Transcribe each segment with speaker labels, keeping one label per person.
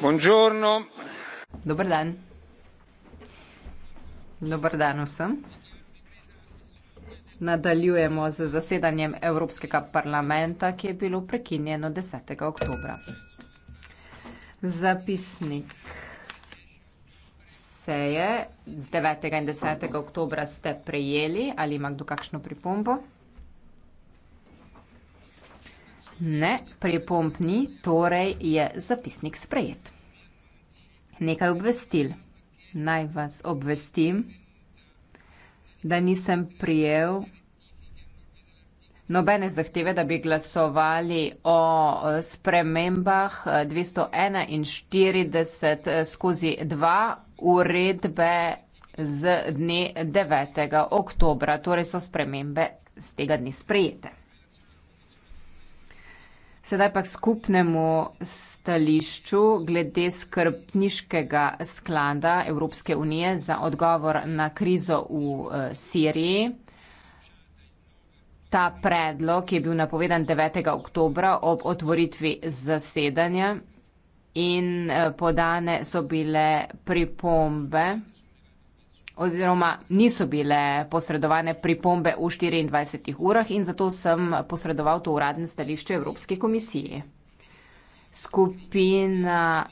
Speaker 1: Dober dan. Dober dan vsem. Nadaljujemo z zasedanjem Evropskega parlamenta, ki je bilo prekinjeno 10. oktobra. Zapisnik seje z 9. in 10. oktobra ste prejeli. Ali ima kdo kakšno pripombo? Ne, pripomb ni, torej je zapisnik sprejet nekaj obvestil. Naj vas obvestim, da nisem prijel nobene zahteve, da bi glasovali o spremembah 241 skozi 2 uredbe z dne 9. oktobra. Torej so spremembe z tega dne sprejete. Sedaj pa k skupnemu stališču glede skrbniškega sklada Evropske unije za odgovor na krizo v eh, Siriji. Ta predlog je bil napovedan 9. oktober ob otvoritvi zasedanja in eh, podane so bile pripombe oziroma niso bile posredovane pripombe v 24 urah in zato sem posredoval to uradne stališče Evropske komisije. Skupina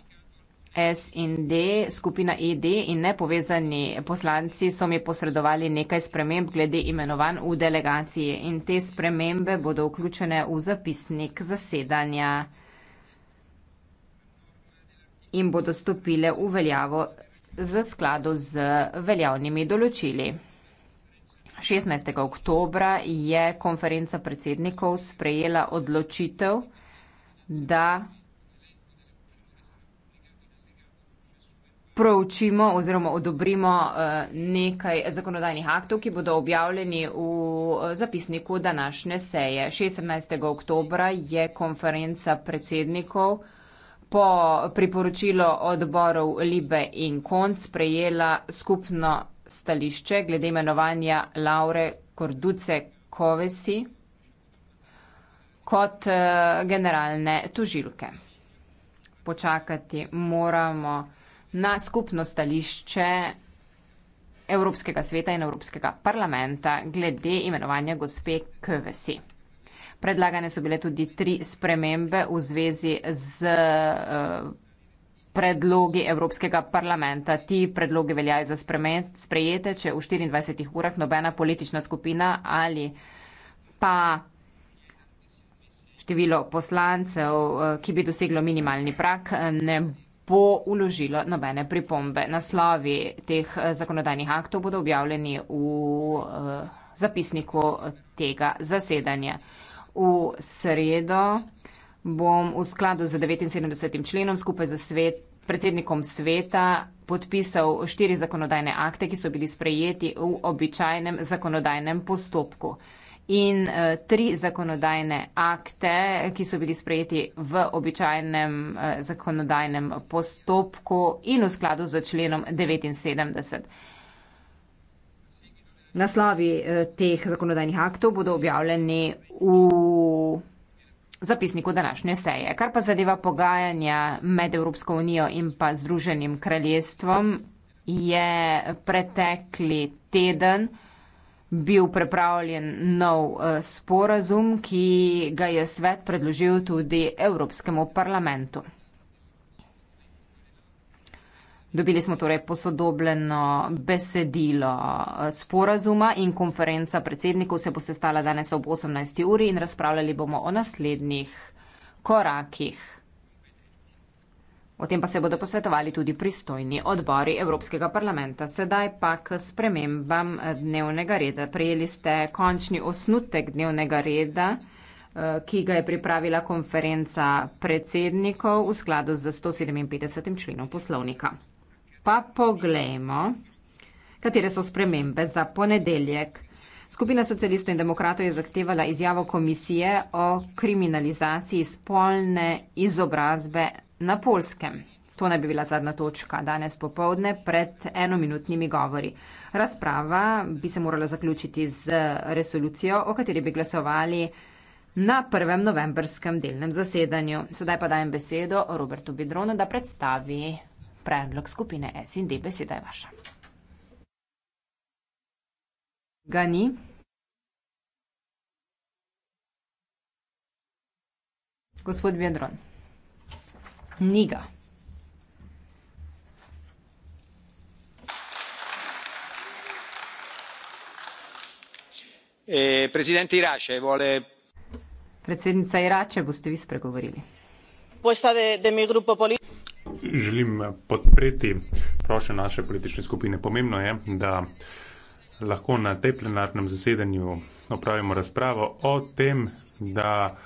Speaker 1: S in D, skupina ED in nepovezani poslanci so mi posredovali nekaj sprememb glede imenovan v delegaciji in te spremembe bodo vključene v zapisnik zasedanja in bodo stopile v veljavo v skladu z veljavnimi določili. 16. oktober je konferenca predsednikov sprejela odločitev, da proučimo oziroma odobrimo eh, nekaj zakonodajnih aktov, ki bodo objavljeni v eh, zapisniku današnje seje. 16. oktober je konferenca predsednikov sprejela odločitev, po priporočilu odborov Libe in Konc prejela skupno stališče glede imenovanja Laure Korduce Kovesi kot eh, generalne tožilke. Počakati moramo na skupno stališče Evropskega sveta in Evropskega parlamenta glede imenovanja gospe Kovesi. Predlagane so bile tudi tri spremembe v zvezi z eh, predlogi Evropskega parlamenta. Ti predlogi veljajo za sprejete, če v 24 urah nobena politična skupina ali pa število poslancev, eh, ki bi doseglo minimalni prak, ne bo uložilo nobene pripombe. Naslovi teh eh, zakonodajnih aktov bodo objavljeni v zapisniku tega zasedanja v sredo bom v skladu z 79. členom skupaj z svet, predsednikom sveta podpisal štiri zakonodajne akte, ki so bili sprejeti v običajnem zakonodajnem postopku. In eh, tri zakonodajne akte, ki so bili sprejeti v običajnem eh, zakonodajnem postopku in v skladu z členom 79. Naslovi eh, teh zakonodajnih aktov bodo objavljeni v zapisniku današnje seje. Kar pa zadeva pogajanja med Evropsko unijo in pa Združenim kraljestvom, je pretekli teden bil prepravljen nov eh, sporazum, ki ga je svet predložil tudi Evropskemu parlamentu. Dobili smo torej posodobljeno besedilo eh, sporazuma in konferenca predsednikov se bo sestala danes ob 18. uri in razpravljali bomo o naslednjih korakih. O tem pa se bodo posvetovali tudi pristojni odbori Evropskega parlamenta. Sedaj pa k spremembam eh, dnevnega reda. Prejeli ste končni osnutek dnevnega reda, eh, ki ga je pripravila konferenca predsednikov v skladu z 157. členom poslovnika pa poglejmo, katere so spremembe za ponedeljek. Skupina socialistov in demokratov je zahtevala izjavo komisije o kriminalizaciji spolne izobrazbe na polskem. To naj bi bila zadnja točka danes popovdne pred enominutnimi govori. Razprava bi se morala zaključiti z resolucijo, o kateri bi glasovali na prvem novembrskem delnem zasedanju. Sedaj pa dajem besedo Robertu Bidronu, da predstavi predlog skupine SND, beseda je vaša. Ga ni? Gospod Bjedron. Ni ga.
Speaker 2: Eh, Predsednica Irače, vole...
Speaker 1: Predsednica Irače, boste vi spregovorili
Speaker 3: želim podpreti prošnje naše politične skupine. Pomembno je, da lahko na tej plenarnem zasedanju opravimo razpravo o tem, da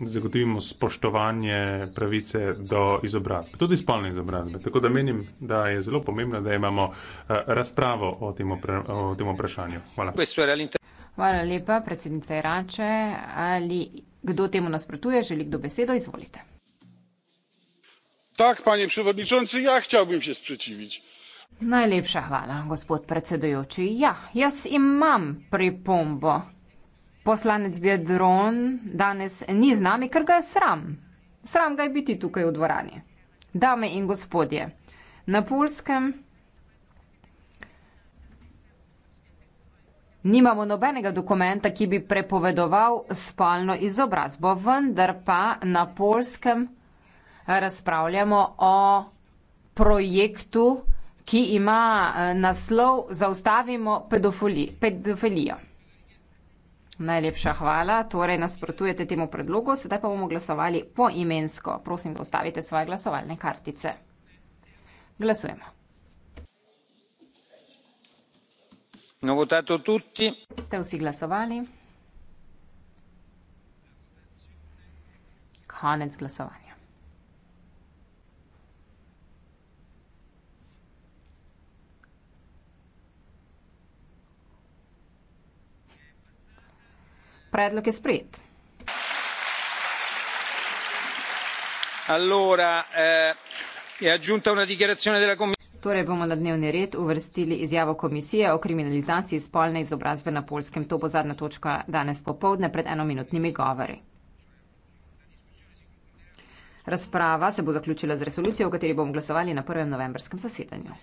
Speaker 3: zagotovimo spoštovanje pravice do izobrazbe, tudi spolne izobrazbe. Tako da menim, da je zelo pomembno, da imamo eh, razpravo o tem, o tem vprašanju. Hvala.
Speaker 1: Hvala lepa, predsednica Irače. Ali kdo temu nasprotuje, želi kdo besedo, izvolite
Speaker 4: tak panie przewodniczący ja chciałbym się sprzeciwić.
Speaker 1: Najlepsza chwala, gospod predsedujoči. Ja, jaz imam pripombo. Poslanec Bjedron danes ni z nami, ker ga je sram. Sram ga je biti tukaj v dvorani. Dame in gospodje, na Polskem nimamo nobenega dokumenta, ki bi prepovedoval spalno izobrazbo, vendar pa na Polskem razpravljamo o projektu, ki ima eh, naslov Zaustavimo pedofoli, pedofilijo. Najlepša hvala, torej nasprotujete temu predlogu, sedaj pa bomo glasovali poimensko. Prosim, da ustavite svoje glasovalne kartice. Glasujemo. Ste vsi glasovali? Konec glasovanja. predlog je sprejet.
Speaker 2: Allora, eh, je
Speaker 1: Torej bomo na dnevni red uvrstili izjavo komisije o kriminalizaciji spolne izobrazbe na polskem. To bo zadnja točka danes popovdne pred enominutnimi govori. Razprava se bo zaključila z resolucijo, o kateri bomo glasovali na prvem novembrskem zasedanju.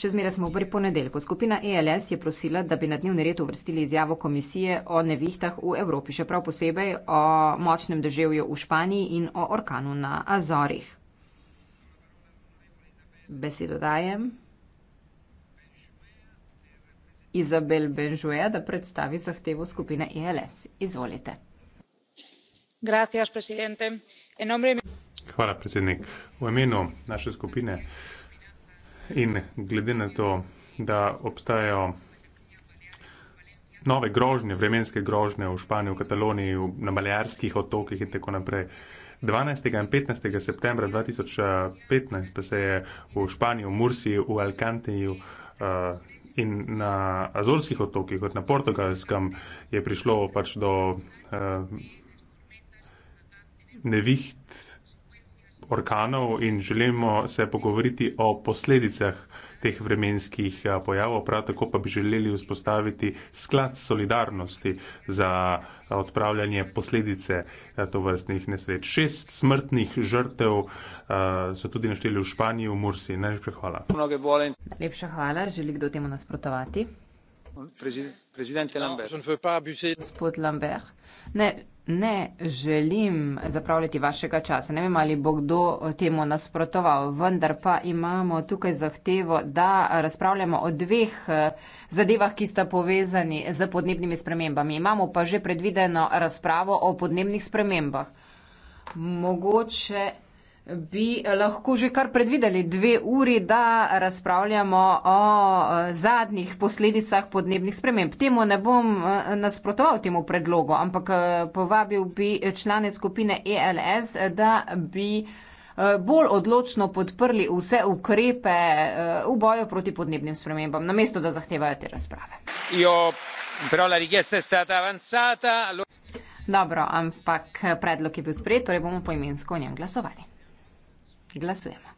Speaker 1: Še zmeraj smo pri ponedeljku. Skupina ELS je prosila, da bi na dnevni red uvrstili izjavo komisije o nevihtah v Evropi, še prav posebej o močnem deževju v Španiji in o orkanu na Azorih. Besedo dajem Izabel Benžueja, da predstavi zahtevo skupine ELS. Izvolite.
Speaker 5: Gracias,
Speaker 3: Hvala, predsednik. V imenu naše skupine. In glede na to, da obstajajo nove grožnje, vremenske grožnje v Španiji, v Kataloniji, na Balearskih otokih in tako naprej. 12. in 15. septembra 2015 pa se je v Španiji, v Mursiji, v Alcanteju uh, eh, in na Azorskih otokih, kot na Portugalskem, je prišlo pač do uh, neviht, uh, orkanov in želimo se pogovoriti o posledicah teh vremenskih eh, pojavov, prav tako pa bi želeli vzpostaviti sklad solidarnosti za eh, odpravljanje posledice eh, tovrstnih nesreč. Šest smrtnih žrtev so tudi našteli v Španiji, v Mursi. Najlepša hvala.
Speaker 2: Lepša hvala.
Speaker 1: Želi kdo temu nasprotovati?
Speaker 2: Prezident. No, Gospod
Speaker 1: Lambert, ne, ne želim zapravljati vašega časa. Ne vem, ali bo kdo temu nasprotoval, vendar pa imamo tukaj zahtevo, da razpravljamo o dveh eh, zadevah, ki sta povezani z podnebnimi spremembami. Imamo pa že predvideno razpravo o podnebnih spremembah. Mogoče bi lahko že kar predvideli dve uri, da razpravljamo o e, zadnjih posledicah podnebnih sprememb. Temu ne bom e, nasprotoval temu predlogu, ampak e, povabil bi člane skupine ELS, da bi bolj odločno podprli vse ukrepe v boju proti podnebnim spremembam, namesto da zahtevajo te razprave. Dobro, ampak predlog je bil sprejet, torej bomo poimensko o njem glasovali glasujemo.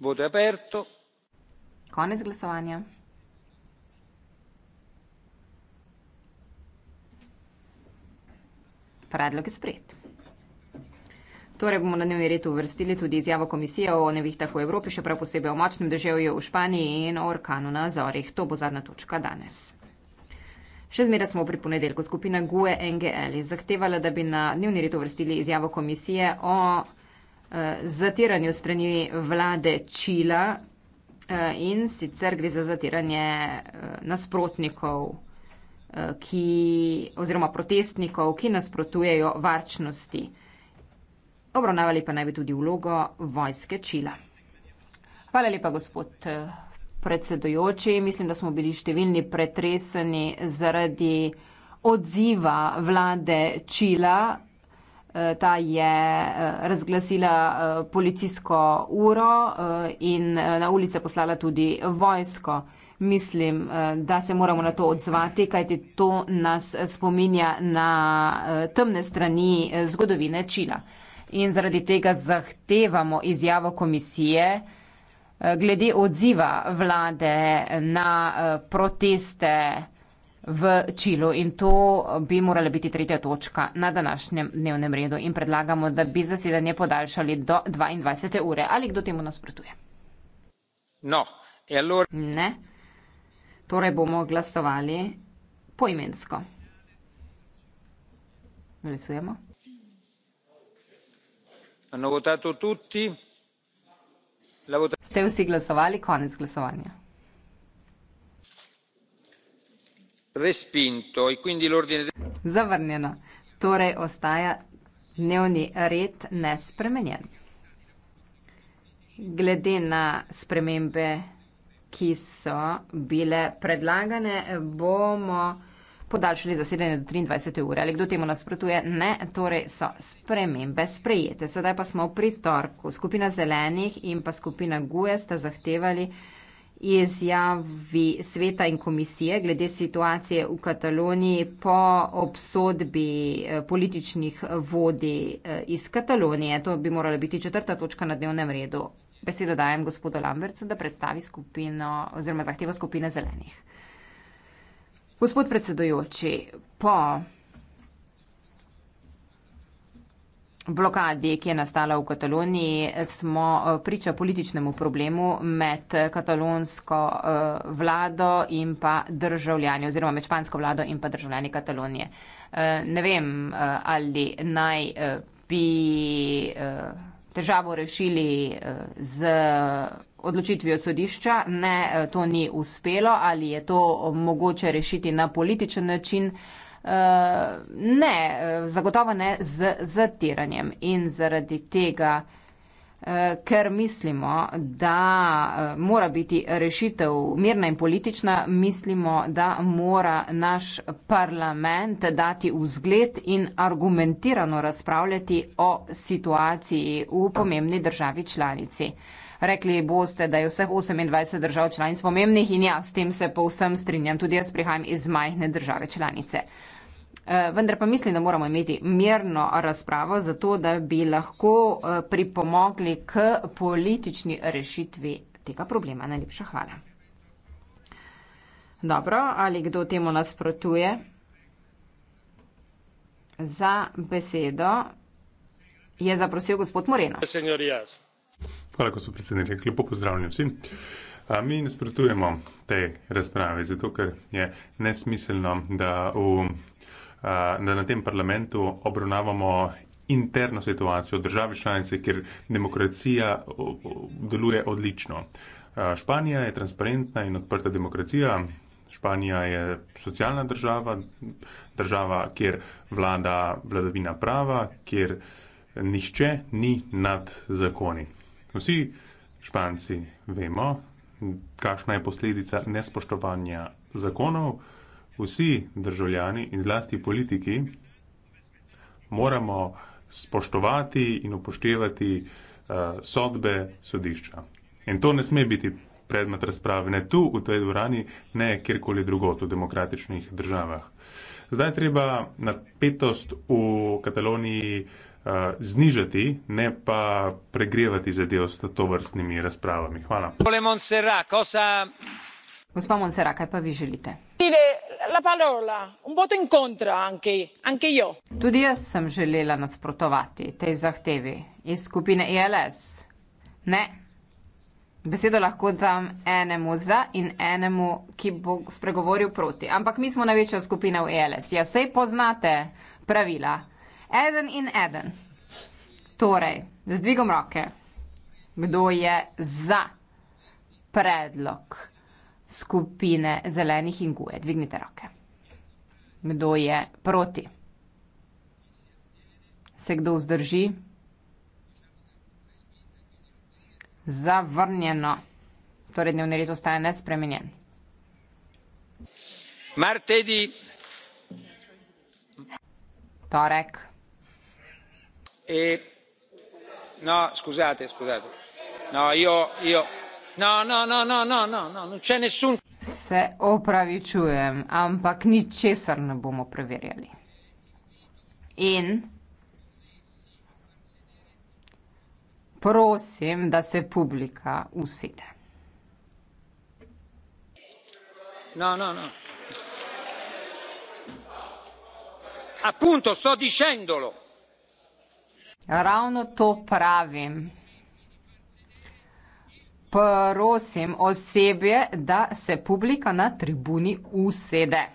Speaker 2: Voto aperto.
Speaker 1: Konec glasovanja. Predlog je sprejet. Torej bomo na dnevni red uvrstili tudi izjavo komisije o nevihtah v Evropi, še prav posebej o močnem deževju v Španiji in o orkanu na Azorih. To bo zadnja točka danes. Še zmeraj smo pri ponedeljku. Skupina GUE NGL je zahtevala, da bi na dnevni red uvrstili izjavo komisije o Eh, zatiranju strani vlade Čila eh, in sicer gre za zatiranje eh, nasprotnikov ki, oziroma protestnikov, ki nasprotujejo varčnosti. Obravnavali pa naj bi tudi vlogo vojske Čila. Hvala lepa, gospod predsedujoči. Mislim, da smo bili številni pretreseni zaradi odziva vlade Čila. Ta je eh, razglasila eh, policijsko uro eh, in na ulice poslala tudi vojsko. Mislim, da se moramo na to odzvati, kajti to nas spominja na temne strani zgodovine Čila. In zaradi tega zahtevamo izjavo komisije glede odziva vlade na proteste v Čilu in to bi morala biti tretja točka na današnjem dnevnem redu in predlagamo, da bi zasedanje podaljšali do 22. ure. Ali kdo temu nasprotuje?
Speaker 2: No. E allora...
Speaker 1: Ne. Torej bomo glasovali poimensko. Glasujemo.
Speaker 2: Hanno votato tutti. Ste
Speaker 1: vsi glasovali? Konec
Speaker 2: glasovanja. E
Speaker 1: Zavrnjeno. Torej ostaja dnevni red nespremenjen. Glede na spremembe, ki so bile predlagane, bomo podaljšali zasedanje do 23. ure. Ali kdo temu nasprotuje? Ne. Torej so spremembe sprejete. Sedaj pa smo v pritorku. Skupina zelenih in pa skupina GUE sta zahtevali, izjavi sveta in komisije glede situacije v Kataloniji po obsodbi eh, političnih vodi eh, iz Katalonije. To bi morala biti četrta točka na dnevnem redu. Besedo dajem gospodu Lambercu, da predstavi skupino oziroma zahtevo skupine zelenih. Gospod predsedujoči, po blokadi, ki je nastala v Kataloniji, smo eh, priča političnemu problemu med eh, katalonsko eh, vlado in pa državljani oziroma med špansko vlado in pa državljani Katalonije. Ne vem, ali naj bi težavo rešili z odločitvijo sodišča. Ne, to ni uspelo. Ali je to mogoče rešiti na političen način? Eh, ne, eh, zagotovo ne z zatiranjem in zaradi tega, eh, ker mislimo, da mora biti rešitev mirna in politična, mislimo, da mora naš parlament dati vzgled in argumentirano razpravljati o situaciji v pomembni državi članici. Rekli boste, da je vseh 28 držav članic pomembnih in ja, s tem se povsem strinjam. Tudi jaz prihajam iz majhne države članice. Eh, vendar pa mislim, da moramo imeti mirno razpravo za to, da bi lahko eh, pripomogli k politični rešitvi tega problema. Najlepša hvala. Dobro, ali kdo temu nasprotuje? Za besedo je zaprosil gospod Moreno.
Speaker 3: Hvala, gospod predsednik. Lepo pozdravljam vsi. Mi nasprotujemo tej razpravi, zato ker je nesmiselno, da v Eh, da na tem parlamentu obravnavamo interno situacijo države članice, kjer demokracija deluje odlično. Eh, Španija je transparentna in odprta demokracija. Španija je socialna država, država, kjer vlada vladavina prava, kjer nihče ni nad zakoni. Vsi španci vemo, kakšna je posledica nespoštovanja zakonov, vsi državljani in zlasti politiki moramo spoštovati in upoštevati uh, sodbe sodišča. In to ne sme biti predmet razprave, ne tu v tej dvorani, ne kjerkoli drugot v demokratičnih državah. Zdaj treba napetost v Kataloniji uh, znižati, ne pa pregrevati zadev s to vrstnimi razpravami. Hvala. Polemon Serra, kosa.
Speaker 1: Gospa Monsera, kaj pa vi želite? Tudi jaz sem želela nasprotovati tej zahtevi iz skupine ILS. E ne. Besedo lahko dam enemu za in enemu, ki bo spregovoril proti. Ampak mi smo največja skupina v ELS. Ja, sej poznate pravila. Eden in eden. Torej, z dvigom roke, kdo je za predlog skupine zelenih in guje. Dvignite roke. Kdo je proti? Se kdo vzdrži? Zavrnjeno. Torej dnevni red ostaja nespremenjen.
Speaker 2: Martedi. Torek. E... No, scusate, scusate. No, io, io... No, no, no, no, no, no,
Speaker 1: no, no, če ne sum. Se opravičujem, ampak ničesar ne bomo preverjali. In prosim, da se publika usede.
Speaker 2: No, no, no. Appunto, sto dicendolo.
Speaker 1: Ravno to pravim. Prosim osebje, da se publika na tribuni usede.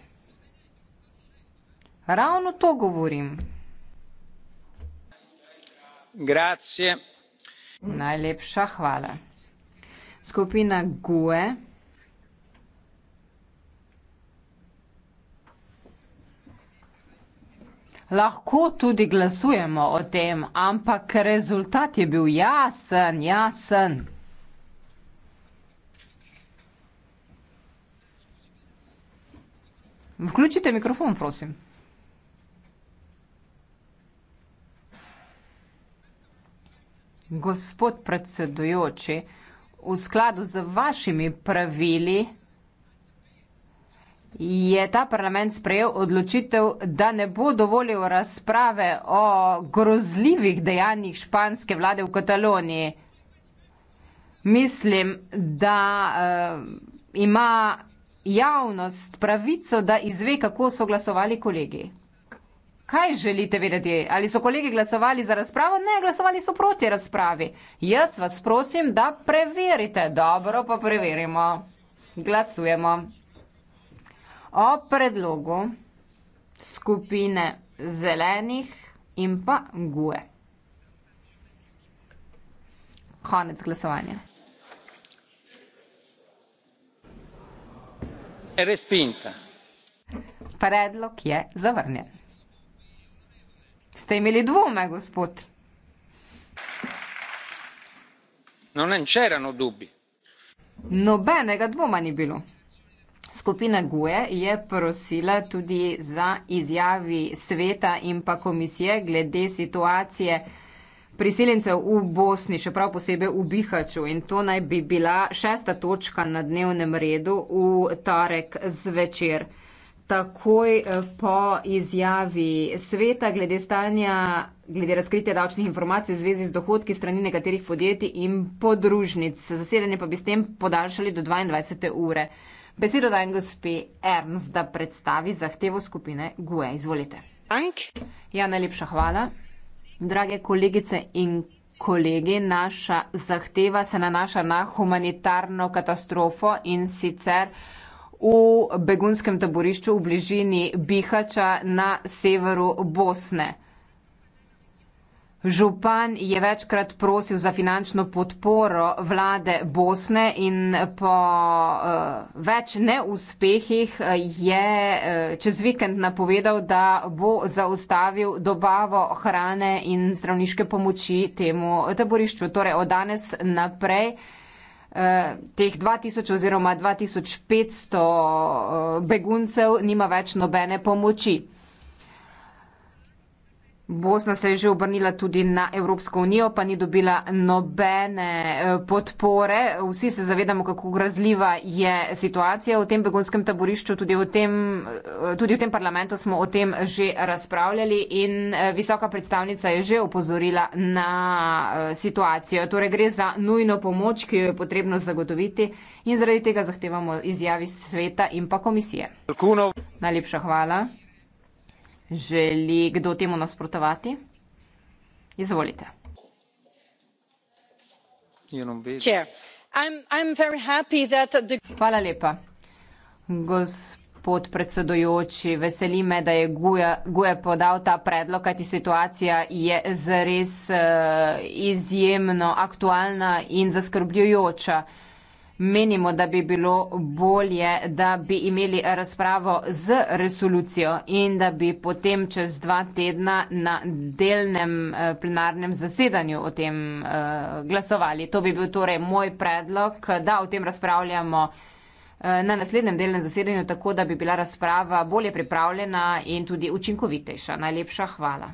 Speaker 1: Ravno to govorim.
Speaker 2: Grazie.
Speaker 1: Najlepša hvala. Skupina GUE. Lahko tudi glasujemo o tem, ampak rezultat je bil jasen, jasen. Включите микрофон, просим. Gospod predsedujoči, v skladu z vašimi pravili je ta parlament sprejel odločitev, da ne bo dovolil razprave o grozljivih dejanjih španske vlade v Kataloniji. Mislim, da uh, ima javnost pravico, da izve, kako so glasovali kolegi. Kaj želite vedeti? Ali so kolegi glasovali za razpravo? Ne, glasovali so proti razpravi. Jaz vas prosim, da preverite. Dobro, pa preverimo. Glasujemo. O predlogu skupine zelenih in pa guje. Konec glasovanja.
Speaker 2: respinta. Predlog je
Speaker 1: zavrnjen. Ste imeli dvome, gospod?
Speaker 2: No, ne, c'erano dubbi.
Speaker 1: Nobenega dvoma ni bilo. Skupina GUE je prosila tudi za izjavi sveta in pa komisije glede situacije priseljencev v Bosni, še prav posebej v Bihaču. In to naj bi bila šesta točka na dnevnem redu v torek zvečer. Takoj eh, po izjavi sveta glede stanja, glede razkritja davčnih informacij v zvezi z dohodki strani nekaterih podjetij in podružnic. Zasedanje pa bi s tem podaljšali do 22. ure. Besedo dajem gospe Ernst, da predstavi zahtevo skupine GUE. Izvolite. Ja, najlepša hvala. Drage kolegice in kolegi, naša zahteva se nanaša na humanitarno katastrofo in sicer v begunskem taborišču v bližini Bihača na severu Bosne. Župan je večkrat prosil za finančno podporo vlade Bosne in po uh, več neuspehih eh, je uh, čez vikend napovedal, da bo zaustavil dobavo hrane in zdravniške pomoči temu taborišču. Torej od danes naprej uh, teh 2000 oziroma 2500 uh, beguncev nima več nobene pomoči. Bosna se je že obrnila tudi na Evropsko unijo, pa ni dobila nobene eh, podpore. Vsi se zavedamo, kako grozljiva je situacija v tem begunskem taborišču. Tudi v tem, eh, tudi v tem parlamentu smo o tem že razpravljali in eh, visoka predstavnica je že opozorila na situacijo. Torej gre za nujno pomoč, ki jo je potrebno zagotoviti in zaradi tega zahtevamo izjavi sveta in pa komisije. Kunov. Najlepša hvala. Želi kdo temu nasprotovati? Izvolite. Hvala lepa. Gospod predsedojoči, veseli me, da je Guje podal ta predlog, kajti situacija je zares eh, izjemno aktualna in zaskrbljujoča menimo, da bi bilo bolje, da bi imeli razpravo z resolucijo in da bi potem čez dva tedna na delnem eh, plenarnem zasedanju o tem eh, glasovali. To bi bil torej moj predlog, da o tem razpravljamo eh, na naslednjem delnem zasedanju, tako da bi bila razprava bolje pripravljena in tudi učinkovitejša. Najlepša hvala.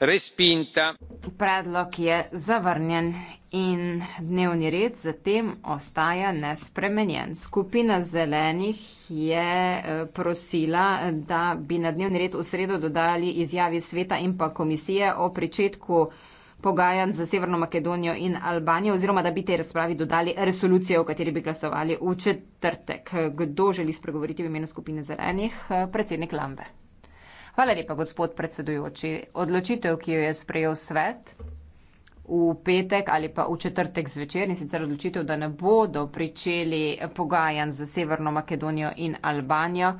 Speaker 2: respinta.
Speaker 1: Predlog je zavrnjen in dnevni red zatem ostaja nespremenjen. Skupina zelenih je eh, prosila, da bi na dnevni red v sredo dodali izjavi sveta in pa komisije o pričetku pogajanj za Severno Makedonijo in Albanijo oziroma da bi tej razpravi dodali resolucijo, o kateri bi glasovali v četrtek. Kdo želi spregovoriti v imenu skupine zelenih? Eh, predsednik Lambe. Hvala lepa, gospod predsedujoči. Odločitev, ki jo je sprejel svet v petek ali pa v četrtek zvečer, in sicer odločitev, da ne bodo pričeli pogajanj za Severno Makedonijo in Albanijo,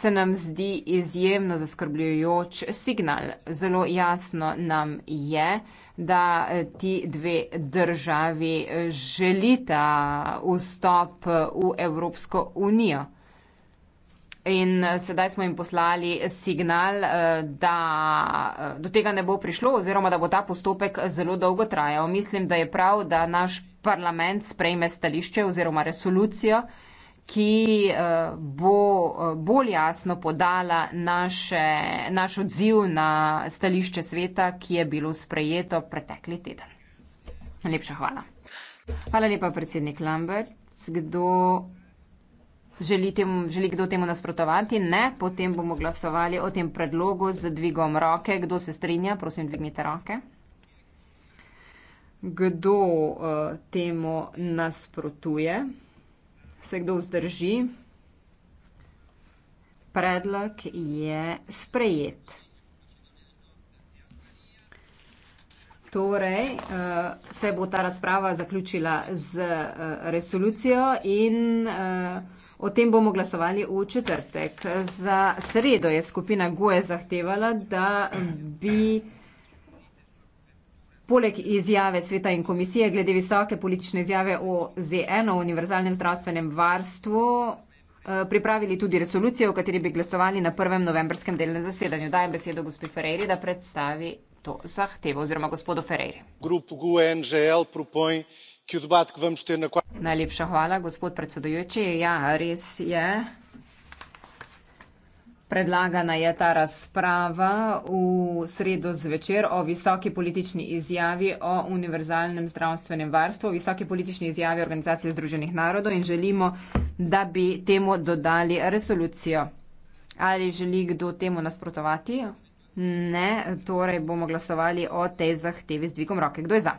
Speaker 1: se nam zdi izjemno zaskrbljujoč signal. Zelo jasno nam je, da ti dve državi želita vstop v Evropsko unijo. In eh, sedaj smo jim poslali eh, signal, eh, da do tega ne bo prišlo oziroma da bo ta postopek zelo dolgo trajal. Mislim, da je prav, da naš parlament sprejme stališče oziroma resolucijo, ki bo bolj jasno podala naše, naš odziv na stališče sveta, ki je bilo sprejeto pretekli teden. Najlepša hvala. Hvala lepa, predsednik Lambert. Kdo Želi, tem, želi kdo temu nasprotovati? Ne. Potem bomo glasovali o tem predlogu z dvigom roke. Kdo se strinja? Prosim, dvignite roke. Kdo uh, temu nasprotuje? Se kdo vzdrži? Predlog je sprejet. Torej uh, se bo ta razprava zaključila z uh, resolucijo in uh, O tem bomo glasovali v četrtek. Za sredo je skupina GUE zahtevala, da bi poleg izjave sveta in komisije glede visoke politične izjave o ZN, o univerzalnem zdravstvenem varstvu, eh, pripravili tudi resolucijo, v kateri bi glasovali na prvem novembrskem delnem zasedanju. Dajem besedo gospi Ferreri, da predstavi to zahtevo oziroma gospodu Ferreri.
Speaker 6: Grup GUE NGL propone que o debate que vamos ter na quarta.
Speaker 1: Ja, Predlagana je ta razprava v sredo zvečer o visoki politični izjavi o univerzalnem zdravstvenem varstvu, o visoki politični izjavi Organizacije združenih narodov in želimo, da bi temu dodali resolucijo. Ali želi kdo temu nasprotovati? Ne, torej bomo glasovali o tej zahtevi z dvigom roke. Kdo je za?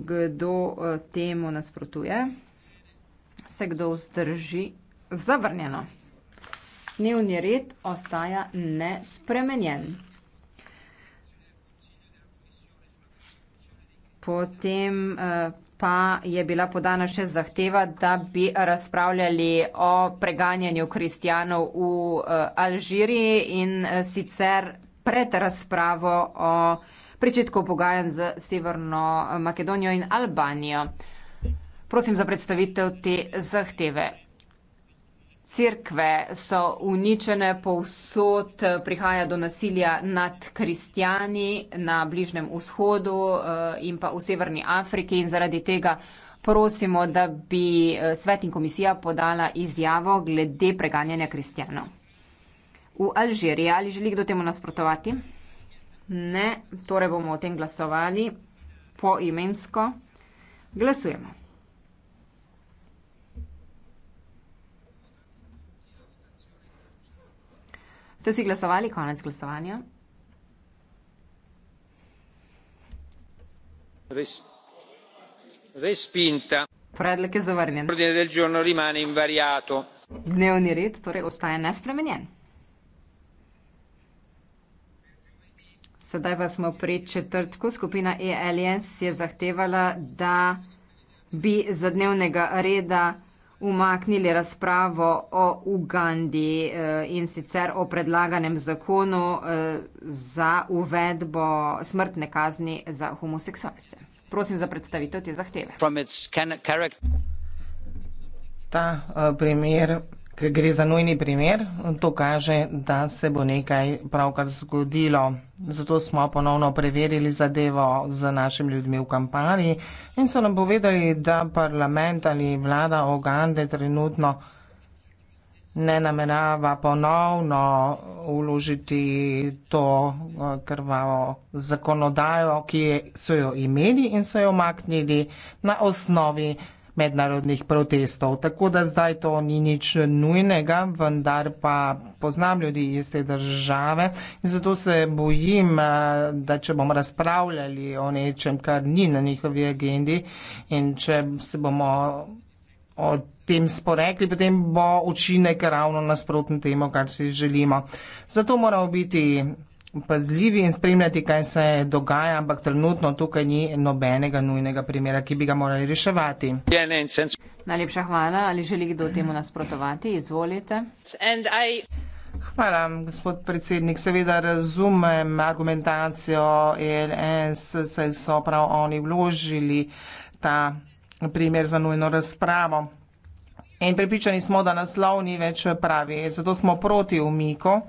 Speaker 1: kdo eh, temu nasprotuje, se kdo vzdrži zavrnjeno. Dnevni red ostaja nespremenjen. Potem eh, pa je bila podana še zahteva, da bi razpravljali o preganjanju kristijanov v eh, Alžiriji in sicer pred razpravo o kristijanov pričetkov pogajanj z Severno Makedonijo in Albanijo. Prosim za predstavitev te zahteve. Cerkve so uničene, povsod eh, prihaja do nasilja nad kristjani na Bližnem vzhodu eh, in pa v Severni Afriki in zaradi tega prosimo, da bi eh, svet in komisija podala izjavo glede preganjanja kristjanov. V Alžiriji ali želi kdo temu nasprotovati? Ne, torej bomo o tem glasovali po imensko. Glasujemo. Ste vsi glasovali? Konec glasovanja.
Speaker 2: Res. Respinta.
Speaker 1: Predlog je zavrnjen. Dnevni red torej ostaje nespremenjen. Sedaj pa smo pri četrtku. Skupina E-Aliens je zahtevala, da bi za dnevnega reda umaknili razpravo o Ugandi eh, in sicer o predlaganem zakonu eh, za uvedbo smrtne kazni za homoseksualce. Prosim za predstavitev te zahteve.
Speaker 4: Ta eh, primer gre za nujni primer, to kaže, da se bo nekaj pravkar zgodilo. Zato smo ponovno preverili zadevo z našimi ljudmi v kampanji in so nam povedali, da parlament ali vlada Ogande trenutno ne namerava ponovno uložiti to eh, krvavo zakonodajo, ki so jo imeli in so jo omaknili na osnovi mednarodnih protestov. Tako da zdaj to ni nič nujnega, vendar pa poznam ljudi iz te države in zato se bojim, eh, da če bomo razpravljali o nečem, kar ni na njihovi agendi in če se bomo o tem sporekli, potem bo učinek ravno nasprotno temu, kar si želimo. Zato moramo biti pazljivi in spremljati, kaj se dogaja, ampak trenutno tukaj ni nobenega nujnega primera, ki bi ga morali reševati. Najlepša hvala. Ali želi kdo temu nasprotovati? Izvolite. I... Hvala, gospod predsednik. Seveda razumem argumentacijo ELS, saj so prav oni vložili ta primer za nujno razpravo. In pripričani smo, da naslov ni več pravi. Zato smo proti umiku. Uh,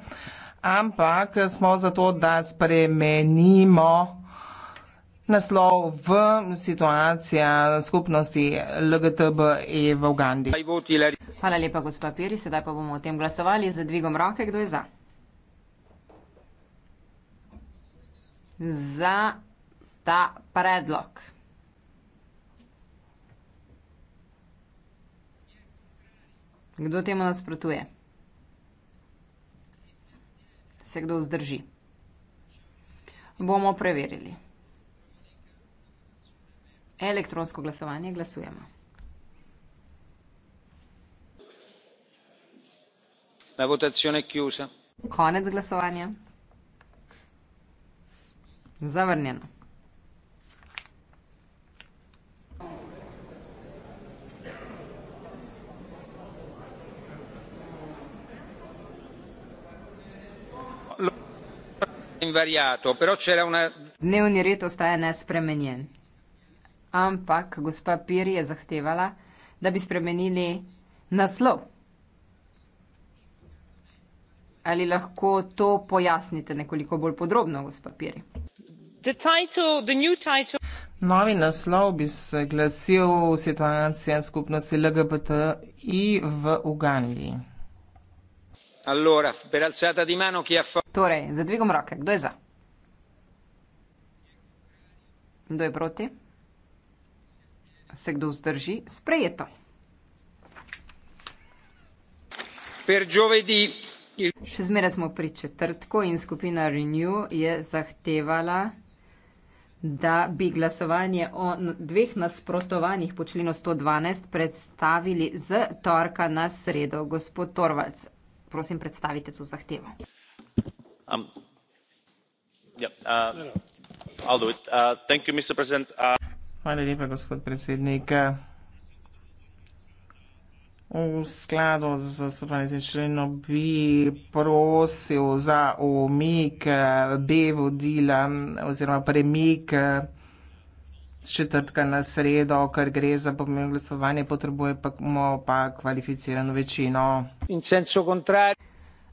Speaker 4: ampak smo zato, da spremenimo naslov v situacija skupnosti LGTBE v Ugandi.
Speaker 1: Hvala lepa, gospa Piri, sedaj pa bomo o tem glasovali z dvigom roke, kdo je za. Za ta predlog. Kdo temu nasprotuje? se kdo zdrži. Bomo preverili. Elektronsko glasovanje glasujemo.
Speaker 2: La votazione è chiusa.
Speaker 1: Konec glasovanja. Zavrnjeno. Dnevni red ostaje nespremenjen. Ampak gospa Piri je zahtevala, da bi spremenili naslov. Ali lahko to pojasnite nekoliko bolj podrobno, gospa Piri?
Speaker 4: The title, the new title. Novi naslov bi se glasil Situacija skupnosti LGBTI v Ugandiji torej z dvigom roke kdo je za
Speaker 1: kdo je proti se kdo vzdrži sprejeto še zmeraj smo pri četrtku in skupina renew je zahtevala da bi glasovanje o dveh nasprotovanjih po členu sto dvanajst prestavili s torka na sredo gospod torvalds prosim
Speaker 4: predstavite to zahtevo.
Speaker 2: Um, uh,
Speaker 7: uh, uh,
Speaker 4: Hvala lepa, gospod predsednik. V skladu z stodvanajstim členom bi prosil za umik, d vodila oziroma premik, z četrtka na sredo, ker gre za pomembno glasovanje, potrebuje pa, pa kvalificirano večino.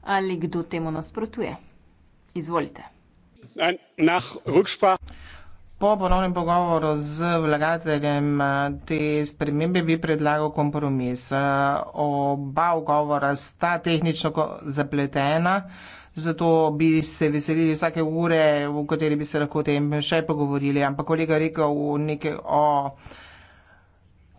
Speaker 4: Ali kdo temu nasprotuje? Izvolite. Po ponovnem pogovoru z vlagateljem eh, te spremembe bi predlagal kompromis. Eh, oba ugovora sta tehnično zapletena zato bi se veselili vsake ure, v kateri bi se lahko o tem še pogovorili. Ampak kolega je rekel nekaj o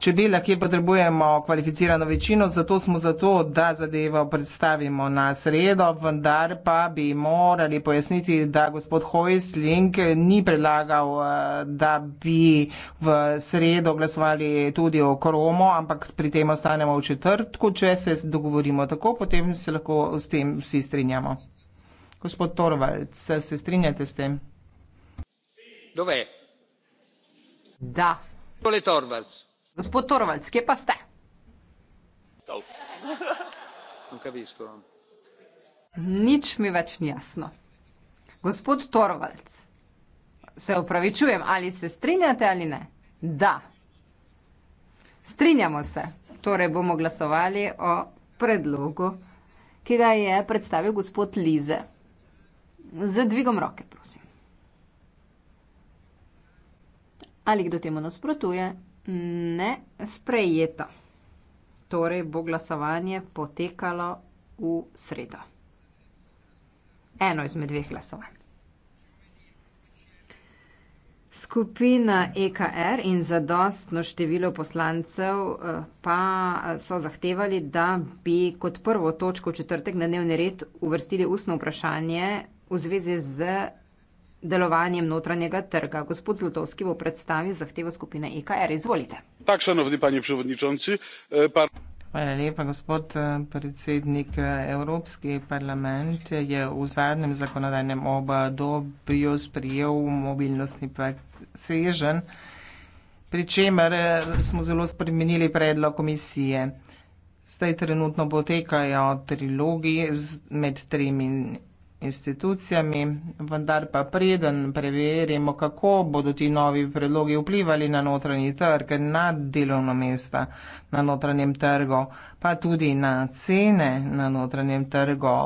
Speaker 4: čebelah, kjer potrebujemo kvalificirano večino, zato smo zato, da zadevo predstavimo na sredo, vendar pa bi morali pojasniti, da gospod Hoisling ni predlagal, eh, da bi v sredo glasovali tudi o kromo, ampak pri tem ostanemo v četrtku, če se dogovorimo tako, potem se lahko s tem vsi strinjamo gospod torvalds se se strinjate s tem? da. gospod
Speaker 1: torvalds kje pa ste? nič mi več ni jasno. gospod torvalds se opravičujem ali se strinjate ali ne? da. strinjamo se torej bomo glasovali o predlogu ki ga je predstavil gospod liese. Z dvigom roke, prosim. Ali kdo temu nasprotuje? Ne, sprejeto. Torej bo glasovanje potekalo v sredo. Eno izmed dveh glasovanj. Skupina EKR in zadostno število poslancev eh, pa so zahtevali, da bi kot prvo točko četrtek na dnevni red uvrstili ustno vprašanje v zvezi z delovanjem notranjega trga. Gospod Zlotovski bo predstavil zahtevo skupine EKR. Izvolite.
Speaker 3: Tak, šanovni pani prevodničanci. E, par...
Speaker 4: Hvala lepa, gospod e, predsednik. E, Evropski parlament je v zadnjem zakonodajnem obdobju sprijel mobilnostni presežen, pri čemer smo zelo spremenili predlog komisije. Zdaj trenutno potekajo trilogi med tremi institucijami, vendar pa preden preverimo, kako bodo ti novi predlogi vplivali na notranji trg, na delovno mesta na notranjem trgu, pa tudi na cene na notranjem trgu.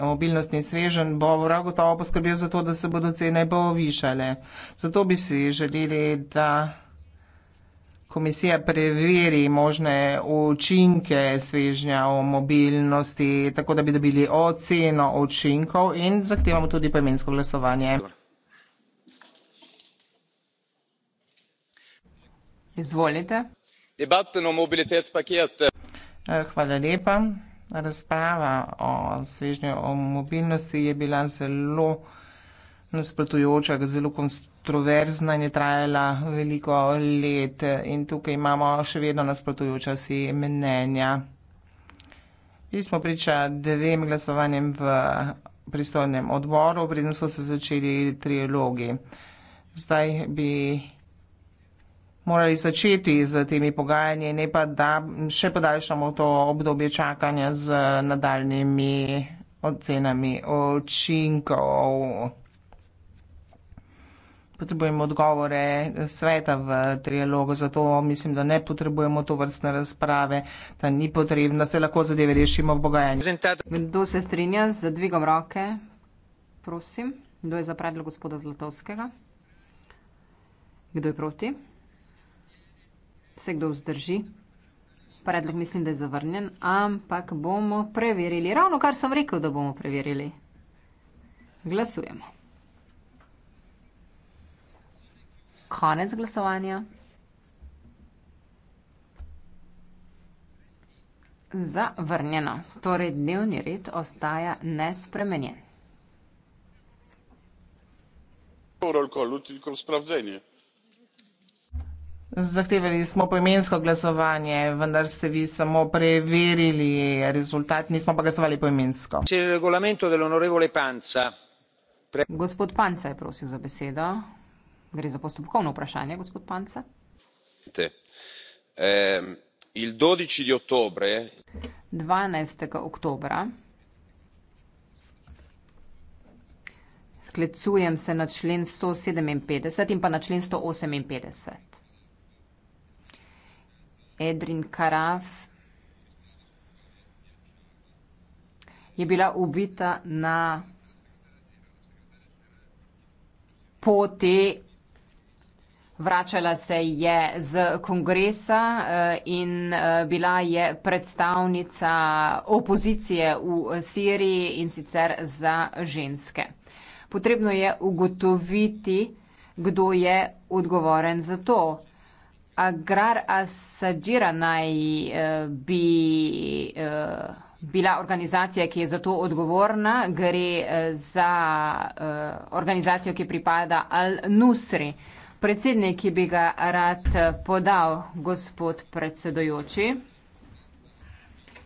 Speaker 4: Mobilnostni svežen bo prav gotovo poskrbel za to, da se bodo cene povišale. Zato bi si želeli, da komisija preveri možne učinke svežnja o mobilnosti, tako da bi dobili oceno učinkov in zahtevamo tudi poimensko glasovanje. Izvolite.
Speaker 8: Debatno mobilitetspaket. Eh.
Speaker 4: Eh, hvala lepa. Razprava o svežnju o mobilnosti je bila zelo nasprotujoča, zelo konstruktivna kontroverzna in je trajala veliko let in tukaj imamo še vedno nasprotujoča si mnenja. Mi smo priča devem glasovanjem v pristojnem odboru, preden so se začeli trilogi. Zdaj bi morali začeti z temi pogajanji, ne pa da še podaljšamo to obdobje čakanja z nadaljnimi ocenami učinkov potrebujemo odgovore sveta v trialogu, zato mislim, da ne potrebujemo to vrstne razprave, da ni potrebno, da se lahko zadeve rešimo v bogajanju. Kdo se strinja z dvigom roke?
Speaker 1: Prosim. Kdo je za predlog gospoda Zlatovskega? Kdo je proti? Se kdo vzdrži? Predlog mislim, da je zavrnjen, ampak bomo preverili. Ravno kar sem rekel, da bomo preverili. Glasujemo. konec glasovanja. Zavrnjeno. Torej, dnevni red ostaja nespremenjen.
Speaker 4: Zahtevali smo poimensko glasovanje, vendar ste vi samo preverili rezultat, nismo pa glasovali poimensko. Gospod Panca je prosil za besedo.
Speaker 1: Gre za postopkovno vprašanje, gospod Panca.
Speaker 2: Il 12 di ottobre.
Speaker 1: 12. oktobra. Sklicujem se na člen 157 in pa na člen 158. Edrin Karaf je bila ubita na poti Vračala se je z kongresa eh, in eh, bila je predstavnica opozicije v eh, Siriji in sicer za ženske. Potrebno je ugotoviti, kdo je odgovoren za to. Agrar Asadžira naj bi bila organizacija, ki je za to odgovorna, gre za organizacijo, ki pripada Al-Nusri predsednik, ki bi ga rad eh, podal, gospod predsedojoči,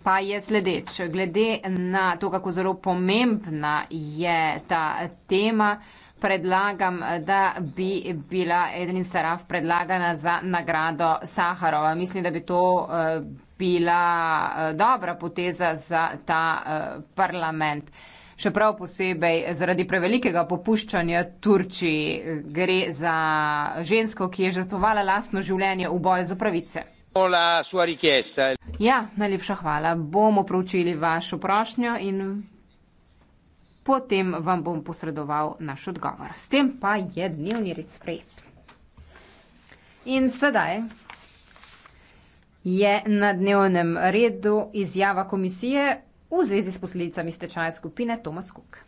Speaker 1: pa je sledeč. Glede na to, kako zelo pomembna je ta tema, predlagam, eh, da bi bila Edrin Saraf predlagana za nagrado Saharova. Mislim, da bi to eh, bila dobra poteza za ta parlament še prav posebej zaradi prevelikega popuščanja Turčiji. Gre za žensko, ki je žrtvovala lastno življenje v boju za pravice. Ja, najlepša hvala. Bomo proučili vašo prošnjo in potem vam bom posredoval naš odgovor. S tem pa je dnevni red sprejet. In sedaj je na dnevnem redu izjava komisije v zvezi s posledicami stečaja skupine Tomas Kuk.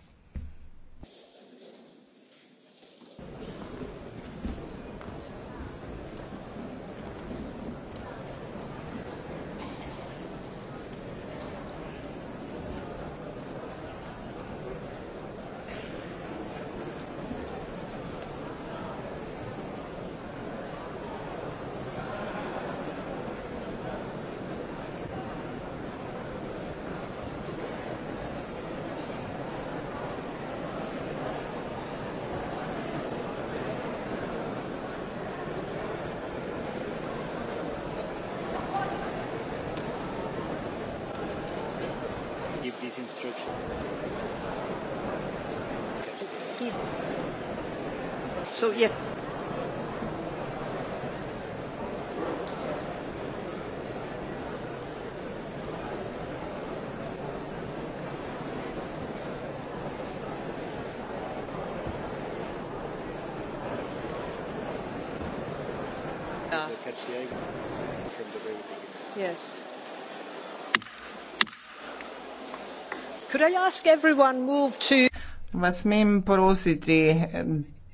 Speaker 4: Va smem prositi,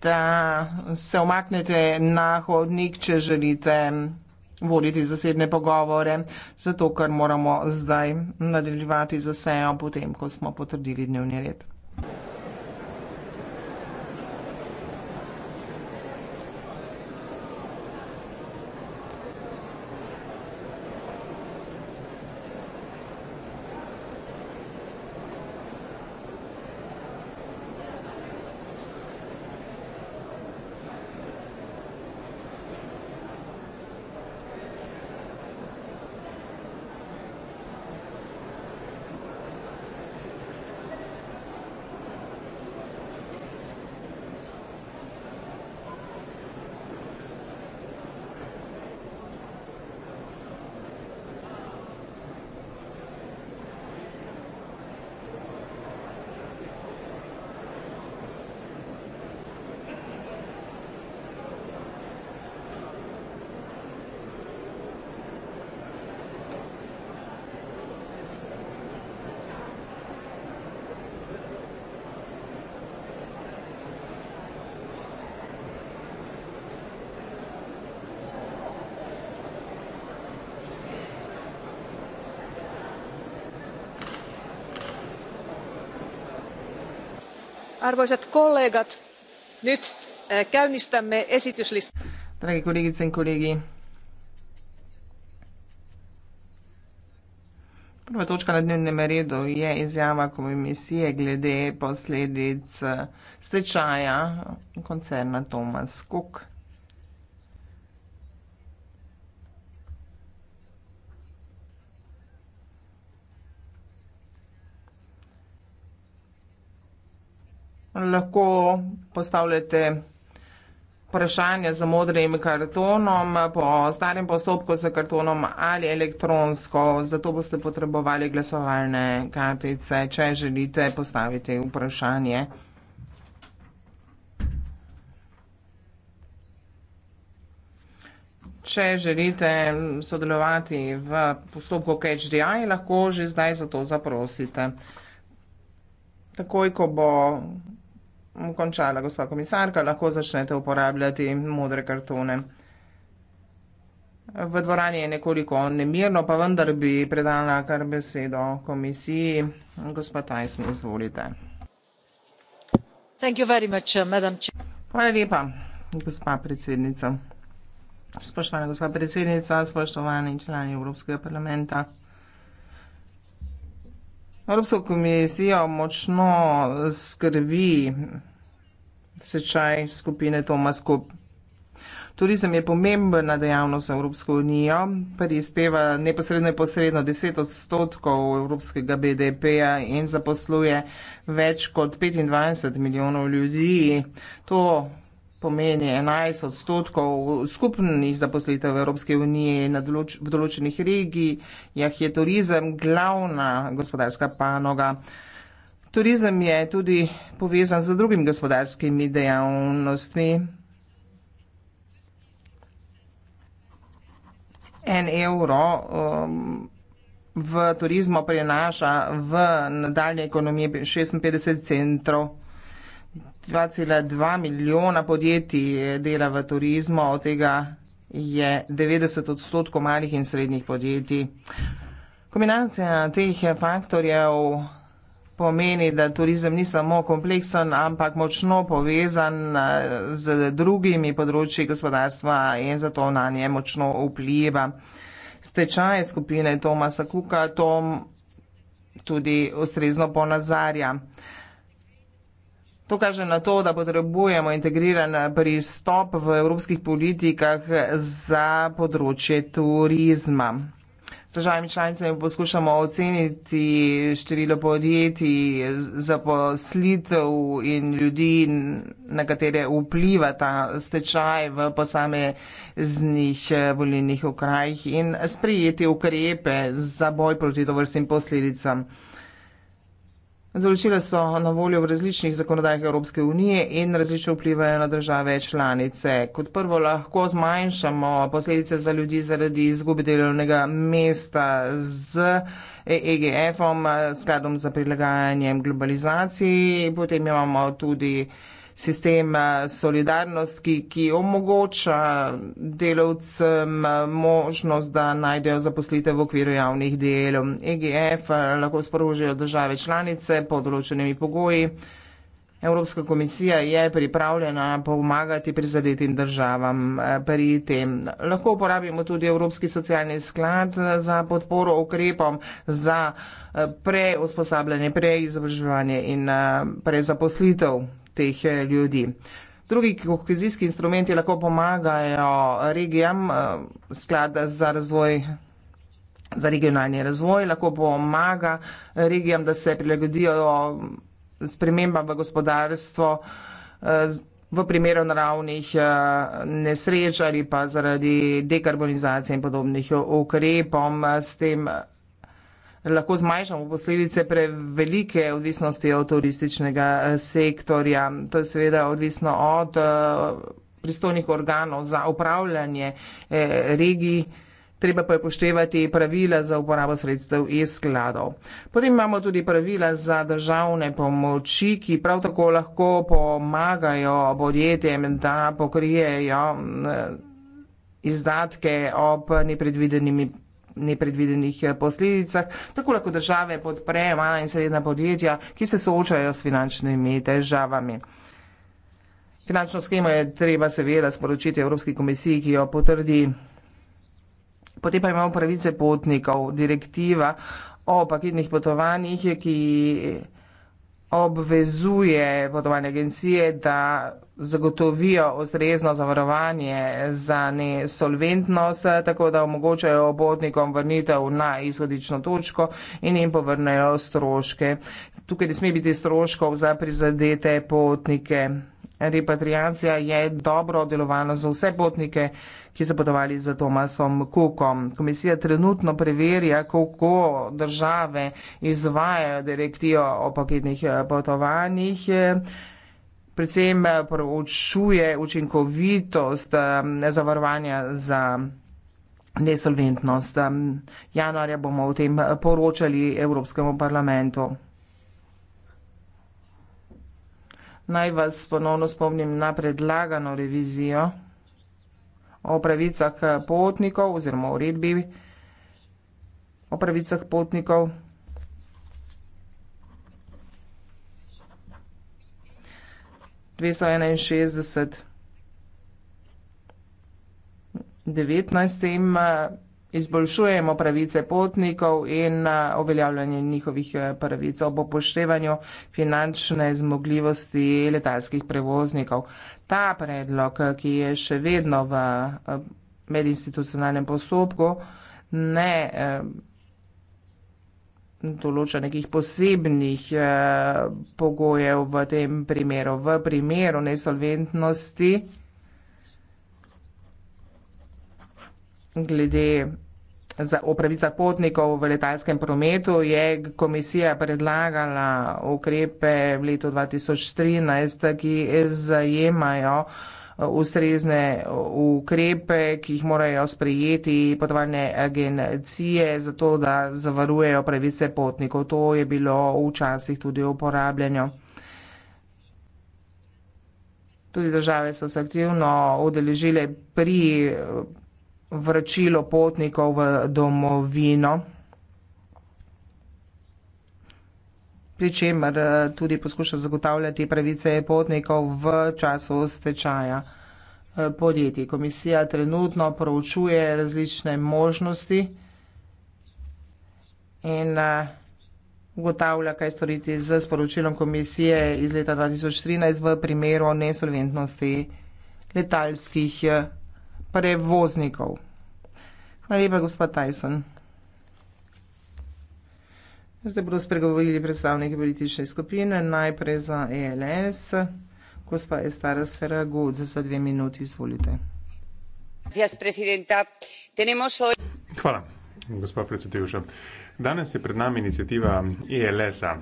Speaker 4: da se omaknete na hodnik, če želite voditi zasebne pogovore, zato ker moramo zdaj nadaljevati za sejo, potem ko smo potrdili dnevni red.
Speaker 7: arvoisat kollegat nyt eh,
Speaker 4: käynnistämme Prva točka na dnevnem redu je izjava komisije glede posledic eh, stečaja koncerna Thomas Cook. lahko postavljate vprašanje za modrim kartonom po starem postopku za kartonom ali elektronsko. Zato boste potrebovali glasovalne kartice, če želite postaviti vprašanje. Če želite sodelovati v postopku KHDI, lahko že zdaj za to zaprosite. Takoj, ko bo vprašanje, končala, gospa komisarka, lahko začnete uporabljati modre kartone. V dvorani je nekoliko nemirno, pa vendar bi predala kar besedo komisiji. Gospa Tyson, izvolite. Thank you very much, uh, madam. Hvala lepa, gospa predsednica. Spoštovana gospa predsednica, spoštovani člani Evropskega parlamenta. Evropska komisija močno skrbi sečaj skupine Tomas Kup. Turizem je pomembna dejavnost Evropske unije, prispeva neposredno in posredno 10 odstotkov evropskega BDP-ja in zaposluje več kot 25 milijonov ljudi. To pomeni 11 odstotkov skupnih zaposlitev Evropske unije na določ v določenih regijah, je turizem glavna gospodarska panoga. Turizem je tudi povezan z drugimi gospodarskimi dejavnostmi. En evro um, v turizmu prenaša v nadaljne ekonomije 56 centrov. 2,2 milijona podjetij eh, dela v turizmu, od tega je 90 odstotkov malih in srednjih podjetij. Kombinacija teh eh, faktorjev pomeni, da turizem ni samo kompleksen, ampak močno povezan eh, z drugimi področji gospodarstva in zato na nje močno vpliva. Stečaj skupine Tomasa Kuka tom tudi ustrezno ponazarja. To kaže na to, da potrebujemo integriran pristop v evropskih politikah za področje turizma. S državami članicami poskušamo oceniti število podjetij, zaposlitev in ljudi, na katere vpliva ta stečaj v posameznih volilnih okrajih in sprejeti ukrepe za boj proti dovrstnim posledicam. Določila so na voljo v različnih zakonodajah Evropske unije in različno vplivajo na države članice. Kot prvo lahko zmanjšamo posledice za ljudi zaradi izgube delovnega mesta z EGF-om, e skladom za prilagajanjem globalizaciji. Potem imamo tudi sistem eh, solidarnosti, ki omogoča delavcem eh, možnost, da najdejo zaposlitev v okviru javnih delov. EGF eh, lahko sporožijo države članice pod določenimi pogoji. Evropska komisija je pripravljena pomagati prizadetim državam pri tem. Lahko uporabimo tudi Evropski socialni sklad za podporo ukrepom za preusposabljanje, preizobraževanje in prezaposlitev teh eh, ljudi. Drugi kohezijski instrumenti lahko pomagajo regijam, eh, sklad za razvoj, za regionalni razvoj, lahko pomaga regijam, da se prilagodijo spremembam v gospodarstvo eh, v primeru naravnih nesreč ali pa zaradi dekarbonizacije in podobnih ukrepom s tem lahko zmanjšamo posledice prevelike odvisnosti od turističnega eh, sektorja. To je seveda odvisno od eh, pristojnih organov za upravljanje eh, regij. Treba pa je poštevati pravila za uporabo sredstev iz skladov. Potem imamo tudi pravila za državne pomoči, ki prav tako lahko pomagajo podjetjem, da pokrijejo izdatke ob nepredvidenimi nepredvidenih eh, posledicah. Tako lahko države podprejo mala in srednja podjetja, ki se soočajo s finančnimi težavami. Finančno skemo je treba seveda sporočiti Evropski komisiji, ki jo potrdi. Potem pa imamo pravice potnikov, direktiva o paketnih potovanjih, ki obvezuje vodovane agencije, da zagotovijo ustrezno zavarovanje za nesolventnost, tako da omogočajo obotnikom vrnitev na izhodično točko in jim povrnejo stroške. Tukaj ne sme biti stroškov za prizadete potnike. Repatriacija je dobro delovala za vse potnike, ki so potovali za Tomasom Kukom. Komisija trenutno preverja, kako države izvajajo direktijo o paketnih eh, potovanjih. Eh, predvsem eh, proučuje učinkovitost zavarovanja za nesolventnost. Januarja bomo o tem poročali Evropskemu parlamentu. Naj vas ponovno spomnim na predlagano revizijo o pravicah potnikov oziroma uredbi o pravicah potnikov. dvesto enainšestdeset devetnajst tem, izboljšujemo pravice potnikov in eh, uveljavljanje njihovih eh, pravic ob upoštevanju finančne zmogljivosti letalskih prevoznikov. Ta predlog, eh, ki je še vedno v medinstitucionalnem postopku, ne določa nekih posebnih pogojev v tem primeru. V primeru nesolventnosti glede opravic zapotnikov v letalskem prometu je komisija predlagala ukrepe v letu 2013, ki zajemajo ustrezne ukrepe, ki jih morajo sprejeti potovalne agencije, zato da zavarujejo pravice potnikov. To je bilo včasih tudi uporabljeno. Tudi države so se aktivno udeležile pri vračilo potnikov v domovino. Pričemer eh, tudi poskuša zagotavljati pravice potnikov v času stečaja eh, podjetij. Komisija trenutno proučuje različne možnosti in eh, ugotavlja, kaj storiti z sporočilom komisije iz leta 2013 v primeru nesolventnosti letalskih podjetij prevoznikov. Hvala lepa, gospod Tyson. Zdaj bodo spregovorili predstavniki politične skupine, najprej za ELS, gospa Estara Sfera Gud, za dve minuti
Speaker 3: izvolite. Hvala, gospa predsedujoča. Danes je pred nami inicijativa ELS-a.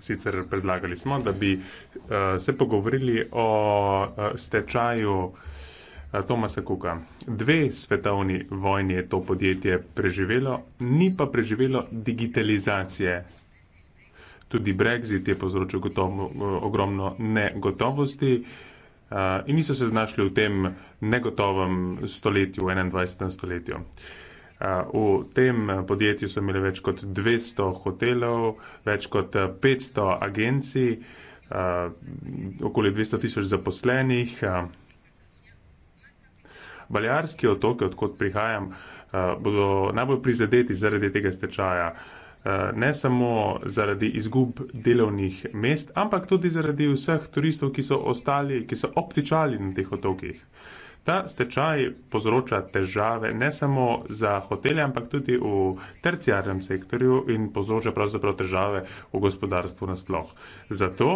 Speaker 3: Sicer predlagali smo, da bi uh, se pogovorili o uh, stečaju uh, Tomasa Kuka. Dve svetovni vojni je to podjetje preživelo, ni pa preživelo digitalizacije. Tudi Brexit je povzročil gotovo, ogromno negotovosti in niso se znašli v tem negotovem stoletju, v 21. stoletju. V tem podjetju so imeli več kot 200 hotelov, več kot 500 agencij, okoli 200 tisoč zaposlenih. Baljarski otoki, odkot prihajam, eh, bodo najbolj prizadeti zaradi tega stečaja. Eh, ne samo zaradi izgub delovnih mest, ampak tudi zaradi vseh turistov, ki so ostali, ki so optičali na teh otokih. Ta stečaj povzroča težave ne samo za hotele, ampak tudi v terciarnem sektorju in povzroča pravzaprav težave v gospodarstvu nasploh. Zato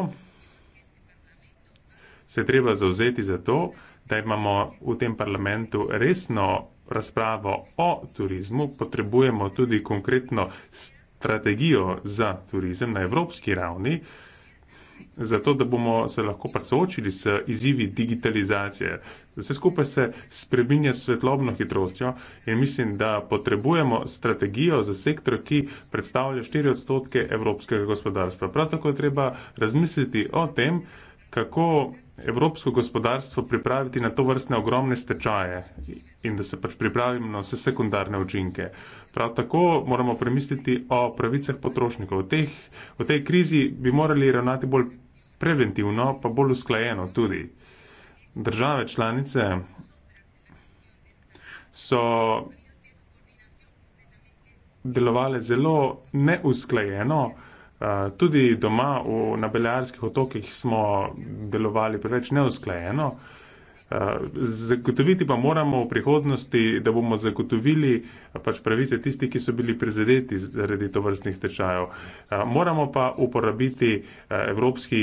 Speaker 3: se je treba zauzeti za to, da imamo v tem parlamentu resno razpravo o turizmu, potrebujemo tudi konkretno strategijo za turizem na evropski ravni, zato da bomo se lahko pa soočili s izzivi digitalizacije. Vse skupaj se spreminja s svetlobno hitrostjo in mislim, da potrebujemo strategijo za sektor, ki predstavlja 4 odstotke evropskega gospodarstva. Prav tako je treba razmisliti o tem, kako evropsko gospodarstvo pripraviti na to vrstne ogromne stečaje in da se pač pripravimo na vse sekundarne učinke. Prav tako moramo premisliti o pravicah potrošnikov. V, teh, v tej krizi bi morali ravnati bolj preventivno, pa bolj usklajeno tudi. Države članice so delovale zelo neusklajeno, tudi doma v, na Beljarskih otokih smo delovali preveč neusklajeno. Zagotoviti pa moramo v prihodnosti, da bomo zagotovili pač pravice tisti, ki so bili prizadeti zaradi tovrstnih stečajev. Moramo pa uporabiti Evropski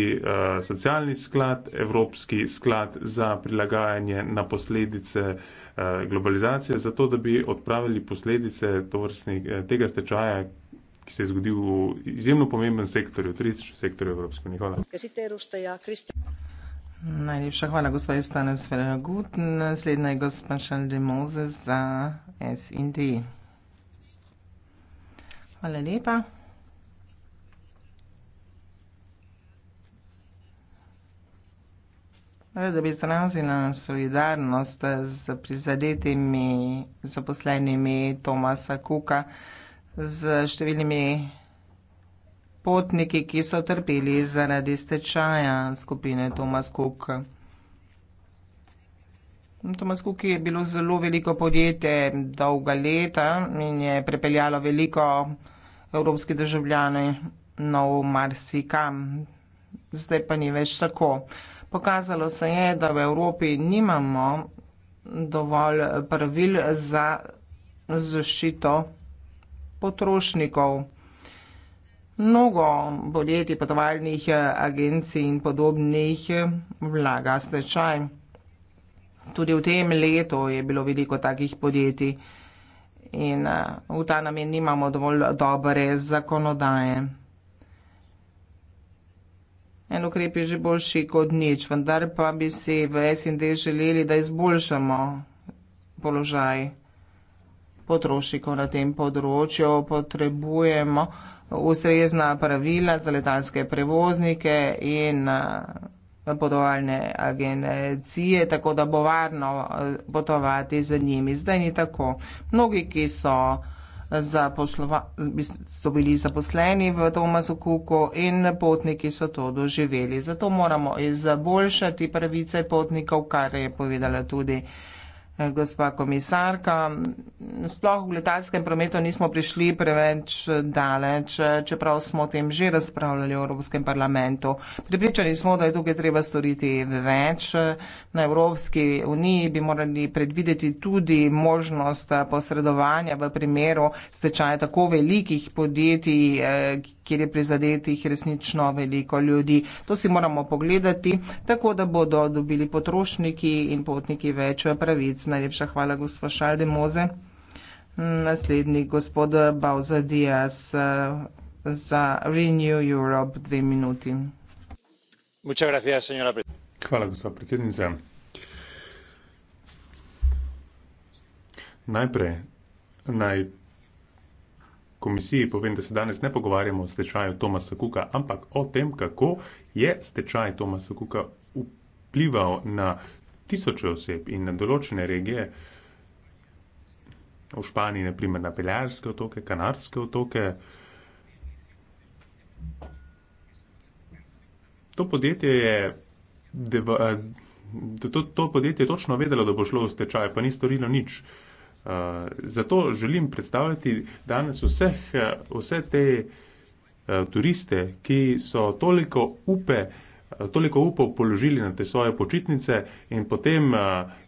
Speaker 3: socialni sklad, Evropski sklad za prilagajanje na posledice globalizacije, zato da bi odpravili posledice tega stečaja, ki se je zgodil v izjemno pomemben sektorju, turističnem sektorju Evropske unije.
Speaker 7: Hvala.
Speaker 4: Najlepša hvala, gospod Stanes Ferragut. Naslednja je gospod Šal de Moze za SND. Hvala lepa. Rada bi izrazila solidarnost z prizadetimi zaposlenimi Tomasa Kuka z številnimi potniki, ki so trpeli zaradi stečaja skupine Tomas Cook. Tomas Cook je bilo zelo veliko podjetje dolga leta in je prepeljalo veliko evropskih državljanov na no, marsikam. Zdaj pa ni več tako. Pokazalo se je, da v Evropi nimamo dovolj pravil za zaščito potrošnikov. Mnogo podjetij, potovalnih eh, agencij in podobnih eh, vlaga stečaj. Tudi v tem letu je bilo veliko takih podjetij in eh, v ta namen nimamo dovolj dobre zakonodaje. En ukrep je že boljši kot nič, vendar pa bi si v SND želeli, da izboljšamo položaj potrošnikov na tem področju. Potrebujemo ustrezna pravila za letalske prevoznike in eh, podovalne agencije, tako da bo varno eh, potovati z njimi. Zdaj ni tako. Mnogi, ki so eh, so bili zaposleni v Tomasu Kuku in potniki so to doživeli. Zato moramo izboljšati pravice potnikov, kar je povedala tudi Eh, gospa komisarka. Sploh v letalskem prometu nismo prišli preveč daleč, čeprav smo o tem že razpravljali v Evropskem parlamentu. Pripričani smo, da je tukaj treba storiti več. Na Evropski uniji bi morali predvideti tudi možnost posredovanja v primeru stečaja tako velikih podjetij, eh, kjer je prizadetih resnično veliko ljudi. To si moramo pogledati, tako da bodo dobili potrošniki in potniki več pravic. Najlepša hvala, gospod Šalde Moze. Naslednji gospod Bauza Diaz za Renew Europe dve minuti.
Speaker 3: Hvala, gospod predsednica. Najprej naj komisiji povem, da se danes ne pogovarjamo o stečaju Tomasa Kuka, ampak o tem, kako je stečaj Tomasa Kuka vplival na tisoče oseb in na določene regije, v Španiji, naprimer, na Peljarske otoke, Kanarske otoke. To podjetje je. Deva, eh, To, to podjetje je točno vedelo, da bo šlo v stečaj, pa ni storilo nič. Uh, Eh, zato želim predstavljati danes vseh, eh, vse te eh, turiste, ki so toliko upe, toliko upov položili na te svoje počitnice in potem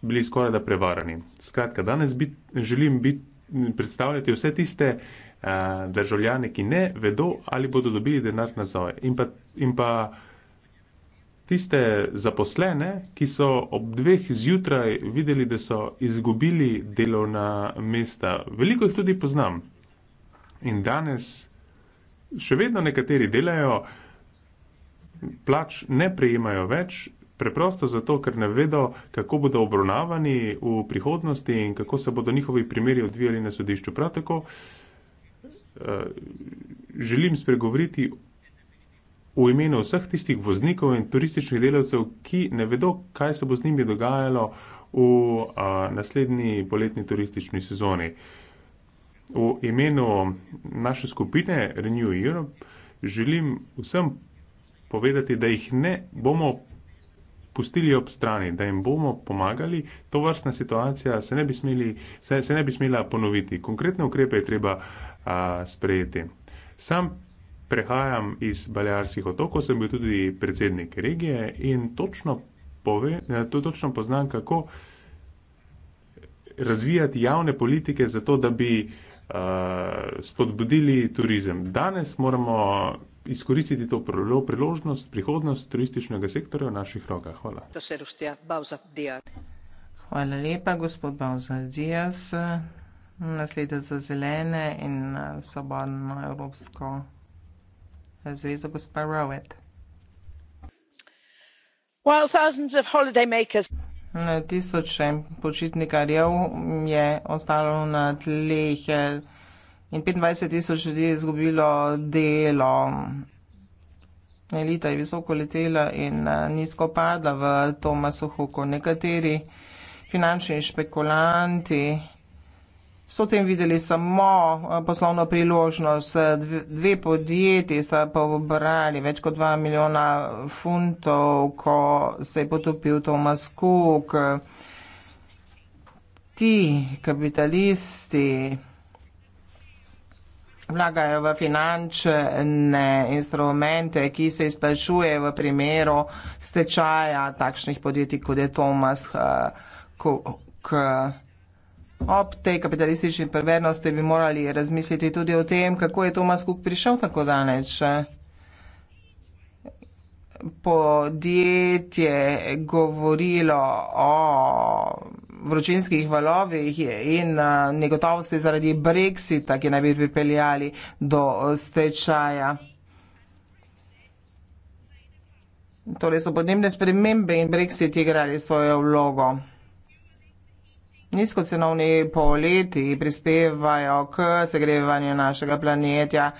Speaker 3: bili skoraj da prevarani. Skratka, danes bit, želim bit, predstavljati vse tiste državljane, ki ne vedo, ali bodo dobili denar nazaj. In pa, in pa tiste zaposlene, ki so ob dveh zjutraj videli, da so izgubili delovna mesta. Veliko jih tudi poznam. In danes še vedno nekateri delajo, plač ne prejemajo več, preprosto zato, ker ne vedo, kako bodo obravnavani v prihodnosti in kako se bodo njihovi primeri odvijali na sodišču. Prav tako eh, želim spregovoriti v imenu vseh tistih voznikov in turističnih delavcev, ki ne vedo, kaj se bo z njimi dogajalo v a, naslednji poletni turistični sezoni. V imenu naše skupine Renew Europe želim vsem povedati, da jih ne bomo pustili ob strani, da jim bomo pomagali. To vrstna situacija se ne bi, smeli, se, se ne bi smela ponoviti. Konkretne ukrepe je treba a, sprejeti. Sam prehajam iz Balearskih otokov, sem bil tudi predsednik regije in točno, pove, eh, to točno poznam, kako razvijati javne politike za to, da bi uh, spodbudili turizem. Danes moramo izkoristiti to priložnost, prihodnost turističnega sektorja v naših rokah. Hvala.
Speaker 4: Hvala lepa, gospod Bauza Dijas. Naslednja za zelene in eh, svobodno evropsko zvezo gospa rowett na tisoče počitnikarjev je ostalo na tleh eh, in 25 tisoč ljudi je izgubilo delo. Elita je visoko letela in eh, nizko padla v Tomasu Huku. Nekateri finančni špekulanti so tem videli samo eh, poslovno priložnost. Dve podjetji sta pa obrali več kot 2 milijona funtov, ko se je potopil Thomas Cook. Ti kapitalisti vlagajo v finančne instrumente, ki se izplačuje v primeru stečaja takšnih podjetij, kot je Thomas eh, Cook. Uh, Ob tej kapitalistični prevernosti bi morali razmisliti tudi o tem, kako je Tomas Kuk prišel tako daleč. Podjetje govorilo o vročinskih valovih in negotovosti zaradi Brexita, ki naj bi pripeljali do stečaja. Torej so podnebne spremembe in Brexit igrali svojo vlogo nizkocenovni poleti prispevajo k segrevanju našega planetja.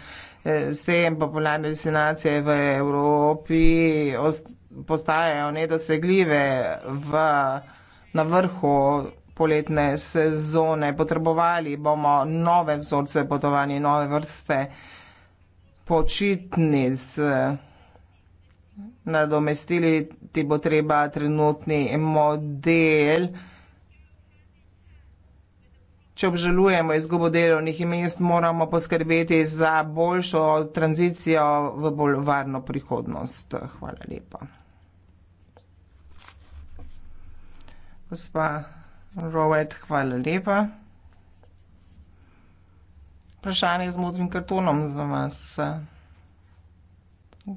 Speaker 4: S tem popularne destinacije v Evropi postajajo nedosegljive v, na vrhu poletne sezone. Potrebovali bomo nove vzorce potovanja, nove vrste počitnic. Nadomestili ti bo treba trenutni model. Če obžalujemo izgubo delovnih mest, moramo poskrbeti za boljšo tranzicijo v bolj varno prihodnost. Hvala lepa. Gospa Rowet, hvala lepa. Vprašanje z modrim kartonom za vas.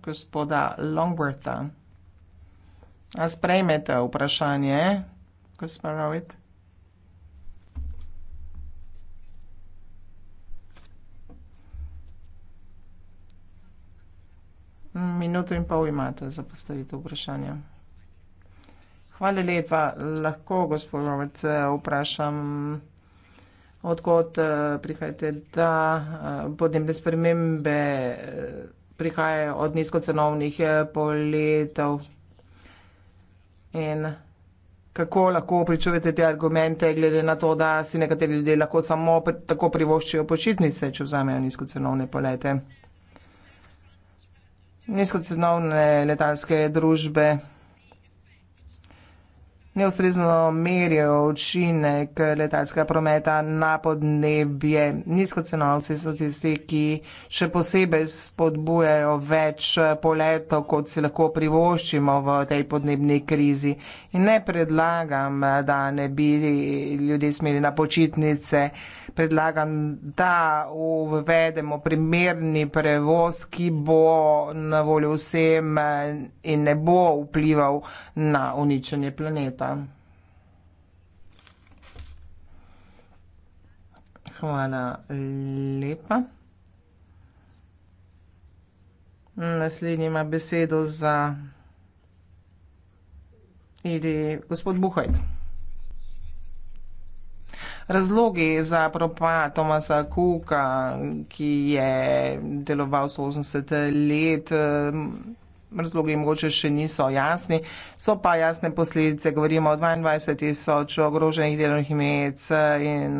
Speaker 4: Gospoda Longwortha. A sprejmete vprašanje, gospa Rowet? Minuto in pol imate za postavitev vprašanja. Hvala lepa. Lahko, gospod Robert, se vprašam, odkot uh, eh, prihajate, da uh, podnebne spremembe uh, prihajajo od nizkocenovnih uh, poletov in kako lahko pričujete te argumente, glede na to, da si nekateri ljudje lahko samo pri, tako privoščijo počitnice, če vzamejo nizkocenovne polete nizkocenovne letalske družbe neustrezno merijo učinek letalskega prometa na podnebje. Nizkocenovci so tisti, ki še posebej spodbujajo več poletov, kot si lahko privoščimo v tej podnebni krizi. In ne predlagam, da ne bi ljudje smeli na počitnice predlagam, da uvedemo primerni prevoz, ki bo na voljo vsem eh, in ne bo vplival na uničenje planeta. Hvala lepa. Naslednji ima besedo za Iri, e, gospod Buhajt razlogi za propad Tomasa Kuka, ki je deloval 80 let. Razlogi mogoče še niso jasni, so pa jasne posledice. Govorimo o 22 tisoč ogroženih delovnih mec in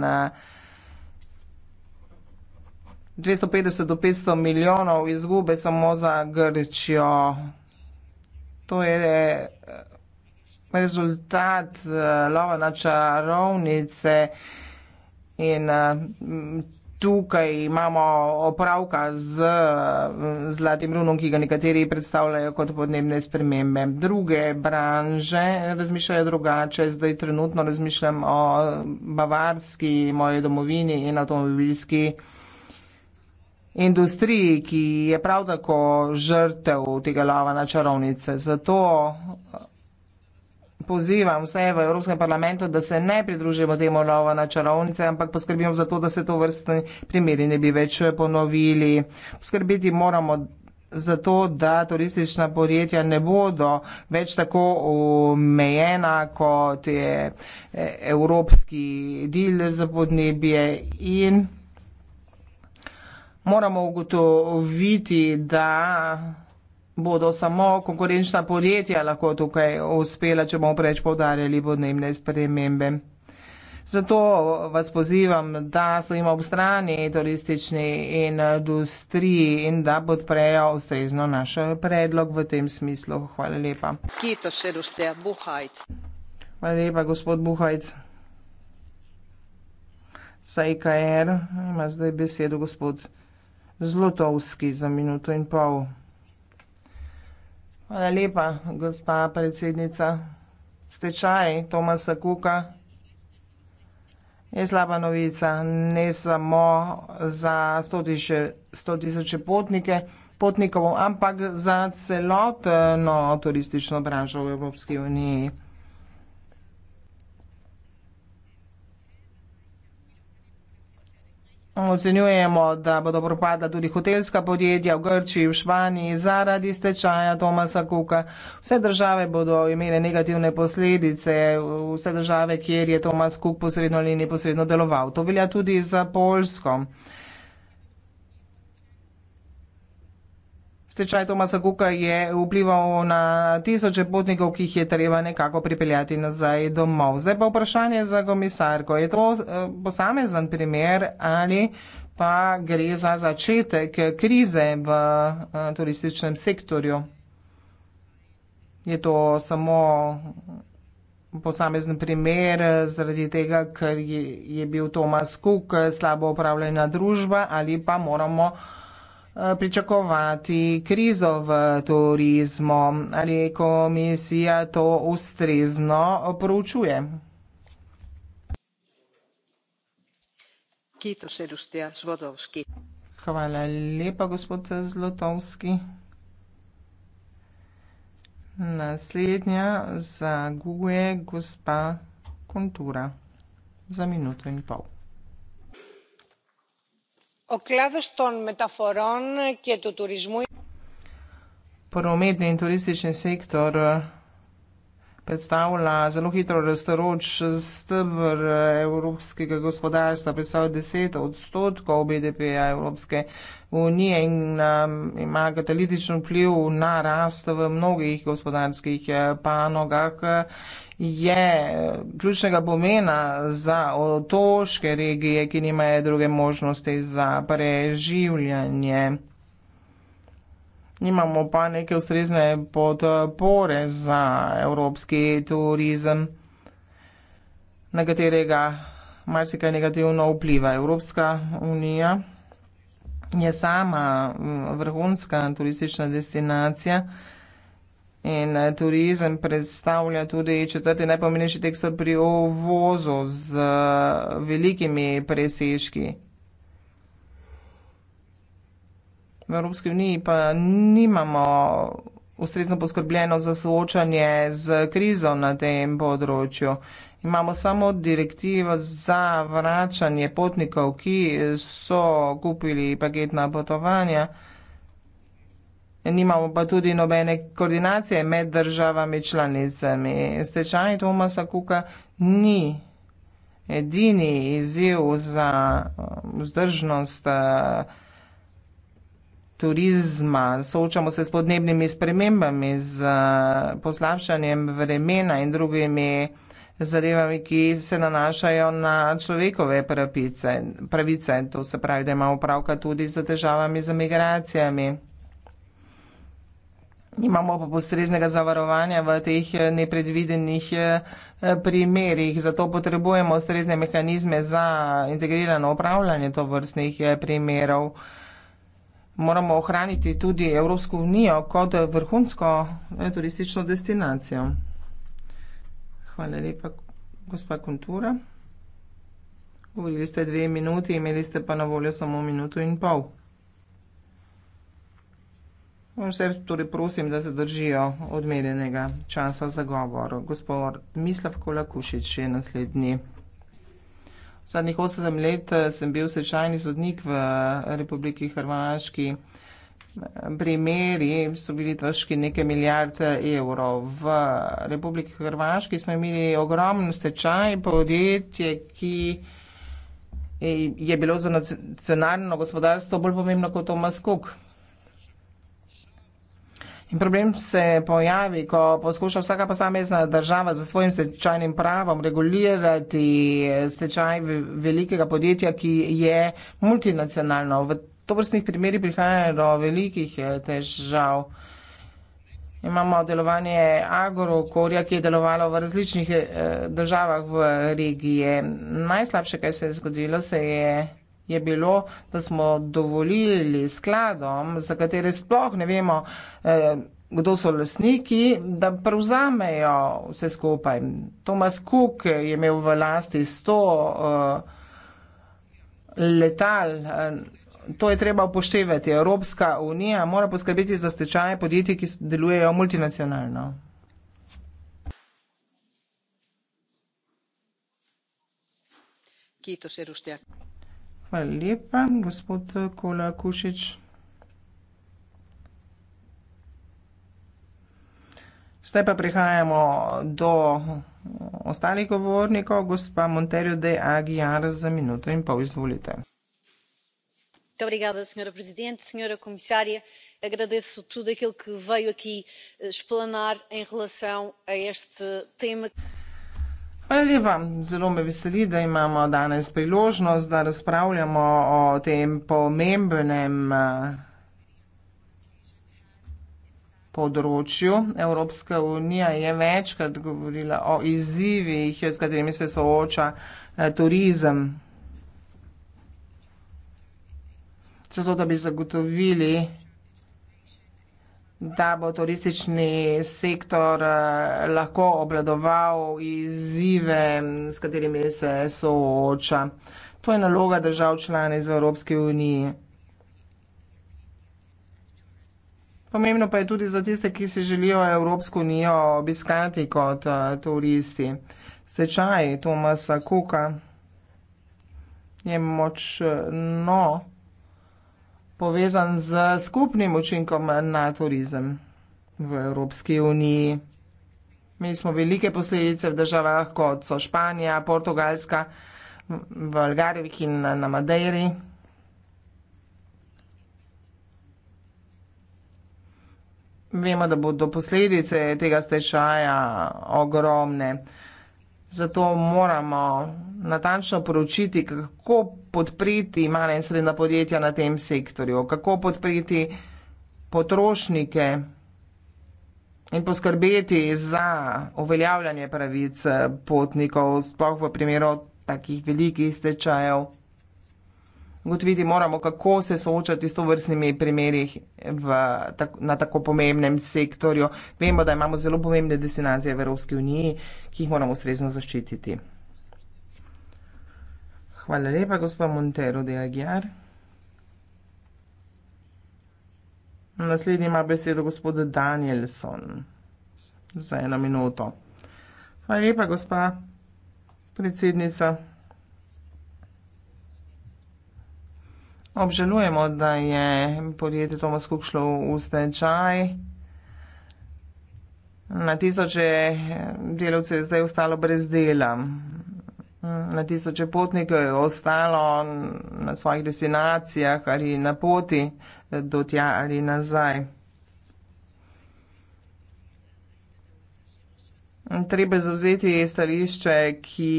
Speaker 4: 250 do 500 milijonov izgube samo za Grčijo. To je rezultat uh, lova na čarovnice in uh, tukaj imamo opravka z uh, zlatim runom, ki ga nekateri predstavljajo kot podnebne spremembe. Druge branže razmišljajo drugače, zdaj trenutno razmišljam o bavarski moje domovini in avtomobilski. Industriji, ki je prav tako žrtev tega lava na čarovnice. Zato pozivam vse v Evropskem parlamentu, da se ne pridružimo temu lova na čarovnice, ampak poskrbimo za to, da se to vrstni primeri ne bi več ponovili. Poskrbiti moramo za to, da turistična podjetja ne bodo več tako omejena, kot je e, evropski del za podnebje in moramo ugotoviti, da bodo samo konkurenčna podjetja lahko tukaj uspela, če bomo preveč povdarjali podnebne spremembe. Zato vas pozivam, da stojimo ob strani turistični industriji in da podprejo ustrezno naš predlog v tem smislu. Hvala lepa.
Speaker 7: Kito še dušte, Buhajc.
Speaker 4: Hvala lepa, gospod Buhajc. Sajkajer, e ima zdaj besedo gospod Zlotovski za minuto in pol. Hvala lepa, gospa predsednica. Stečaj Tomasa Kuka je slaba novica, ne samo za 100 tisoče potnike, potnikov, ampak za celotno turistično branžo v Evropski uniji. Ocenjujemo, da bodo propadla tudi hotelska podjetja v Grčiji, v Španiji zaradi stečaja Tomasa Kuka. Vse države bodo imele negativne posledice, vse države, kjer je Tomas Kuk posredno ali neposredno deloval. To velja tudi za Polsko. Stečaj Tomasa Kuka je vplival na tisoče potnikov, ki jih je treba nekako pripeljati nazaj domov. Zdaj pa vprašanje za komisarko. Je to eh, posamezen primer ali pa gre za začetek krize v eh, turističnem sektorju? Je to samo posamezen primer zaradi tega, ker je bil Tomas Kuk slabo upravljena družba ali pa moramo pričakovati krizo v turizmu ali komisija to ustrezno proučuje. Hvala lepa, gospod Zlotovski. Naslednja za Google je gospa Kontura za minuto in pol ο κλάδος των μεταφορών και του τουρισμού predstavlja zelo hitro rastoroč stebr evropskega gospodarstva, predstavlja 10 odstotkov BDP-ja Evropske unije in um, ima katalitičen vpliv na rast v mnogih gospodarskih eh, panogah. Je eh, ključnega pomena za otoške regije, ki nimajo druge možnosti za preživljanje nimamo pa neke ustrezne podpore za evropski turizem, na katerega marsikaj negativno vpliva. Evropska unija je sama mm, vrhunska turistična destinacija in turizem predstavlja tudi četrti najpomembnejši tekstor pri uvozu z velikimi presežki. v Evropski uniji pa nimamo ustrezno poskrbljeno za soočanje z krizo na tem področju. Imamo samo direktivo za vračanje potnikov, ki so kupili paketna potovanja. Nimamo pa tudi nobene koordinacije med državami članicami. Stečaj Tomasa Kuka ni edini izziv za um, vzdržnost uh, turizma, soočamo se s podnebnimi spremembami, z eh, poslabšanjem vremena in drugimi zadevami, ki se nanašajo na človekove pravice. pravice. To se pravi, da imamo pravka tudi z težavami z migracijami. Imamo pa postreznega zavarovanja v teh eh, nepredvidenih eh, primerih, zato potrebujemo ustrezne mehanizme za integrirano upravljanje to vrstnih primerov moramo ohraniti tudi Evropsko unijo kot vrhunsko ne, eh, turistično destinacijo. Hvala lepa, gospa Kontura. Govorili ste dve minuti, imeli ste pa na voljo samo minuto in pol. Vse torej prosim, da se držijo odmerjenega časa za govor. Gospod Mislav Kolakušič je naslednji. Zadnjih osem let eh, sem bil svečajni sodnik v eh, Republiki Hrvaški. Primeri so bili težki nekaj milijard eh, evrov. V Republiki Hrvaški smo imeli ogromen stečaj podjetje, ki je bilo za nacionalno gospodarstvo bolj pomembno kot Tomas Kuk. Problem se pojavi, ko poskuša vsaka posamezna država za svojim stečajnim pravom regulirati stečaj velikega podjetja, ki je multinacionalno. V tovrstnih primerih prihaja do velikih eh, težav. Imamo delovanje agrokorja, ki je delovalo v različnih eh, državah v regiji. Najslabše, kaj se je zgodilo, se je je bilo, da smo dovolili skladom, za katere sploh ne vemo, eh, kdo so lasniki, da prevzamejo vse skupaj. Tomas Cook je imel v lasti 100 eh, letal. Eh, to je treba upoštevati. Evropska unija mora poskrbeti za stečaje podjetij, ki delujejo multinacionalno.
Speaker 6: Kiitos edustaja.
Speaker 4: Hvala lepa. Gospod Kola Kušič. Zdaj pa prihajamo do ostalih govornikov. Gospa Monterio de Aguiar za minuto in pol, izvolite.
Speaker 6: Obrigada, senhora presidente, senhora comissária. Agradeço tudo aquilo que veio aqui eh, explanar em relação a este tema.
Speaker 4: Hvala lepa. Zelo me veseli, da imamo danes priložnost, da razpravljamo o tem pomembnem eh, področju. Evropska unija je večkrat govorila o izzivih, s katerimi se sooča eh, turizem. Zato, da bi zagotovili da bo turistični sektor eh, lahko obladoval izzive, s katerimi se sooča. To je naloga držav članic v Evropski uniji. Pomembno pa je tudi za tiste, ki si želijo Evropsko unijo obiskati kot eh, turisti. Stečaj Tomasa Kuka je močno vsega povezan z skupnim učinkom na turizem v Evropski uniji. Mi smo velike posledice v državah, kot so Španija, Portugalska, v Algarvih in na Madeiri. Vemo, da bodo posledice tega stečaja ogromne. Zato moramo natančno poročiti, kako podpreti male in srednja podjetja na tem sektorju, kako podpreti potrošnike in poskrbeti za uveljavljanje pravic potnikov, sploh v primeru takih velikih stečajev ugotoviti moramo, kako se soočati s to vrstnimi primeri na tako pomembnem sektorju. Vemo, da imamo zelo pomembne destinacije v Evropski uniji, ki jih moramo ustrezno zaščititi. Hvala lepa, gospod Montero de Aguiar. Naslednji ima besedo gospod Danielson za eno minuto. Hvala lepa, gospa predsednica. Obžalujemo, da je podjetje Tomas Cook šlo v stečaj. Na tisoče delavcev je zdaj ostalo brez dela. Na tisoče potnikov je ostalo na svojih destinacijah ali na poti do tja ali nazaj. Treba zauzeti stališče, ki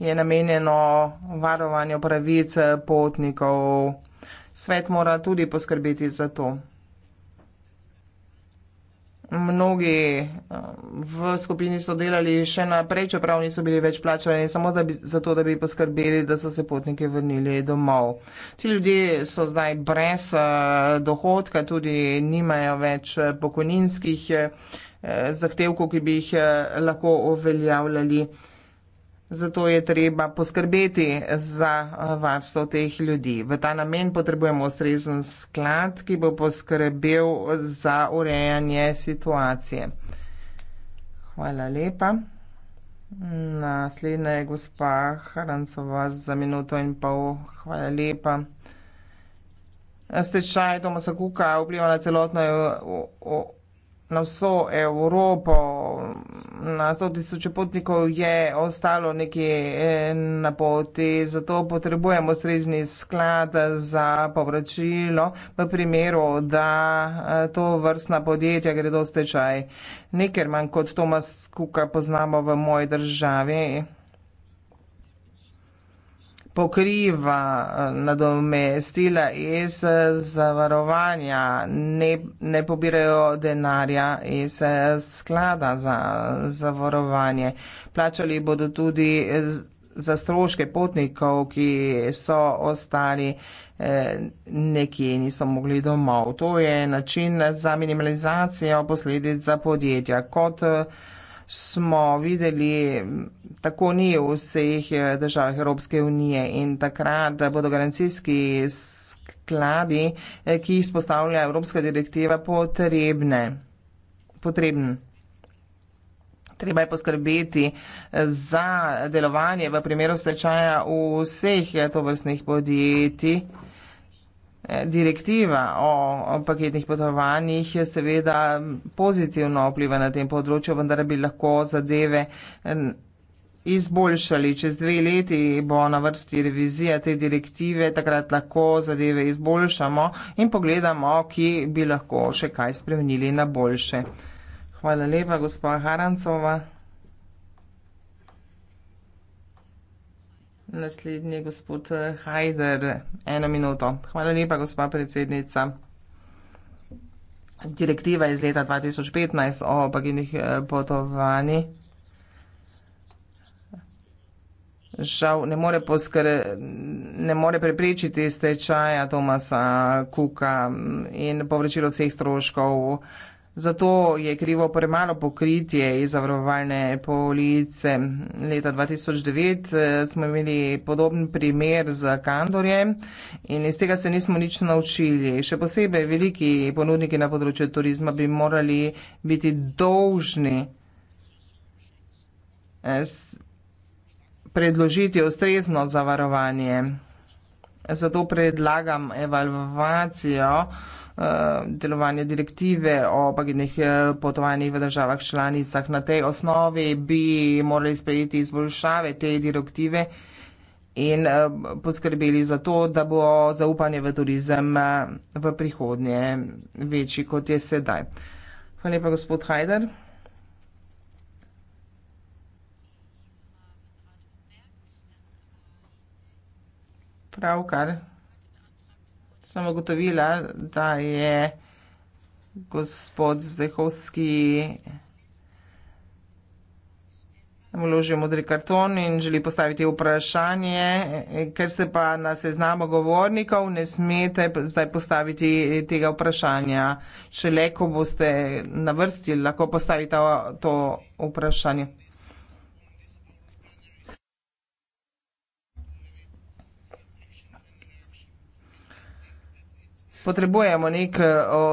Speaker 4: je namenjeno varovanju pravic potnikov. Svet mora tudi poskrbeti za to. Mnogi eh, v skupini so delali še naprej, čeprav niso bili več plačani, samo da bi, zato, da bi poskrbeli, da so se potniki vrnili domov. Ti ljudje so zdaj brez eh, dohodka, tudi nimajo več eh, pokojninskih zahtevkov, ki bi jih lahko uveljavljali. Zato je treba poskrbeti za eh, varstvo teh ljudi. V ta namen potrebujemo ustrezen sklad, ki bo poskrbel za urejanje situacije. Hvala lepa. Naslednja je gospa Hrancova za minuto in pol. Hvala lepa. Stečaj Tomasa Kuka vpliva na celotno na vso Evropo, na 100 tisoč potnikov je ostalo nekje eh, na poti, zato potrebujemo strezni sklad za povračilo v primeru, da eh, to vrstna podjetja gredo v stečaj. Nekaj manj kot Tomas Kuka poznamo v moji državi pokriva eh, nadomestila iz eh, zavarovanja, ne, ne pobirajo denarja iz eh, sklada za zavarovanje. Plačali bodo tudi za stroške potnikov, ki so ostali nekje in niso mogli domov. To je način za minimalizacijo posledic za podjetja. Kot smo videli, tako ni v vseh eh, državah Evropske unije in takrat eh, bodo garancijski skladi, eh, ki jih spostavlja Evropska direktiva, potrebne. Potreben. Treba je poskrbeti za delovanje v primeru stečaja vseh tovrstnih podjetij. Eh, direktiva o, o paketnih potovanjih seveda pozitivno vpliva na tem področju, vendar bi lahko zadeve izboljšali. Čez dve leti bo na vrsti revizija te direktive, takrat lahko zadeve izboljšamo in pogledamo, ki bi lahko še kaj spremenili na boljše. Hvala lepa, gospod Harancova. Naslednji je gospod eh, Hajder, eno minuto. Hvala lepa, gospa predsednica. Direktiva iz leta 2015 o paginih eh, potovanji. Žal ne more, poskr, ne more prepričiti stečaja Tomasa Kuka mm, in povrečilo vseh stroškov. Zato je krivo premalo pokritje iz zavarovalne police. Leta 2009 eh, smo imeli podoben primer z Kandorjem in iz tega se nismo nič naučili. Še posebej veliki ponudniki na področju turizma bi morali biti dolžni eh, predložiti ustrezno zavarovanje. Zato predlagam evalvacijo. Eh, delovanje direktive o pagidnih eh, potovanjih v državah članicah. Na tej osnovi bi morali sprejeti izboljšave te direktive in eh, poskrbeli za to, da bo zaupanje v turizem v prihodnje večji, kot je sedaj. Hvala lepa, gospod Hajdar. Pravkar. Pravkar sem ugotovila, da je gospod Zdehovski vložil modri karton in želi postaviti vprašanje, ker se pa na seznamo govornikov ne smete zdaj postaviti tega vprašanja. Šele, ko boste na vrsti, lahko postavite to vprašanje. Potrebujemo nek eh,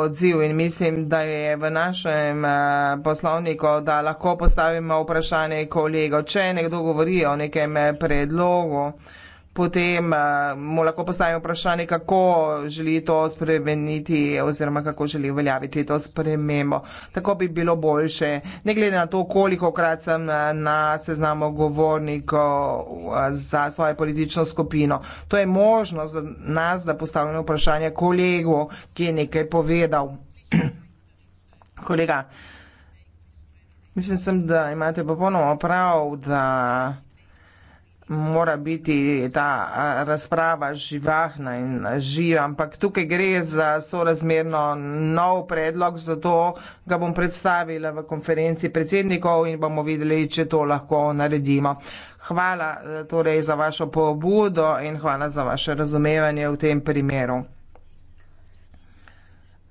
Speaker 4: odziv in mislim, da je v našem eh, poslovniku, da lahko postavimo vprašanje kolego. Če nekdo govori o nekem eh, predlogu, potem uh, mu lahko postavimo vprašanje, kako želi to spremeniti oziroma kako želi uveljaviti to spremembo. Tako bi bilo boljše. Ne glede na to, koliko krat sem eh, na seznamu govornikov eh, za svojo politično skupino. To je možnost za nas, da postavljamo vprašanje kolegu, ki je nekaj povedal. Kolega, mislim, sem, da imate popolnoma prav, da mora biti ta razprava živahna in živa, ampak tukaj gre za sorazmerno nov predlog, zato ga bom predstavila v konferenci predsednikov in bomo videli, če to lahko naredimo. Hvala e, torej za vašo pobudo in hvala za vaše razumevanje v tem primeru.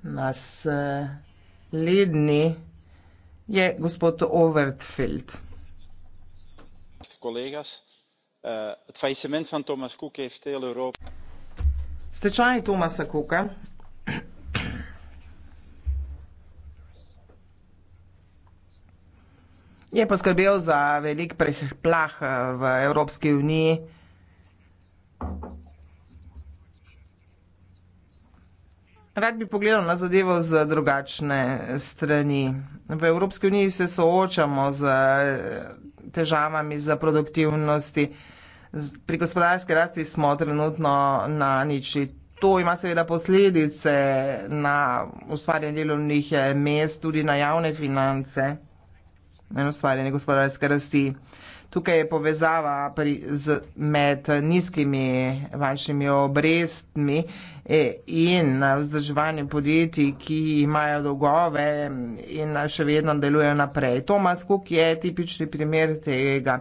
Speaker 4: Nas ledni je gospod Overtfeld.
Speaker 6: Kolegas.
Speaker 2: Eh, het faillissement van Thomas Cook heeft heel Europa.
Speaker 4: Stečaj Tomasa Cooka. Je poskrbel za velik preplah eh, v Evropski uniji. Rad bi pogledal na zadevo z drugačne strani. V Evropski uniji se soočamo z eh, težavami za produktivnosti pri gospodarski rasti smo trenutno na niči. To ima seveda posledice na ustvarjanje delovnih eh, mest, tudi na javne finance in ustvarjanje gospodarske rasti. Tukaj je povezava pri, z, med nizkimi vanjšimi obrestmi eh, in vzdrževanje podjetij, ki imajo dolgove in še vedno delujejo naprej. Tomas Cook je tipični primer tega.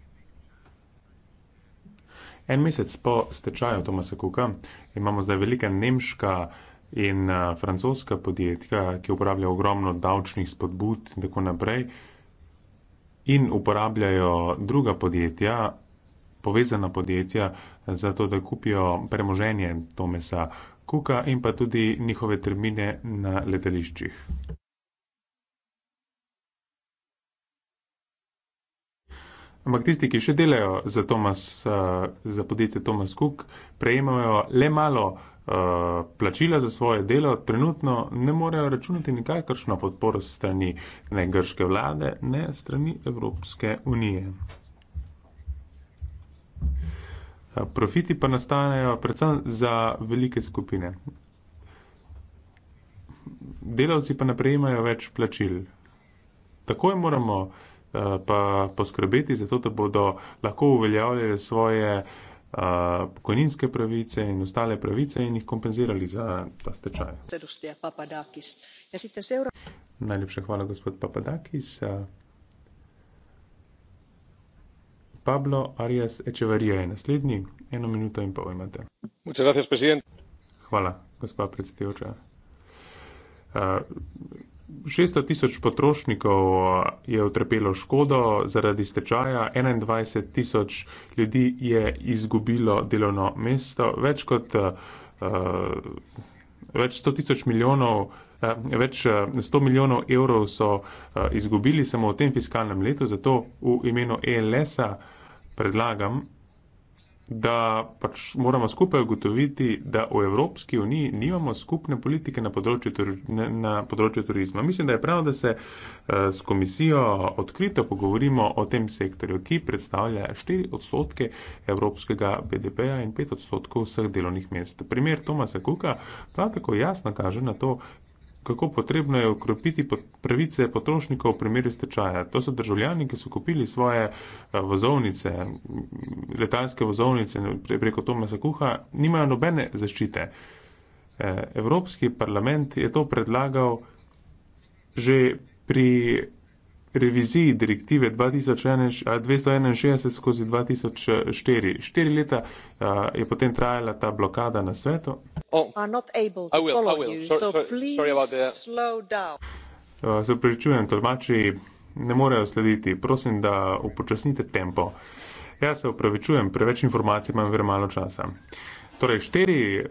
Speaker 3: En mesec po stečaju Tomasa Kuka imamo zdaj velika nemška in uh, francoska podjetja, ki uporabljajo ogromno davčnih spodbud in tako naprej, in uporabljajo druga podjetja, povezana podjetja, zato da kupijo premoženje Tomasa Kuka in pa tudi njihove termine na letališčih. Ampak tisti, ki še delajo za, Thomas, uh, eh, za podjetje Thomas Cook, prejemajo le malo uh, plačila za svoje delo, trenutno ne morejo računati nikakršno podporo se strani ne grške vlade, ne strani Evropske unije. Eh, profiti pa nastanejo predvsem za velike skupine. Delavci pa ne prejemajo več plačil. Takoj moramo uh, Eh, pa poskrbeti za to, da bodo lahko uveljavljali svoje eh, pokojninske pravice in ostale pravice in jih kompenzirali za ta stečaj. Ja, Najlepša hvala, gospod Papadakis. Eh, Pablo Arias Echevarija je naslednji, eno minuto in pol imate. Hvala, gospod predsedujoča. 600 tisoč potrošnikov eh, je utrpelo škodo zaradi stečaja, 21 tisoč ljudi je izgubilo delovno mesto, več kot uh, več 100 tisoč milijonov. Eh, več 100 milijonov evrov so izgubili samo v tem fiskalnem letu, zato v imenu ELS-a predlagam, da pač moramo skupaj ugotoviti, da v Evropski uniji nimamo skupne politike na področju, turi, na področju turizma. Mislim, da je prav, da se eh, s komisijo odkrito pogovorimo o tem sektorju, ki predstavlja 4 odstotke evropskega BDP-ja in 5 odstotkov vseh delovnih mest. Primer Tomasa Kuka prav tako jasno kaže na to, kako potrebno je ukrepiti pravice potrošnikov v primeru stečaja. To so državljani, ki so kupili svoje eh, vozovnice, letalske vozovnice preko Tomasa Kuha, nimajo nobene zaščite. Eh, Evropski parlament je to predlagal že pri reviziji direktive 261 skozi 2004. Štiri leta uh, je potem trajala ta blokada na svetu. Se pričujem, tolmači ne morejo slediti. Prosim, da upočasnite tempo. Jaz se upravičujem, preveč informacij imam, gre malo časa. Uh, Torej, štiri,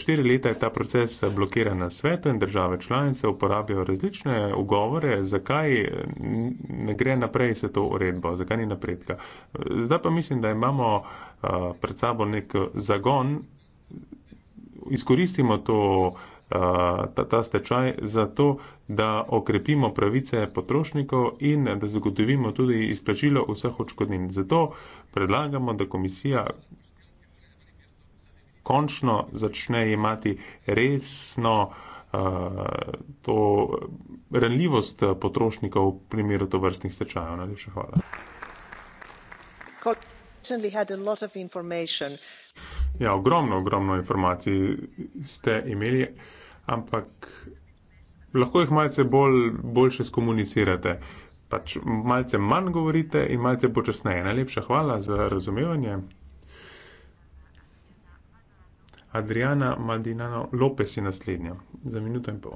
Speaker 3: štiri leta je ta proces blokiran na svetu in države članice uporabljajo različne ugovore, zakaj ne gre naprej se to uredbo, zakaj ni napredka. Zdaj pa mislim, da imamo pred sabo nek zagon, izkoristimo to, ta, ta stečaj za to, da okrepimo pravice potrošnikov in da zagotovimo tudi izplačilo vseh očkodnin. Zato predlagamo, da komisija končno začne imati resno uh, to renljivost eh, potrošnikov v primeru to vrstnih stečajev. Najlepša hvala. Ja, ogromno, ogromno informacij ste imeli, ampak lahko jih malce bolj, boljše skomunicirate. Pač malce manj govorite in malce počasneje. Najlepša hvala za razumevanje. Adriana Maldinano Lopes je naslednja, za minuto in pol.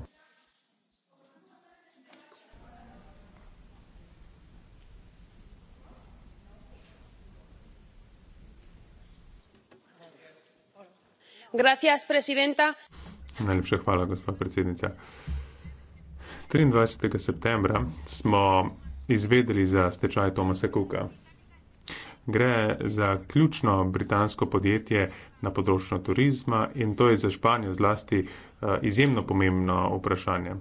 Speaker 5: Gracias,
Speaker 6: presidenta.
Speaker 3: Najlepša hvala, gospod predsednica. 23. septembra smo izvedeli za stečaj Tomasa Cooka. Gre za ključno britansko podjetje, na področju turizma in to je za Španijo zlasti eh, izjemno pomembno vprašanje.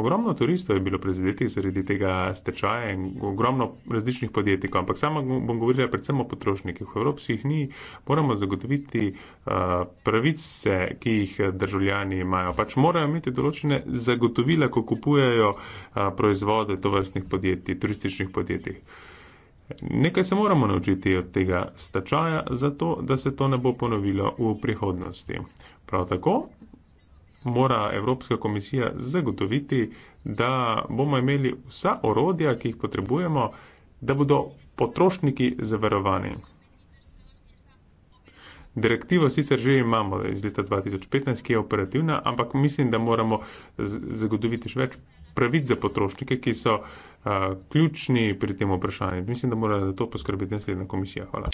Speaker 3: Ogromno turistov je bilo prizadetih zaradi tega stečaja in ogromno različnih podjetnikov, ampak sama bom govorila predvsem o potrošnikih. V evropskih ni, moramo zagotoviti uh, pravice, ki jih državljani imajo. Pač morajo imeti določene zagotovila, ko kupujajo uh, eh, proizvode tovrstnih podjetij, turističnih podjetij. Uh, Nekaj se moramo naučiti od tega stečaja, zato da se to ne bo ponovilo v prihodnosti. Prav tako mora Evropska komisija zagotoviti, da bomo imeli vsa orodja, ki jih potrebujemo, da bodo potrošniki zavarovani. Direktivo sicer že imamo iz leta 2015, ki je operativna, ampak mislim, da moramo zagotoviti še več pravic za potrošnike, ki so a, eh, ključni pri tem vprašanju. Mislim, da mora za to poskrbeti naslednja komisija. Hvala.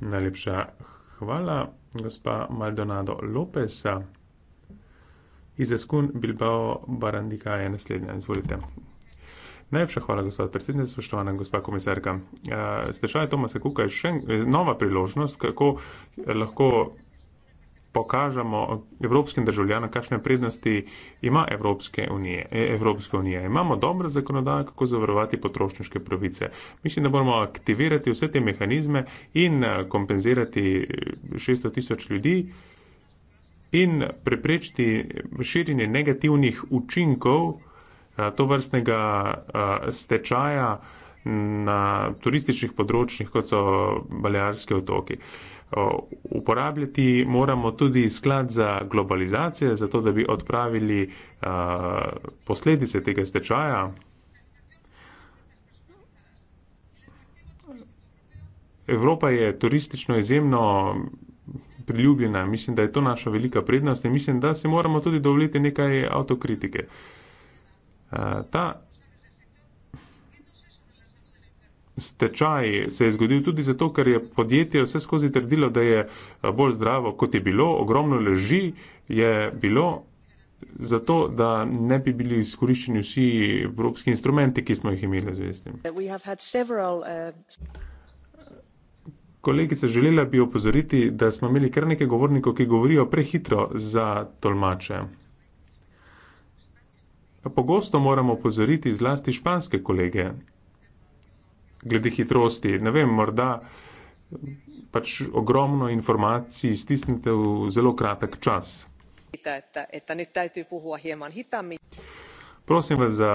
Speaker 3: Najlepša hvala, gospa Maldonado Lopez. Izaskun Bilbao Barandika je naslednja. Izvolite. Najlepša hvala, gospod predsednik, spoštovana gospa komisarka. Uh, Slišala je Tomasa Kuka, še en, eh, nova priložnost, kako eh, lahko pokažemo evropskim državljanom, kakšne prednosti ima Evropske unije. E, Evropske unije. Imamo dobro zakonodajo, kako zavarovati potrošniške pravice. Mislim, da moramo aktivirati vse te mehanizme in eh, kompenzirati 600 eh, tisoč ljudi in preprečiti širjenje negativnih učinkov eh, to vrstnega stečaja mm, na turističnih področjih, kot so Balearske otoki uporabljati moramo tudi sklad za globalizacijo, zato da bi odpravili posledice tega stečaja. Evropa je turistično izjemno priljubljena, mislim, da je to naša velika prednost in mislim, da se moramo tudi dovoliti nekaj avtokritike. Ta stečaj se je zgodil tudi zato, ker je podjetje vse skozi trdilo, da je eh, bolj zdravo, kot je bilo, ogromno leži je bilo, zato da ne bi bili izkoriščeni vsi evropski instrumenti, ki smo jih imeli z vestim.
Speaker 6: Eh,
Speaker 3: Kolegica, želela bi opozoriti, da smo imeli kar nekaj govornikov, ki govorijo prehitro za tolmače. Pogosto moramo opozoriti zlasti španske kolege, glede hitrosti. Ne vem, morda pač ogromno informacij stisnete v zelo kratek čas. Prosim vas za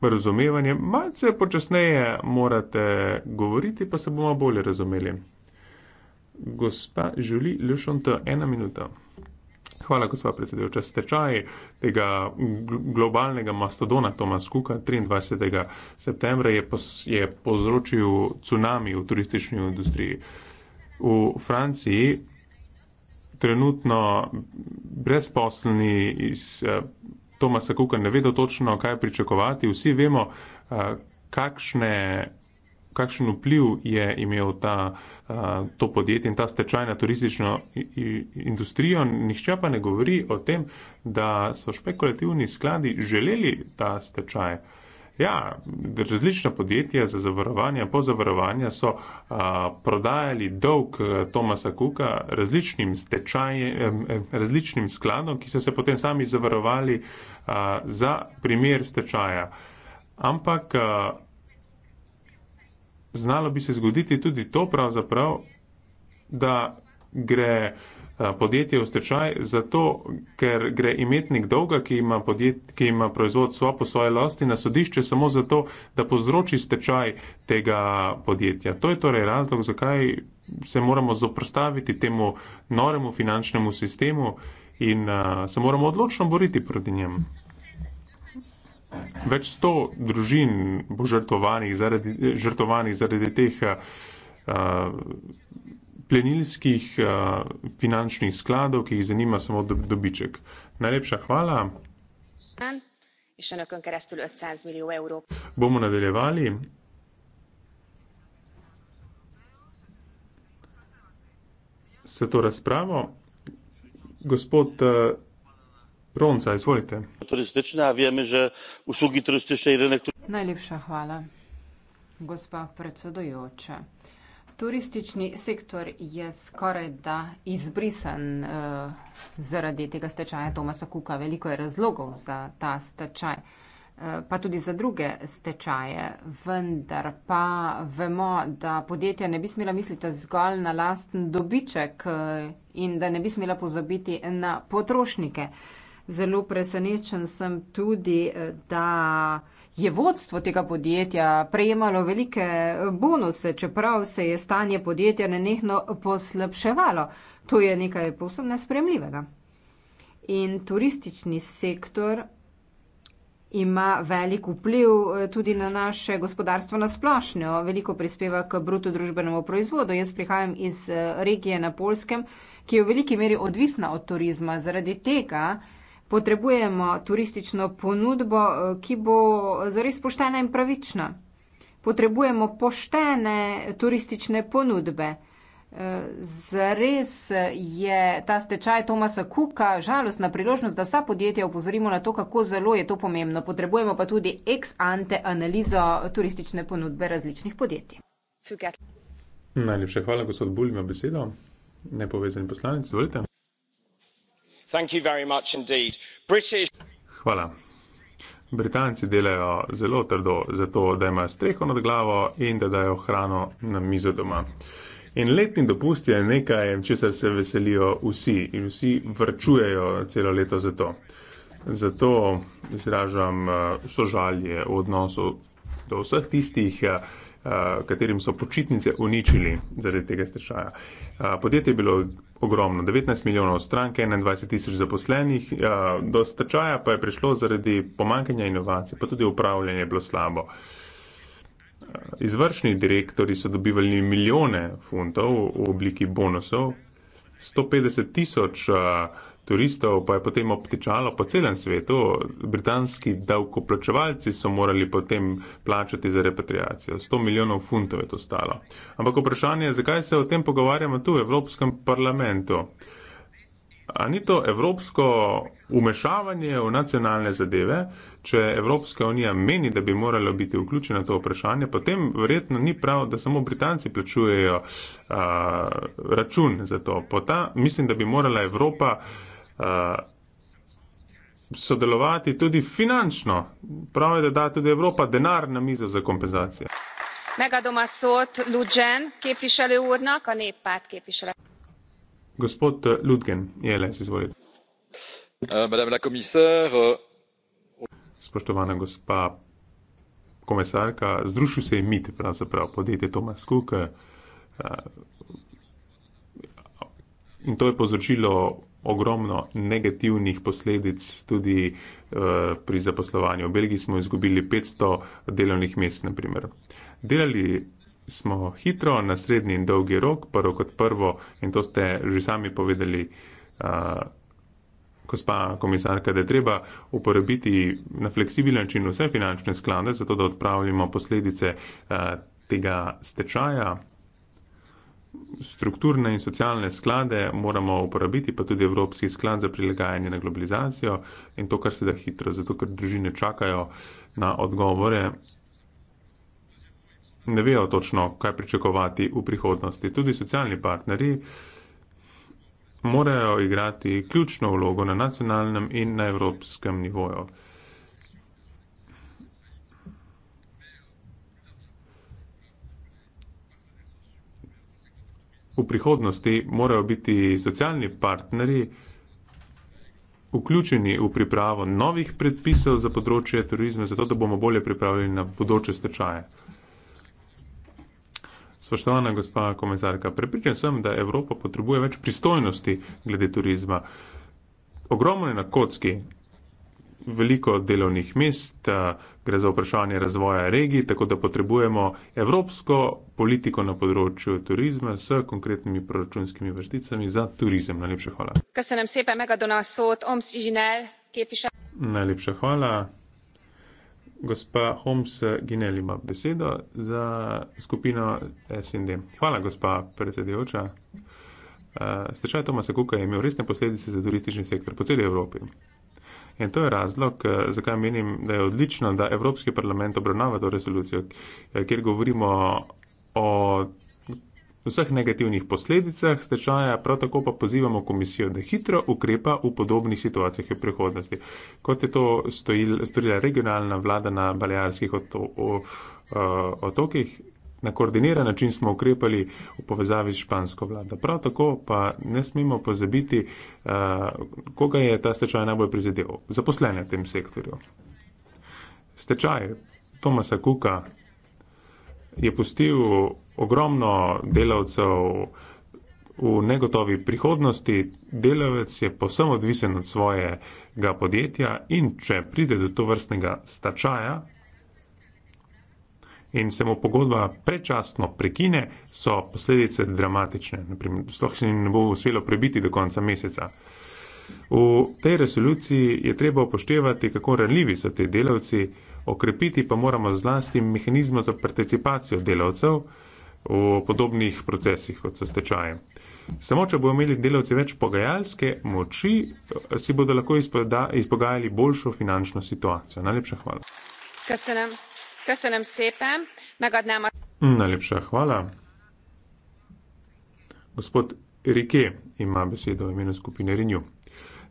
Speaker 3: razumevanje. Malce počasneje morate govoriti, pa se bomo bolje razumeli. Gospa želi lešonto ena minuta. Hvala, gospod predsedujoča. Stečaj tega globalnega mastodona Tomas Kuka 23. septembra je, pos, je povzročil tsunami v turistični industriji. V Franciji trenutno brezposlni iz uh, Tomasa Kuka ne vedo točno, kaj pričakovati. Vsi vemo, uh, kakšne, kakšen vpliv je imel ta uh, to podjetje in ta stečaj na turistično industrijo. Nihče pa ne govori o tem, da so špekulativni skladi želeli ta stečaj. Ja, različna podjetja za zavarovanje, pozavarovanje so a, prodajali dolg Tomasa Kuka različnim, različnim skladom, ki so se potem sami zavarovali a, za primer stečaja. Ampak a, znalo bi se zgoditi tudi to pravzaprav, da gre eh, podjetje v stečaj, zato ker gre imetnik dolga, ki ima, podjet, ki ima proizvod svo po svoje lasti na sodišče, samo zato, da povzroči stečaj tega podjetja. To je torej razlog, zakaj se moramo zoprstaviti temu noremu finančnemu sistemu in uh, se moramo odločno boriti proti njemu. Več sto družin bo žrtovanih zaradi, žrtovanih zaradi teh uh, plenilskih uh, finančnih skladov, ki jih zanima samo dobiček. Najlepša hvala. Bomo nadaljevali. Se to razpravo? Gospod. Uh, Ronca, izvolite.
Speaker 8: Turistična, vemo, da usluge turistične in rene.
Speaker 1: Najlepša hvala, gospa predsedujoča. Turistični sektor je skoraj da izbrisan eh, zaradi tega stečaja Tomasa Kuka. Veliko je razlogov za ta stečaj, eh, pa tudi za druge stečaje. Vendar pa vemo, da podjetja ne bi smela misliti zgolj na lasten dobiček eh, in da ne bi smela pozabiti na potrošnike. Eh, Zelo presenečen sem tudi, eh, da je vodstvo tega podjetja prejemalo velike eh, bonuse, čeprav se je stanje podjetja nenehno poslabševalo. To je nekaj povsem nespremljivega. In turistični sektor ima velik vpliv eh, tudi na naše gospodarstvo na splošno. Veliko prispeva k bruto družbenemu proizvodu. Jaz prihajam iz regije na Polskem, ki je v veliki meri odvisna od turizma. Zaradi tega potrebujemo turistično ponudbo, eh, ki bo zares poštena in pravična. Potrebujemo poštene turistične ponudbe. Eh, zares je ta stečaj Tomasa Kuka žalostna priložnost, da vsa podjetja upozorimo na to, kako zelo je to pomembno. Potrebujemo pa tudi ex ante analizo turistične ponudbe različnih podjetij.
Speaker 3: Najlepša hvala, gospod Bulj, ima besedo. Nepovezani poslanec, izvolite hvala britanci delajo zelo trdo zato da imajo streho nad glavo in da dajo hrano na mizo doma In letni dopust je nekaj, česar se veselijo vsi in vsi vrčujejo celo leto za to. Zato izražam eh, sožalje v odnosu do vseh tistih, eh, eh, katerim so počitnice uničili zaradi tega stečaja. Podjetje je bilo ogromno, 19 milijonov stranke, 21 tisoč zaposlenih, ja, do stečaja pa je prišlo zaradi pomankanja inovacij, pa tudi upravljanje je bilo slabo. Izvršni direktori so dobivali milijone funtov v obliki bonusov, 150 tisoč turistov, pa je potem obtičalo po celem svetu. Britanski davkoplačevalci so morali potem plačati za repatriacijo. 100 milijonov funtov je to stalo. Ampak vprašanje je, zakaj se o tem pogovarjamo tu v Evropskem parlamentu? A ni to evropsko umešavanje v nacionalne zadeve? Če Evropska unija meni, da bi moralo biti vključeno to vprašanje, potem verjetno ni prav, da samo Britanci plačujejo a, račun za to. Ta, mislim, da bi morala Evropa a, Eh, sodelovati tudi finančno. Prav je, da da tudi Evropa denar na mizo za kompenzacije.
Speaker 1: Megadom a szót Ludgen képviselő úrnak, a néppárt képviselő.
Speaker 3: Gospod eh, Ludgen, jelens, izvolj.
Speaker 2: Eh, madame la commissaire.
Speaker 3: Spoštovana gospa komisarka, združil se je MIT, pravzaprav podjetje Thomas Cook. In to je povzročilo ogromno negativnih posledic tudi uh, pri zaposlovanju. V Belgiji smo izgubili 500 delovnih mest, naprimer. Delali smo hitro, na srednji in dolgi rok, prvo kot prvo, in to ste že sami povedali, uh, gospa komisarka, da je treba uporabiti na fleksibilen način vse finančne sklade, zato da odpravljamo posledice uh, tega stečaja strukturne in socialne sklade moramo uporabiti, pa tudi Evropski sklad za prilagajanje na globalizacijo in to, kar se da hitro, zato ker družine čakajo na odgovore. Ne vejo točno, kaj pričakovati v prihodnosti. Tudi socialni partneri morajo igrati ključno vlogo na nacionalnem in na evropskem nivoju. v prihodnosti morajo biti socialni partnerji vključeni v pripravo novih predpisov za področje turizma, zato da bomo bolje pripravljeni na bodoče stečaje. Spoštovana gospa komisarka, prepričan sem, da Evropa potrebuje več pristojnosti glede turizma. Ogromno je na kocki, veliko delovnih mest, eh, gre za vprašanje razvoja regij, tako da potrebujemo evropsko politiko na področju turizma s konkretnimi proračunskimi vrsticami za turizem. Najlepša
Speaker 1: hvala.
Speaker 3: Najlepša hvala. Gospa Homs Ginel ima besedo za skupino SND. Hvala, gospa predsedujoča. Uh, stečaj Tomasa Kuka je imel resne posledice za turistični sektor po celi Evropi. In to je razlog, eh, zakaj menim, da je odlično, da Evropski parlament obravnava to resolucijo, eh, kjer govorimo o vseh negativnih posledicah stečaja, prav tako pa pozivamo komisijo, da hitro ukrepa v podobnih situacijah v prihodnosti, kot je to stojil, storila regionalna vlada na Balearskih otokih. Na koordiniran način smo ukrepali v povezavi s špansko vlado. Prav tako pa ne smemo pozabiti, eh, koga je ta stečaj najbolj prizadel. Zaposlene v tem sektorju. Stečaj Tomasa Kuka je pustil ogromno delavcev v negotovi prihodnosti. Delavec je posebno odvisen od svojega podjetja in če pride do to vrstnega stečaja, in se mu pogodba prečasno prekine, so posledice dramatične. Naprimer, sploh se jim ne bo uspelo prebiti do konca meseca. V tej resoluciji je treba upoštevati, kako ranljivi so ti delavci, okrepiti pa moramo zlasti mehanizme za participacijo delavcev v podobnih procesih, kot so stečaje. Samo, če bodo imeli delavci več pogajalske moči, si bodo lahko izpogajali boljšo finančno situacijo. Najlepša hvala. Kaj se nam? Mm, Najlepša hvala. Gospod Rike ima besedo v imenu skupine Renew.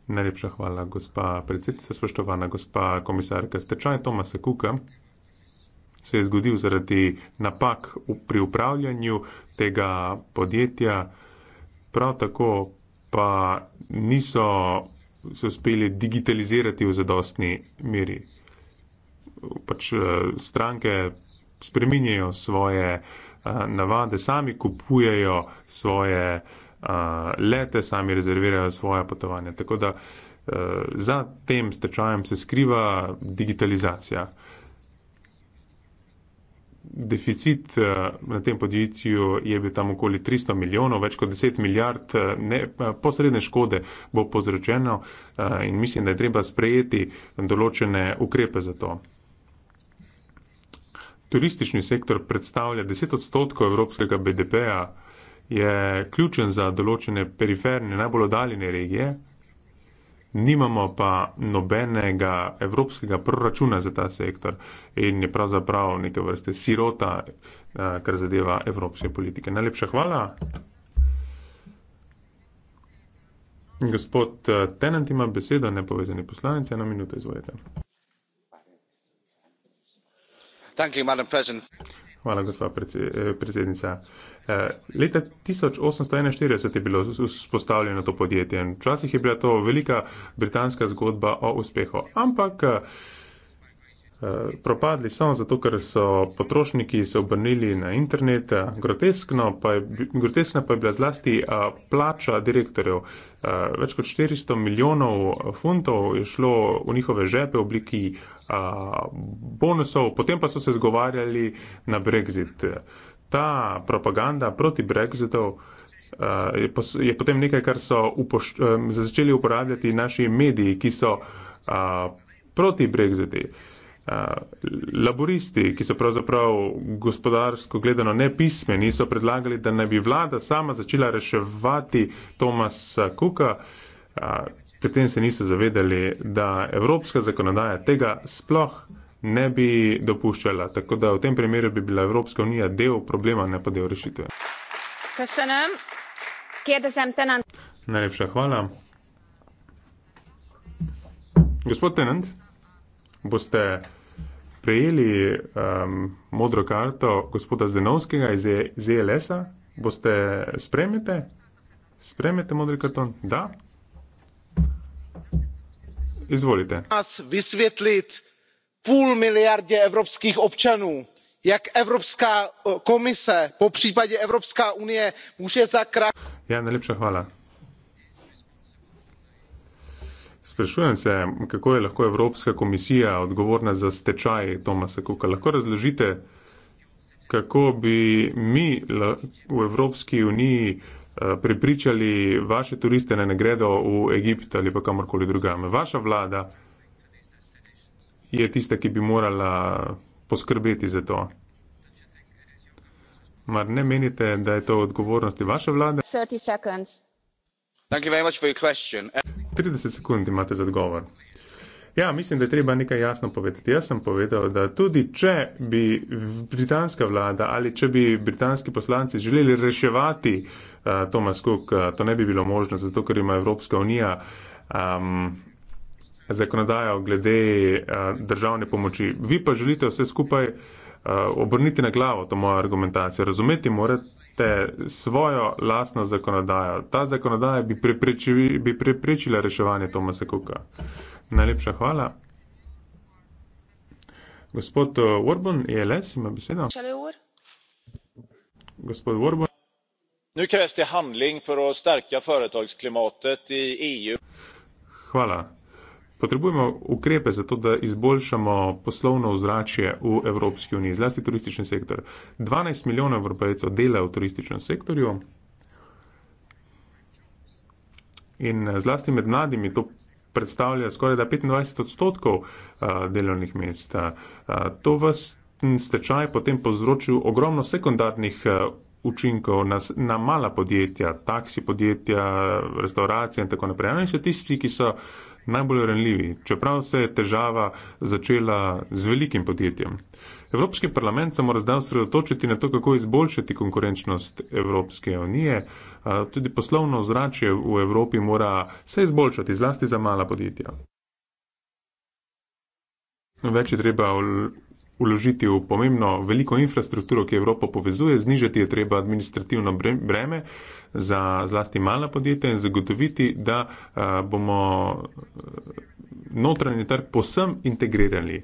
Speaker 3: Najlepša hvala, gospa predsednica, spoštovana gospa komisarka. Stečaj Tomasa Kuka se je zgodil zaradi napak pri upravljanju tega podjetja, prav tako pa niso se uspeli digitalizirati v zadostni meri pač eh, stranke spreminjajo svoje eh, navade, sami kupujejo svoje eh, lete, sami rezervirajo svoje potovanje. Tako da za tem stečajem se skriva digitalizacija. Deficit na tem podjetju je bil tam okoli 300 milijonov, več kot 10 milijard ne, posredne škode bo povzročeno in mislim, da je treba sprejeti določene ukrepe za to turistični sektor predstavlja 10 odstotkov evropskega BDP-ja, je ključen za določene periferne, najbolj oddaljene regije, nimamo pa nobenega evropskega proračuna za ta sektor in je pravzaprav neke vrste sirota, eh, kar zadeva evropske politike. Najlepša hvala. Gospod eh, Tenant ima besedo, nepovezani poslanec, eno minuto izvolite. Hvala, gospa eh, predsednica. Eh, leta 1841 je bilo vzpostavljeno to podjetje in včasih je bila to velika britanska zgodba o uspehu. Ampak eh, propadli samo zato, ker so potrošniki se obrnili na internet, groteskno pa je, groteskna pa je bila zlasti plača direktorjev. Več kot 400 milijonov funtov je šlo v njihove žepe v obliki bonusov, potem pa so se zgovarjali na Brexit. Ta propaganda proti Brexitu je potem nekaj, kar so upošč, začeli uporabljati naši mediji, ki so proti Brexitu. Uh, laboristi, ki so pravzaprav gospodarsko gledano nepismeni, so predlagali, da naj bi vlada sama začela reševati Tomasa Kuka. Uh, pri tem se niso zavedali, da evropska zakonodaja tega sploh ne bi dopuščala. Tako da v tem primeru bi bila Evropska unija del problema, ne pa del rešitve. Najlepša hvala. Gospod Tenant, boste prejeli um, modro karto gospoda Zdenovskega iz e-, ZLS-a? E boste spremete? Spremete modri karton? Da
Speaker 4: nás vysvětlit půl miliardě evropských občanů jak evropská eh, komise popřípadě evropská unie může
Speaker 3: za krach. Ja, Sprašujem se, kako je lahko Evropska komisija odgovorna za stečaj Tomasa Kuka. Lahko razložite, kako bi mi v Evropski uniji Eh, prepričali vaše turiste, da ne gredo v Egipt ali pa kamorkoli drugame. Vaša vlada je tista, ki bi morala poskrbeti za to. Mar ne menite, da je to odgovornosti vaše vlade?
Speaker 1: 30
Speaker 3: sekund imate za odgovor. Ja, mislim, da je treba nekaj jasno povedati. Jaz sem povedal, da tudi če bi britanska vlada ali če bi britanski poslanci želeli reševati uh, Eh, Tomas Cook, eh, to ne bi bilo možno, zato ker ima Evropska unija um, zakonodajo glede uh, državne pomoči. Vi pa želite vse skupaj uh, obrniti na glavo, to je moja argumentacija. Razumeti morate svojo lastno zakonodajo. Ta zakonodaja bi, preprečili, bi preprečila reševanje Tomasa Cooka. Najlepša hvala. Gospod Urban, je les, ima besedo. Gospod Urban nu krävs
Speaker 8: det handling för att stärka företagsklimatet i EU.
Speaker 3: Hvala. Potrebujemo ukrepe za to, da izboljšamo poslovno ozračje v Evropski uniji, zlasti turistični sektor. 12 milijonov evropejcev dela v turističnem sektorju in eh, zlasti med mladimi to predstavlja skoraj 25 odstotkov eh, delovnih mest. Eh, to vas mm, stečaj potem povzročil ogromno sekundarnih učinkov na, na mala podjetja, taksi podjetja, restauracije in tako naprej. Ne še tisti, ki so najbolj ranljivi, čeprav se je težava začela z velikim podjetjem. Evropski parlament se mora zdaj osredotočiti na to, kako izboljšati konkurenčnost Evropske unije. Tudi poslovno ozračje v Evropi mora se izboljšati, zlasti za mala podjetja. Več je treba vložiti v pomembno veliko infrastrukturo, ki Evropo povezuje, znižati je treba administrativno breme za zlasti mala podjetja in zagotoviti, da eh, bomo eh, notranji trg posem integrirali.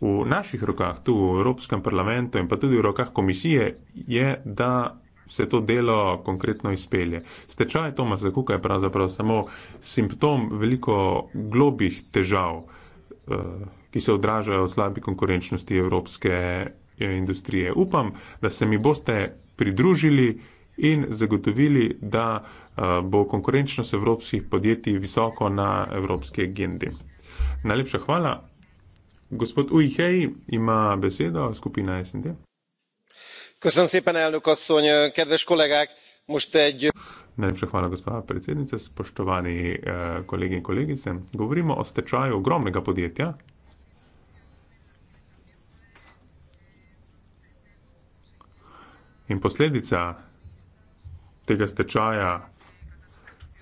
Speaker 3: V naših rokah, tu v Evropskem parlamentu in pa tudi v rokah komisije, je, da se to delo konkretno izpelje. Stečaj Tomasa Kuka je pravzaprav samo simptom veliko globih težav. Uh, ki se odražajo v slabi konkurenčnosti evropske eh, industrije. Upam, da se mi boste pridružili in zagotovili, da eh, bo konkurenčnost evropskih podjetij visoko na evropski agendi. Najlepša hvala. Gospod Ujhej ima besedo, skupina SND.
Speaker 8: Köszönöm szépen, elnök asszony, kedves kollégák,
Speaker 3: most egy... Najlepša hvala, gospoda predsednica, spoštovani eh, kolegi in kolegice. Govorimo o stečaju ogromnega podjetja, In posledica tega stečaja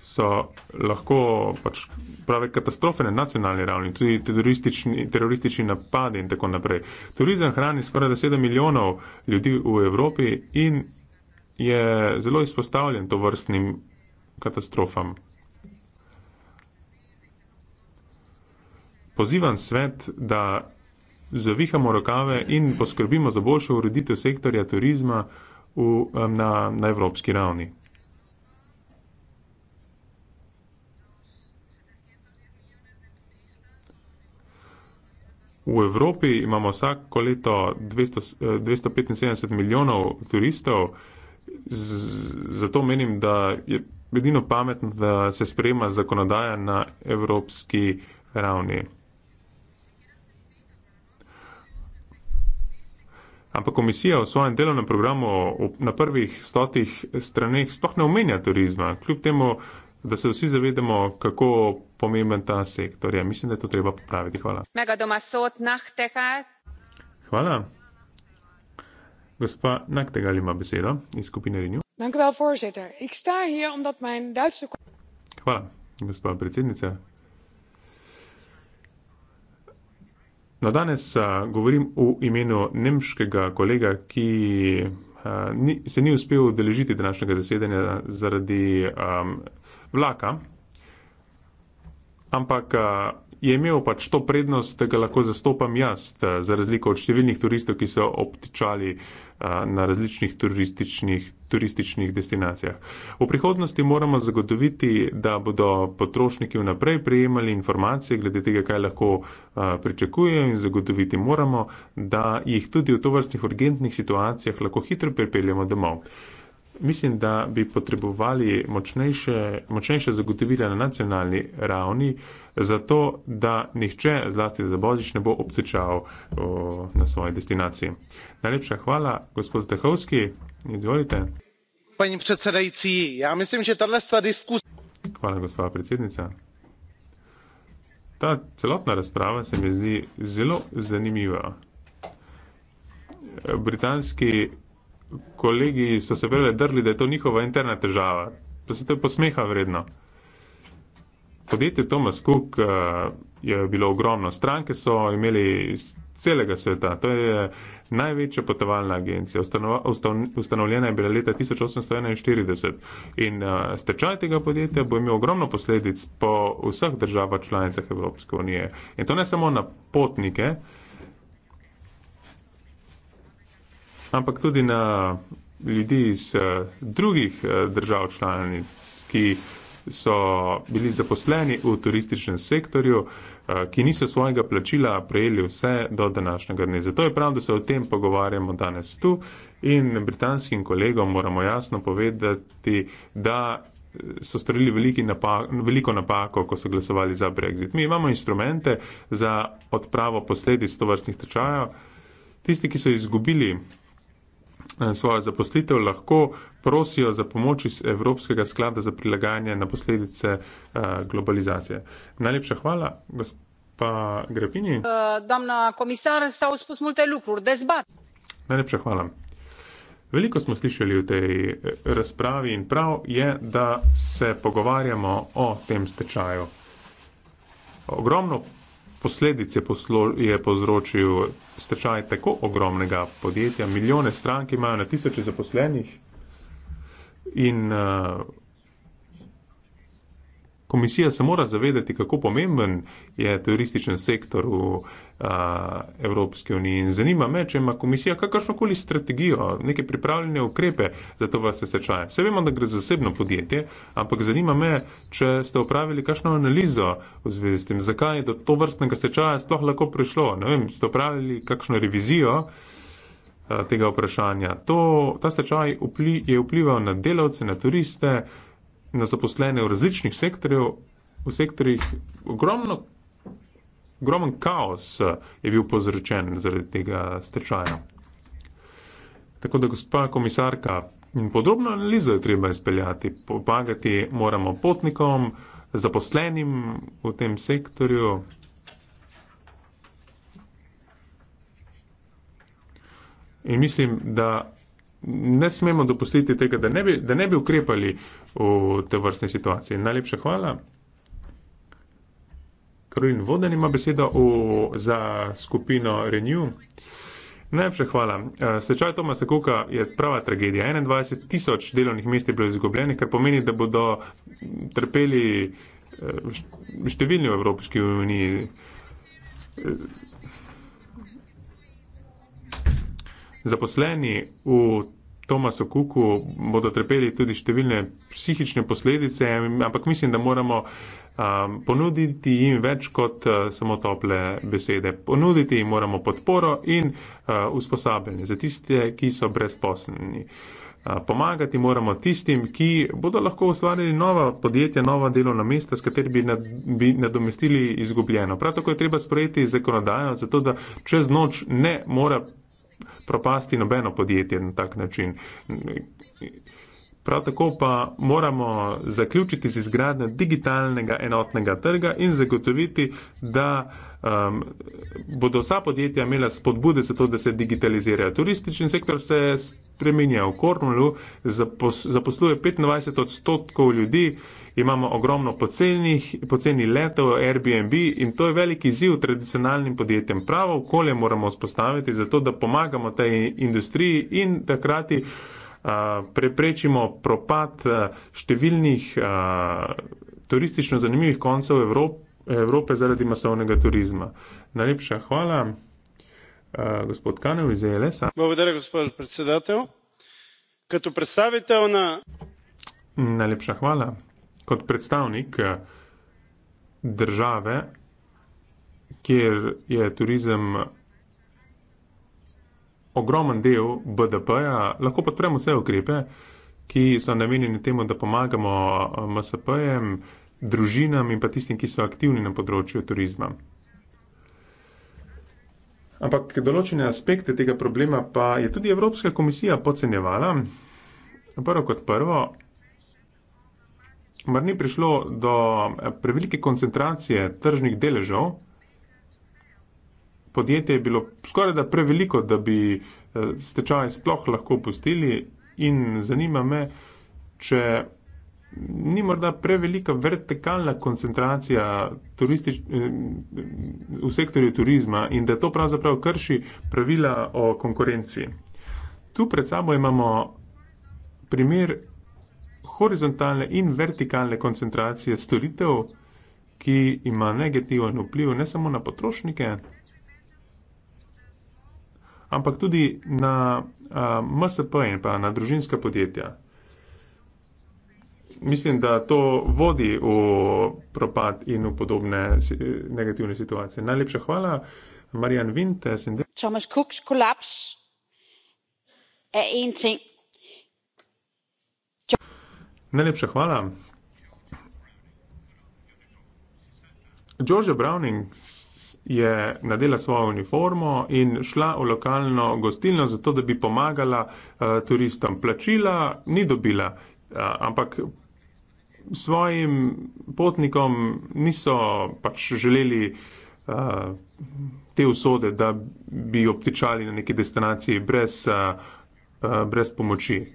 Speaker 3: so lahko pač prave katastrofe na nacionalni ravni, tudi teroristični, teroristični napadi in tako naprej. Turizem hrani skoraj da 7 milijonov ljudi v Evropi in je zelo izpostavljen to vrstnim katastrofam. Pozivam svet, da zavihamo rokave in poskrbimo za boljšo ureditev sektorja turizma, v, na, na evropski ravni. V Evropi imamo vsako leto 200, 275 eh, milijonov turistov, z, zato menim, da je edino pametno, da se sprema zakonodaja na evropski ravni. Ampak komisija v svojem delovnem programu na prvih stotih straneh sploh ne omenja turizma, kljub temu, da se vsi zavedamo, kako pomemben ta sektor je. Mislim, da je to treba popraviti. Hvala. Hvala. Gospa Naktegal ima besedo iz skupine Rinju. Hvala, gospa predsednica. No, danes a, govorim v imenu nemškega kolega, ki a, ni, se ni uspel udeležiti današnjega zasedanja zaradi a, vlaka, ampak a, je imel pač to prednost, da ga lahko zastopam jaz, eh, za razliko od številnih turistov, ki so obtičali eh, na različnih turističnih, turističnih destinacijah. V prihodnosti moramo zagotoviti, da bodo potrošniki vnaprej prejemali informacije glede tega, kaj lahko eh, pričakujejo in zagotoviti moramo, da jih tudi v tovrstnih urgentnih situacijah lahko hitro pripeljemo domov. Mislim, da bi potrebovali močnejše, močnejše zagotovila na nacionalni ravni, uh, zato da nihče zlasti za božič ne bo obtičal o, na svoji destinaciji. Najlepša hvala, gospod Zdehovski, izvolite. Pani predsedajci, ja mislim, že tale sta diskus... Hvala, gospoda predsednica. Ta celotna razprava se mi zdi zelo zanimiva. Britanski kolegi so se prele drli, da je to njihova interna težava. To se to je posmeha vredno. Podjetje Thomas Cook uh, je bilo ogromno, stranke so imeli iz celega sveta. To je največja potovalna agencija. Ustanova, ustanovljena je bila leta 1841 in uh, stečaj tega podjetja bo imel ogromno posledic po vseh državah članicah Evropske unije. In to ne samo na potnike, ampak tudi na ljudi iz uh, drugih uh, držav članic, ki. Uh, so bili zaposleni v turističnem sektorju, eh, ki niso svojega plačila prejeli vse do današnjega dne. Zato je prav, da se o tem pogovarjamo danes tu in britanskim kolegom moramo jasno povedati, da eh, so storili napako, veliko napako, ko so glasovali za Brexit. Mi imamo instrumente za odpravo posledic tovrstnih tečajev. Tisti, ki so izgubili Eh, svojo zaposlitev, lahko prosijo za pomoč iz Evropskega sklada za prilagajanje na posledice eh, globalizacije. Najlepša hvala, gospa Grepini. Eh,
Speaker 1: Damna komisar, sa uspus multe lukur, desbat.
Speaker 3: Najlepša hvala. Veliko smo slišali v tej razpravi in prav je, da se pogovarjamo o tem stečaju. Ogromno posledic je, poslo, je povzročil stečaj tako ogromnega podjetja, milijone strank imajo na tisoče zaposlenih in uh, Komisija se mora zavedati, kako pomemben je turističen sektor v a, Evropski uniji in zanima me, če ima komisija kakršnokoli strategijo, neke pripravljene ukrepe za to vrste stečaje. Se vemo, da gre za zasebno podjetje, ampak zanima me, če ste upravili kakšno analizo v zvezi s tem, zakaj je do to vrstnega stečaja sploh lahko prišlo. Ne vem, ste upravili kakšno revizijo a, tega vprašanja. To, ta stečaj vpli, je vplival na delavce, na turiste na zaposlene v različnih sektorjih, v sektorjih ogromno, ogromen kaos eh, je bil povzročen zaradi tega stečaja. Tako da, gospa komisarka, podrobno analizo je treba izpeljati, pomagati moramo potnikom, zaposlenim v tem sektorju. In mislim, da ne smemo dopustiti tega, da ne bi, da ne bi ukrepali v te vrstne situacije. Najlepša hvala. Karolin Voden ima besedo v, za skupino Renew. Najlepša hvala. Eh, stečaj Tomasa Kuka je prava tragedija. 21 tisoč delovnih mest je bilo izgubljenih, kar pomeni, da bodo trpeli eh, številni v Evropski uniji. Eh, zaposleni v Tomasu Kuku bodo trpeli tudi številne psihične posledice, ampak mislim, da moramo um, ponuditi jim več kot uh, samo tople besede. Ponuditi jim moramo podporo in uh, usposabljanje za tiste, ki so brezposleni. Uh, pomagati moramo tistim, ki bodo lahko ustvarili nova podjetja, nova delovna mesta, s kateri bi, nad, bi nadomestili izgubljeno. Prav tako je treba sprejeti zakonodajo, zato da čez noč ne mora propasti nobeno podjetje na tak način. Prav tako pa moramo zaključiti z izgradnjo digitalnega enotnega trga in zagotoviti, da um, bodo vsa podjetja imela spodbude za to, da se digitalizirajo. Turistični sektor se spremenja v Kornulu, zapos, zaposluje 25 odstotkov ljudi, imamo ogromno pocenih, poceni letov, Airbnb in to je veliki ziv tradicionalnim podjetjem. Pravo okolje moramo spostaviti za to, da pomagamo tej industriji in takrati uh, preprečimo propad uh, številnih a, uh, turistično zanimivih koncev Evrope. Evrope zaradi masovnega turizma. Najlepša hvala, uh, gospod Kanev iz ELS-a.
Speaker 6: Bovedere, gospod predsedatelj. Kot predstavitev na.
Speaker 3: Najlepša hvala. Kot predstavnik eh, države, kjer je turizem ogromen del BDP-ja, lahko podpremo vse ukrepe, ki so namenjeni temu, da pomagamo eh, MSP-jem. -ja, družinam in pa tistim, ki so aktivni na področju turizma. Ampak določene aspekte tega problema pa je tudi Evropska komisija podcenjevala. Prvo kot prvo, mar ni prišlo do eh, prevelike koncentracije tržnih deležev. Podjetje je bilo skoraj da preveliko, da bi eh, stečaj sploh lahko opustili in zanima me, če ni morda prevelika vertikalna koncentracija turistič, eh, v sektorju turizma in da to pravzaprav krši pravila o konkurenci. Tu pred sabo imamo primer horizontalne in vertikalne koncentracije storitev, ki ima negativen vpliv ne samo na potrošnike, ampak tudi na a, eh, MSP in pa na družinska podjetja mislim, da to vodi v propad in v podobne negativne situacije. Najlepša hvala, Marjan Vint. Thomas Cooks kolaps je er en ting. Najlepša hvala. George Browning je nadela svojo uniformo in šla v lokalno gostilno, zato da bi pomagala uh, turistom. Plačila ni dobila, uh, ampak svojim potnikom niso pač želeli uh, te usode, da bi obtičali na neki destinaciji brez, uh, uh, brez pomoči.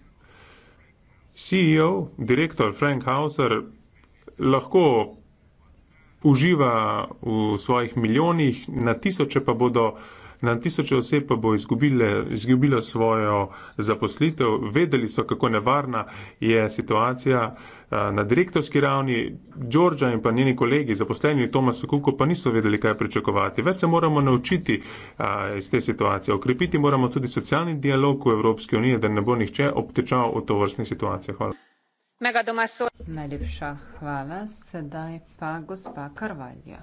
Speaker 3: CEO, direktor Frank Hauser, lahko uživa v svojih milijonih, na tisoče pa bodo uh, na tisoče oseb pa bo izgubile, izgubilo svojo zaposlitev. Vedeli so, kako nevarna je situacija eh, na direktorski ravni. Đorđa in pa njeni kolegi, zaposleni Tomasu Kuku, pa niso vedeli, kaj pričakovati. Več se moramo naučiti eh, iz te situacije. Okrepiti moramo tudi socialni dialog v Evropski uniji, da ne bo nihče obtečal v to vrstne situacije. Hvala.
Speaker 1: Najlepša hvala. Sedaj pa gospa Karvalja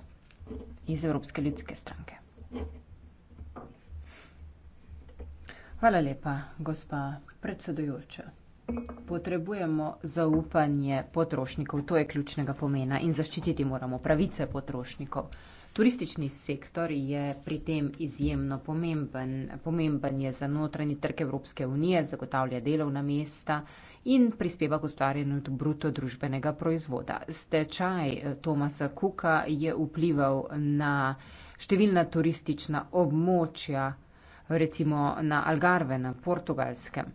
Speaker 1: iz Evropske ljudske stranke. Hvala lepa, gospa predsedujoča. Potrebujemo zaupanje potrošnikov, to je ključnega pomena in zaščititi moramo pravice potrošnikov. Turistični sektor je pri tem izjemno pomemben. Pomemben je za notranji trg Evropske unije, zagotavlja delovna mesta in prispeva k ustvarjanju bruto družbenega proizvoda. Stečaj eh, Tomasa Kuka je vplival na številna turistična območja recimo na Algarve, na Portugalskem.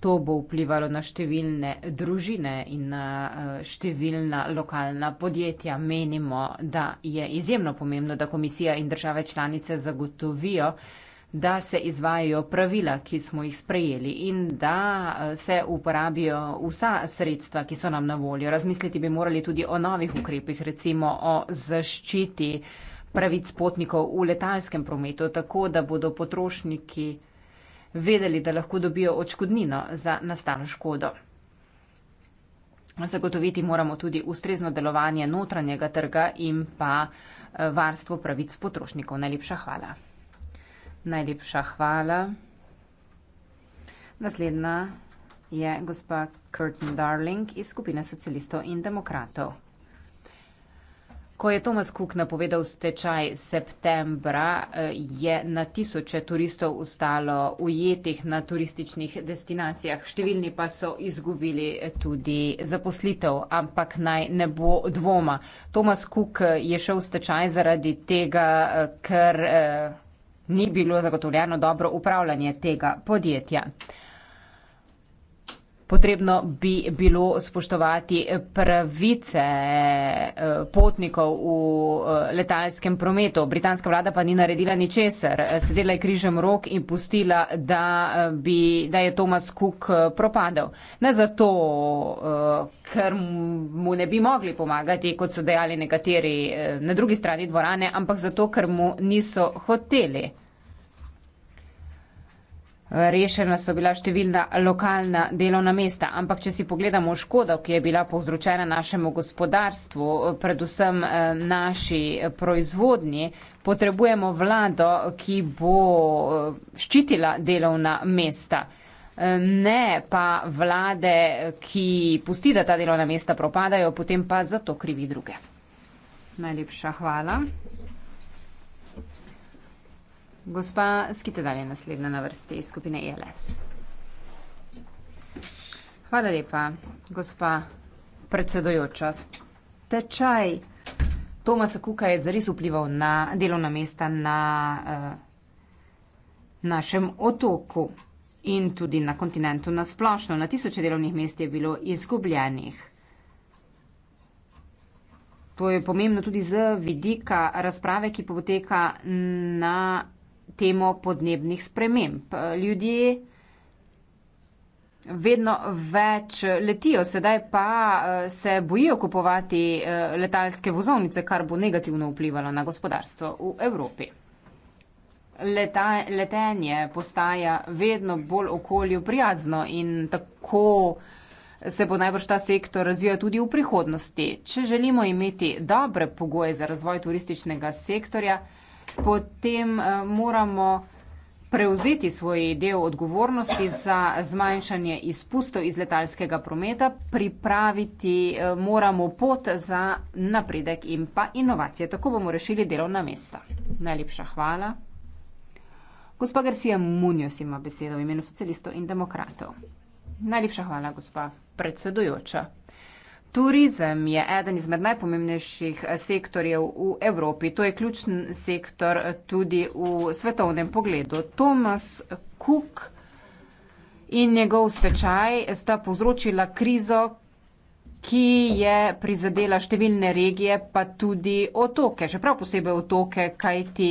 Speaker 1: To bo vplivalo na številne družine in na eh, številna lokalna podjetja. Menimo, da je izjemno pomembno, da komisija in države članice zagotovijo, da se izvajajo pravila, ki smo jih sprejeli in da eh, se uporabijo vsa sredstva, ki so nam na voljo. Razmisliti bi morali tudi o novih ukrepih, recimo o zaščiti pravic potnikov v letalskem prometu, tako da bodo potrošniki vedeli, da lahko dobijo očkodnino za nastalo škodo. Zagotoviti moramo tudi ustrezno delovanje notranjega trga in pa eh, varstvo pravic potrošnikov. Najlepša hvala. Najlepša hvala. Naslednja je gospa Curtin Darling iz skupine socialistov in demokratov. Ko je Thomas Cook napovedal stečaj septembra, eh, je na tisoče turistov ostalo ujetih na turističnih destinacijah. Številni pa so izgubili eh, tudi zaposlitev, ampak naj ne bo dvoma. Thomas Cook eh, je šel stečaj zaradi tega, ker ni bilo zagotovljeno dobro upravljanje tega podjetja potrebno bi bilo spoštovati pravice eh, potnikov v eh, letalskem prometu. Britanska vlada pa ni naredila ničesar. Eh, sedela je križem rok in pustila, da, bi, da je Thomas Cook propadel. Ne zato, ker mu ne bi mogli pomagati, kot so dejali nekateri na drugi strani dvorane, ampak zato, ker mu niso hoteli. Rešena so bila številna lokalna delovna mesta, ampak če si pogledamo škodo, ki je bila povzročena našemu gospodarstvu, predvsem eh, naši proizvodnji, potrebujemo vlado, ki bo eh, ščitila delovna mesta. Eh, ne pa vlade, ki pusti, da ta delovna mesta propadajo, potem pa zato krivi druge. Najlepša hvala. Gospa Skitedal je naslednja na vrsti iz skupine ELS. Hvala lepa, gospa predsedojoča. Tečaj Tomasa Kuka je zares vplival na delovna mesta na uh, našem otoku in tudi na kontinentu na splošno. Na tisoče delovnih mest je bilo izgubljenih. To je pomembno tudi z vidika razprave, ki poteka na temo podnebnih sprememb. Ljudje vedno več letijo, sedaj pa eh, se bojijo kupovati eh, letalske vozovnice, kar bo negativno vplivalo na gospodarstvo v Evropi. Leta, letenje postaja vedno bolj okolju prijazno in tako se bo najbrž ta sektor razvijal tudi v prihodnosti. Če želimo imeti dobre pogoje za razvoj turističnega sektorja, potem eh, moramo prevzeti svoj del odgovornosti za zmanjšanje izpustov iz letalskega prometa, pripraviti eh, moramo pot za napredek in pa inovacije. Tako bomo rešili delovna mesta. Najlepša hvala. Gospa Garcia Munoz ima besedo v imenu socialistov in demokratov. Najlepša hvala, gospa predsedujoča. Turizem je eden izmed najpomembnejših eh, sektorjev v Evropi. To je ključen sektor tudi v svetovnem pogledu. Thomas Cook in njegov stečaj sta povzročila krizo, ki je prizadela številne regije, pa tudi otoke, še prav posebej otoke, kajti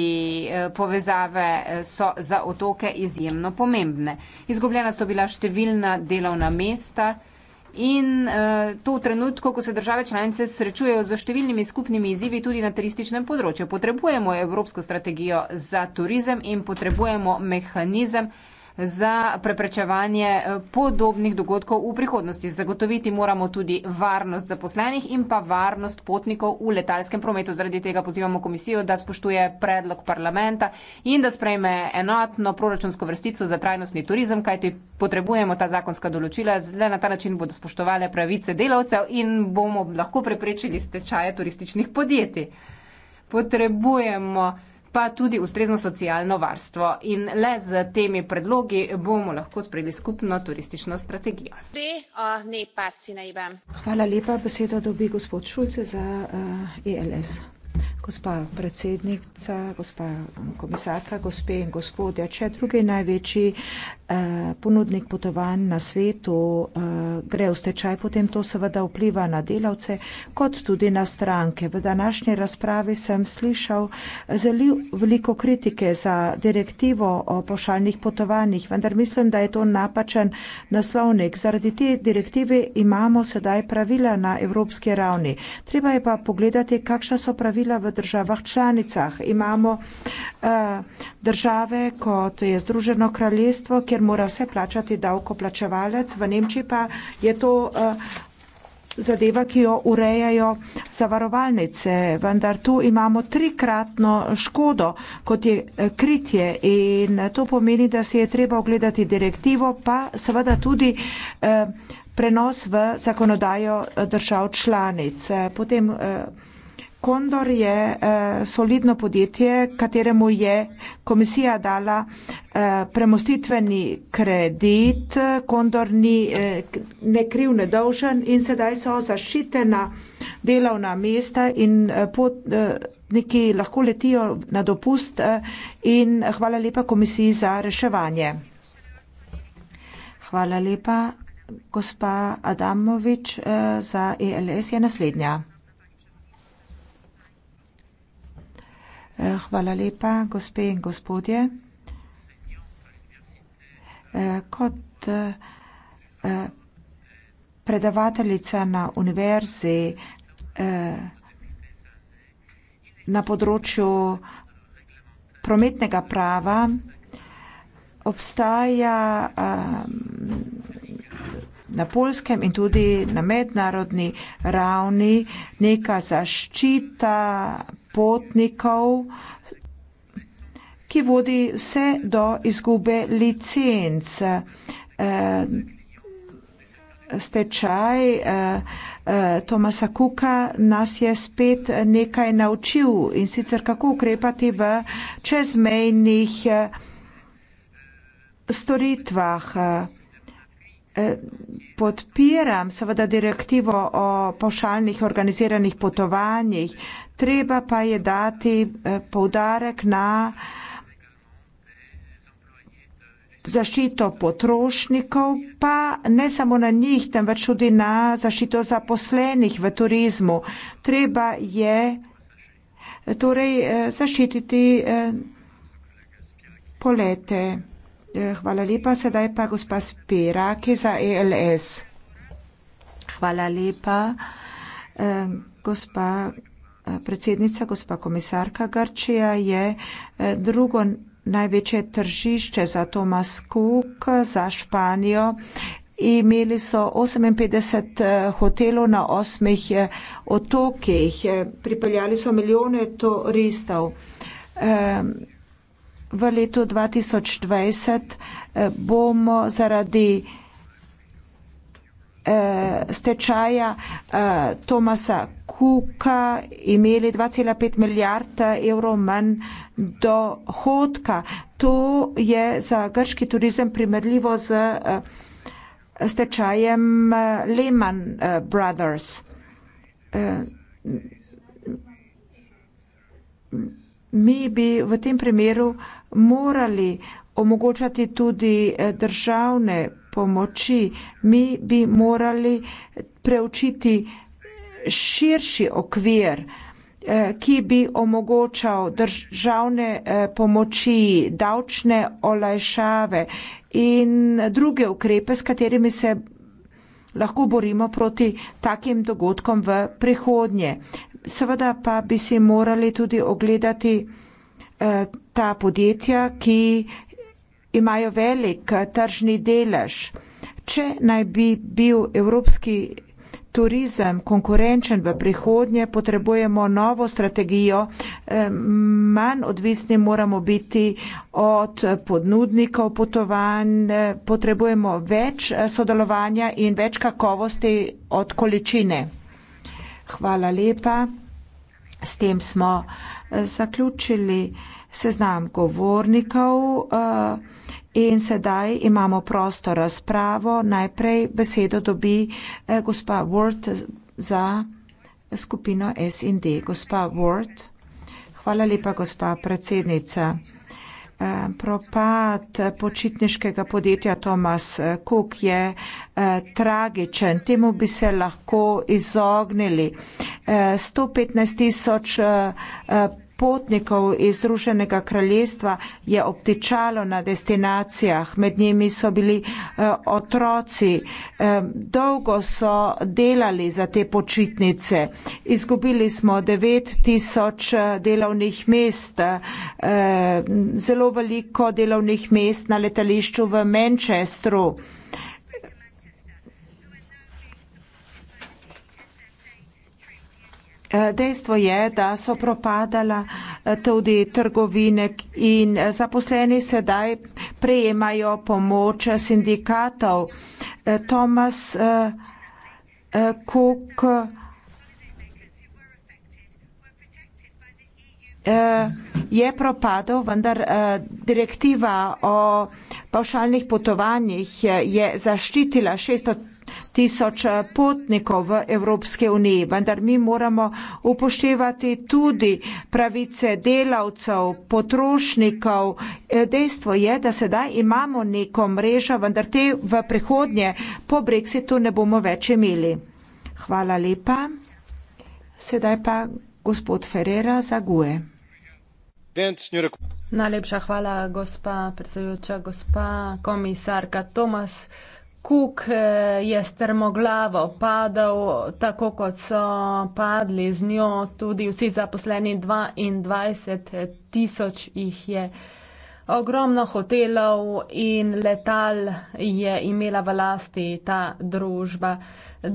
Speaker 1: eh, povezave eh, so za otoke izjemno pomembne. Izgubljena so bila številna delovna mesta. In uh, to v trenutku, ko se države članice srečujejo z številnimi skupnimi izzivi tudi na turističnem področju. Potrebujemo evropsko strategijo za turizem in potrebujemo mehanizem, za preprečevanje eh, podobnih dogodkov v prihodnosti. Zagotoviti moramo tudi varnost zaposlenih in pa varnost potnikov v letalskem prometu. Zaradi tega pozivamo komisijo, da spoštuje predlog parlamenta in da sprejme enotno proračunsko vrstico za trajnostni turizem, kajti potrebujemo ta zakonska določila. Le na ta način bodo spoštovali pravice delavcev in bomo lahko preprečili stečaje turističnih podjetij. Potrebujemo pa tudi ustrezno socialno varstvo. In le z temi predlogi bomo lahko sprejeli skupno turistično strategijo.
Speaker 9: Hvala lepa, besedo dobi gospod Šulce za ELS. Eh, e Gospa predsednica, gospa komisarka, gospe in gospodje, če drugi največji eh, ponudnik potovanj na svetu eh, gre v stečaj, potem to seveda vpliva na delavce, kot tudi na stranke. V današnji razpravi sem slišal zelo veliko kritike za direktivo o pošaljnih potovanjih, vendar mislim, da je to napačen naslovnik. Zaradi te direktive imamo sedaj pravila na evropski ravni. Treba je pa pogledati, kakšna so pravila v državah članicah. Imamo eh, države, kot je Združeno kraljestvo, kjer mora vse plačati davkoplačevalec, v Nemčiji pa je to eh, zadeva, ki jo urejajo zavarovalnice. Vendar tu imamo trikratno škodo, kot je eh, kritje in to pomeni, da si je treba ogledati direktivo, pa seveda tudi prenos v zakonodajo držav članic. Potem, Kondor je eh, solidno podjetje, kateremu je komisija dala eh, premostitveni kredit. Kondor ni eh, ne kriv, ne dolžen in sedaj so zaščitena delovna mesta in eh, pot, eh, neki lahko letijo na dopust eh, in hvala lepa komisiji za reševanje. Hvala lepa. Gospa Adamovič eh, za ELS je naslednja. Eh, hvala lepa, gospe in gospodje. Eh, kot eh, predavateljica na univerzi na področju prometnega prava obstaja na Poljskem in tudi na mednarodni ravni neka zaščita potnikov, ki vodi vse do izgube licence. Eh, stečaj eh, eh, Tomasa Kuka nas je spet nekaj naučil in sicer kako ukrepati v čezmejnih storitvah. Podpiram seveda direktivo o pošaljnih organiziranih potovanjih, treba pa je dati eh, povdarek na zaščito potrošnikov, pa ne samo na njih, temveč tudi na zaščito zaposlenih v turizmu. Treba je eh, torej eh, zaščititi polete. Hvala lepa, sedaj pa gospa Spiraki za ELS. Hvala lepa, gospa predsednica, gospa komisarka Grčija je eh, drugo največje tržišče za Thomas Cook, za Španijo. Imeli so 58 eh, hotelov na osmih eh, otokih, pripeljali so milijone turistov. V letu 2020 bomo zaradi stečaja Tomasa kuka imeli 2,5 milijard eh, evrov manj dohodka. To je za grški turizem primerljivo z eh, stečajem eh, Lehman Brothers. Mi bi v tem primeru morali omogočati tudi državne pomoči. Mi bi morali preučiti širši okvir, eh, ki bi omogočal državne eh, pomoči, davčne olajšave in druge ukrepe, s katerimi se lahko borimo proti takim dogodkom v prihodnje. Seveda pa bi si morali tudi ogledati eh, ta podjetja, ki imajo velik tržni delež. Če naj bi bil evropski turizem konkurenčen v prihodnje, potrebujemo novo strategijo, eh, manj odvisni moramo biti od podnudnikov potovanj, eh, potrebujemo več eh, sodelovanja in več kakovosti od količine. Hvala lepa. S tem smo zaključili seznam govornikov. In sedaj imamo prosto razpravo. Najprej besedo dobi eh, gospa Word za skupino SND. Gospa Word. Hvala lepa, gospa predsednica. Eh, propad eh, počitniškega podjetja Thomas Cook je tragičen. Temu bi se lahko izognili. 115 tisoč potnikov iz Združenega kraljestva je obtičalo na destinacijah, med njimi so bili eh, otroci, eh, dolgo so delali za te počitnice, izgubili smo 9000 eh, delovnih mest, eh, zelo veliko delovnih mest na letališču v Manchesteru. Eh, dejstvo je, da so propadala eh, tudi trgovine in eh, zaposleni sedaj prejemajo pomoč sindikatov. Tomas Kuk je propadel, vendar direktiva o pavšalnih potovanjih je zaščitila 600 tisoč eh, potnikov v Evropske unije, vendar mi moramo upoštevati tudi pravice delavcev, potrošnikov. Eh, dejstvo je, da sedaj imamo neko mrežo, vendar te v prihodnje po brexitu ne bomo več imeli. Hvala lepa. Sedaj pa gospod Ferrera za GUE. Najlepša hvala, gospa predsedujoča, gospa
Speaker 5: komisarka Tomas. Kuk eh, je strmoglavo padal, tako kot so padli z njo tudi vsi zaposleni 22 tisoč jih je. Ogromno hotelov in letal je imela v lasti ta družba.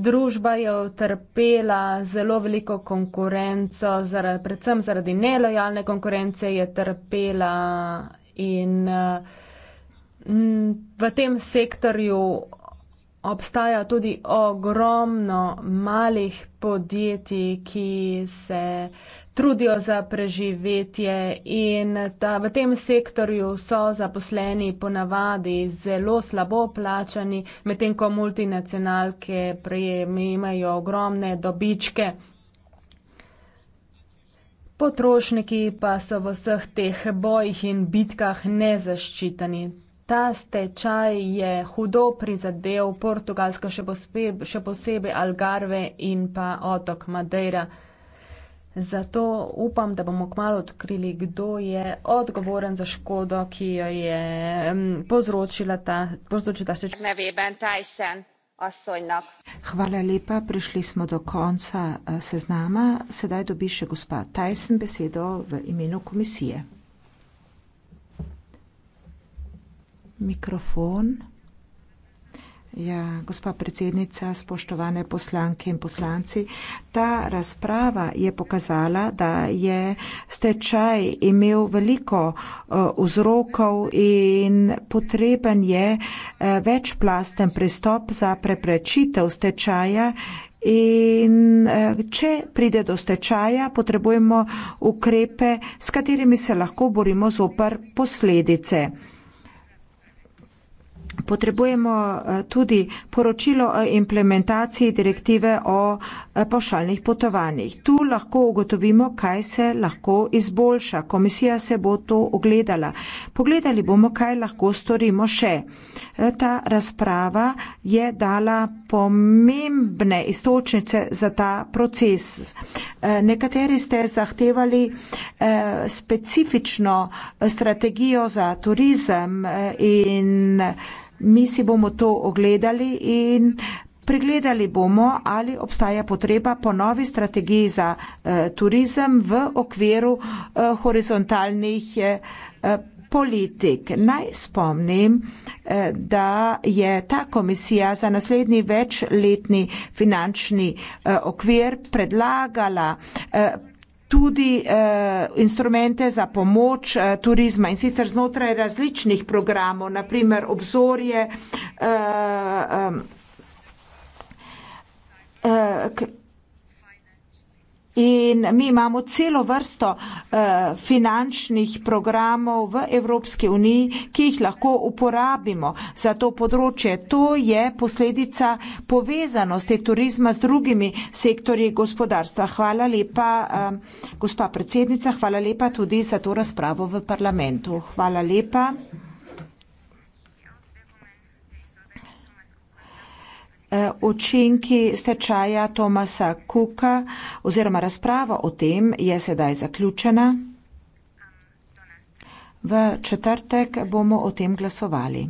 Speaker 5: Družba je utrpela zelo veliko konkurenco, zaradi, predvsem zaradi nelojalne konkurence je trpela in uh, Mm, v tem sektorju obstaja tudi ogromno malih podjetij, ki se trudijo za preživetje in ta, v tem sektorju so zaposleni ponavadi zelo slabo plačani, medtem ko multinacionalke prejemajo ogromne dobičke. Potrošniki pa so v vseh teh bojih in bitkah nezaščiteni. Ta stečaj je hudo prizadel Portugalsko, še, še posebej Algarve in pa otok Madeira. Zato upam, da bomo kmalo odkrili, kdo je odgovoren za škodo, ki jo je povzročila ta, povzročila ta stečaj. Ne vem, Tyson. Hvala
Speaker 9: lepa, prišli smo do konca eh, seznama. Sedaj dobi še gospa Tyson besedo v imenu komisije. mikrofon. Ja, gospa predsednica, spoštovane poslanke in poslanci, ta razprava je pokazala, da je stečaj imel veliko eh, vzrokov in potreben je eh, večplasten pristop za preprečitev stečaja. In eh, če pride do stečaja, potrebujemo ukrepe, s katerimi se lahko borimo zopr posledice potrebujemo eh, tudi poročilo o implementaciji direktive o Eh, pavšalnih potovanjih. Tu lahko ugotovimo, kaj se lahko izboljša. Komisija se bo to ogledala. Pogledali bomo, kaj lahko storimo še. Eh, ta razprava je dala pomembne istočnice za ta proces. Eh, nekateri ste zahtevali specifično strategijo za turizem in mi si bomo to ogledali in Pregledali bomo, ali obstaja potreba po novi strategiji za eh, turizem v okviru eh, horizontalnih eh, politik. Naj spomnim, eh, da je ta komisija za naslednji večletni finančni eh, okvir predlagala. Eh, tudi eh, instrumente za pomoč eh, turizma in sicer znotraj različnih programov, naprimer obzorje, eh, eh, Eh, in mi imamo celo vrsto uh, finančnih programov v Evropski uniji, ki jih lahko uporabimo za to področje. To je posledica povezanosti turizma z drugimi sektorji gospodarstva. Hvala lepa, uh, gospa predsednica, hvala lepa tudi za to razpravo v parlamentu. Hvala lepa. Eh, učinki stečaja Tomasa Cooka oziroma razprava o tem je sedaj zaključena. V četrtek bomo o tem glasovali.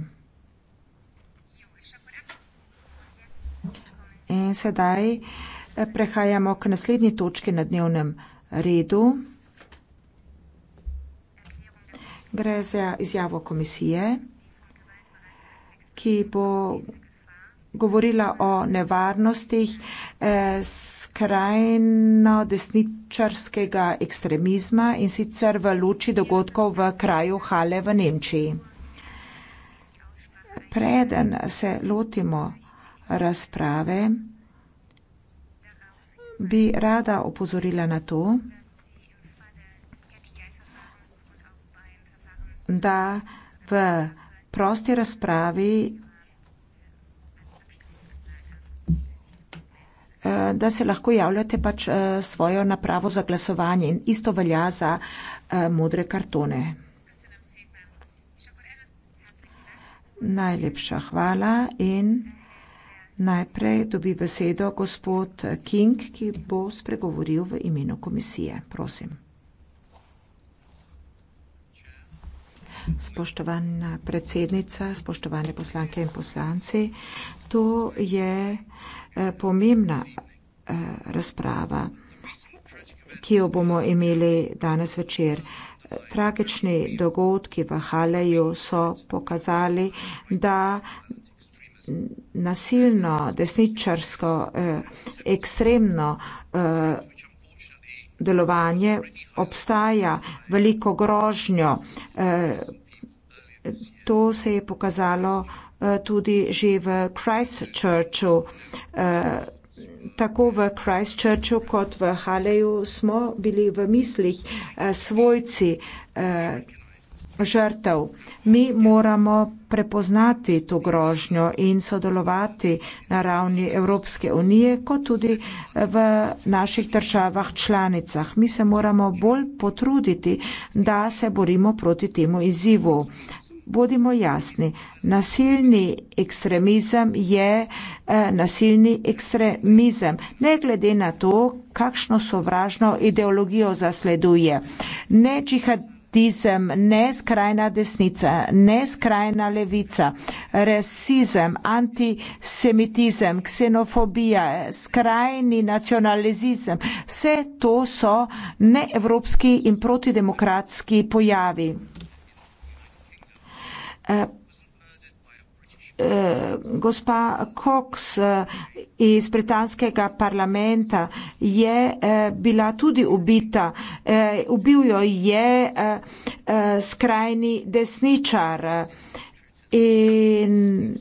Speaker 9: In sedaj eh, prehajamo k naslednji točki na dnevnem redu. Gre za izjavo komisije, ki bo govorila o nevarnostih eh, skrajno desničarskega ekstremizma in sicer v luči dogodkov v kraju Hale v Nemčiji. Preden se lotimo razprave, bi rada opozorila na to, da v prosti razpravi Eh, da se lahko javljate pač eh, svojo napravo za glasovanje in isto velja za eh, modre kartone. Najlepša hvala in najprej dobi besedo gospod King, ki bo spregovoril v imenu komisije. Prosim. Spoštovana predsednica, spoštovane poslanke in poslanci. To je... Eh, pomembna eh, razprava, ki jo bomo imeli danes večer. Eh, tragični dogodki v Haleju so pokazali, da nasilno, desničarsko, ekstremno delovanje obstaja veliko grožnjo. To se je pokazalo Eh, tudi že v Christchurchu. Eh, tako v Christchurchu kot v Haleju smo bili v mislih eh, svojci žrtev. Mi moramo prepoznati to grožnjo in sodelovati na ravni Evropske unije, kot tudi v naših državah članicah. Mi se moramo bolj potruditi, da se borimo proti temu izzivu bodimo jasni, nasilni ekstremizem je eh, nasilni ekstremizem, ne glede na to, kakšno sovražno ideologijo zasleduje. Ne džihadizem, ne skrajna desnica, ne skrajna levica, rasizem, antisemitizem, ksenofobija, skrajni nacionalizem, vse to so neevropski in protidemokratski pojavi. Eh, eh, gospa Cox eh, iz britanskega parlamenta je bila tudi ubita. Ubil jo je skrajni desničar in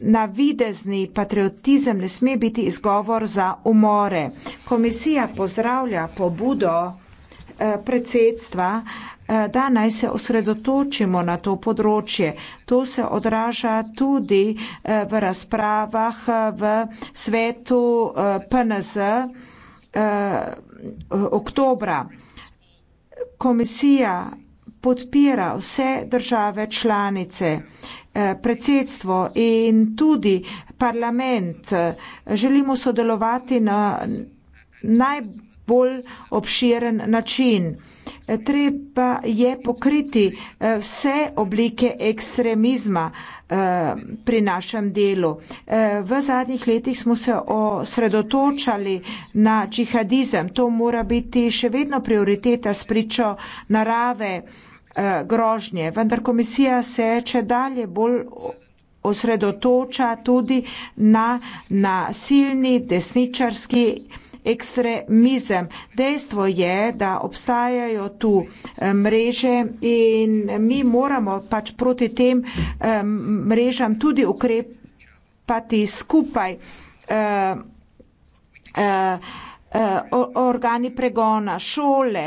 Speaker 9: navidezni patriotizem ne sme biti izgovor za umore. Komisija pozdravlja pobudo predsedstva, Eh, da naj se osredotočimo na to področje. To se odraža tudi eh, v razpravah eh, v svetu PNZ oktobra. Komisija podpira vse države članice, predsedstvo in tudi parlament. Želimo sodelovati na najbolj obširen način treba je pokriti eh, vse oblike ekstremizma eh, pri našem delu. Eh, v zadnjih letih smo se osredotočali na džihadizem. To mora biti še vedno prioriteta s pričo narave grožnje. Vendar komisija se če dalje bolj osredotoča tudi na nasilni desničarski ekstremizem. Dejstvo je, da obstajajo tu eh, mreže in mi moramo pač proti tem eh, mrežam tudi ukrepati skupaj. Eh, organi pregona, šole,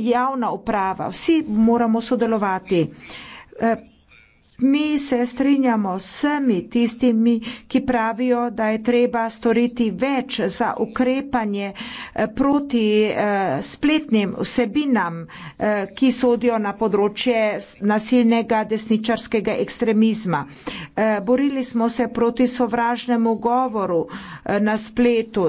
Speaker 9: javna uprava, vsi moramo sodelovati mi se strinjamo s vsemi tistimi, ki pravijo, da je treba storiti več za ukrepanje eh, proti eh, spletnim vsebinam, eh, ki sodijo na področje nasilnega desničarskega ekstremizma. Borili smo se proti sovražnemu govoru na spletu.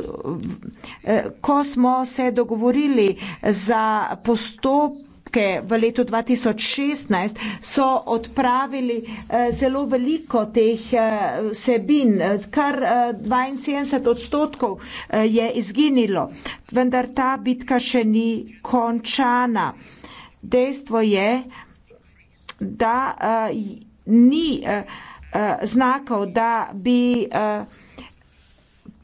Speaker 9: Ko smo se dogovorili za postop, bitke v letu 2016 so odpravili eh, zelo veliko teh eh, vsebin, eh, kar 72 odstotkov je izginilo, vendar ta bitka še ni končana. Dejstvo je, da ni znakov, da bi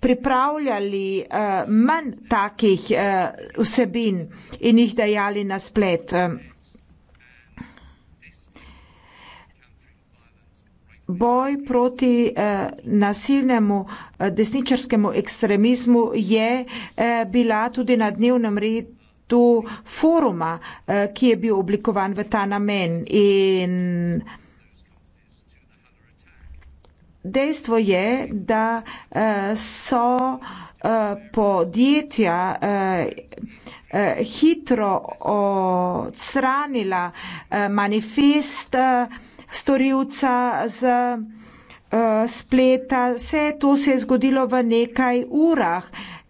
Speaker 9: pripravljali uh, manj takih uh, vsebin in jih dajali na splet. Boj proti eh, nasilnemu eh, desničarskemu ekstremizmu je eh, bila tudi na dnevnem redu foruma, eh, ki je bil oblikovan v ta namen. In, eh, dejstvo je, da eh, so eh, podjetja eh, hitro odstranila manifest storilca z spleta. Vse to se je zgodilo v nekaj urah.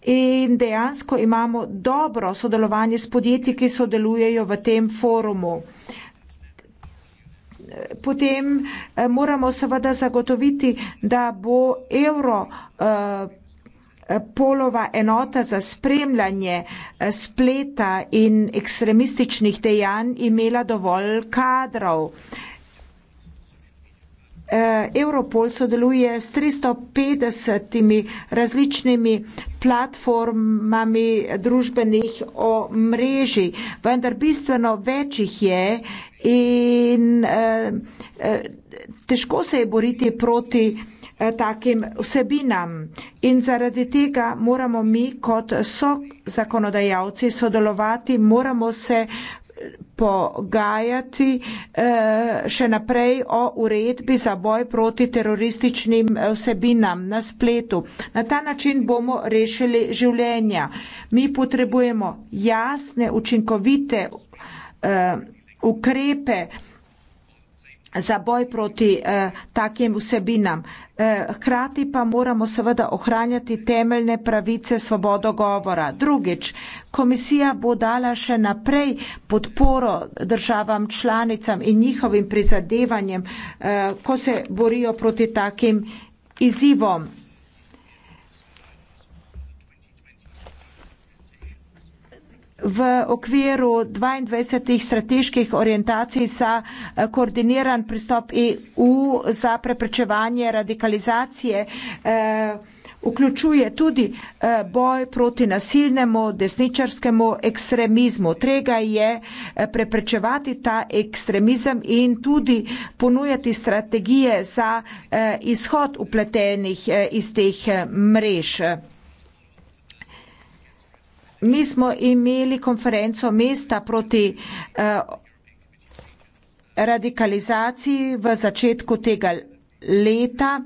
Speaker 9: In dejansko imamo dobro sodelovanje s podjetji, ki sodelujejo v tem forumu potem eh, moramo seveda zagotoviti, da bo evro eh, polova enota za spremljanje eh, spleta in ekstremističnih dejanj imela dovolj kadrov. Europol sodeluje s 350 različnimi platformami družbenih omrežij, vendar bistveno več jih je In eh, eh, težko se je boriti proti eh, takim vsebinam. In zaradi tega moramo mi kot so zakonodajalci sodelovati, moramo se eh, pogajati eh, še naprej o uredbi za boj proti terorističnim vsebinam na spletu. Na ta način bomo rešili življenja. Mi potrebujemo jasne, učinkovite ukrepe za boj proti eh, takim vsebinam. Eh, hkrati pa moramo seveda ohranjati temeljne pravice svobodo govora. Drugič, komisija bo dala še naprej podporo državam članicam in njihovim prizadevanjem, eh, ko se borijo proti takim izzivom. v okviru 22 strateških orientacij za eh, koordiniran pristop EU za preprečevanje radikalizacije eh, vključuje tudi eh, boj proti nasilnemu desničarskemu ekstremizmu. Trega je preprečevati ta ekstremizem in tudi ponujati strategije za izhod upletenih iz teh mrež. Mi smo imeli konferenco mesta proti uh, radikalizaciji v začetku tega leta leta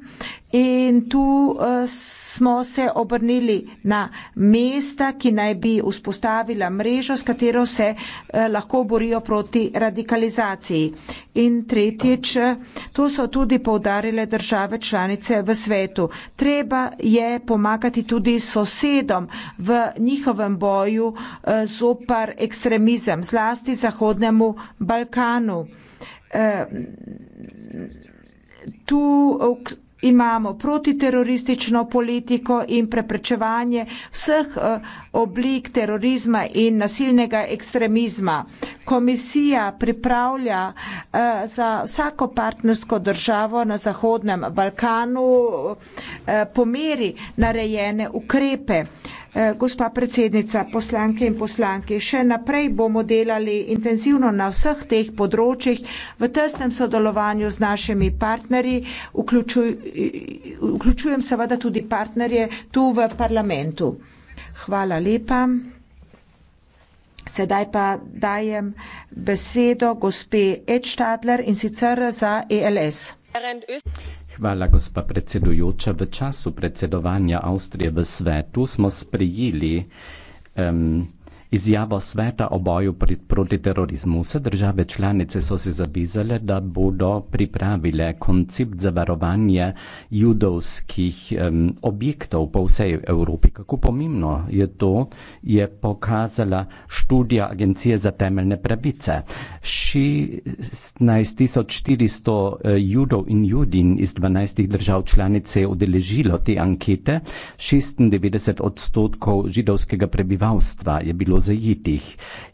Speaker 9: in tu eh, smo se obrnili na mesta, ki naj bi vzpostavila mrežo, s katero se eh, lahko borijo proti radikalizaciji. In tretjič, to so tudi povdarile države članice v svetu. Treba je pomagati tudi sosedom v njihovem boju eh, zopar ekstremizem, zlasti Zahodnemu Balkanu tu uh, imamo protiteroristično politiko in preprečevanje vseh uh, oblik terorizma in nasilnega ekstremizma. Komisija pripravlja uh, za vsako partnersko državo na Zahodnem Balkanu po meri narejene ukrepe. Eh, gospa predsednica, poslanke in poslanke, še naprej bomo delali intenzivno na vseh teh področjih v tesnem sodelovanju z našimi partnerji, vključuj, vključujem seveda tudi partnerje tu v parlamentu. Hvala lepa. Sedaj pa dajem besedo gospe Ed Stadler in sicer za ELS.
Speaker 10: Hvala, gospa predsedujoča. V času predsedovanja Avstrije v svetu smo sprejeli um, izjavo sveta o boju proti terorizmu. Vse države članice so se zavizale, da bodo pripravile koncept za varovanje judovskih um, objektov po vsej Evropi. Kako pomembno je to, je pokazala študija Agencije za temeljne pravice. 16400 eh, judov in judin iz 12 držav članice je odeležilo te ankete. 96 odstotkov židovskega prebivalstva je bilo zajetih.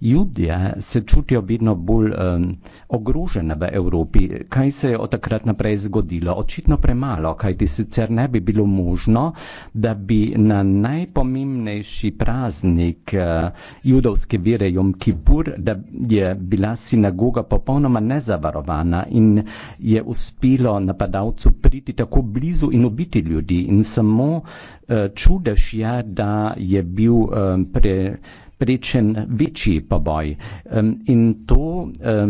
Speaker 10: Judje se čutijo vedno bolj um, ogrožene v Evropi. Kaj se je od takrat naprej zgodilo? Očitno premalo, kajti sicer ne bi bilo možno, da bi na najpomembnejši praznik uh, judovske vere Jom Kipur, da je bila sinagoga popolnoma nezavarovana in je uspelo napadalcu priti tako blizu in ubiti ljudi. In samo uh, čudež je, da je bil um, pre pričen večji poboj. In to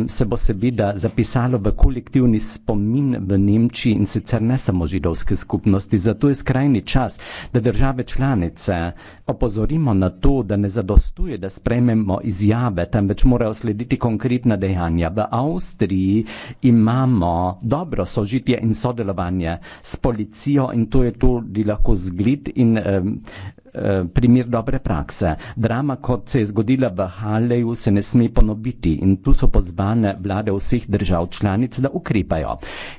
Speaker 10: se bo seveda zapisalo v kolektivni spomin v Nemčiji in sicer ne samo židovske skupnosti. Zato je skrajni čas, da države članice opozorimo na to, da ne zadostuje, da sprememo izjave, temveč morajo slediti konkretna dejanja. V Avstriji imamo dobro sožitje in sodelovanje s policijo in to je tudi lahko zgled in Eh, primer dobre prakse. Drama, kot se je zgodila v Haleju, se ne sme ponoviti in tu so pozvane vlade vseh držav članic, da ukrepajo.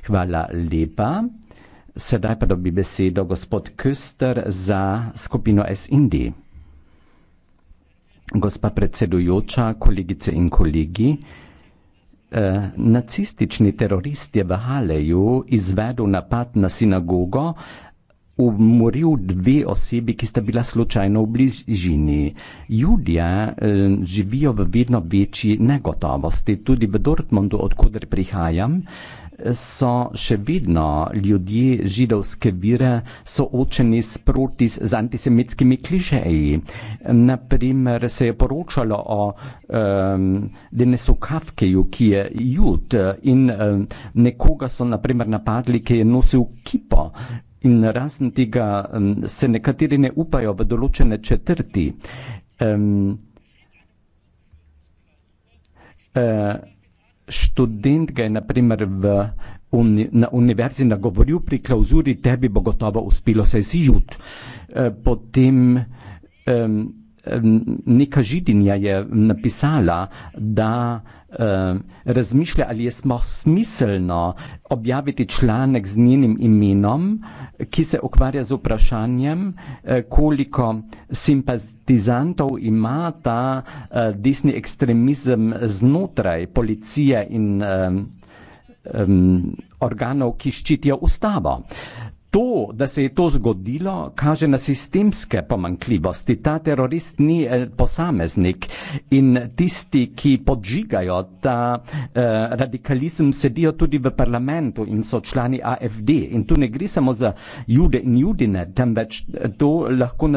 Speaker 10: Hvala lepa. Sedaj pa dobi besedo gospod Köster za skupino S-Indi. Gospa predsedujoča, kolegice in kolegi, Uh, nacistični terorist je v Haleju izvedel napad na sinagogo, uh, umoril dve osebi, ki sta bila slučajno v bližini. Judje eh, živijo v vedno večji negotovosti, tudi v Dortmundu, odkuder prihajam, so še vedno ljudje židovske vire soočeni s proti z antisemitskimi klišeji. Naprimer se je poročalo o eh, Denesu Kafkeju, ki je jud eh, in eh, nekoga so naprimer napadli, ki je nosil kipo. In razen tega se nekateri ne upajo v določene četrti. E, študent ga je naprimer na univerzi nagovoril pri klauzuri, tebi bo gotovo uspelo se zjut. E, potem neka židinja je napisala, da razmišlja, ali je smiselno objaviti članek z njenim imenom, ki se ukvarja z vprašanjem, e, koliko simpatizantov ima ta e, desni ekstremizem znotraj policije in organov, ki ščitijo ustavo. To, da se je to zgodilo, kaže na sistemske pomankljivosti. Ta terorist ni eh, posameznik in tisti, ki podžigajo ta eh, radikalizem, sedijo tudi v parlamentu in so člani AFD. In tu ne gre samo za jude in judine, temveč eh, to lahko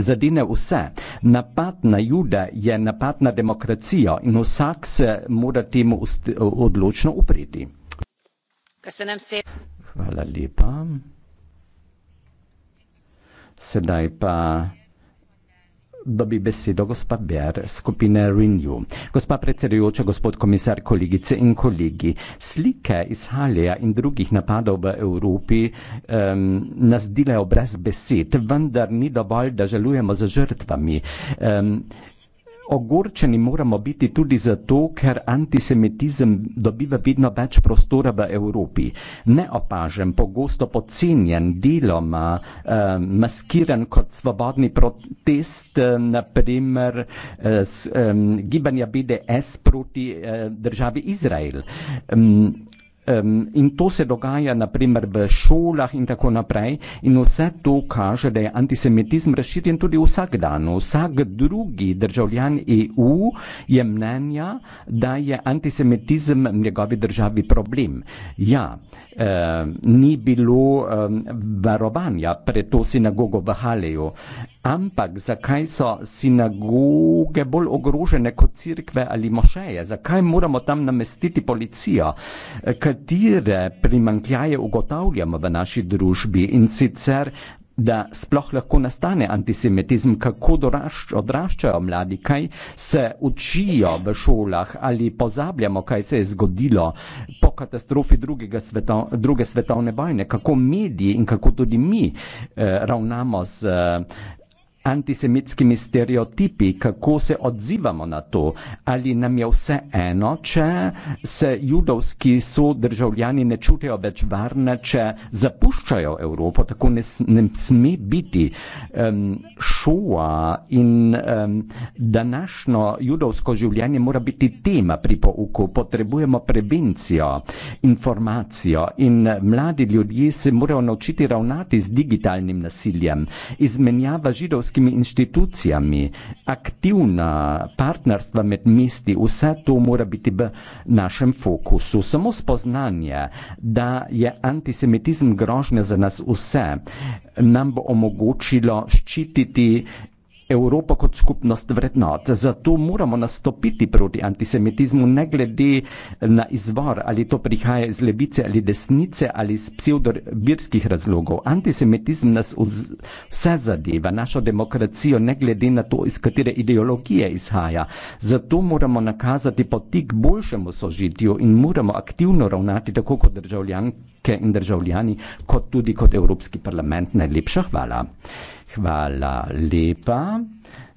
Speaker 10: zadene vse. Napad na jude je napad na demokracijo in vsak se mora temu odločno upreti. Hvala lepa. Sedaj pa dobi besedo gospa Ber, skupine Renew. Gospa predsedujoča, gospod komisar, kolegice in kolegi. Slike iz Halija in drugih napadov v Evropi um, nas dilejo brez besed, vendar ni dovolj, da žalujemo za žrtvami. Um, ogorčeni moramo biti tudi zato, ker antisemitizem dobiva vedno več prostora v Evropi. Neopažen, pogosto podcenjen, deloma eh, maskiran kot svobodni protest, eh, naprimer eh, s, eh, gibanja BDS proti eh, državi Izrael. Eh, um, in to se dogaja naprimer v šolah in tako naprej in vse to kaže, da je antisemitizem razširjen tudi vsak dan. Vsak drugi državljan EU je mnenja, da je antisemitizem v njegovi državi problem. Ja, Eh, ni bilo eh, varovanja pred to sinagogo v Haleju. Ampak zakaj so sinagoge bolj ogrožene kot crkve ali mošeje? Zakaj moramo tam namestiti policijo? Katere primankljaje ugotavljamo v naši družbi in sicer da sploh lahko nastane antisemitizem, kako dorašč, odraščajo mladi, kaj se učijo v šolah ali pozabljamo, kaj se je zgodilo po katastrofi sveto, druge svetovne vojne, kako mediji in kako tudi mi eh, ravnamo z eh, antisemitskimi stereotipi, kako se odzivamo na to, ali nam je vse eno, če se judovski sodržavljani ne čutijo več varne, če zapuščajo Evropo, tako ne, ne sme biti. Um, šoa in um, današnjo judovsko življenje mora biti tema pri pouku, potrebujemo prevencijo, informacijo in mladi ljudje se morajo naučiti ravnati z digitalnim nasiljem. Izmenjava židovskih evropskimi institucijami, aktivna partnerstva med mesti, vse to mora biti v našem fokusu. Samo spoznanje, da je antisemitizem grožnja za nas vse, nam bo omogočilo ščititi Evropo kot skupnost vrednot. Zato moramo nastopiti proti antisemitizmu, ne glede na izvor, ali to prihaja iz levice ali desnice ali iz pseudovirskih razlogov. Antisemitizm nas vse zadeva, našo demokracijo, ne glede na to, iz katere ideologije izhaja. Zato moramo nakazati poti k boljšemu sožitju in moramo aktivno ravnati tako kot državljanke in državljani, kot tudi kot Evropski parlament. Najlepša hvala. Hvala lepa.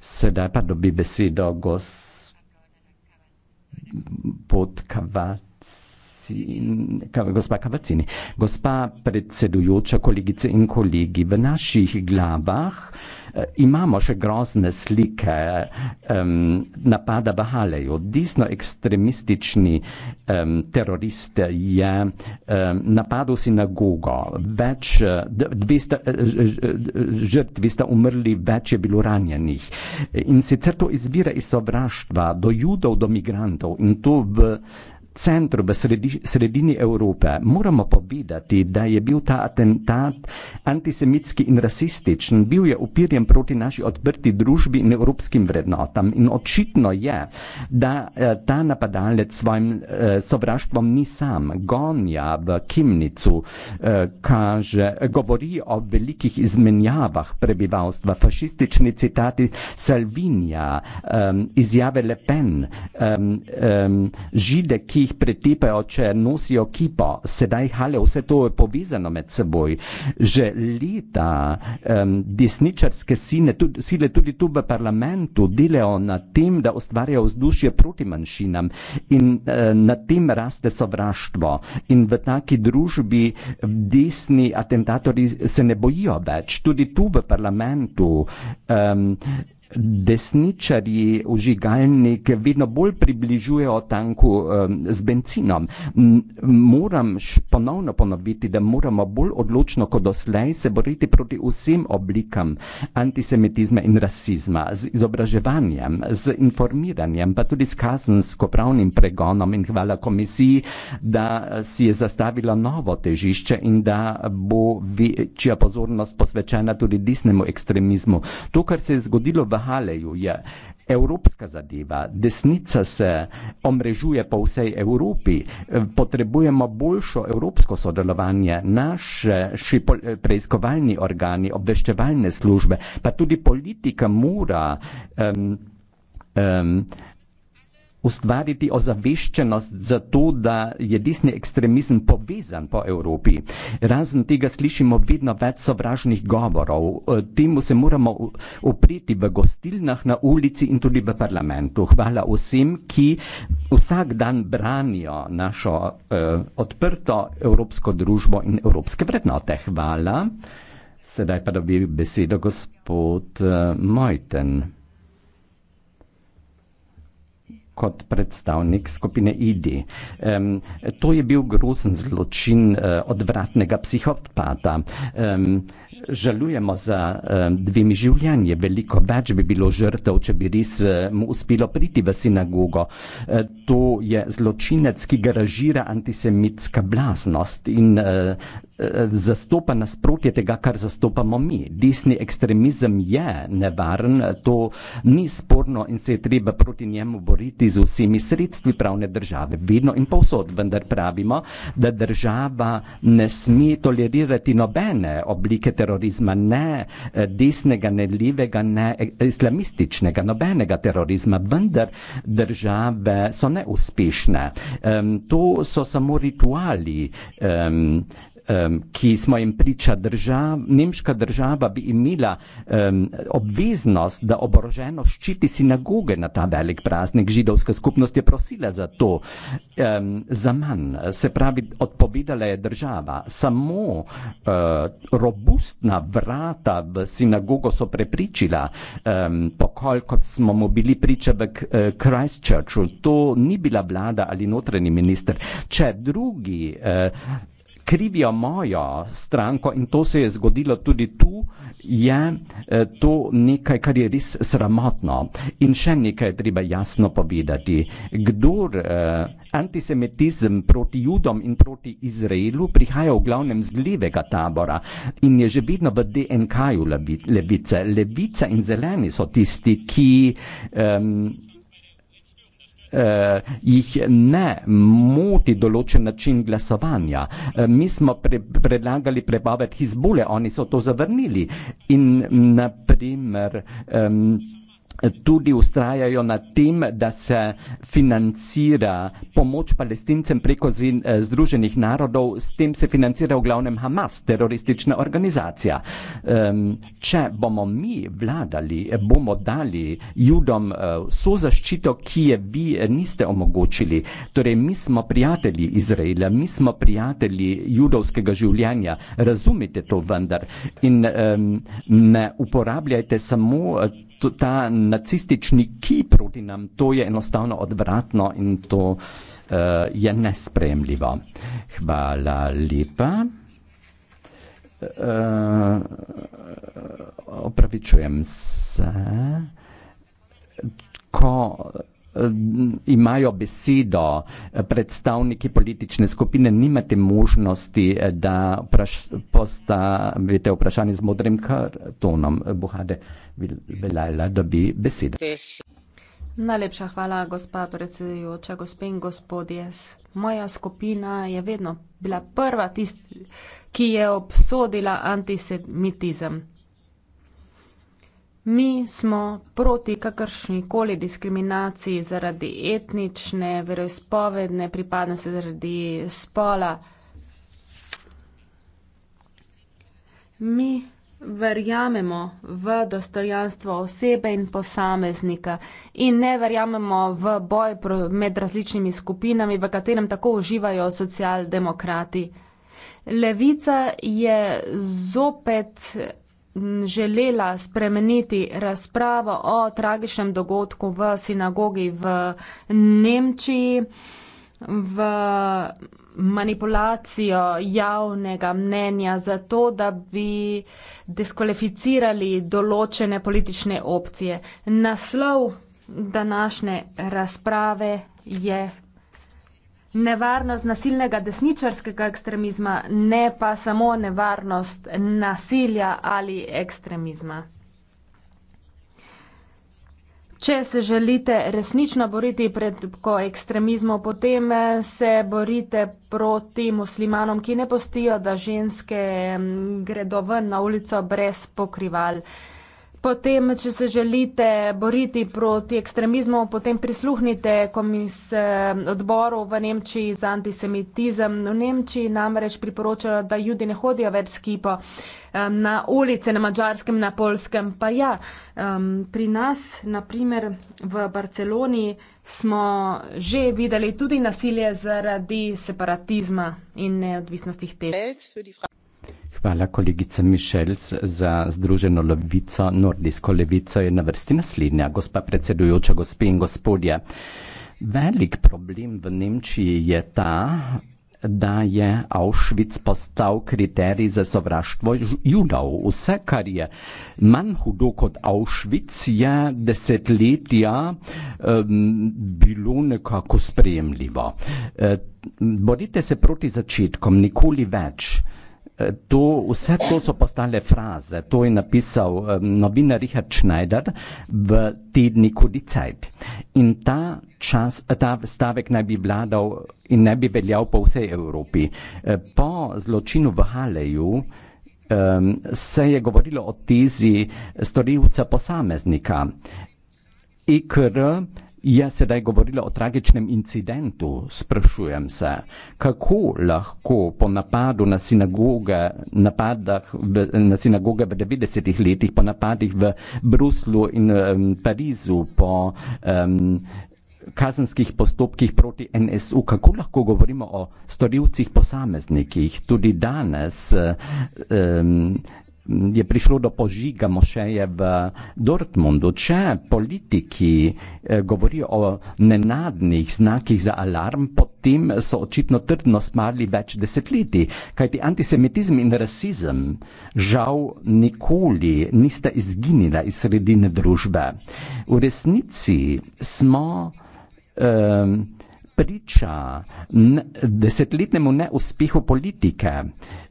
Speaker 10: Sedaj pa dobi besedo gospod Kavat gospa Kavacini. Gospa predsedujoča, kolegice in kolegi, v naših glavah eh, imamo še grozne slike um, napada v Haleju. Desno ekstremistični um, terorist je um, napadal sinagogo. Več, eh, dvesta, eh, žrtvi sta umrli, več je bilo ranjenih. In sicer to izvira iz sovraštva do judov, do migrantov in to v centru, v sredini Evrope. Moramo povedati, da je bil ta atentat antisemitski in rasističen, bil je upirjen proti naši odprti družbi in evropskim vrednotam. In očitno je, da eh, ta napadalec s svojim eh, sovraštvom ni sam. Gonja v Kimnicu eh, kaže, govori o velikih izmenjavah prebivalstva. Fašistični citati Salvinija, izjave Le Pen, žide, ki jih pretepajo, če nosijo kipo, sedaj hale, vse to je povezano med seboj. Že leta um, desničarske sine, tudi, sile, tudi tu v parlamentu, delajo na tem, da ustvarjajo vzdušje proti manjšinam in uh, eh, na tem raste sovraštvo. In v taki družbi desni atentatori se ne bojijo več. Tudi tu v parlamentu um, desničarji vžigalnik vedno bolj približujejo tanku z benzinom. Moram ponovno ponoviti, da moramo bolj odločno kot doslej se boriti proti vsem oblikam antisemitizma in rasizma, z izobraževanjem, z informiranjem, pa tudi s kazensko-pravnim pregonom in hvala komisiji, da si je zastavila novo težišče in da bo večja pozornost posvečena tudi desnemu ekstremizmu. To, kar se je zgodilo v Haleju je evropska zadeva, desnica se omrežuje po vsej Evropi, potrebujemo boljšo evropsko sodelovanje, naši preiskovalni organi, obveščevalne službe, pa tudi politika mora um, um, ustvariti ozaveščenost za to, da je desni ekstremizem povezan po Evropi. Razen tega slišimo vedno več sovražnih govorov. E, temu se moramo upreti v gostilnah, na ulici in tudi v parlamentu. Hvala vsem, ki vsak dan branijo našo eh, odprto evropsko družbo in evropske vrednote. Hvala. Sedaj pa dobi besedo gospod eh, Mojten kot predstavnik skupine ID. Um, to je bil grozen zločin uh, odvratnega psihopata. Um, žalujemo za um, dvemi življenji, veliko več bi bilo žrtev, če bi res uh, mu uspelo priti v sinagogo. Uh, to je zločinec, ki garažira antisemitska blaznost in uh, zastopa nasprotje tega, kar zastopamo mi. Desni ekstremizem je nevaren, to ni sporno in se je treba proti njemu boriti z vsemi sredstvi pravne države. Vedno in povsod vendar pravimo, da država ne sme tolerirati nobene oblike terorizma, ne eh, desnega, ne levega, ne eh, islamističnega, nobenega terorizma, vendar države so neuspešne. Um, to so samo rituali. Um, um, ki smo jim priča, držav, nemška država bi imela um, obveznost, da oboroženo ščiti sinagoge na ta velik praznik. Židovska skupnost je prosila za to, um, za manj. Se pravi, odpovedala je država. Samo uh, robustna vrata v sinagogo so prepričila um, pokolj, kot smo mu bili priča v uh, Christchurchu. To ni bila vlada ali notranji minister. Če drugi uh, krivijo mojo stranko in to se je zgodilo tudi tu, je eh, to nekaj, kar je res sramotno. In še nekaj je treba jasno povedati. Kdor eh, antisemitizem proti judom in proti Izraelu prihaja v glavnem z levega tabora in je že vedno v DNK-ju levice. Levica in zeleni so tisti, ki um, eh, jih ne moti določen način glasovanja. Eh, mi smo pre predlagali prebaviti izbole, oni so to zavrnili. In naprimer, eh, tudi ustrajajo na tem, da se financira pomoč palestincem preko eh, Združenih narodov, s tem se financira v glavnem Hamas, teroristična organizacija. Če bomo mi vladali, bomo dali judom eh, vso zaščito, ki je vi eh, niste omogočili. Torej, mi smo prijatelji Izraela, mi smo prijatelji judovskega življenja, razumite to vendar in ne uporabljajte samo ta nacistični ki proti nam, to je enostavno odvratno in to uh, je nespremljivo. Hvala lepa. Uh, opravičujem se. Ko Eh, imajo besedo eh, predstavniki politične skupine, nimate možnosti, eh, da praš, postavite vprašanje z modrim kartonom. Bohade Velala dobi besedo.
Speaker 5: Najlepša hvala, gospa predsedujoča, gospe in gospodje. Moja skupina je vedno bila prva tist, ki je obsodila antisemitizem. Mi smo proti kakršni koli diskriminaciji zaradi etnične, veroizpovedne pripadnosti, zaradi spola. Mi verjamemo v dostojanstvo osebe in posameznika in ne verjamemo v boj med različnimi skupinami, v katerem tako uživajo socialdemokrati. Levica je zopet želela spremeniti razpravo o tragičnem dogodku v sinagogi v Nemčiji, v manipulacijo javnega mnenja za to, da bi diskvalificirali določene politične opcije. Naslov današnje razprave je nevarnost nasilnega desničarskega ekstremizma, ne pa samo nevarnost nasilja ali ekstremizma. Če se želite resnično boriti pred ekstremizmom, potem eh, se borite proti muslimanom, ki ne postijo, da ženske mm, gredo ven na ulico brez pokrival. Potem, če se želite boriti proti ekstremizmu, potem prisluhnite komis eh, odboru v Nemčiji za antisemitizem. V Nemčiji namreč priporočajo, da ljudje ne hodijo več skipo na ulice, na mačarskem, na polskem. Pa ja, pri nas, naprimer v Barceloni, smo že videli tudi nasilje zaradi separatizma in neodvisnosti teh.
Speaker 10: Hvala kolegica Mišels za Združeno levico, Nordijsko levico je na vrsti naslednja, gospa predsedujoča, gospe in gospodje. Velik problem v Nemčiji je ta, da je Auschwitz postal kriterij za sovraštvo judov. Vse, kar je manj hudo kot Auschwitz, je desetletja um, bilo nekako sprejemljivo. Uh, borite se proti začetkom, nikoli več. Eh, to, vse to so postale fraze. To je napisal eh, novinar Richard Schneider v tedniku Die Zeit. In ta, čas, eh, ta stavek naj bi vladal in naj bi veljal po vsej Evropi. Po zločinu v Haleju ehm, se je govorilo o tezi storilca posameznika. IKR Je sedaj govorila o tragičnem incidentu, sprašujem se, kako lahko po napadu na sinagoge, napadah v, na sinagoge v 90-ih letih, po napadih v Bruslu in um, Parizu, po um, kazenskih postopkih proti NSU, kako lahko govorimo o storilcih posameznikih, tudi danes. Um, je prišlo do požiga mošeje v eh, Dortmundu, če politiki eh, govorijo o nenadnih znakih za alarm, potem so očitno trdno smarli več desetletij, kajti antisemitizem in rasizem žal nikoli nista izginila iz sredine družbe. V resnici smo um, priča desetletnemu neuspehu politike,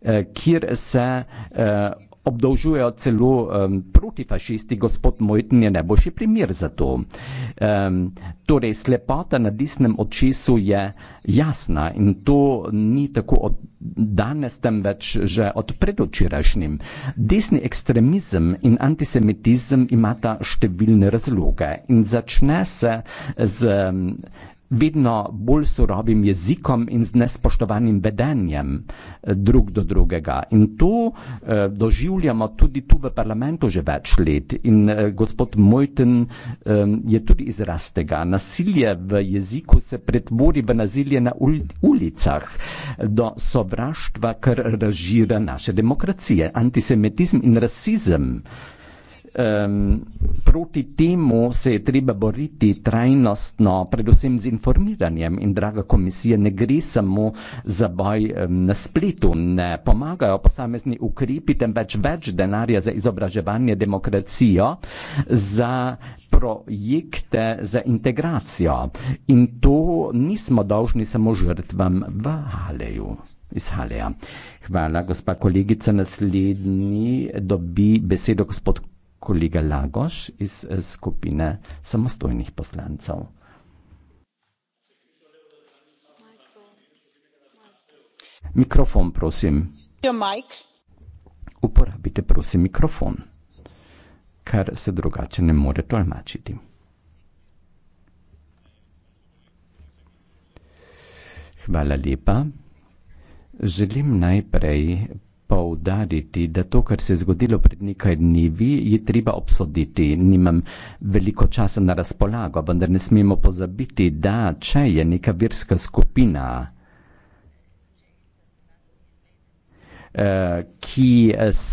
Speaker 10: eh, kjer se uh, obdolžujejo celo um, protifašisti, gospod Mojten je najboljši primer za to. Um, torej, slepota na desnem očesu je jasna in to ni tako od danes, temveč že od predočirašnjim. Desni ekstremizem in antisemitizem imata številne razloge in začne se z um, vedno bolj surovim jezikom in z nespoštovanim vedenjem eh, drug do drugega. In to eh, doživljamo tudi tu v parlamentu že več let. In eh, gospod Mojten eh, je tudi izraz tega. Nasilje v jeziku se pretvori v nasilje na ul ulicah, do sovraštva, kar razžira naše demokracije. Antisemitizem in rasizem um, proti temu se je treba boriti trajnostno, predvsem z informiranjem in draga komisija, ne gre samo za boj um, na spletu, ne pomagajo posamezni ukrepi, temveč več denarja za izobraževanje demokracijo, za projekte, za integracijo. In to nismo dolžni samo žrtvam v Haleju. Hvala, gospa kolegica. Naslednji dobi besedo gospod kolega Lagoš iz eh, skupine samostojnih poslancev. Mikrofon, prosim. Uporabite, prosim, mikrofon, ker se drugače ne more tolmačiti. Hvala lepa. Želim najprej poudariti, da to, kar se je zgodilo pred nekaj dnevi, je treba obsoditi. Nimam veliko časa na razpolago, vendar ne smemo pozabiti, da če je neka verska skupina, eh, ki eh,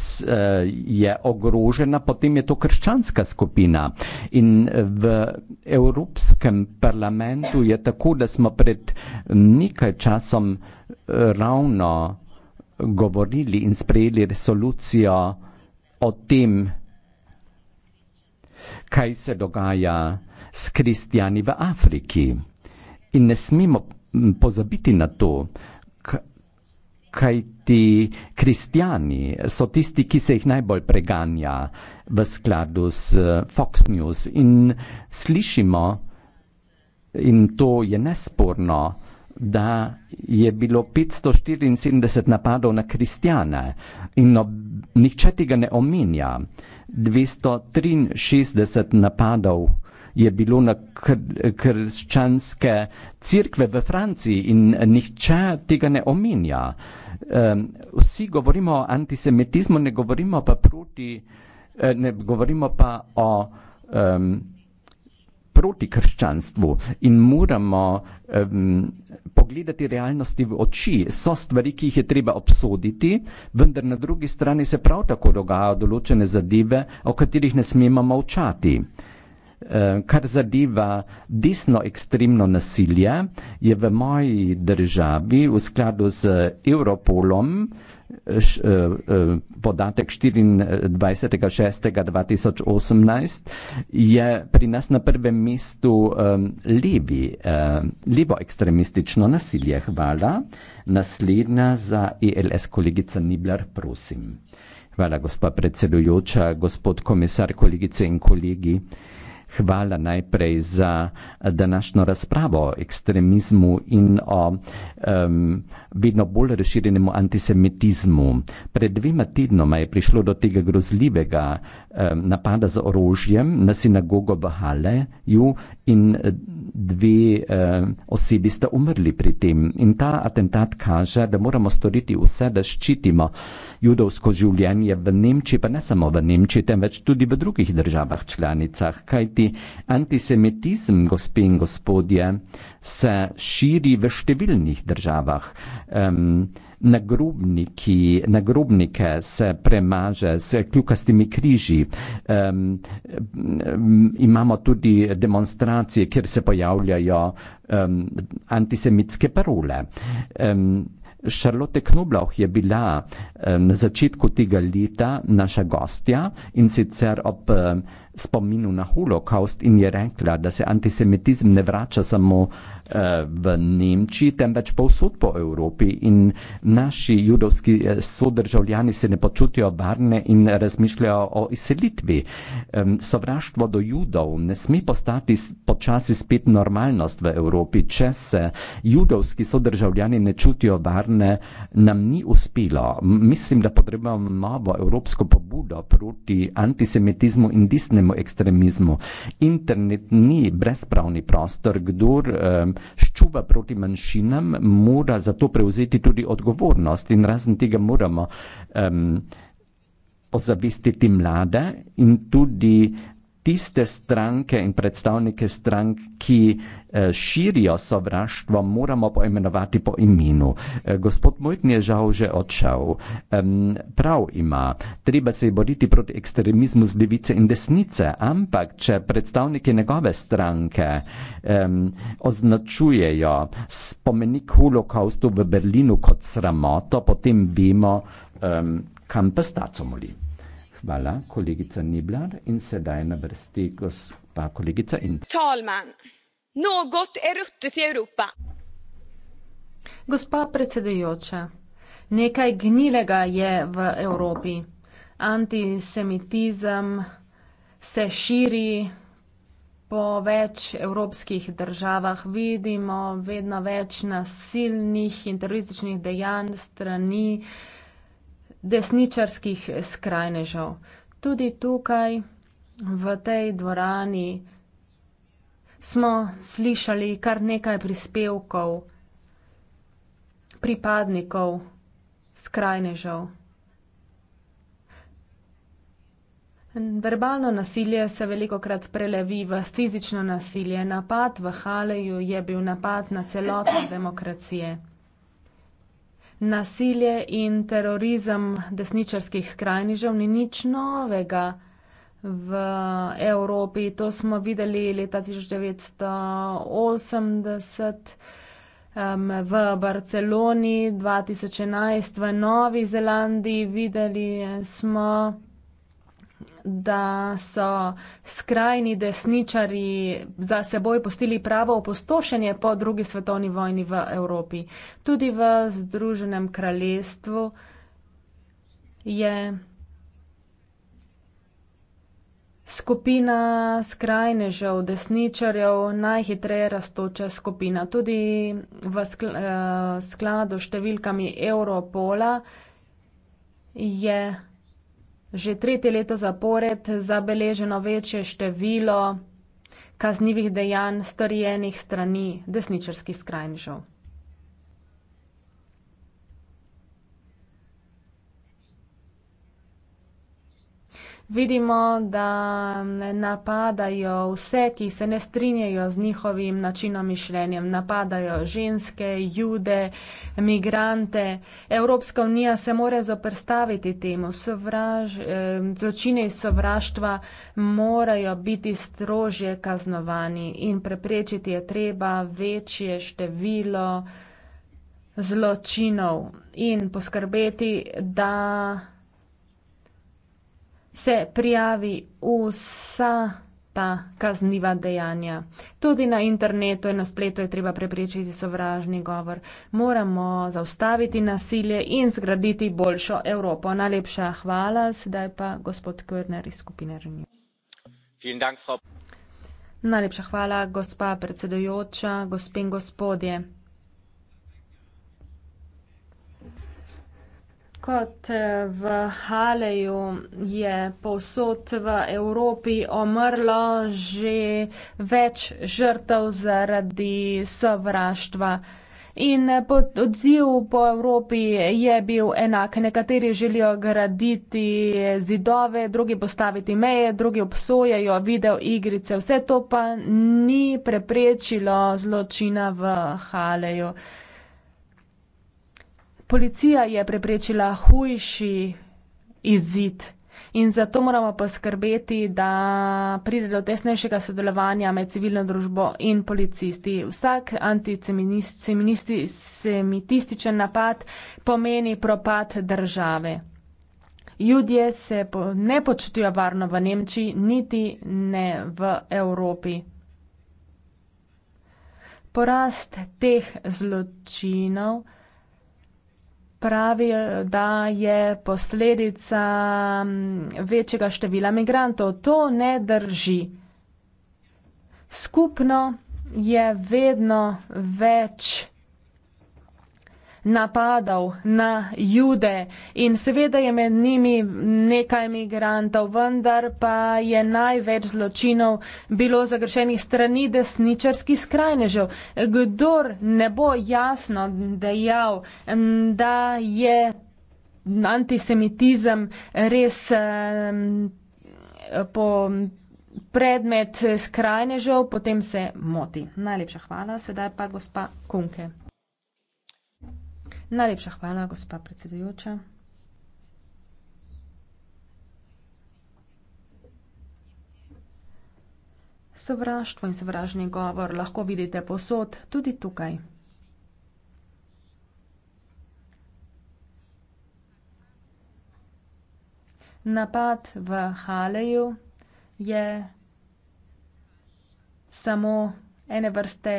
Speaker 10: je ogrožena, potem je to krščanska skupina. In eh, v Evropskem parlamentu je tako, da smo pred nekaj časom ravno govorili in sprejeli resolucijo o tem, kaj se dogaja s kristijani v Afriki. In ne smemo pozabiti na to, kaj ti kristijani so tisti, ki se jih najbolj preganja v skladu s eh, Fox News. In slišimo, in to je nesporno, da je bilo 574 napadov na kristijane in no, nihče tega ne omenja. 263 napadov je bilo na kr krščanske crkve v Franciji in nihče tega ne omenja. Um, vsi govorimo o antisemitizmu, ne govorimo pa proti, eh, ne govorimo pa o um, proti krščanstvu in moramo um, pogledati realnosti v oči. So stvari, ki jih je treba obsoditi, vendar na drugi strani se prav tako dogajajo določene zadeve, o katerih ne smemo molčati. E, kar zadeva desno ekstremno nasilje, je v moji državi v skladu z Europolom Eh, eh, podatek 24.6.2018 je pri nas na prvem mestu ehm, levi, ehm, levo ekstremistično nasilje. Hvala. Naslednja za ELS kolegica Nibler, prosim. Hvala, gospa predsedujoča, gospod komisar, kolegice in kolegi hvala najprej za današnjo razpravo o ekstremizmu in o um, vedno bolj razširjenem antisemitizmu. Pred dvema tednoma je prišlo do tega grozljivega um, napada z orožjem na sinagogo v Haleju in eh, dve um, osebi sta umrli pri tem. In ta atentat kaže, da moramo storiti vse, da ščitimo judovsko življenje v Nemčiji, pa ne samo v Nemčiji, temveč tudi v drugih državah članicah, kajti antisemitizem, gospe in gospodje, se širi v številnih državah. Um, Nagrobniki, nagrobnike se premaže s kljukastimi križi. Um, imamo tudi demonstracije, kjer se pojavljajo um, antisemitske parole. Um, Šarlote Knobloch je bila na začetku tega leta naša gostja in sicer ob spominu na holokaust in je rekla, da se antisemitizem ne vrača samo Eh, v Nemčiji, temveč povsod po Evropi in naši judovski eh, sodržavljani se ne počutijo varne in razmišljajo o izselitvi. Sovraštvo do judov ne sme postati počasi spet normalnost v Evropi. Če se judovski sodržavljani ne čutijo varne, nam ni uspelo. Mislim, da potrebujemo novo evropsko pobudo proti antisemitizmu in disnemu ekstremizmu. Internet ni brezpravni prostor, kdor um, ščuva proti manjšinam, mora za to prevzeti tudi odgovornost in razen tega moramo um, ozavestiti mlade in tudi tiste stranke in predstavnike strank, ki eh, širijo sovraštvo, moramo poimenovati po imenu. Eh, gospod Mojtni je žal že odšel. Prav ima, treba se boriti proti ekstremizmu z levice in desnice, ampak če predstavniki njegove stranke označujejo spomenik holokaustu v Berlinu kot sramoto, potem vemo, kam pa stacomoli. Hvala, kolegica Niblar. In sedaj na vrsti gospa kolegica Indra.
Speaker 9: Talman, nogot je ruttet i Evropa.
Speaker 5: Gospa predsedujoča, nekaj gnilega je v Evropi. Antisemitizem se širi po več evropskih državah. Vidimo vedno več nasilnih in terorističnih dejanj strani uh, desničarskih skrajnežev. Tudi tukaj v tej dvorani smo slišali kar nekaj prispevkov pripadnikov skrajnežev. Verbalno nasilje se velikokrat prelevi v fizično nasilje. Napad v Haleju je bil napad na celotno demokracije nasilje in terorizem desničarskih skrajnižev ni nič novega v Evropi. To smo videli leta 1980 um, v Barceloni, 2011 v Novi Zelandiji. Videli smo da so skrajni desničari za seboj postili pravo opustošenje po drugi svetovni vojni v Evropi. Tudi v Združenem kraljestvu je skupina skrajnežev, desničarjev najhitreje rastoča skupina. Tudi v eh, skladu s številkami Europola je že tretje leto zapored zabeleženo večje število kaznivih dejanj storjenih s strani desničarskih skrajnežev. vidimo, da napadajo vse, ki se ne strinjajo z njihovim načinom mišljenja. Napadajo ženske, jude, migrante. Evropska unija se mora zoprstaviti temu. Zločine Sovraž, eh, iz sovraštva morajo biti strožje kaznovani in preprečiti je treba večje število zločinov in poskrbeti, da se prijavi vsa ta kazniva dejanja. Tudi na internetu in na spletu je treba preprečiti sovražni govor. Moramo zaustaviti nasilje in zgraditi boljšo Evropo. Najlepša hvala, sedaj pa gospod Körner iz skupine Renew. Najlepša hvala, gospa predsedujoča, gospe in gospodje. Kot eh, v Haleju je povsod v Evropi omrlo že več žrtev zaradi sovraštva. In eh, pod odziv po Evropi je bil enak. Nekateri želijo graditi zidove, drugi postaviti meje, drugi obsojajo video igrice. Vse to pa ni preprečilo zločina v Haleju. Policija je preprečila hujši izid in zato moramo poskrbeti, da pride do tesnejšega sodelovanja med civilno družbo in policisti. Vsak antisemitističen napad pomeni propad države. Ljudje se po, ne počutijo varno v Nemčiji, niti ne v Evropi. Porast teh zločinov pravi, da je posledica mm, večjega števila migrantov. To ne drži. Skupno je vedno več migrantov napadal na jude in seveda je med njimi nekaj migrantov, vendar pa je največ zločinov bilo zagrešenih strani desničarskih skrajnežev. Kdor ne bo jasno dejal, da je antisemitizem res eh, po predmet skrajnežev, potem se moti. Najlepša hvala, sedaj pa gospa Kunke. Najlepša hvala, gospa predsedujoča. Sovraštvo in sovražni govor lahko vidite posod, tudi tukaj. Napad v Haleju je samo ene vrste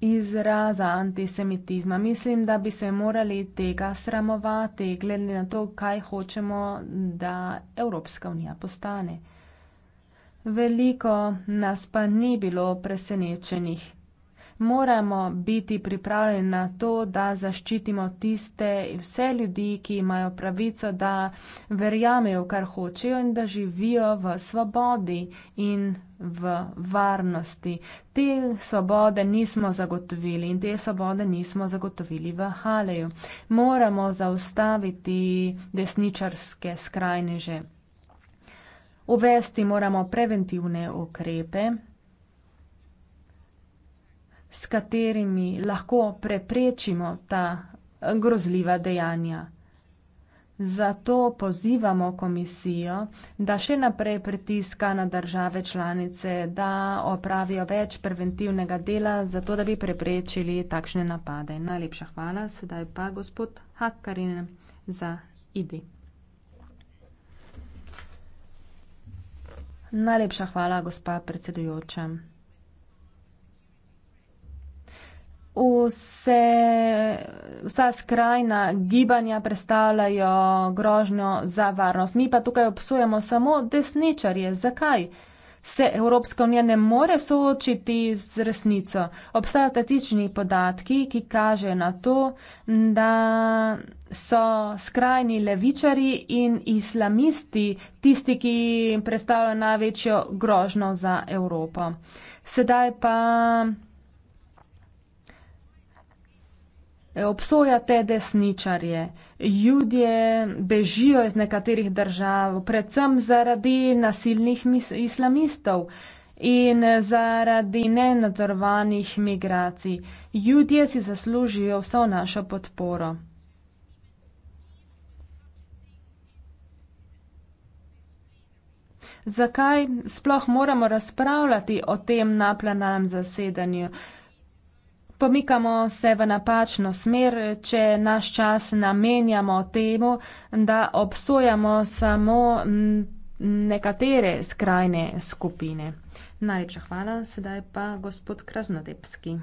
Speaker 5: izraza antisemitizma. Mislim, da bi se morali tega sramovati, glede na to, kaj hočemo, da Evropska unija postane. Veliko nas pa ni bilo presenečenih moramo biti pripravljeni na to, da zaščitimo tiste vse ljudi, ki imajo pravico, da verjamejo, kar hočejo in da živijo v svobodi in v varnosti. Te svobode nismo zagotovili in te svobode nismo zagotovili v Haleju. Moramo zaustaviti desničarske skrajneže. Uvesti moramo preventivne ukrepe, s katerimi lahko preprečimo ta eh, grozljiva dejanja. Zato pozivamo komisijo, da še naprej pritiska na države članice, da opravijo več preventivnega dela, zato da bi preprečili takšne napade. Najlepša hvala, sedaj pa gospod Hakkarin za IDI. Najlepša hvala, gospa predsedujoča. vse, vsa skrajna gibanja predstavljajo grožnjo za varnost. Mi pa tukaj obsujemo samo desničarje. Zakaj? Se Evropska unija ne more soočiti z resnico. Obstajajo statistični podatki, ki kažejo na to, da so skrajni levičari in islamisti tisti, ki predstavljajo največjo grožnjo za Evropo. Sedaj pa obsojate desničarje, ljudje bežijo iz nekaterih držav, predvsem zaradi nasilnih islamistov in zaradi nenadzorovanih migracij. Ljudje si zaslužijo vso našo podporo. Zakaj sploh moramo razpravljati o tem na plenarnem zasedanju? Pomikamo se v napačno smer, če naš čas namenjamo temu, da obsojamo samo nekatere skrajne skupine. Najlepša hvala, sedaj pa gospod Krasnodebski.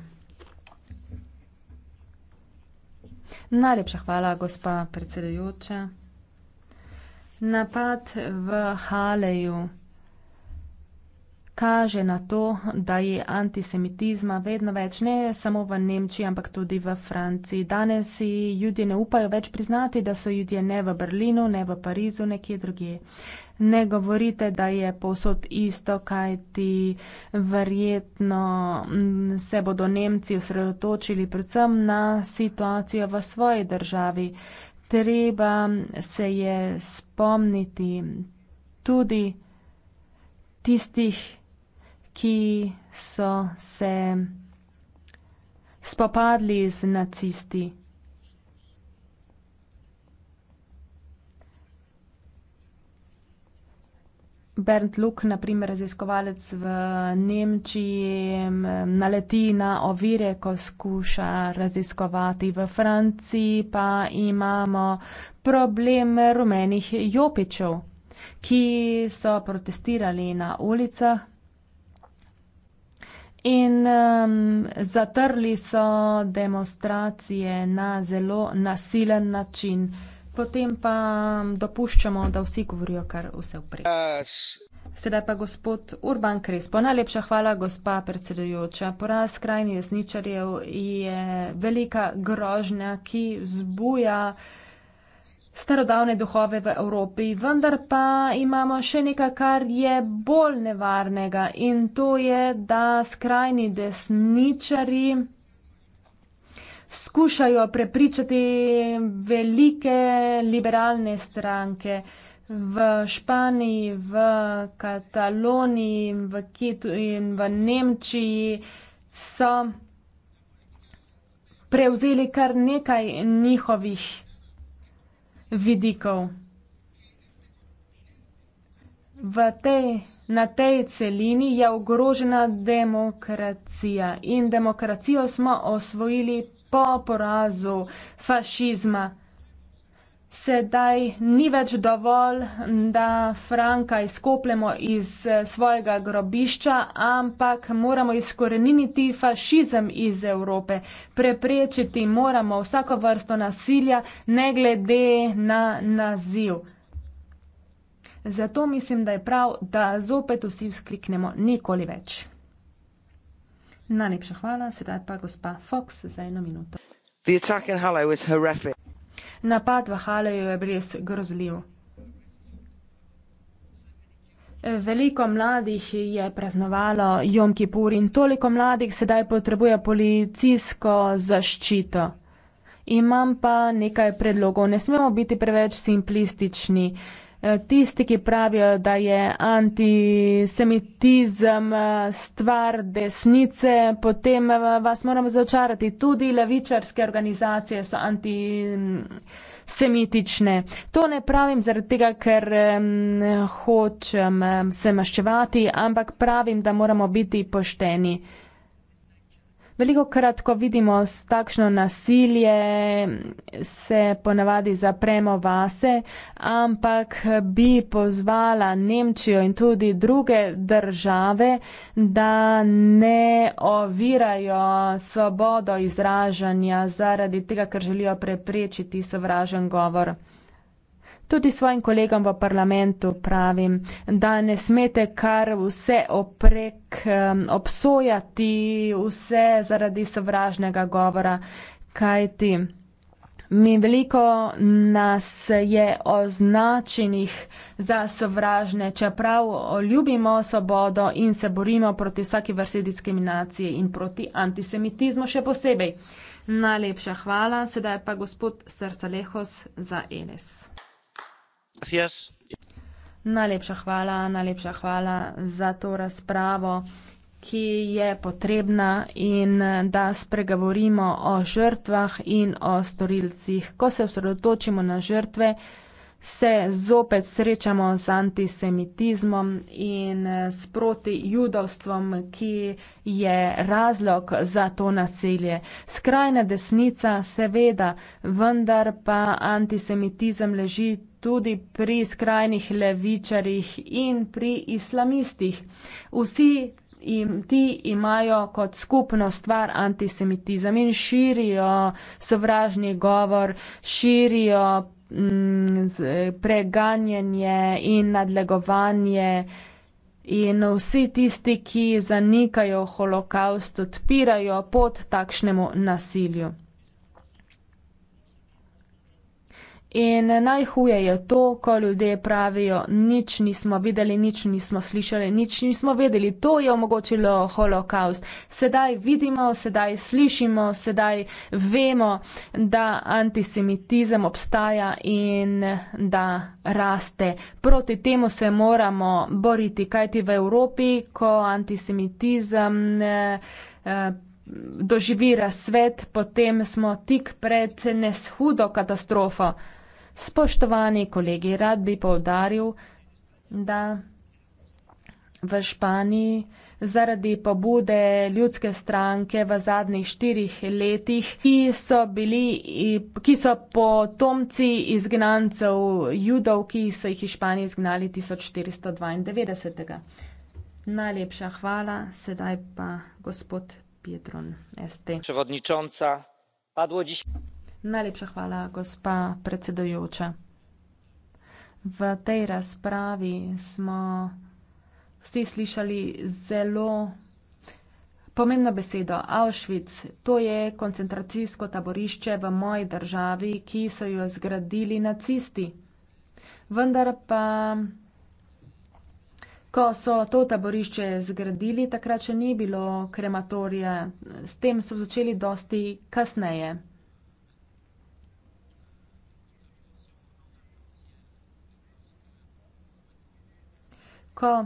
Speaker 5: Najlepša hvala, gospa predsedujoča. Napad v Haleju kaže na to, da je antisemitizma vedno več, ne samo v Nemčiji, ampak tudi v Franciji. Danes si ljudje ne upajo več priznati, da so ljudje ne v Berlinu, ne v Parizu, nekje drugje. Ne govorite, da je povsod isto, kaj ti verjetno mm, se bodo Nemci osredotočili predvsem na situacijo v svoji državi. Treba se je spomniti tudi tistih ki so se spopadli z nacisti. Bernd Luk, na primer raziskovalec v Nemčiji, naleti na ovire, ko skuša raziskovati v Franciji, pa imamo problem rumenih jopičev, ki so protestirali na ulicah In um, zatrli so demonstracije na zelo nasilen način. Potem pa um, dopuščamo, da vsi govorijo kar vse vprej. Sedaj pa gospod Urban Krespo. Najlepša hvala, gospa predsedujoča. Poraz skrajni resničarjev je velika grožnja, ki zbuja starodavne duhove v Evropi, vendar pa imamo še nekaj, kar je bolj nevarnega in to je, da skrajni desničari skušajo prepričati velike liberalne stranke v Španiji, v Kataloniji, v Kitu in v Nemčiji so prevzeli kar nekaj njihovih vidikov. V tej, na tej celini je ogrožena demokracija in demokracijo smo osvojili po porazu fašizma sedaj ni več dovolj, da Franka izkoplemo iz eh, svojega grobišča, ampak moramo izkoreniniti fašizem iz Evrope. Preprečiti moramo vsako vrsto nasilja, ne glede na naziv. Zato mislim, da je prav, da zopet vsi skliknemo nikoli več. Najlepša hvala, sedaj pa gospa Fox za eno minuto.
Speaker 4: The attack in Halle was horrific.
Speaker 5: Napad v Haleju je res grozljiv. Veliko mladih je praznovalo Jom Kipur in toliko mladih sedaj potrebuje policijsko zaščito. Imam pa nekaj predlogov, ne smemo biti preveč simplistični. Eh, tisti, ki pravijo, da je antisemitizem eh, stvar desnice, potem eh, vas moramo začarati. Tudi levičarske organizacije so anti. Semitične. To ne pravim zaradi tega, ker eh, hočem eh, se maščevati, ampak pravim, da moramo biti pošteni. Eh, Veliko krat, ko vidimo takšno nasilje, se ponavadi zapremo vase, ampak bi pozvala Nemčijo in tudi druge države, da ne ovirajo svobodo izražanja zaradi tega, ker želijo preprečiti sovražen govor. Tudi svojim kolegom v parlamentu pravim, da ne smete kar vse oprek um, obsojati, vse zaradi sovražnega govora, kajti mi veliko nas je označenih za sovražne, čeprav ljubimo svobodo in se borimo proti vsaki vrsti diskriminacije in proti antisemitizmu še posebej. Najlepša hvala, sedaj pa gospod Srca Lehos za Enes. Najlepša hvala, najlepša hvala za to razpravo, ki je potrebna in da spregovorimo o žrtvah in o storilcih. Ko se osredotočimo na žrtve, se zopet srečamo z antisemitizmom in s protijudovstvom, ki je razlog za to nasilje. Skrajna desnica seveda, vendar pa antisemitizem leži tudi pri skrajnih levičarjih in pri islamistih. Vsi in ti imajo kot skupno stvar antisemitizem in širijo sovražni govor, širijo mm, preganjanje in nadlegovanje in vsi tisti, ki zanikajo holokaust, odpirajo pot takšnemu nasilju. In najhuje je to, ko ljudje pravijo, nič nismo videli, nič nismo slišali, nič nismo vedeli. To je omogočilo holokaust. Sedaj vidimo, sedaj slišimo, sedaj vemo, da antisemitizem obstaja in da raste. Proti temu se moramo boriti, kajti v Evropi, ko antisemitizem. Eh, Doživi razcvet, potem smo tik pred neshudo katastrofo. Spoštovani kolegi, rad bi poudaril, da v Španiji zaradi pobude ljudske stranke v zadnjih štirih letih, ki so bili, ki so potomci izgnancev Judov, ki so jih iz Španije izgnali tisoč štiristo dvaindevetdesetega. Najlepša hvala, sedaj pa gospod Pietron, ST. Najlepša hvala, gospa predsedojoča. V tej razpravi smo vsi slišali zelo pomembno besedo. Auschwitz, to je koncentracijsko taborišče v moji državi, ki so jo zgradili nacisti. Vendar pa, ko so to taborišče zgradili, takrat še ni bilo krematorija. S tem so začeli dosti kasneje. ko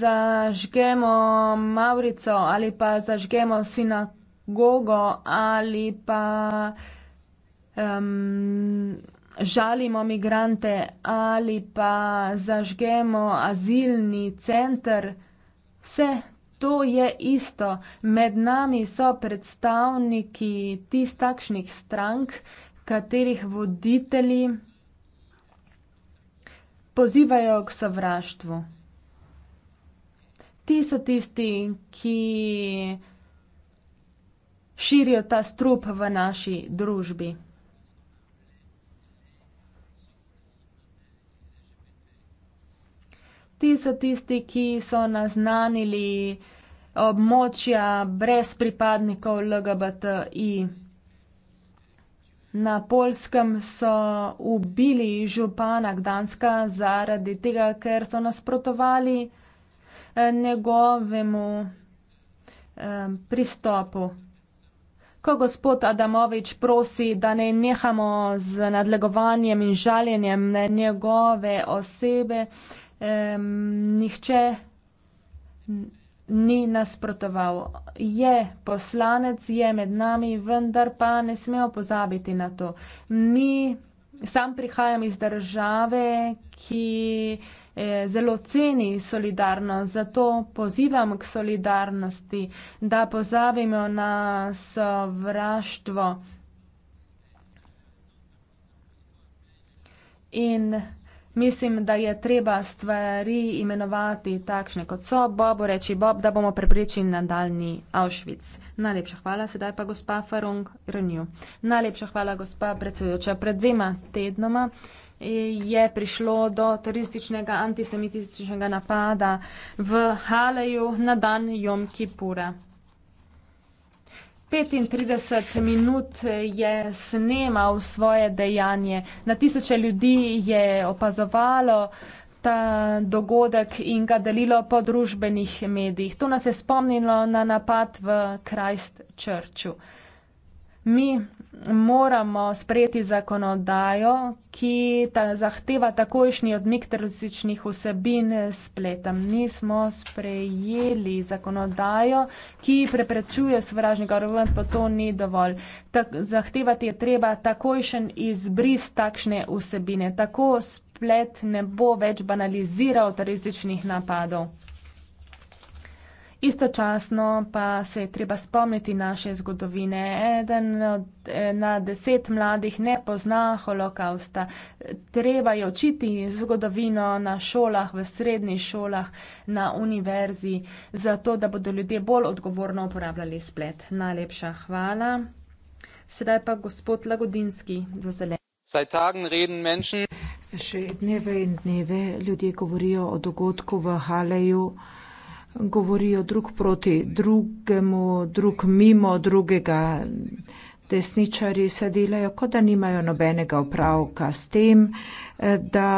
Speaker 5: zažgemo Maurico ali pa zažgemo sinagogo ali pa um, žalimo migrante ali pa zažgemo azilni center, vse to je isto. Med nami so predstavniki tistakšnih strank, katerih voditelji pozivajo k sovraštvu. Ti so tisti, ki širijo ta strup v naši družbi. Ti so tisti, ki so naznanili območja brez pripadnikov LGBTI. Na polskem so ubili župana Gdanska zaradi tega, ker so nasprotovali eh, njegovemu eh, pristopu. Ko gospod Adamovič prosi, da ne nehamo z nadlegovanjem in žaljenjem na njegove osebe, eh, nihče ni nasprotoval. Je poslanec, je med nami, vendar pa ne smemo pozabiti na to. Mi, sam prihajam iz države, ki eh, zelo ceni solidarnost, zato pozivam k solidarnosti, da pozabimo na sovraštvo. In Mislim, da je treba stvari imenovati takšne, kot so. Bob, reči Bob, da bomo prepričali nadaljni Auschwitz. Najlepša hvala, sedaj pa gospa Farung Renew. Najlepša hvala, gospa predsedujoča. Pred dvema tednoma je prišlo do terorističnega antisemitističnega napada v Haleju na dan Jom Kipura. 35 minut je snemal svoje dejanje. Na tisoče ljudi je opazovalo ta dogodek in ga delilo po družbenih medijih. To nas je spomnilo na napad v Christchurchu mi moramo sprejeti zakonodajo, ki ta zahteva takojšnji odmik terorističnih vsebin spletem. Mi smo sprejeli zakonodajo, ki preprečuje sovražni govor, pa to ni dovolj. Tak, zahtevati je treba takojšen izbris takšne vsebine. Tako splet ne bo več banaliziral terorističnih napadov. Istočasno pa se je treba spomniti naše zgodovine. Eden od, eh, na deset mladih ne pozna holokausta. Treba je učiti zgodovino na šolah, v srednjih šolah, na univerzi, zato da bodo ljudje bolj odgovorno uporabljali splet. Najlepša hvala. Sedaj pa gospod Lagodinski
Speaker 9: za zeleno. Še dneve in dneve ljudje govorijo o dogodku v Haleju govorijo drug proti drugemu, drug mimo drugega. Desničari se delajo, kot da nimajo nobenega opravka s tem, eh, da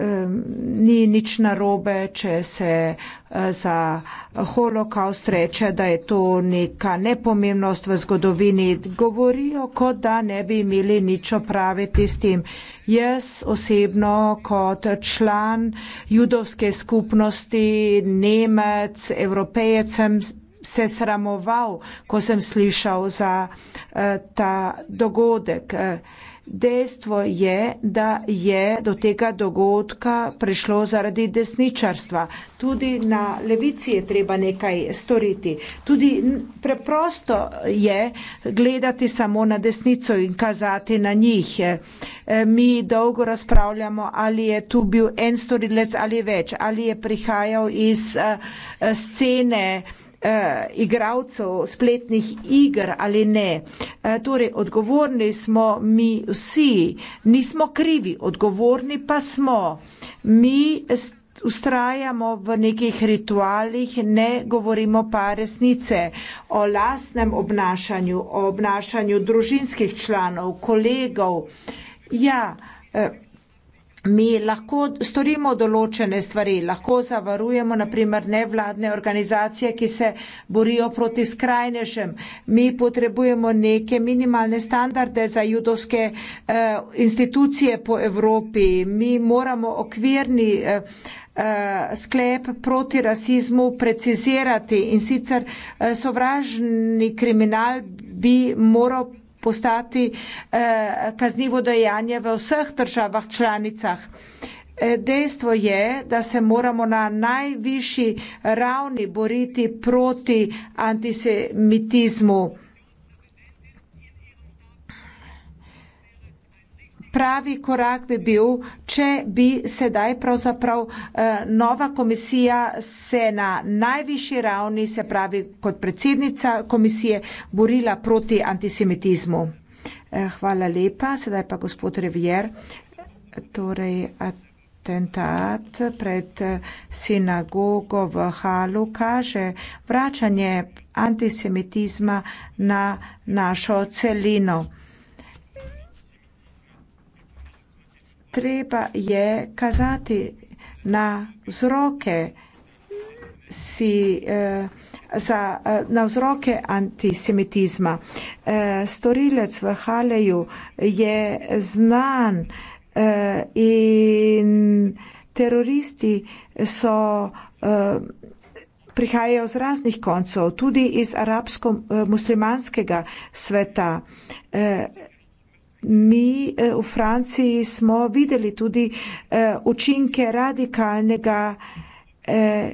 Speaker 9: ni nič narobe, če se eh, za holokaust reče, da je to neka nepomembnost v zgodovini. Govorijo, kot da ne bi imeli nič opraviti s tem. Jaz osebno kot član judovske skupnosti, Nemec, Evropejec sem se sramoval, ko sem slišal za eh, ta dogodek. Eh, Dejstvo je, da je do tega dogodka prišlo zaradi desničarstva. Tudi na levici je treba nekaj storiti. Tudi preprosto je gledati samo na desnico in kazati na njih. E, mi dolgo razpravljamo, ali je tu bil en storilec ali več, ali je prihajal iz e, scene eh, igralcev spletnih iger ali ne. Eh, torej, odgovorni smo mi vsi, nismo krivi, odgovorni pa smo. Mi ustrajamo v nekih ritualih, ne govorimo pa resnice o lastnem obnašanju, o obnašanju družinskih članov, kolegov. Ja, eh, mi lahko storimo določene stvari, lahko zavarujemo naprimer nevladne organizacije, ki se borijo proti skrajnežem. Mi potrebujemo neke minimalne standarde za judovske eh, institucije po Evropi. Mi moramo okvirni eh, eh sklep proti rasizmu precizirati in sicer eh, sovražni kriminal bi moral postati eh, kaznivo dejanje v vseh državah članicah. Eh, dejstvo je, da se moramo na najvišji ravni boriti proti antisemitizmu. pravi korak bi bil, če bi sedaj pravzaprav eh, nova komisija se na najvišji ravni, se pravi kot predsednica komisije, borila proti antisemitizmu. Eh, hvala lepa. Sedaj pa gospod Revier. Torej, atentat pred eh, sinagogo v Halu kaže vračanje antisemitizma na našo celino. treba je kazati na vzroke si eh, za, eh, na vzroke antisemitizma. Eh, storilec v Haleju je znan eh, in teroristi so eh, prihajajo z raznih koncov, tudi iz arabsko-muslimanskega eh, sveta. Eh, Mi eh, v Franciji smo videli tudi eh, učinke radikalnega eh,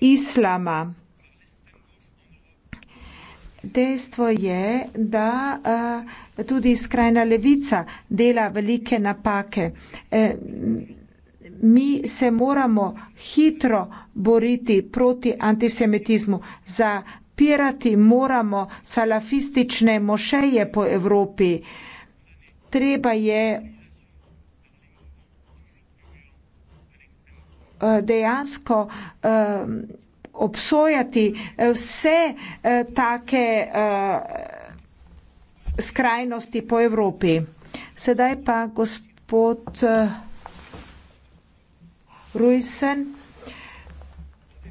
Speaker 9: islama. Dejstvo je, da tudi skrajna levica dela velike napake. Mi se moramo hitro boriti proti antisemitizmu za Podpirati moramo salafistične mošeje po Evropi. Treba je eh, dejansko eh, obsojati vse eh, take skrajnosti po Evropi. Sedaj pa gospod Ruysen.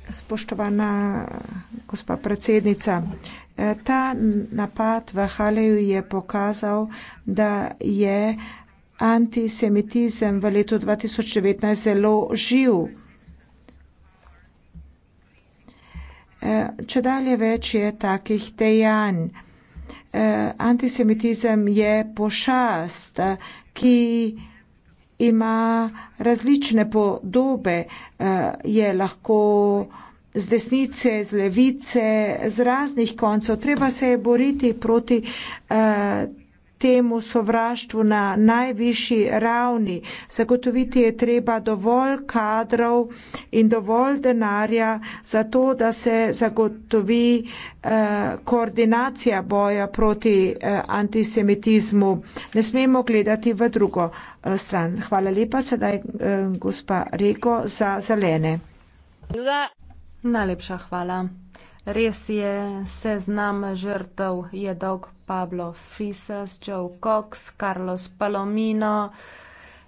Speaker 9: Spoštovana gospa predsednica, eh, ta napad v Haleju je pokazal, da je antisemitizem v letu 2019 zelo živ. Eh, če dalje več je takih dejanj. Eh, antisemitizem je pošast, ki ima različne podobe, eh, je lahko z desnice, z levice, z raznih koncev. Treba se je boriti proti eh, temu sovraštvu na najvišji ravni. Zagotoviti je treba dovolj kadrov in dovolj denarja za to, da se zagotovi eh, koordinacija boja proti eh, antisemitizmu. Ne smemo gledati v drugo eh, stran. Hvala lepa, sedaj eh, gospa Reko za zelene.
Speaker 5: Najlepša hvala. Res je, seznam žrtev je dolg Pablo Fisas, Joe Cox, Carlos Palomino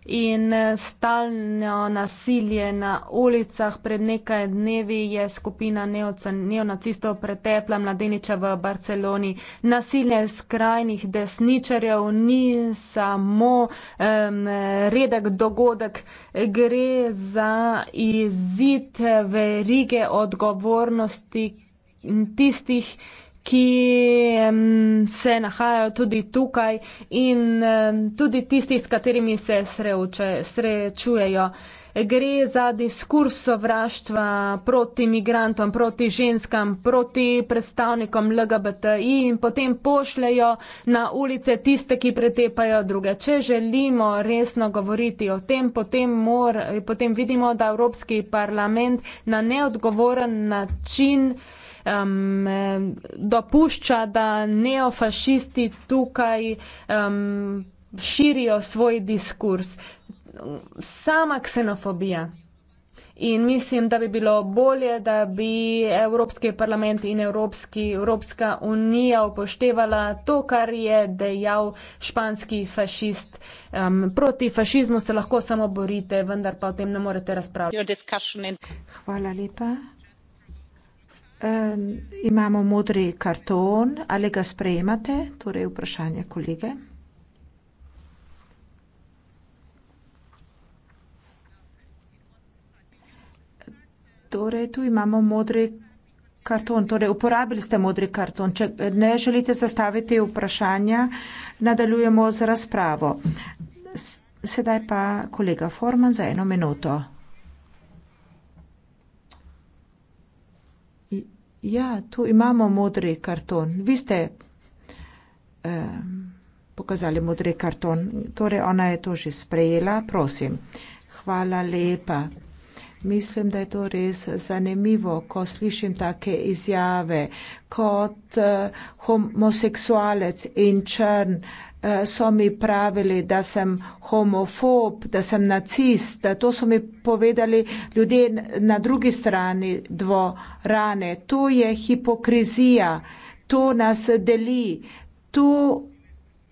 Speaker 5: in stalno nasilje na ulicah. Pred nekaj dnevi je skupina neonacistov pretepla mladeniča v Barceloni. Nasilje skrajnih desničarjev ni samo um, redek dogodek, gre za izid verige odgovornosti, in tistih, ki um, se nahajajo tudi tukaj in um, tudi tistih, s katerimi se sreuče, srečujejo. Gre za diskurs sovraštva proti migrantom, proti ženskam, proti predstavnikom LGBTI in potem pošljajo na ulice tiste, ki pretepajo druge. Če želimo resno govoriti o tem, potem, mor, potem vidimo, da Evropski parlament na neodgovoren način um, dopušča, da neofašisti tukaj um, širijo svoj diskurs. Sama ksenofobija. In mislim, da bi bilo bolje, da bi Evropski parlament in Evropski, Evropska unija upoštevala to, kar je dejal španski fašist. Um, proti fašizmu se lahko samo borite, vendar pa o tem ne morete razpravljati. Hvala lepa
Speaker 9: imamo modri karton, ali ga sprejemate? Torej vprašanje kolege. Torej, tu imamo modri karton, torej uporabili ste modri karton. Če ne želite zastaviti vprašanja, nadaljujemo z razpravo. Sedaj pa kolega Forman za eno minuto. Ja, tu imamo modri karton. Vi ste eh, pokazali modri karton. Torej, ona je to že sprejela, prosim. Hvala lepa. Mislim, da je to res zanimivo, ko slišim take izjave kot eh, homoseksualec in črn. Eh, Eh, so mi pravili, da sem homofob, da sem nacist, da to so mi povedali ljudje na drugi strani dvorane. To je hipokrizija, to nas deli, to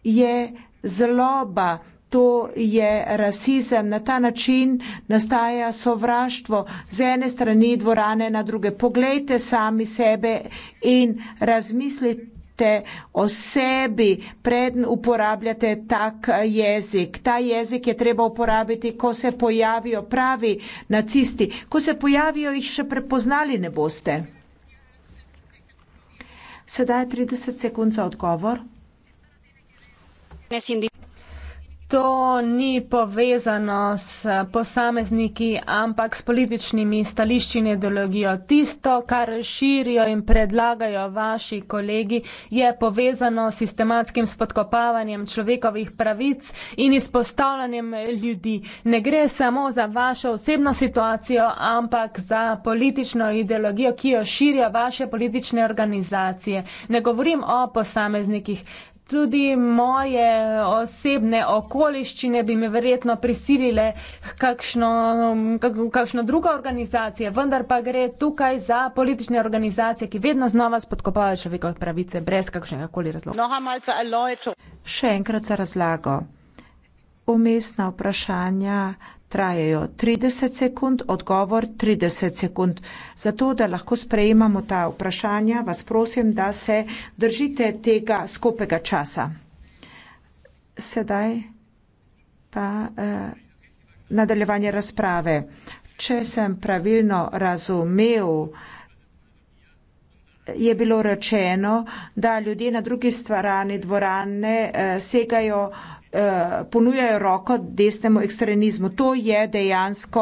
Speaker 9: je zloba, to je rasizem. Na ta način nastaja sovraštvo z ene strani dvorane na druge. Poglejte sami sebe in razmislite govorite o sebi, preden uporabljate tak jezik. Ta jezik je treba uporabiti, ko se pojavijo pravi nacisti. Ko se pojavijo, jih še prepoznali ne boste. Sedaj je 30 sekund za odgovor.
Speaker 5: Ne, to ni povezano s posamezniki, ampak s političnimi stališči in ideologijo. Tisto, kar širijo in predlagajo vaši kolegi, je povezano s sistematskim spodkopavanjem človekovih pravic in izpostavljanjem ljudi. Ne gre samo za vašo osebno situacijo, ampak za politično ideologijo, ki jo širijo vaše politične organizacije. Ne govorim o posameznikih, tudi moje osebne okoliščine bi me verjetno prisilile kakšno, kakšno drugo organizacijo, vendar pa gre tukaj za politične organizacije, ki vedno znova spodkopavajo človekove pravice brez kakšnega koli razloga.
Speaker 9: Še enkrat za razlago. Umestna vprašanja trajajo 30 sekund, odgovor 30 sekund. Zato, da lahko sprejemamo ta vprašanja, vas prosim, da se držite tega skupega časa. Sedaj pa eh, nadaljevanje razprave. Če sem pravilno razumel, je bilo rečeno, da ljudje na drugi strani dvorane eh, segajo Eh, ponujajo roko desnemu ekstremizmu. To je dejansko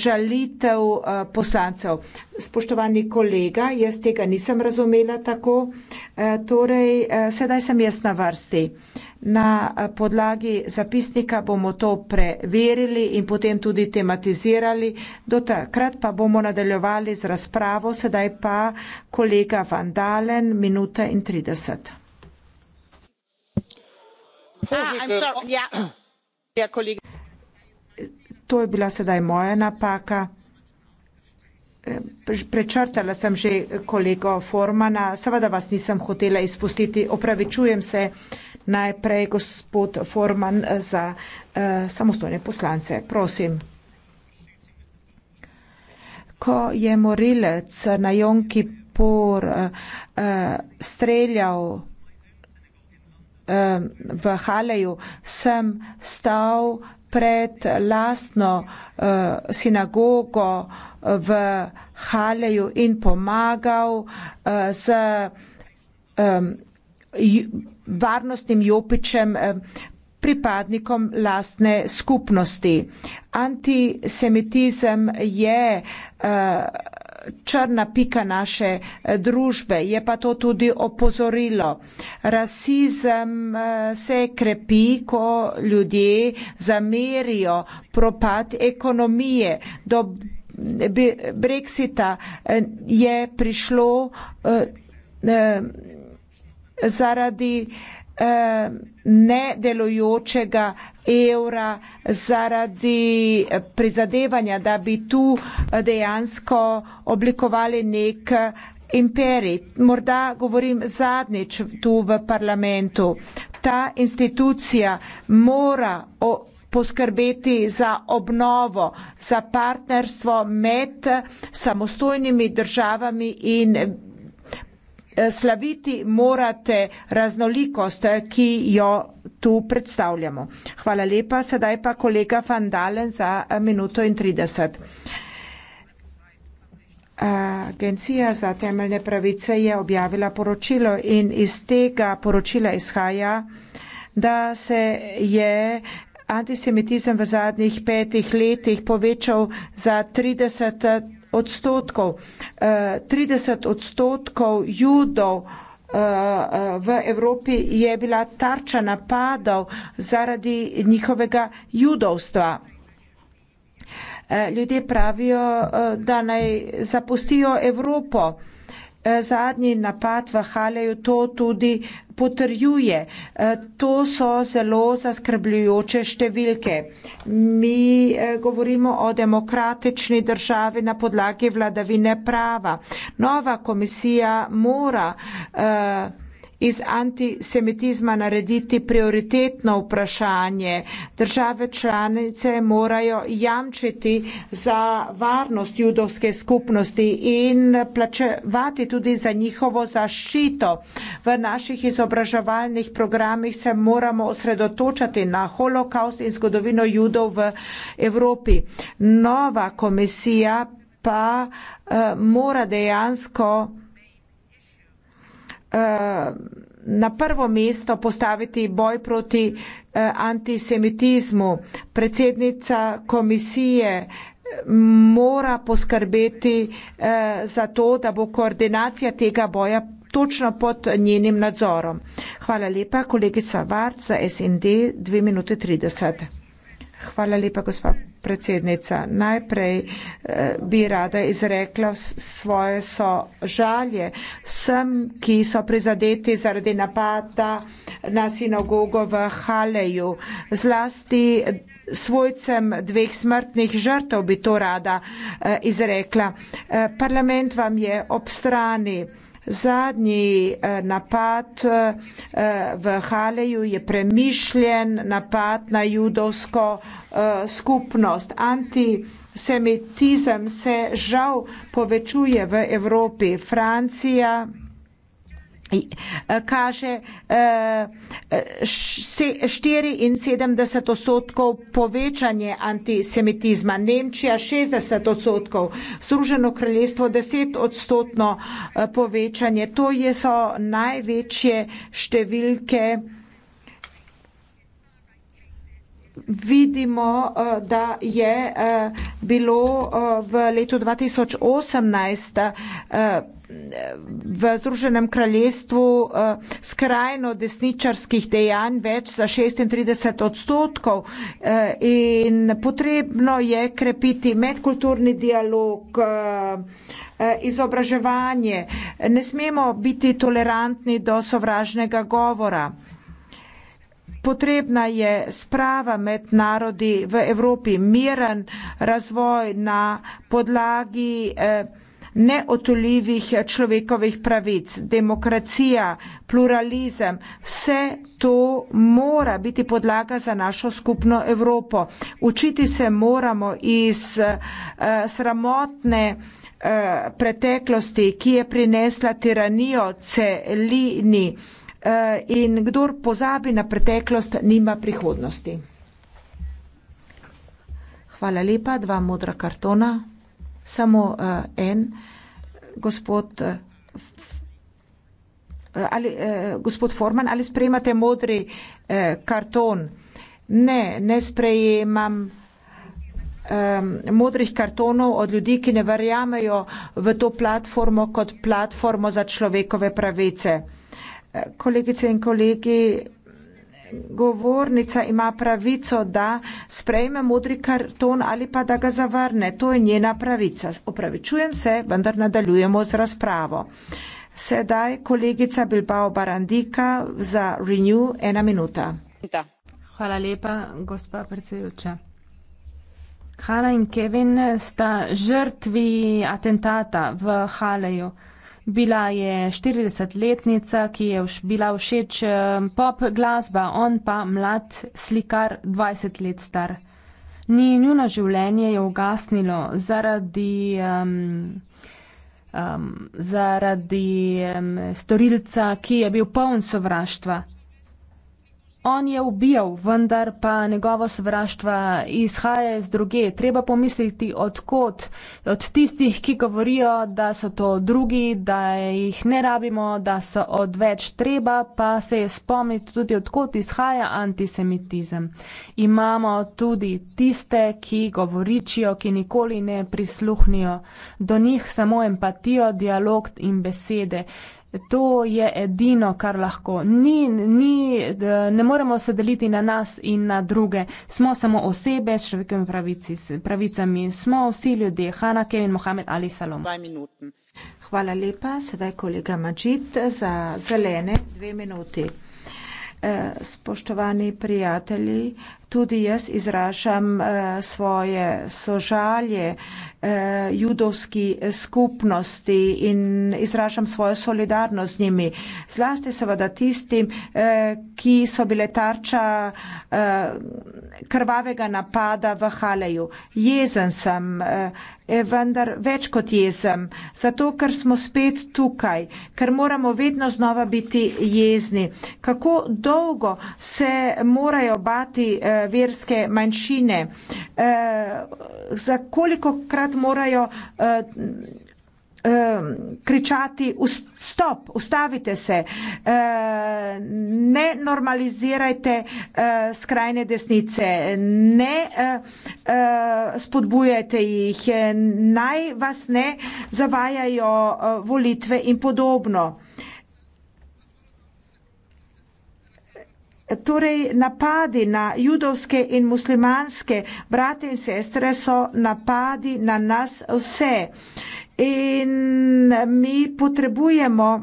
Speaker 9: žalitev eh, poslancev. Spoštovani kolega, jaz tega nisem razumela tako. Eh, torej, sedaj sem jaz na vrsti. Na podlagi zapisnika bomo to preverili in potem tudi tematizirali. Do takrat pa bomo nadaljevali z razpravo. Sedaj pa kolega Vandalen, minuta in 30. Ah, ja, to je bila sedaj moja napaka. Ehm, prečrtala sem že kolego Formana, seveda vas nisem hotela izpustiti. Opravičujem se najprej gospod Forman za eh, samostojne poslance. Prosim. Ko je morilec na Jonki por eh, streljal v Haleju sem stal pred lastno eh, sinagogo eh, v Haleju in pomagal eh, z varnostnim jopičem pripadnikom lastne skupnosti. Antisemitizem je uh, Eh, črna pika naše eh, družbe. Je pa to tudi opozorilo. Rasizem eh, se krepi, ko ljudje zamerijo propad ekonomije. Do Brexita je prišlo zaradi Eh, nedelojočega evra zaradi prizadevanja, da bi tu dejansko oblikovali nek imperij. Morda govorim zadnjič tu v parlamentu. Ta institucija mora poskrbeti za obnovo, za partnerstvo med samostojnimi državami in Eh, slaviti morate raznolikost, eh, ki jo tu predstavljamo. Hvala lepa, sedaj pa kolega Vandalen za eh, minuto in 30. Agencija za temeljne pravice je objavila poročilo in iz tega poročila izhaja, da se je antisemitizem v zadnjih petih letih povečal za 30 odstotkov, eh, trideset odstotkov judov eh, eh, v Evropi je bila tarča napadov zaradi njihovega judovstva. Ljudje pravijo, da naj zapustijo Evropo. Eh, zadnji napad v Haleju to tudi potrjuje. Eh, to so zelo zaskrbljujoče številke. Mi eh, govorimo o demokratični državi na podlagi vladavine prava. Nova komisija mora iz antisemitizma narediti prioritetno vprašanje. Države članice morajo jamčiti za varnost judovske skupnosti in plačevati tudi za njihovo zaščito. V naših izobraževalnih programih se moramo osredotočati na holokaust in zgodovino judov v Evropi. Nova komisija pa uh, mora dejansko Eh, na prvo mesto postaviti boj proti eh, antisemitizmu. Predsednica komisije eh, mora poskrbeti za to, da bo koordinacija tega boja točno pod njenim nadzorom. Hvala lepa, kolegica Vart za SND, dve minute trideset. Hvala lepa, gospod predsednica. Najprej eh, bi rada izrekla svoje sožalje vsem, ki so prizadeti zaradi napada na sinagogo v Haleju. Zlasti svojcem dveh smrtnih žrtev bi to rada eh, izrekla. Eh, parlament vam je ob strani. Zadnji eh, napad eh, v Haleju je premišljen napad na judovsko eh, skupnost. Antisemitizem se žal povečuje v Evropi. Francija, kaže eh, 74 eh, odstotkov povečanje antisemitizma, Nemčija 60 odstotkov, Združeno kraljestvo 10 odstotno eh, povečanje. To je so največje številke eh, vidimo, eh, da je eh, bilo eh, v letu 2018 v Združenem kraljestvu skrajno desničarskih dejanj več za 36 odstotkov in potrebno je krepiti medkulturni dialog, izobraževanje. Ne smemo biti tolerantni do sovražnega govora. Potrebna je sprava med narodi v Evropi, miren razvoj na podlagi eh, neotoljivih človekovih pravic, demokracija, pluralizem, vse to mora biti podlaga za našo skupno Evropo. Učiti se moramo iz eh, sramotne eh, preteklosti, ki je prinesla tiranijo celini Eh, in kdor pozabi na preteklost, nima prihodnosti. Hvala lepa, dva modra kartona, samo uh, en. Gospod, uh, ali, uh, gospod Forman, ali sprejemate modri uh, karton? Ne, ne sprejemam ehm, modrih kartonov od ljudi, ki ne verjamejo v to platformo kot platformo za človekove pravice. Kolegice in kolegi, govornica ima pravico, da sprejme modri karton ali pa da ga zavrne. To je njena pravica. Opravičujem se, vendar nadaljujemo z razpravo. Sedaj kolegica Bilbao Barandika za Renew ena minuta.
Speaker 5: Hvala lepa, gospa predsedujoča. Hana in Kevin sta žrtvi atentata v Haleju. Bila je 40-letnica, ki je bila všeč eh, pop glasba, on pa mlad slikar, 20 let star. Ni njuno življenje je ugasnilo zaradi, um, um, zaradi um, storilca, ki je bil poln sovraštva. On je ubijal, vendar pa njegovo sovraštvo izhaja iz druge. Treba pomisliti, odkot, od tistih, ki govorijo, da so to drugi, da jih ne rabimo, da so odveč. Treba pa se je spomniti tudi, odkot izhaja antisemitizem. Imamo tudi tiste, ki govoričijo, ki nikoli ne prisluhnijo. Do njih samo empatijo, dialog in besede. Uh, To je edino, kar lahko. Ni, ni, ne moremo se deliti na nas in na druge. Smo samo osebe s človekovimi pravicami. Smo vsi ljudje. Hana, Kevin, Mohamed ali Salom.
Speaker 9: Hvala lepa. Sedaj kolega Mačit za zelene dve minuti. Eh, spoštovani prijatelji, tudi jaz izražam eh, svoje sožalje eh, judovski skupnosti in izražam svojo solidarnost z njimi. Zlasti seveda tistim, eh, ki so bile tarča eh, krvavega napada v Haleju. Jezen sem. Eh, eh vendar več kot jezem, zato ker smo spet tukaj, ker moramo vedno znova biti jezni. Kako dolgo se morajo bati eh, verske manjšine, eh, za koliko krat enkrat morajo uh, uh, kričati, stop, ustavite se, uh, ne normalizirajte uh, skrajne desnice, ne uh, uh, spodbujajte jih, naj vas ne zavajajo uh, volitve in podobno. Uh, Torej, napadi na judovske in muslimanske brate in sestre so napadi na nas vse. In mi potrebujemo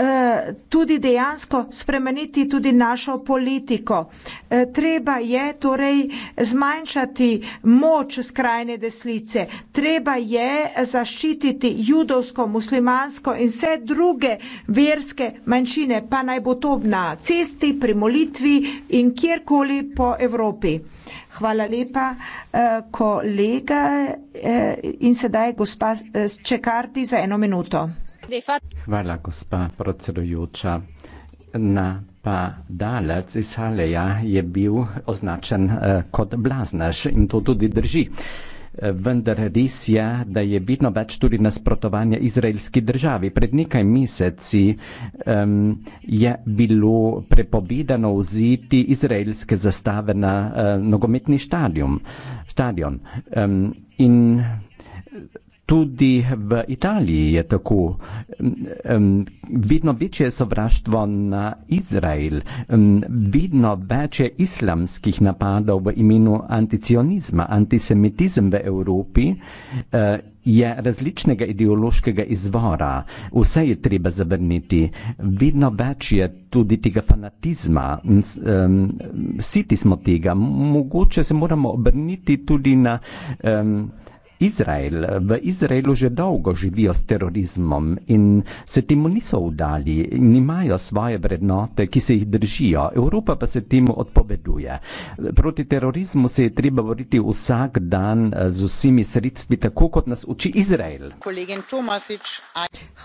Speaker 9: Eh, tudi dejansko spremeniti tudi našo politiko. Eh, treba je torej zmanjšati moč skrajne desnice, treba je zaščititi judovsko, muslimansko in vse druge verske manjšine, pa naj bo to na cesti, pri molitvi in kjerkoli po Evropi. Hvala lepa, eh, kolega. In sedaj gospa Čekardi za eno minuto.
Speaker 10: Hvala, gospa predsedujoča. Napadalec iz Haleja je bil označen uh, kot blaznaš in to tudi drži. Vendar res je, da je vidno več tudi nasprotovanja izraelski državi. Pred nekaj meseci um, je bilo prepovedano vziti izraelske zastave na uh, nogometni štadion. Um, in Tudi v Italiji je tako mm, mm, vedno večje sovraštvo na Izrael, mm, vedno večje islamskih napadov v imenu anticionizma, antisemitizem v Evropi eh, je različnega ideološkega izvora, vse je treba zavrniti, vedno več je tudi tega fanatizma, siti smo tega, mogoče se moramo obrniti tudi na. Izrael, v Izraelu že dolgo živijo s terorizmom in se temu niso vdali in imajo svoje vrednote, ki se jih držijo. Evropa pa se temu odpoveduje. Proti terorizmu se je treba boriti vsak dan eh, z vsemi sredstvi, tako kot nas uči Izrael.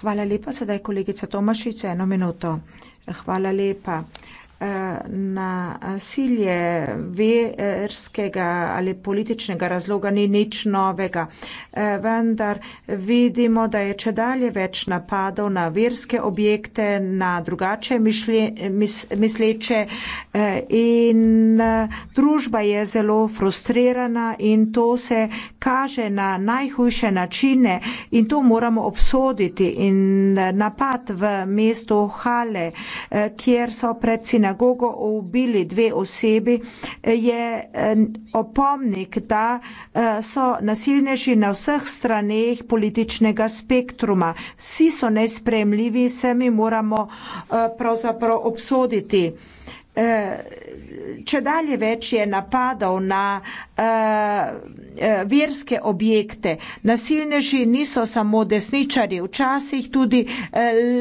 Speaker 9: Hvala lepa, sedaj kolegica Tomašič, eno minuto. Hvala lepa. Eh, nasilje eh, verskega ali političnega razloga ni nič novega. Eh, vendar vidimo, da je če dalje več napadov na verske objekte, na drugače misle, misleče in družba je zelo frustrirana in to se kaže na najhujše načine in to moramo obsoditi. In napad v mestu Hale, kjer so pred sinagogami, sinagogo ubili dve osebi, je eh, opomnik, da eh, so nasilneži na vseh straneh političnega spektruma. Vsi so nespremljivi, se mi moramo eh, pravzaprav obsoditi če dalje več je napadov na uh, uh, verske objekte. Nasilneži niso samo desničari, včasih tudi uh,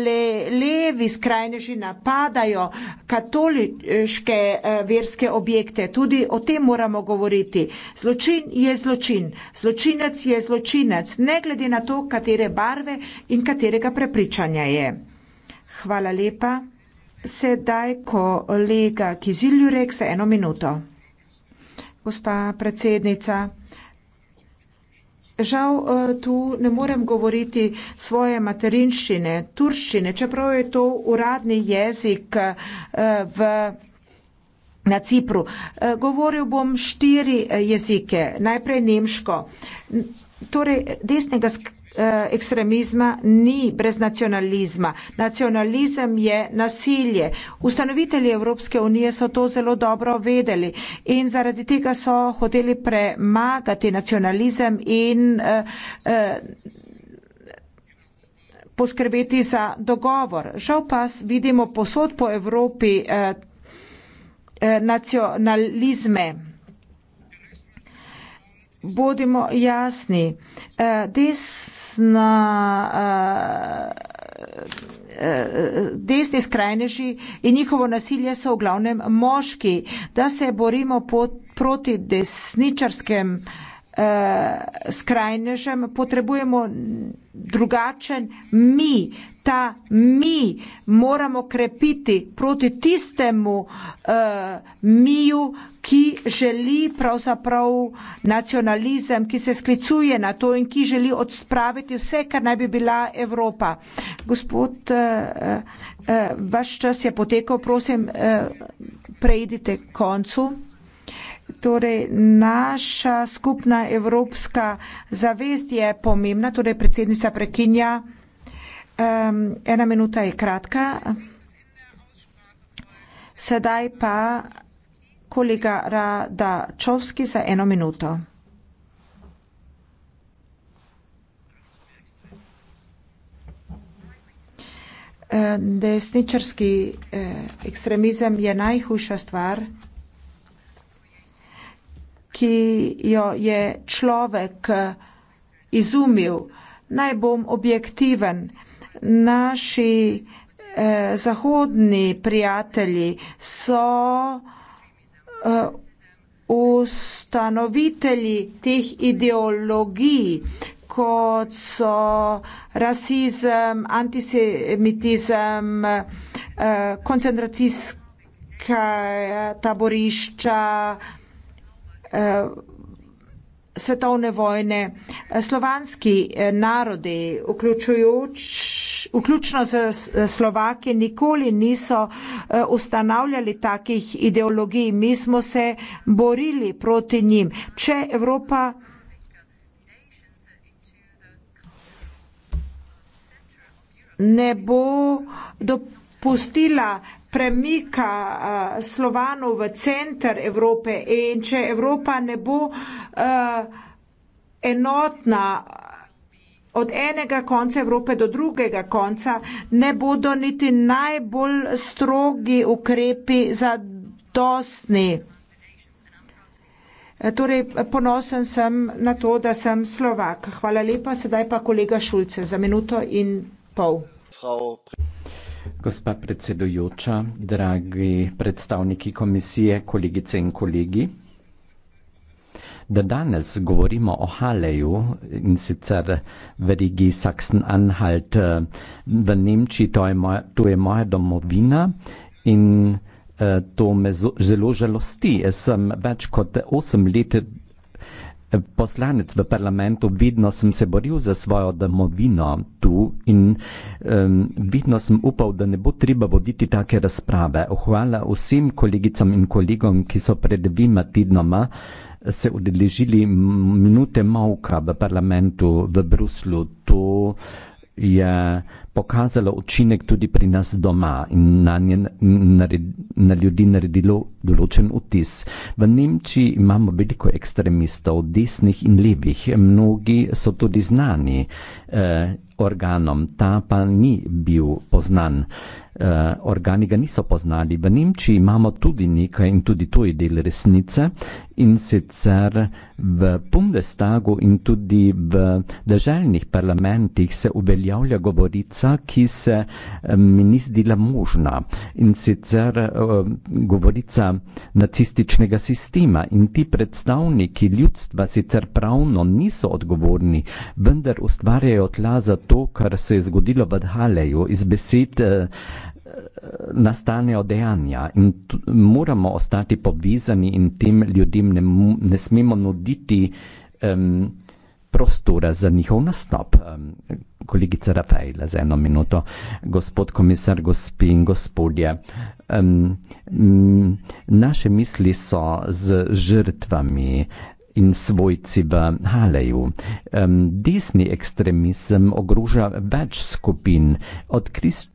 Speaker 9: le, levi skrajneži napadajo katoliške uh, verske objekte. Tudi o tem moramo govoriti. Zločin je zločin, zločinec je zločinec, ne glede na to, katere barve in katerega prepričanja je. Hvala lepa. Sedaj kolega Kiziljurek za eno minuto. Gospa predsednica, žal eh, tu ne morem govoriti svoje materinščine, turščine, čeprav je to uradni jezik eh, v. Na Cipru. Eh, govoril bom štiri jezike, najprej nemško. Torej, desnega Eh, ekstremizma ni brez nacionalizma. Nacionalizem je nasilje. Ustanovitelji Evropske unije so to zelo dobro vedeli in zaradi tega so hoteli premagati nacionalizem in uh, uh, poskrbeti za dogovor. Žal pa vidimo posod po Evropi uh, nacionalizme. Bodimo jasni, eh, desna, eh, eh, desni skrajneži in njihovo nasilje so v glavnem moški, da se borimo proti desničarskem uh, skrajnežem, potrebujemo drugačen mi. Ta mi moramo krepiti proti tistemu uh, miju, ki želi pravzaprav nacionalizem, ki se sklicuje na to in ki želi odspraviti vse, kar naj bi bila Evropa. Gospod, uh, uh, vaš čas je potekal, prosim, uh, preidite koncu. Torej, naša skupna evropska zavest je pomembna, torej predsednica prekinja, um, ena minuta je kratka. Sedaj pa kolega Radačovski za eno minuto. Desničarski eh, ekstremizem je najhujša stvar ki jo je človek izumil. Naj bom objektiven. Naši eh, zahodni prijatelji so eh, ustanovitelji teh ideologij, kot so rasizem, antisemitizem, eh, koncentracijska taborišča, eh, Eh, svetovne vojne. Slovanski eh, narodi, vključno z Slovaki, nikoli niso eh, ustanavljali takih ideologij. Mi smo se borili proti njim. Če Evropa ne bo dopustila premika Slovanov v center Evrope in če Evropa ne bo enotna od enega konca Evrope do drugega konca, ne bodo niti najbolj strogi ukrepi zadostni. E, torej, ponosen sem na to, da sem Slovak. Hvala lepa, sedaj pa kolega Šulce za minuto in pol.
Speaker 10: Frau... Gospa predsedujoča, dragi predstavniki komisije, kolegice in kolegi. Da danes govorimo o Haleju in sicer v regiji Sachsen-Anhalt v Nemčiji, to je moja, to je moja domovina in uh, to me zelo žalosti. Jaz sem več kot 8 let poslanec v parlamentu, vedno sem se boril za svojo domovino tu in um, vedno sem upal, da ne bo treba voditi take razprave. Hvala vsem kolegicam in kolegom, ki so pred dvima tednoma eh, se udeležili minute mavka v parlamentu v Bruslu. To je pokazalo učinek tudi pri nas doma in na, nje, na, na ljudi naredilo določen vtis. V Nemčiji imamo veliko ekstremistov, desnih in levih, mnogi so tudi znani eh, organom, ta pa ni bil poznan. Eh, organi ga niso poznali. V Nemčiji imamo tudi nekaj in tudi to je del resnice in sicer v Bundestagu in tudi v državnih parlamentih se uveljavlja govorica, novca, ki se mi ni zdela možna. In sicer govorica nacističnega sistema in ti predstavniki ljudstva sicer pravno niso odgovorni, vendar ustvarjajo tla za to, kar se je zgodilo v Haleju iz besed eh, nastanejo dejanja in moramo ostati povezani in tem ljudem ne, ne smemo nuditi um, prostora za njihov nastop. Kolegica Rafaela, za eno minuto, gospod komisar, gospi in gospodje. Naše misli so z žrtvami, in svojci v Haleju. Um, desni ekstremizem ogroža več skupin, od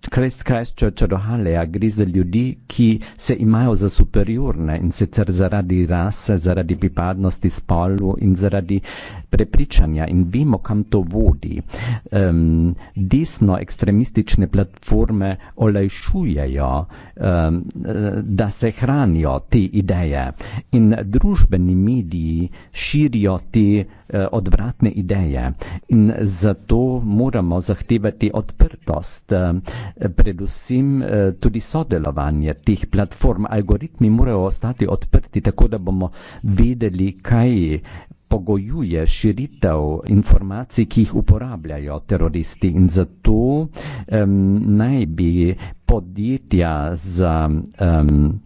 Speaker 10: Kreskajščoča do Haleja gre za ljudi, ki se imajo za superiorne in sicer zaradi rase, zaradi pripadnosti spolu in zaradi prepričanja in vemo, kam to vodi. Um, desno ekstremistične platforme olajšujejo, um, da se hranijo te ideje in družbeni mediji širijo te eh, odvratne ideje. In zato moramo zahtevati odprtost, eh, predvsem eh, tudi sodelovanje teh platform. Algoritmi morajo ostati odprti, tako da bomo vedeli, kaj pogojuje širitev informacij, ki jih uporabljajo teroristi. In zato um, naj bi podjetja za um,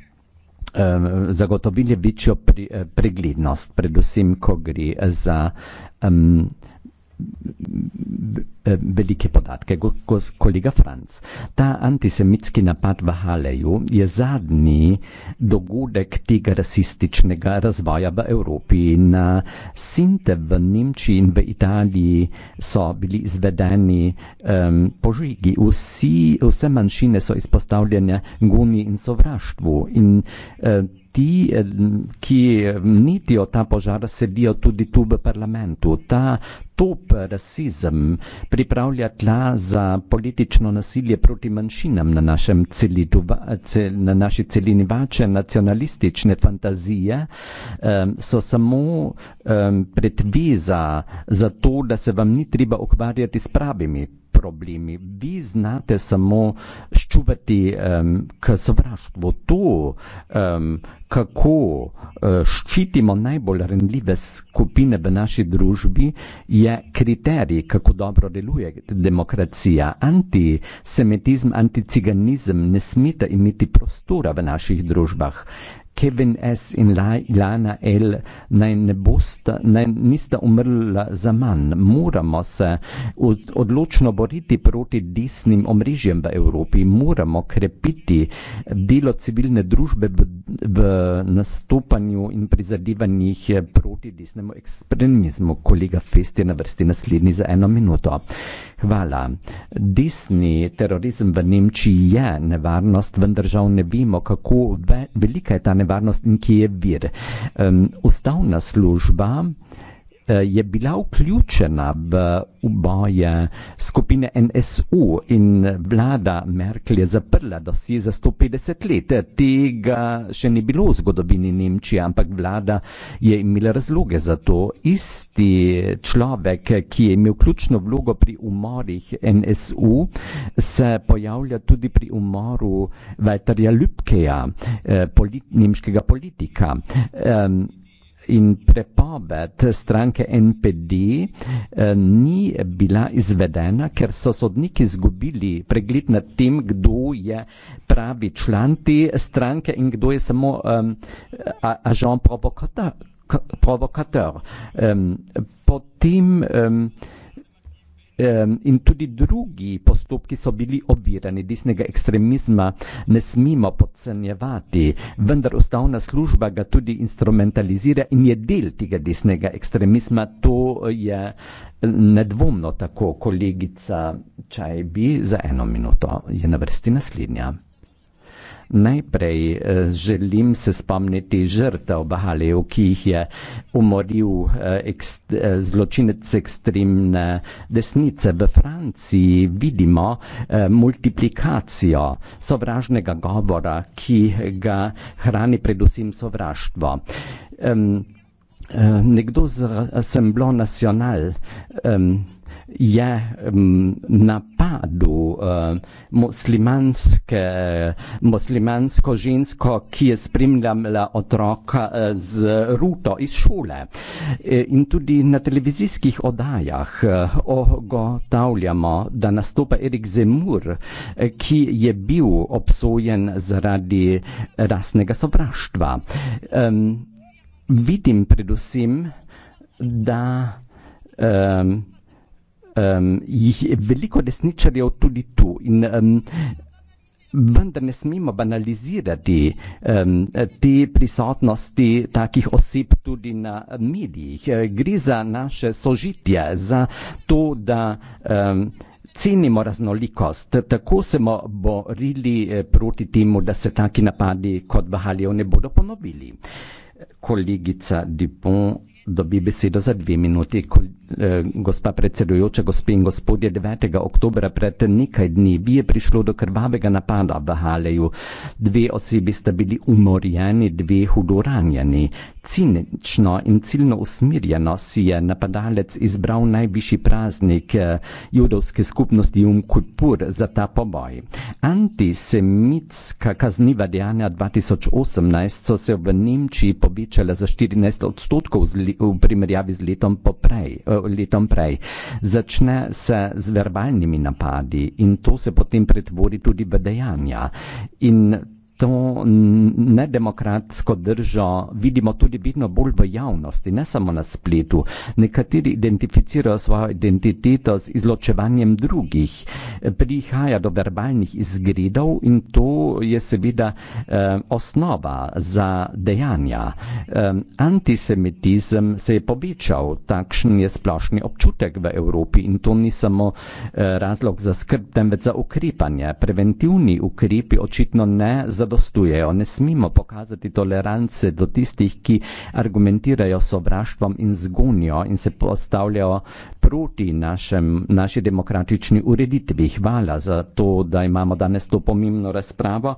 Speaker 10: zagotovili večjo pri, eh, preglednost, predvsem, ko gre za um, Eh, velike podatke. Kolega Franc, ta antisemitski napad v Haleju je zadnji dogodek tega rasističnega razvoja v Evropi. Na Sinte v Nemčiji in v Italiji so bili izvedeni um, požigi. Vsi, vse manjšine so izpostavljene guni in sovraštvu. In, uh, ti, eh, ki eh, nitijo ta požar, sedijo tudi tu v parlamentu. Ta top rasizem pripravlja tla za politično nasilje proti manjšinam na, celitu, na naši celini. Vače nacionalistične fantazije um, so samo um, predviza za to, da se vam ni treba ukvarjati s pravimi. Problemi. Vi znate samo ščuvati um, k sovraštvu. To, um, kako eh, ščitimo najbolj renljive skupine v naši družbi, je kriterij, kako dobro deluje demokracija. Antisemitizem, anticiganizem ne smete imeti prostora v naših družbah. Kevin S. in Lana L. naj ne bosta, naj nista umrla za manj. Moramo se odločno boriti proti desnim omrežjem v Evropi, moramo krepiti delo civilne družbe v, v nastopanju in prizadevanjih proti desnemu ekstremizmu. Kolega Fest je na vrsti naslednji za eno minuto. Hvala. Desni terorizem v Nemčiji je nevarnost, vendar žal ne vemo, kako ve, velika je ta nevarnost in kje je vir. Um, ustavna služba. Eh, je bila vključena v uboje skupine NSU in vlada Merkel je zaprla dosje za 150 let. Tega še ni bilo v zgodovini Nemčije, ampak vlada je imela razloge za to. Isti človek, ki je imel ključno vlogo pri umorih NSU, se pojavlja tudi pri umoru Walterja Lübkeja, eh, polit, nemškega politika. Um, in prepoved stranke NPD eh, ni bila izvedena, ker so sodniki izgubili pregled nad tem, kdo je pravi član te stranke in kdo je samo eh, agent provokator. Eh, potem eh, Um, in tudi drugi postopki so bili ovirani, desnega ekstremizma ne smemo podcenjevati, vendar ustavna služba ga tudi instrumentalizira in je del tega desnega ekstremizma. To je eh, nedvomno tako, kolegica Čajbi, za eno minuto je na vrsti naslednja. Najprej eh, želim se spomniti žrtev Bahalev, ki jih je umoril eh, ekst, eh, zločinec ekstremne desnice. V Franciji vidimo multiplikacijo sovražnega govora, ki ga hrani predvsem sovraštvo. Um, Nekdo z Assemblo National um, je mm, napadel eh, muslimanske, muslimansko žensko, ki je spremljala otroka eh, z ruto iz šole. Eh, in tudi na televizijskih oddajah ogotavljamo, da nastopa Erik Zemur, ki je bil obsojen zaradi rasnega sovraštva. Vidim predvsem, da um, jih je veliko desničarjev tudi tu. In, um, Vendar ne smemo banalizirati um, te prisotnosti takih oseb tudi na eh, medijih. Eh, gre za naše sožitje, za to, da um, cenimo raznolikost. Tako se bomo borili eh, proti temu, da se taki napadi kot Bahalijev ne bodo ponovili. Kolegica Dupont dobi besedo za dve minuti. Eh, gospa predsedujoča, gospe in gospodje, 9. oktobra pred nekaj dnevi je prišlo do krvavega napada v Haleju. Dve osebi sta bili umorjeni, dve hudo ranjeni. Cinično in ciljno usmirjeno si je napadalec izbral najvišji praznik eh, judovske skupnosti Jum Kulpur za ta poboj. Antisemitska kazniva dejanja 2018 so se v Nemčiji povečala za 14 odstotkov z leta v primerjavi z letom, poprej, eh, letom prej. Začne se z verbalnimi napadi in to se potem pretvori tudi v dejanja. In to nedemokratsko držo vidimo tudi vidno bolj v javnosti, ne samo na spletu. Nekateri identificirajo svojo identiteto z izločevanjem drugih, prihaja do verbalnih izgredov in to je seveda eh, osnova za dejanja. Eh, antisemitizem se je povečal, takšen je splošni občutek v Evropi in to ni samo eh, razlog za skrb, temveč za ukrepanje. Preventivni ukrepi očitno ne zadovoljajo zadostujejo. Ne smemo pokazati tolerance do tistih, ki argumentirajo sovraštvom in zgonijo in se postavljajo proti našem, naši demokratični ureditvi. Hvala za to, da imamo danes to pomembno razpravo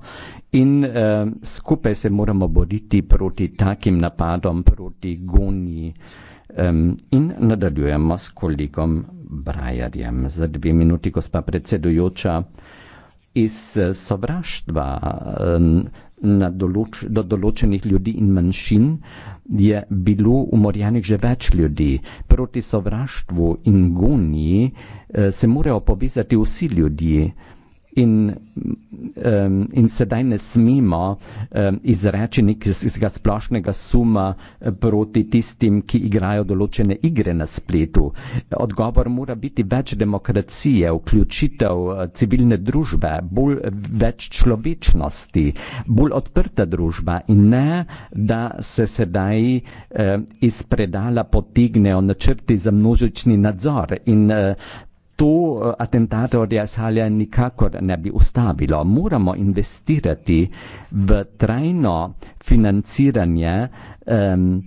Speaker 10: in eh, skupaj se moramo boriti proti takim napadom, proti goniji. Um, in nadaljujemo s kolegom Brajarjem. Za dve minuti, gospa predsedujoča iz eh, sovraštva na določ, do določenih ljudi in manjšin je bilo umorjenih že več ljudi. Proti sovraštvu in gonji eh, se morajo povezati vsi ljudje in, um, in sedaj ne smemo um, izreči nekega splošnega suma eh, proti tistim, ki igrajo določene igre na spletu. Odgovor mora biti več demokracije, vključitev eh, civilne družbe, bolj več človečnosti, bolj odprta družba in ne, da se sedaj um, iz predala potegnejo načrti za množični nadzor. In, uh, to eh, atentato od Jasalja nikakor ne bi ustavilo. Moramo investirati v trajno financiranje um,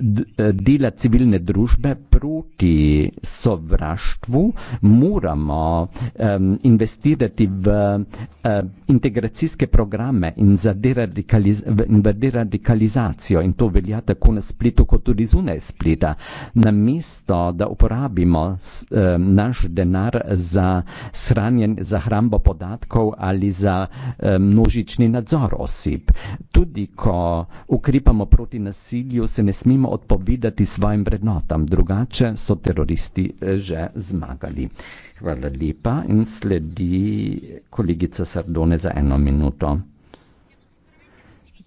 Speaker 10: Eh, dela civilne družbe proti sovraštvu, moramo um, investirati v uh, integracijske programe in za, deradikaliz v, in za deradikalizacijo. In to velja tako na splitu, kot tudi zunaj splita. Namesto, da uporabimo s, um, naš denar za shranjen, za hrambo podatkov ali za um, množični nadzor osib. Tudi, ko ukrepamo proti nasilju, se ne smemo odpovedati svojim vrednotam, drugače so teroristi eh, že zmagali. Hvala lepa in sledi kolegica Sardone za eno minuto.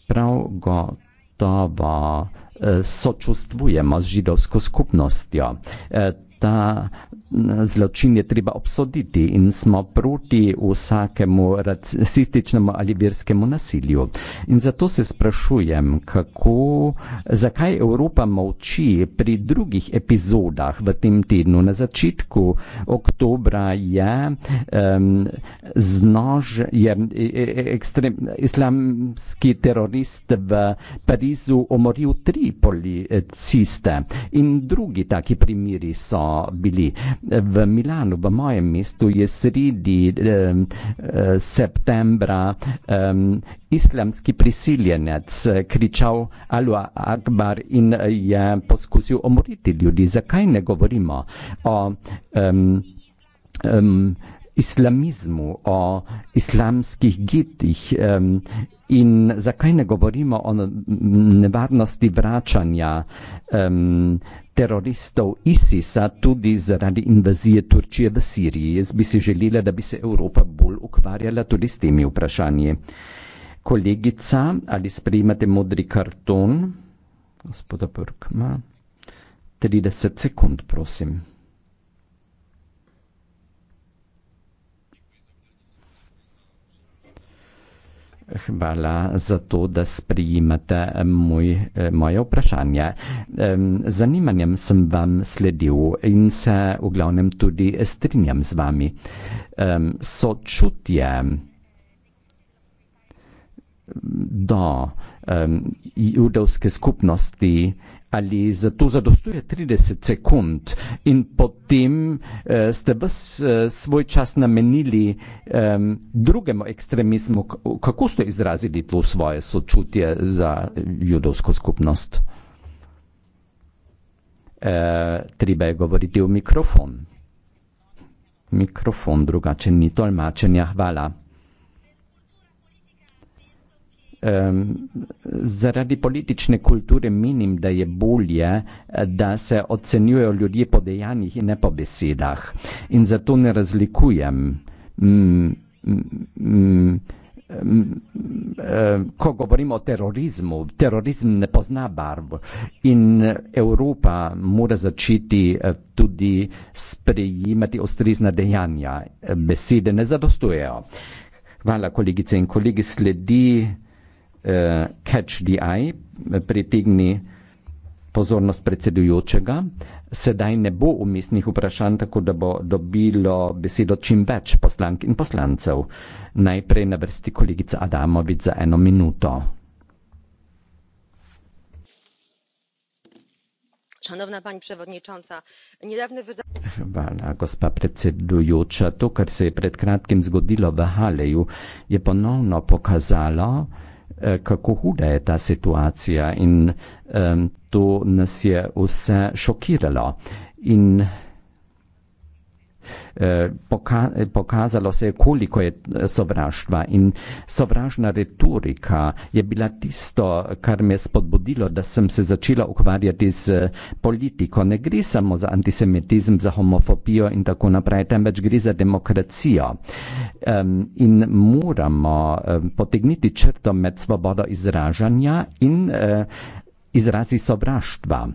Speaker 10: Prav gotovo eh, sočustvujemo z židovsko skupnostjo. Eh, ta zločin je treba obsoditi in smo proti vsakemu rasističnemu ali verskemu nasilju. In zato se sprašujem, kako, zakaj Evropa molči pri drugih epizodah v tem tednu. Na začetku oktobra je um, znož, je e, e, e, ekstrem, islamski terorist v Parizu omoril tri policiste in drugi taki primiri so bili v Milanu, v mojem mestu, je sredi eh, septembra eh, islamski prisiljenec eh, kričal Alua Akbar in eh, je poskusil omoriti ljudi. Zakaj ne govorimo o. Eh, eh, islamizmu, o islamskih gitih um, in zakaj ne govorimo o nevarnosti vračanja um, teroristov ISIS-a tudi zaradi invazije Turčije v Siriji. Jaz bi si želela, da bi se Evropa bolj ukvarjala tudi s temi vprašanji. Kolegica, ali sprejmate modri karton? Gospoda Brkma, 30 sekund, prosim. Hvala za to, da sprijimate eh, moj, eh, moje vprašanje. Zanimanjem sem vam sledil in se v glavnem tudi strinjam z vami. Sočutje do judovske skupnosti ali za to zadostuje 30 sekund in potem eh, ste vas eh, svoj čas namenili eh, drugemu ekstremizmu. Kako ste izrazili to svoje sočutje za judovsko skupnost? Eh, treba je govoriti v mikrofon. Mikrofon drugače ni tolmačenja. Hvala um, zaradi politične kulture menim, da je bolje, eh, da se ocenjujejo ljudje po dejanjih in ne po besedah. In zato ne razlikujem. Mm, mm, mm, mm eh, Ko govorimo o terorizmu, terorizem ne pozna barv in Evropa mora začeti eh, tudi sprejemati ostrizna dejanja. Besede ne zadostujejo. Hvala, kolegice in kolegi, sledi eh, catch the eye, pritegni pozornost predsedujočega. Sedaj ne bo umestnih vprašanj, tako da bo dobilo besedo čim več poslank in poslancev. Najprej na vrsti kolegica Adamovic za eno minuto.
Speaker 7: Šanovna pani prevodničanca, nedavne vedo.
Speaker 10: Hvala, gospa predsedujoča. To, kar se je pred kratkim zgodilo v Haleju, je ponovno pokazalo, Eh, kako huda je ta situacija in um, to nas je vse šokiralo. In Eh, poka pokazalo se, koliko je eh, sovraštva in sovražna retorika je bila tisto, kar me spodbudilo, da sem se začela ukvarjati z eh, politiko. Ne gre samo za antisemitizem, za homofobijo in tako naprej, temveč gre za demokracijo. Um, in moramo um, potegniti črto med svobodo izražanja in uh, izrazi sovraštva.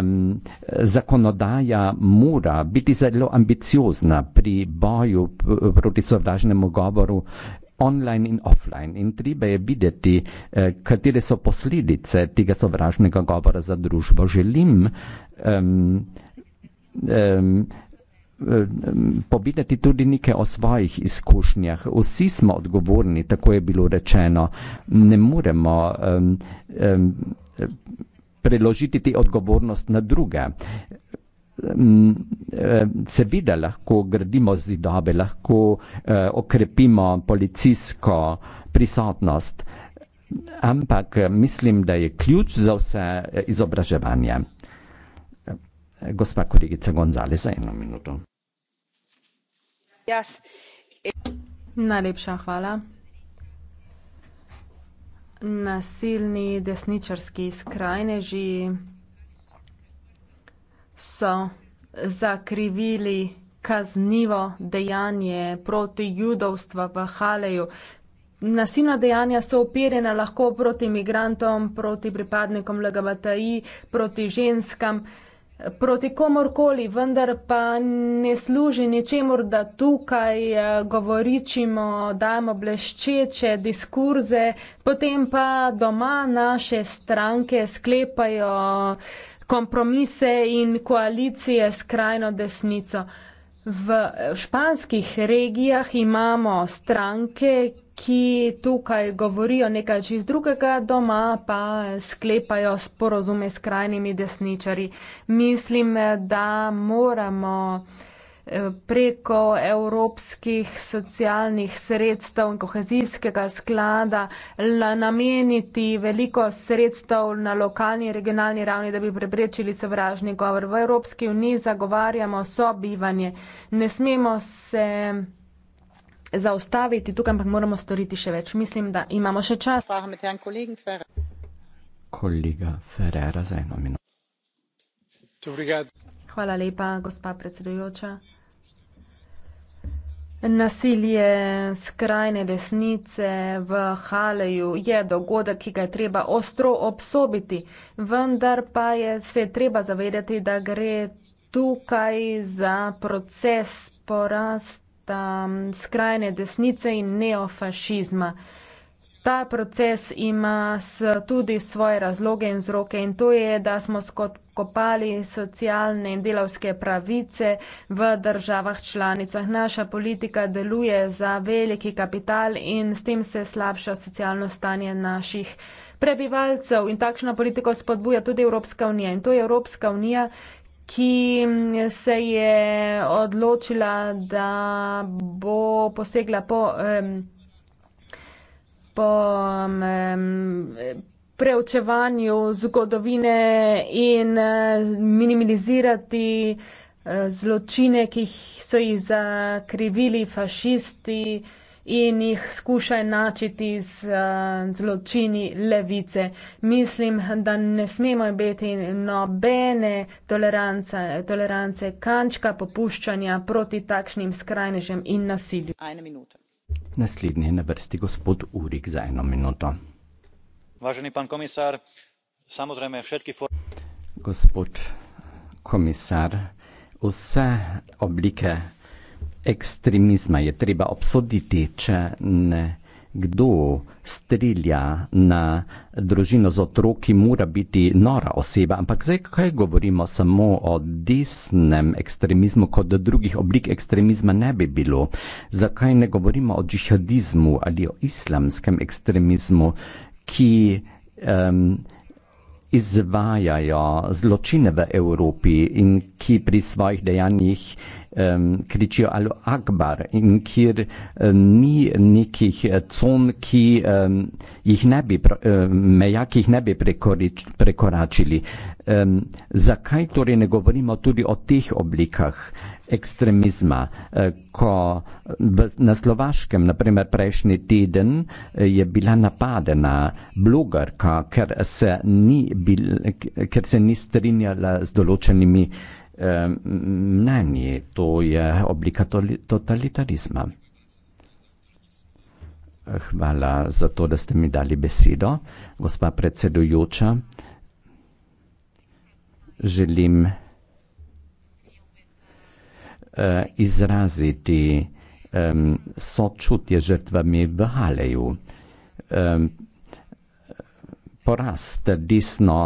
Speaker 10: Um, zakonodaja mora biti zelo ambiciozna pri boju proti sovražnemu govoru online in offline in treba je videti, eh, katere so posledice tega sovražnega govora za družbo. Želim um, um, povedati tudi nekaj o svojih izkušnjah. Vsi smo odgovorni, tako je bilo rečeno. Ne moremo um, um, preložiti ti odgovornost na druge. Mm, eh, seveda lahko gradimo zidove, lahko eh, okrepimo policijsko prisotnost, ampak eh, mislim, da je ključ za vse izobraževanje. Gospa kolegica Gonzalez, za eno minuto.
Speaker 5: Yes. Najlepša hvala nasilni desničarski skrajneži so zakrivili kaznivo dejanje proti judovstva v Haleju. Nasilna dejanja so opirjena lahko proti migrantom, proti pripadnikom LGBTI, proti ženskam. Uh, proti komorkoli, vendar pa ne služi ničemur, da tukaj eh, govoričimo, dajemo bleščeče diskurze, potem pa doma naše stranke sklepajo kompromise in koalicije s krajno desnico. V španskih regijah imamo stranke, ki tukaj govorijo nekaj čist drugega, doma pa sklepajo sporozume s krajnimi desničari. Mislim, da moramo eh, preko evropskih socialnih sredstev in kohezijskega sklada nameniti veliko sredstev na lokalni in regionalni ravni, da bi preprečili sovražni govor. V Evropski uniji zagovarjamo sobivanje. Ne smemo se zaustaviti, tukaj pa moramo storiti še več. Mislim, da imamo še čas.
Speaker 10: Kolega Ferrera za eno minuto.
Speaker 5: Hvala lepa, gospa predsedujoča. Nasilje skrajne desnice v Haleju je dogodek, ki ga je treba ostro obsobiti, vendar pa je se treba zavedati, da gre tukaj za proces porast um, skrajne desnice in neofašizma. Ta proces ima s, tudi svoje razloge in vzroke in to je, da smo skopali socialne in delavske pravice v državah članicah. Naša politika deluje za veliki kapital in s tem se slabša socialno stanje naših prebivalcev in takšno politiko spodbuja tudi Evropska unija. In to je Evropska unija, ki mm, se je odločila, da bo posegla po, po preučevanju zgodovine in eh, minimalizirati eh, zločine, ki so jih zakrivili fašisti in jih skuša enačiti z uh, zločini levice. Mislim, da ne smemo biti nobene tolerance, kančka popuščanja proti takšnim skrajnežem in nasilju.
Speaker 10: Naslednji je na vrsti gospod Urik za eno minuto.
Speaker 8: Važeni pan komisar, samozrejme, všetki for.
Speaker 10: Gospod komisar, vse oblike ekstremizma je treba obsoditi, če ne. Kdo strilja na družino z otroki, mora biti nora oseba. Ampak zdaj, kaj govorimo samo o desnem ekstremizmu, kot drugih oblik ekstremizma ne bi bilo? Zakaj ne govorimo o džihadizmu ali o islamskem ekstremizmu, ki. Um, izvajajo zločine v Evropi in ki pri svojih dejanjih um, kričijo alu akbar in kjer um, ni nekih eh, con, ki um, jih ne bi, um, mejakih ne bi prekorič, prekoračili. Um, zakaj torej ne govorimo tudi o teh oblikah? ekstremizma. Eh, ko na Slovaškem, naprimer prejšnji teden, eh, je bila napadena blogerka, ker se ni, bil, ker se ni strinjala z določenimi eh, mnenji. To je oblika totalitarizma. Hvala za to, da ste mi dali besedo. Gospa predsedujoča, želim. Eh, izraziti um, sočutje žrtvami v Haleju. Um, porast desno,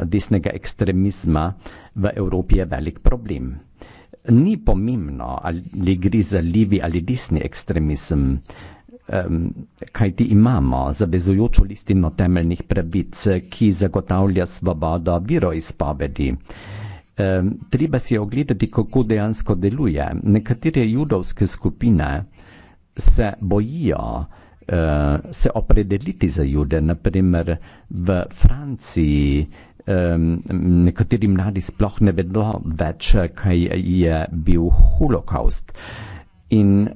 Speaker 10: desnega ekstremizma v Evropi je velik problem. Ni pomembno, ali gre za levi ali desni ekstremizem, um, kaj ti imamo zavezujočo listino temeljnih pravic, ki zagotavlja svobodo veroizpovedi. Uh, treba si je ogledati, kako dejansko deluje. Nekatere judovske skupine se bojijo eh, se opredeliti za jude, naprimer v Franciji. Nekateri mladi sploh ne vedo več, kaj je bil holokaust. In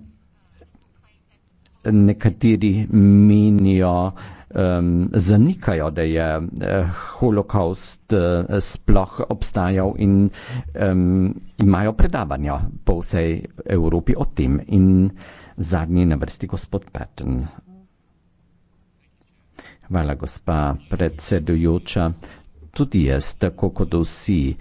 Speaker 10: nekateri menijo, da um, zanikajo, da je uh, holokaust uh, sploh obstajal in um, imajo predavanja po vsej Evropi o tem. In zadnji na vrsti gospod Patten. Hvala, gospa predsedujoča. Tudi jaz, tako kot vsi,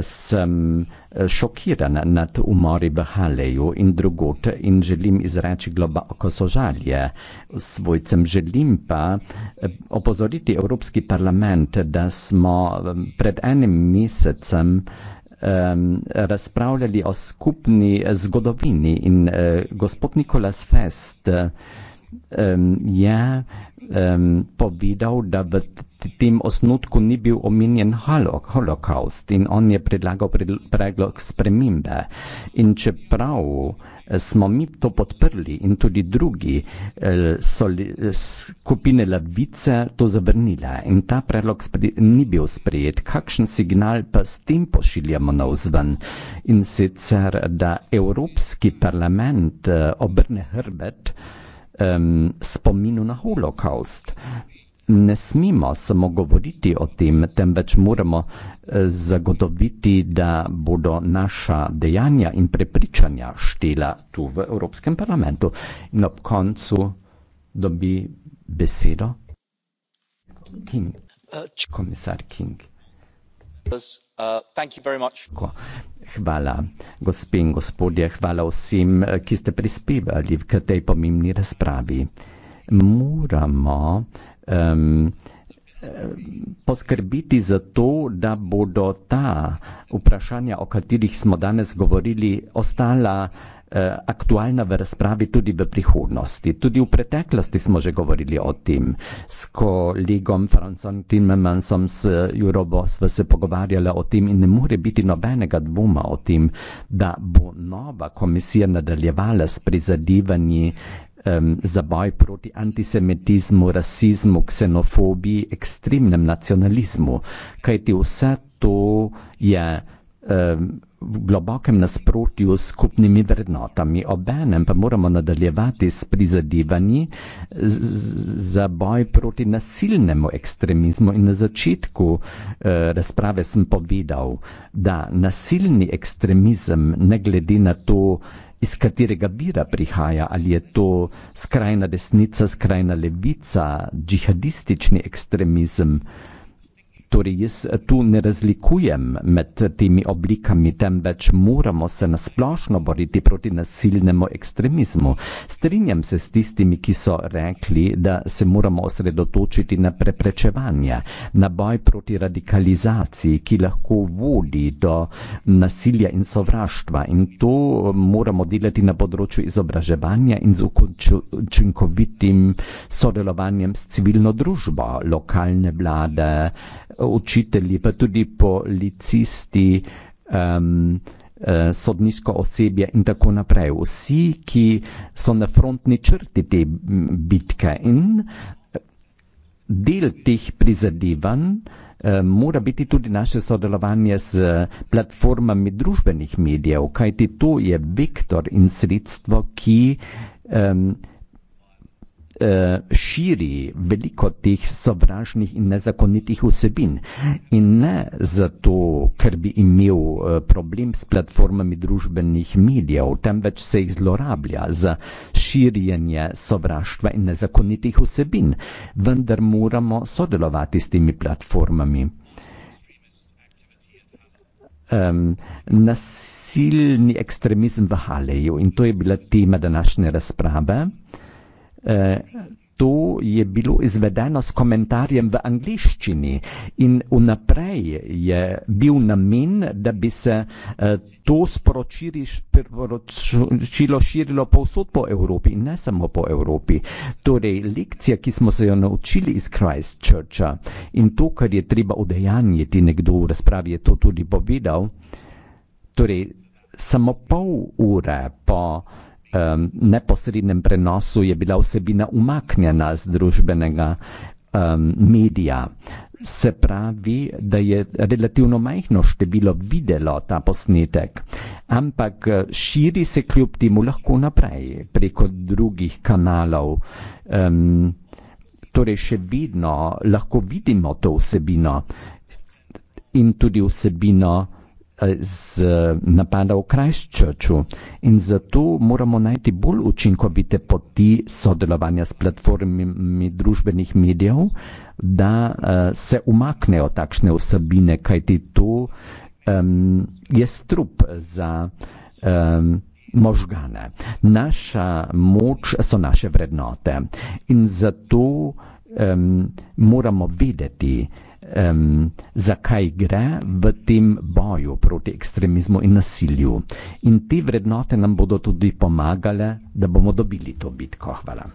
Speaker 10: sem eh, šokiran nad umori Behaleju in drugot in želim izreči globoko sožalje svojcem. Želim pa eh, opozoriti Evropski parlament, da smo eh, pred enim mesecem um, razpravljali o skupni zgodovini in uh, gospod Nikolas Fest um, je um, povedal, da v tem osnutku ni bil omenjen holokaust in on je predlagal predlog spremembe. In čeprav eh, smo mi to podprli in tudi drugi eh, so eh, skupine Lavice to zavrnile in ta predlog ni bil sprejet, kakšen signal pa s tem pošiljamo na vzven in sicer, da Evropski parlament obrne hrbet um, spominu na holokaust ne smemo samo govoriti o tem, temveč moramo eh, zagotoviti, da bodo naša dejanja in prepričanja štela tu v Evropskem parlamentu. In ob koncu dobi besedo King. komisar King. Hvala, gospe in gospodje, hvala vsem, eh, ki ste prispevali k tej pomembni razpravi. Moramo um, poskrbiti za to, da bodo ta vprašanja, o katerih smo danes govorili, ostala eh, aktualna v razpravi tudi v prihodnosti. Tudi v preteklosti smo že govorili o tem. S kolegom Francom Timmermansom z Jurobo sva se pogovarjala o tem in ne more biti nobenega dvoma o tem, da bo nova komisija nadaljevala s prizadevanji eh, um, za boj proti antisemitizmu, rasizmu, ksenofobiji, ekstremnem nacionalizmu. Kaj ti vse to je um, v globokem nasprotju s skupnimi vrednotami. Obenem pa moramo nadaljevati s prizadevanji za boj proti nasilnemu ekstremizmu. In na začetku eh, razprave sem povedal, da nasilni ekstremizem, ne glede na to, iz katerega vira prihaja, ali je to skrajna desnica, skrajna levica, džihadistični ekstremizem. Torej, jaz eh, tu ne razlikujem med temi oblikami, temveč moramo se nasplošno boriti proti nasilnemu ekstremizmu. Strinjam se s tistimi, ki so rekli, da se moramo osredotočiti na preprečevanje, na boj proti radikalizaciji, ki lahko vodi do nasilja in sovraštva. In to eh, moramo delati na področju izobraževanja in z učinkovitim sodelovanjem s civilno družbo, lokalne vlade, učitelji, pa tudi policisti, um, uh, sodniško osebje in tako naprej. Vsi, ki so na frontni črti te bitke in del teh prizadevanj. Eh, mora biti tudi naše sodelovanje s platformami družbenih medijev, kajti to je vektor in sredstvo, ki um, Eh, širi veliko teh sovražnih in nezakonitih vsebin. In ne zato, ker bi imel eh, problem s platformami družbenih medijev, temveč se jih zlorablja za širjenje sovraštva in nezakonitih vsebin. Vendar moramo sodelovati s temi platformami. Um, nasilni ekstremizem v Haleju in to je bila tema današnje razprave. To je bilo izvedeno s komentarjem v angliščini in vnaprej je bil namen, da bi se eh, to sporočilo širilo povsod po Evropi in ne samo po Evropi. Torej, lekcija, ki smo se jo naučili iz Christchurcha in to, kar je treba udejanjiti, nekdo v razpravi je to tudi povedal, torej, samo pol ure po um, neposrednem prenosu je bila vsebina umaknjena z družbenega um, medija. Se pravi, da je relativno majhno število videlo ta posnetek, ampak širi se kljub temu lahko naprej preko drugih kanalov. Um, torej še vedno lahko vidimo to vsebino in tudi vsebino Eh, z eh, napada v Krajščoču in zato moramo najti bolj učinkovite poti sodelovanja s platformami družbenih medijev, da uh, se umaknejo takšne osebine, kajti to um, je strup za um, možgane. Naša moč so naše vrednote in zato um, moramo vedeti, um, zakaj gre v tem boju proti ekstremizmu in nasilju. In te vrednote nam bodo tudi pomagale, da bomo dobili to bitko. Hvala.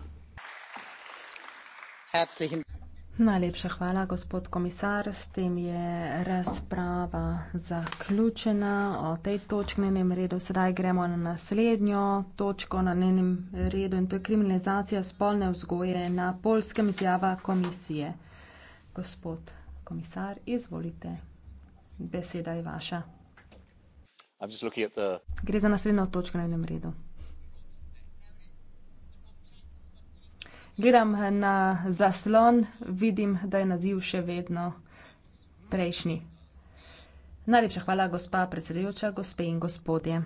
Speaker 5: Najlepša hvala, gospod komisar. S tem je razprava zaključena o tej točki na njenem redu. Sedaj gremo na naslednjo točko na njenem redu in to je kriminalizacija spolne vzgoje na polskem izjava komisije. Gospod komisar, izvolite. Beseda je vaša.
Speaker 3: The...
Speaker 5: Gre za naslednjo točko na enem redu. Gledam eh, na zaslon, vidim, da je naziv še vedno prejšnji. Najlepša hvala, gospa predsedujoča, gospe in gospodje.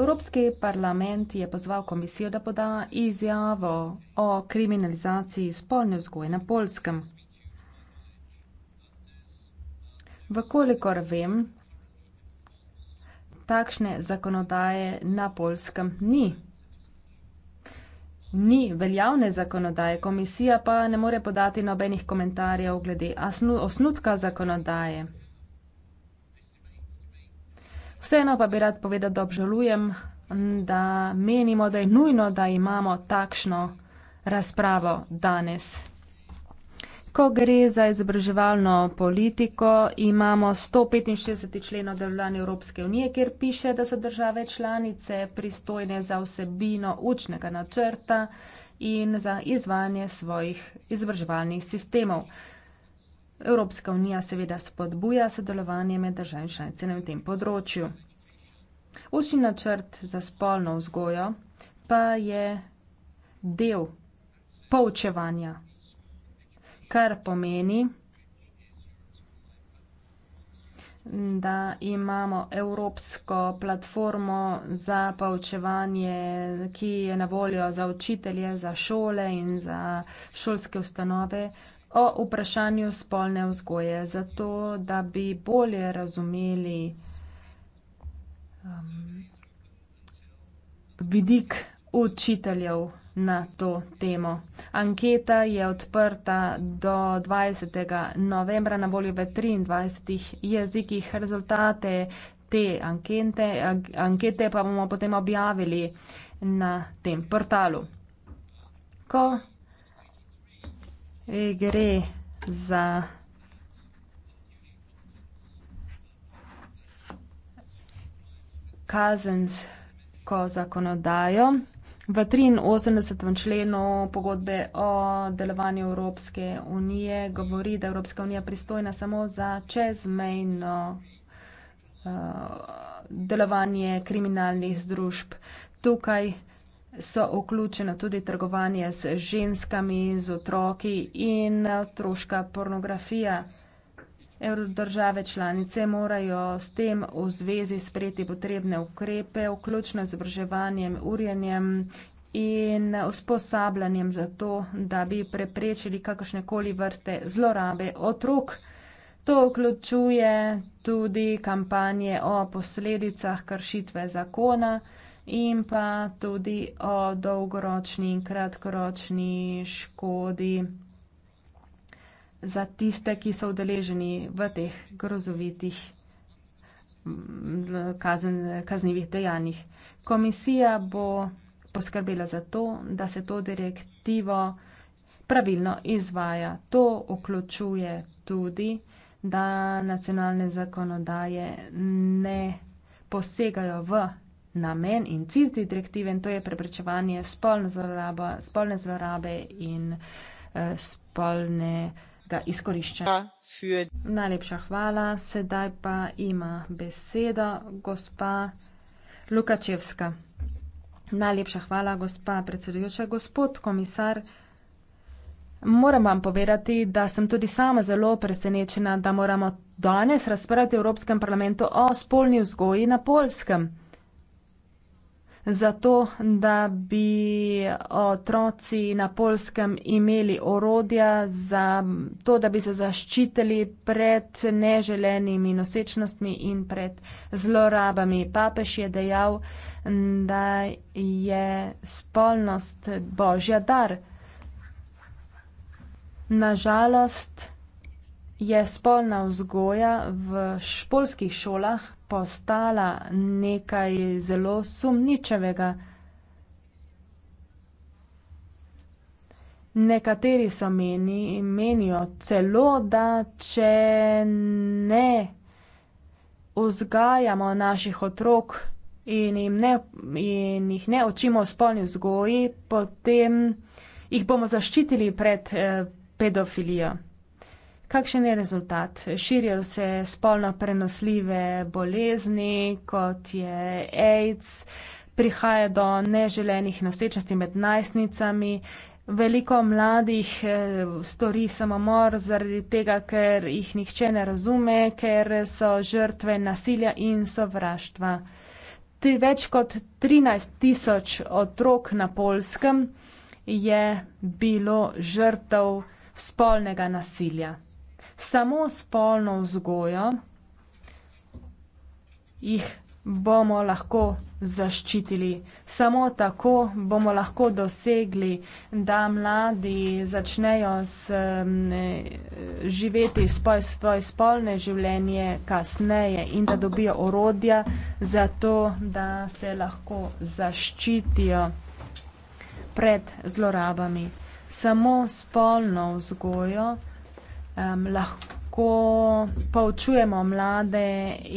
Speaker 5: Evropski parlament je pozval komisijo, da poda izjavo o kriminalizaciji spolne vzgoje na polskem. Vkolikor vem, takšne zakonodaje na polskem ni. Ni veljavne zakonodaje, komisija pa ne more podati nobenih komentarjev glede osnutka zakonodaje. Vseeno pa bi rad povedal, da obžalujem, da menimo, da je nujno, da imamo takšno razpravo danes. Ko gre za izobraževalno politiko, imamo 165. člen o delovanju Evropske unije, kjer piše, da so države članice pristojne za vsebino učnega načrta in za izvajanje svojih izobraževalnih sistemov. Evropska unija seveda spodbuja sodelovanje med državami članice na tem področju. Učni načrt za spolno vzgojo pa je del poučevanja, kar pomeni, da imamo evropsko platformo za poučevanje, ki je na voljo za učitelje, za šole in za šolske ustanove o vprašanju spolne vzgoje, zato da bi bolje razumeli um, vidik učiteljev na to temo. Anketa je odprta do 20. novembra na voljo v 23 jezikih. Rezultate te ankete, ankete pa bomo potem objavili na tem portalu. Ko E gre za kazensko zakonodajo. V triinosemdesetem členu pogodbe o delovanju Evropske unije govori, da je Evropska unija pristojna samo za čezmejno uh, delovanje kriminalnih združb. Tukaj so vključena tudi trgovanje z ženskami, z otroki in otroška pornografija. Države članice morajo s tem v zvezi sprejeti potrebne ukrepe, vključno z obraževanjem, urjenjem in usposabljanjem za to, da bi preprečili kakršnekoli vrste zlorabe otrok. To vključuje tudi kampanje o posledicah kršitve zakona in pa tudi o dolgoročni in kratkoročni škodi za tiste, ki so udeleženi v teh grozovitih kazen, kaznivih dejanjih. Komisija bo poskrbela za to, da se to direktivo pravilno izvaja. To vključuje tudi, da nacionalne zakonodaje ne posegajo v namen in cilj te direktive in to je preprečevanje spolne zlorabe, spolne zlorabe in eh, spolnega izkoriščanja. Najlepša hvala, sedaj pa ima besedo gospa Lukačevska. Najlepša hvala, gospa predsedujoča, gospod komisar. Moram vam povedati, da sem tudi sama zelo presenečena, da moramo danes razpravljati v Evropskem parlamentu o spolni vzgoji na polskem zato, da bi otroci na polskem imeli orodja za to, da bi se zaščitili pred neželenimi nosečnostmi in pred zlorabami. Papež je dejal, da je spolnost božja dar. Nažalost je spolna vzgoja v polskih šolah postala nekaj zelo sumničavega. Nekateri so meni, menijo celo, da če ne vzgajamo naših otrok in, ne, in jih ne učimo spolni vzgoji, potem jih bomo zaščitili pred eh, pedofilijo. Kakšen je rezultat? Širijo se spolno prenosljive bolezni, kot je AIDS, prihaja do neželenih nosečnosti med najstnicami. Veliko mladih eh, stori samomor zaradi tega, ker jih nihče ne razume, ker so žrtve nasilja in sovraštva. Ti več kot 13 tisoč otrok na polskem je bilo žrtev spolnega nasilja samo spolno vzgojo jih bomo lahko zaščitili. Samo tako bomo lahko dosegli, da mladi začnejo s, e, živeti svoje svoj spolne življenje kasneje in da dobijo orodja za to, da se lahko zaščitijo pred zlorabami. Samo spolno vzgojo um, lahko poučujemo mlade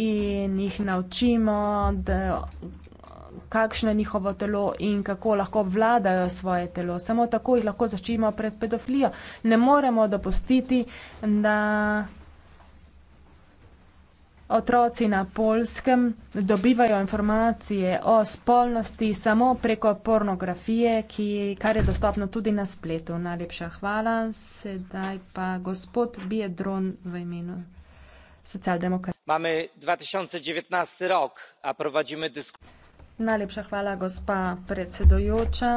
Speaker 5: in jih naučimo, da, kakšno je njihovo telo in kako lahko vladajo svoje telo. Samo tako jih lahko zaščitimo pred pedofilijo. Ne moremo dopustiti, da otroci na polskem dobivajo informacije o spolnosti samo preko pornografije, ki, kar je dostopno tudi na spletu. Najlepša hvala. Sedaj pa gospod Biedron v imenu socialdemokrata.
Speaker 10: Máme 2019 rok a provadíme diskusiju.
Speaker 5: Najlepša hvala, gospa predsedujoča.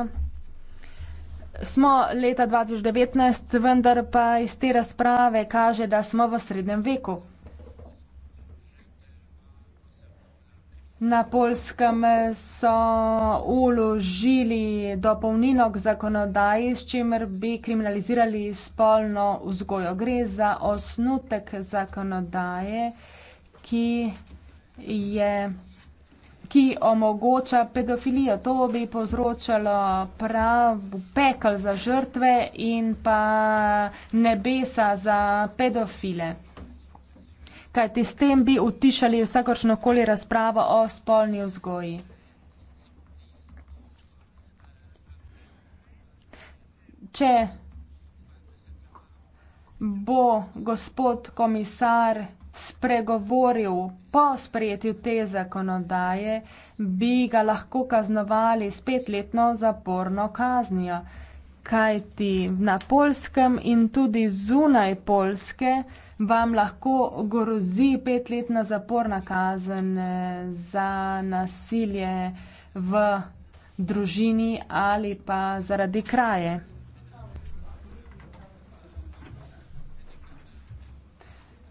Speaker 5: Smo leta 2019, vendar pa iz te razprave kaže, da smo v srednjem veku. Na polskem so uložili dopolnino k zakonodaji, s čimer bi kriminalizirali spolno vzgojo. Gre za osnutek zakonodaje, ki, je, ki omogoča pedofilijo. To bi povzročalo prav pekel za žrtve in pa nebesa za pedofile kajti s tem bi utišali vsakočno koli razpravo o spolni vzgoji. Če bo gospod komisar spregovoril po sprejetju te zakonodaje, bi ga lahko kaznovali s petletno zaporno kaznijo. Kajti na Poljskem in tudi zunaj Poljske vam lahko grozi petletna zaporna kazen eh, za nasilje v družini ali pa zaradi kraje.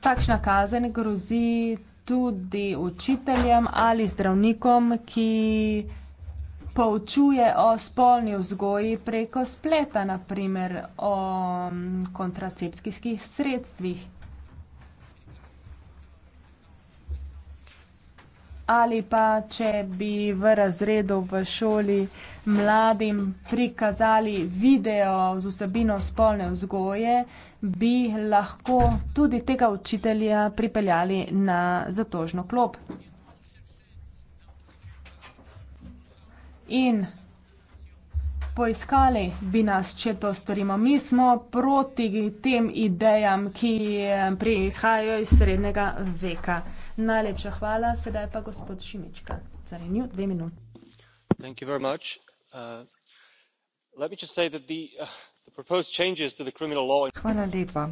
Speaker 5: Takšna kazen grozi tudi učiteljem ali zdravnikom, ki poučuje o spolni vzgoji preko spleta, na primer o kontracepcijskih sredstvih. ali pa če bi v razredu v šoli mladim prikazali video z vsebino spolne vzgoje, bi lahko tudi tega učitelja pripeljali na zatožno klop. In poiskali bi nas, če to storimo. Mi smo proti tem idejam, ki eh, prihajajo iz srednjega veka. Najlepša hvala. Sedaj pa gospod Šimička. Zarenju, dve minuti.
Speaker 8: Thank you very much. Uh, let me just say that the, uh, the proposed changes to the criminal law...
Speaker 7: Hvala lepa.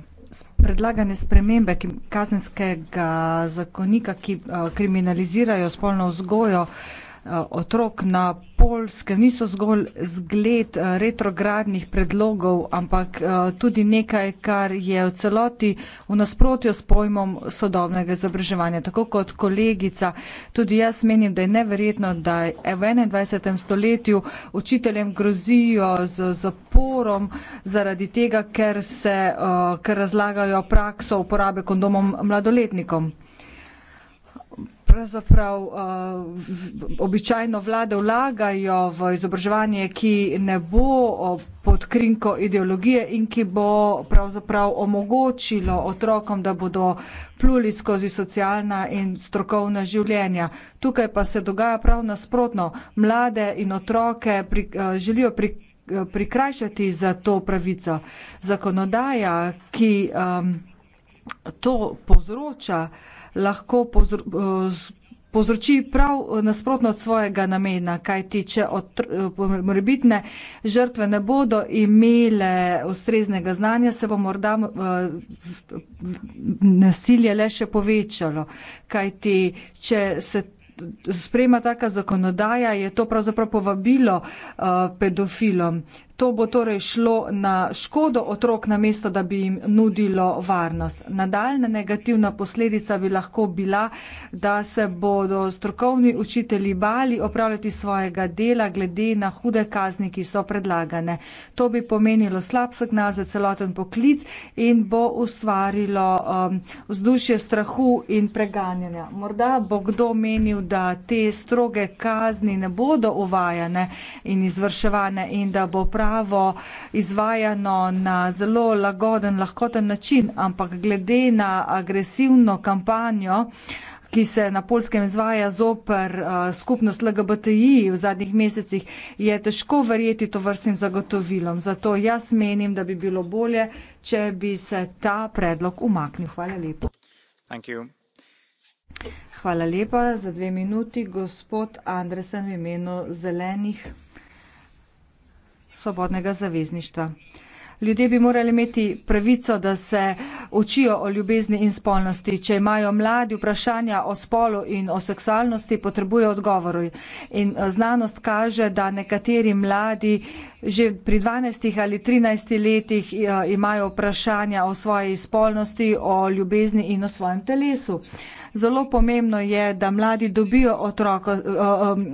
Speaker 7: Predlagane spremembe kazenskega zakonika, ki uh, kriminalizirajo spolno vzgojo, uh, Eh, otrok na polskem niso zgolj zgled eh, retrogradnih predlogov, ampak eh, tudi nekaj, kar je v celoti v nasprotju s pojmom sodobnega izobraževanja. Tako kot kolegica, tudi jaz menim, da je neverjetno, da je v 21. stoletju učiteljem grozijo z zaporom zaradi tega, ker se ker razlagajo prakso uporabe kondomom mladoletnikom pravzaprav eh, običajno vlade vlagajo v izobraževanje, ki ne bo pod krinko ideologije in ki bo pravzaprav omogočilo otrokom, da bodo pluli skozi socialna in strokovna življenja. Tukaj pa se dogaja prav nasprotno. Mlade in otroke pri, eh, želijo pri eh, prikrajšati za to pravico. Zakonodaja, ki um, to povzroča, uh, lahko eh, povzroči prav eh, nasprotno od svojega namena, kajti če eh, morebitne žrtve ne bodo imele ustreznega znanja, se bo morda nasilje le še povečalo, kajti če se sprejema taka zakonodaja, je to pravzaprav povabilo pedofilom. To bo torej šlo na škodo otrok, namesto da bi jim nudilo varnost. Nadaljna negativna posledica bi lahko bila, da se bodo strokovni učitelji bali opravljati svojega dela glede na hude kazni, ki so predlagane. To bi pomenilo slab signal za celoten poklic in bo ustvarilo um, vzdušje strahu in preganjanja. Morda bo kdo menil, da te stroge kazni ne bodo uvajane in izvrševane in da bo prav pripravo izvajano na zelo lagoden, lahkoten način, ampak glede na agresivno kampanjo, ki se na polskem izvaja zoper eh, skupnost LGBTI v zadnjih mesecih, je težko verjeti to vrstnim zagotovilom. Zato jaz menim, da bi bilo bolje, če bi se ta predlog umaknil. Hvala lepo. Hvala lepa. Za dve minuti gospod Andresen v imenu zelenih svobodnega zavezništva. Ljudje bi morali imeti pravico, da se učijo o ljubezni in spolnosti. Če imajo mladi vprašanja o spolu in o seksualnosti, potrebujejo odgovore. In eh, znanost kaže, da nekateri mladi že pri 12 ali 13 letih eh, imajo vprašanja o svoji spolnosti, o ljubezni in o svojem telesu. Uh, zelo pomembno je, da mladi dobijo otroko, eh,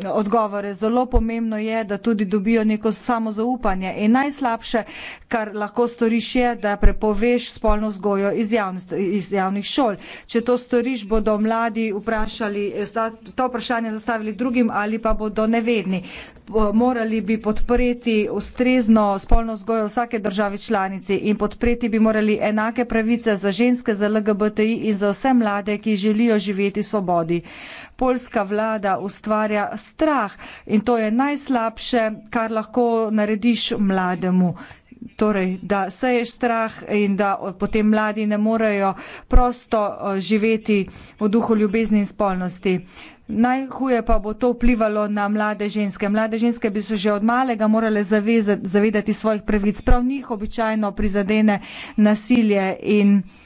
Speaker 7: eh, odgovore, zelo pomembno je, da tudi dobijo neko samozaupanje. In najslabše, kar lahko storiš, je, da prepoveš spolno vzgojo iz, javnost, iz javnih šol. Če to storiš, bodo mladi vprašali, eh, to vprašanje zastavili drugim ali pa bodo nevedni. Morali bi podpreti ustrezno spolno vzgojo vsake države članice in podpreti bi morali enake pravice za ženske, za LGBTI in za vse mlade, ki želijo želijo živeti v svobodi. Poljska vlada ustvarja strah in to je najslabše, kar lahko narediš mlademu. Torej, da seješ strah in da potem mladi ne morejo prosto eh, živeti v duhu ljubezni in spolnosti. Najhuje pa bo to vplivalo na mlade ženske. Mlade ženske bi se že od malega morale zavezati, zavedati svojih pravic. Prav njih običajno prizadene nasilje in nasilje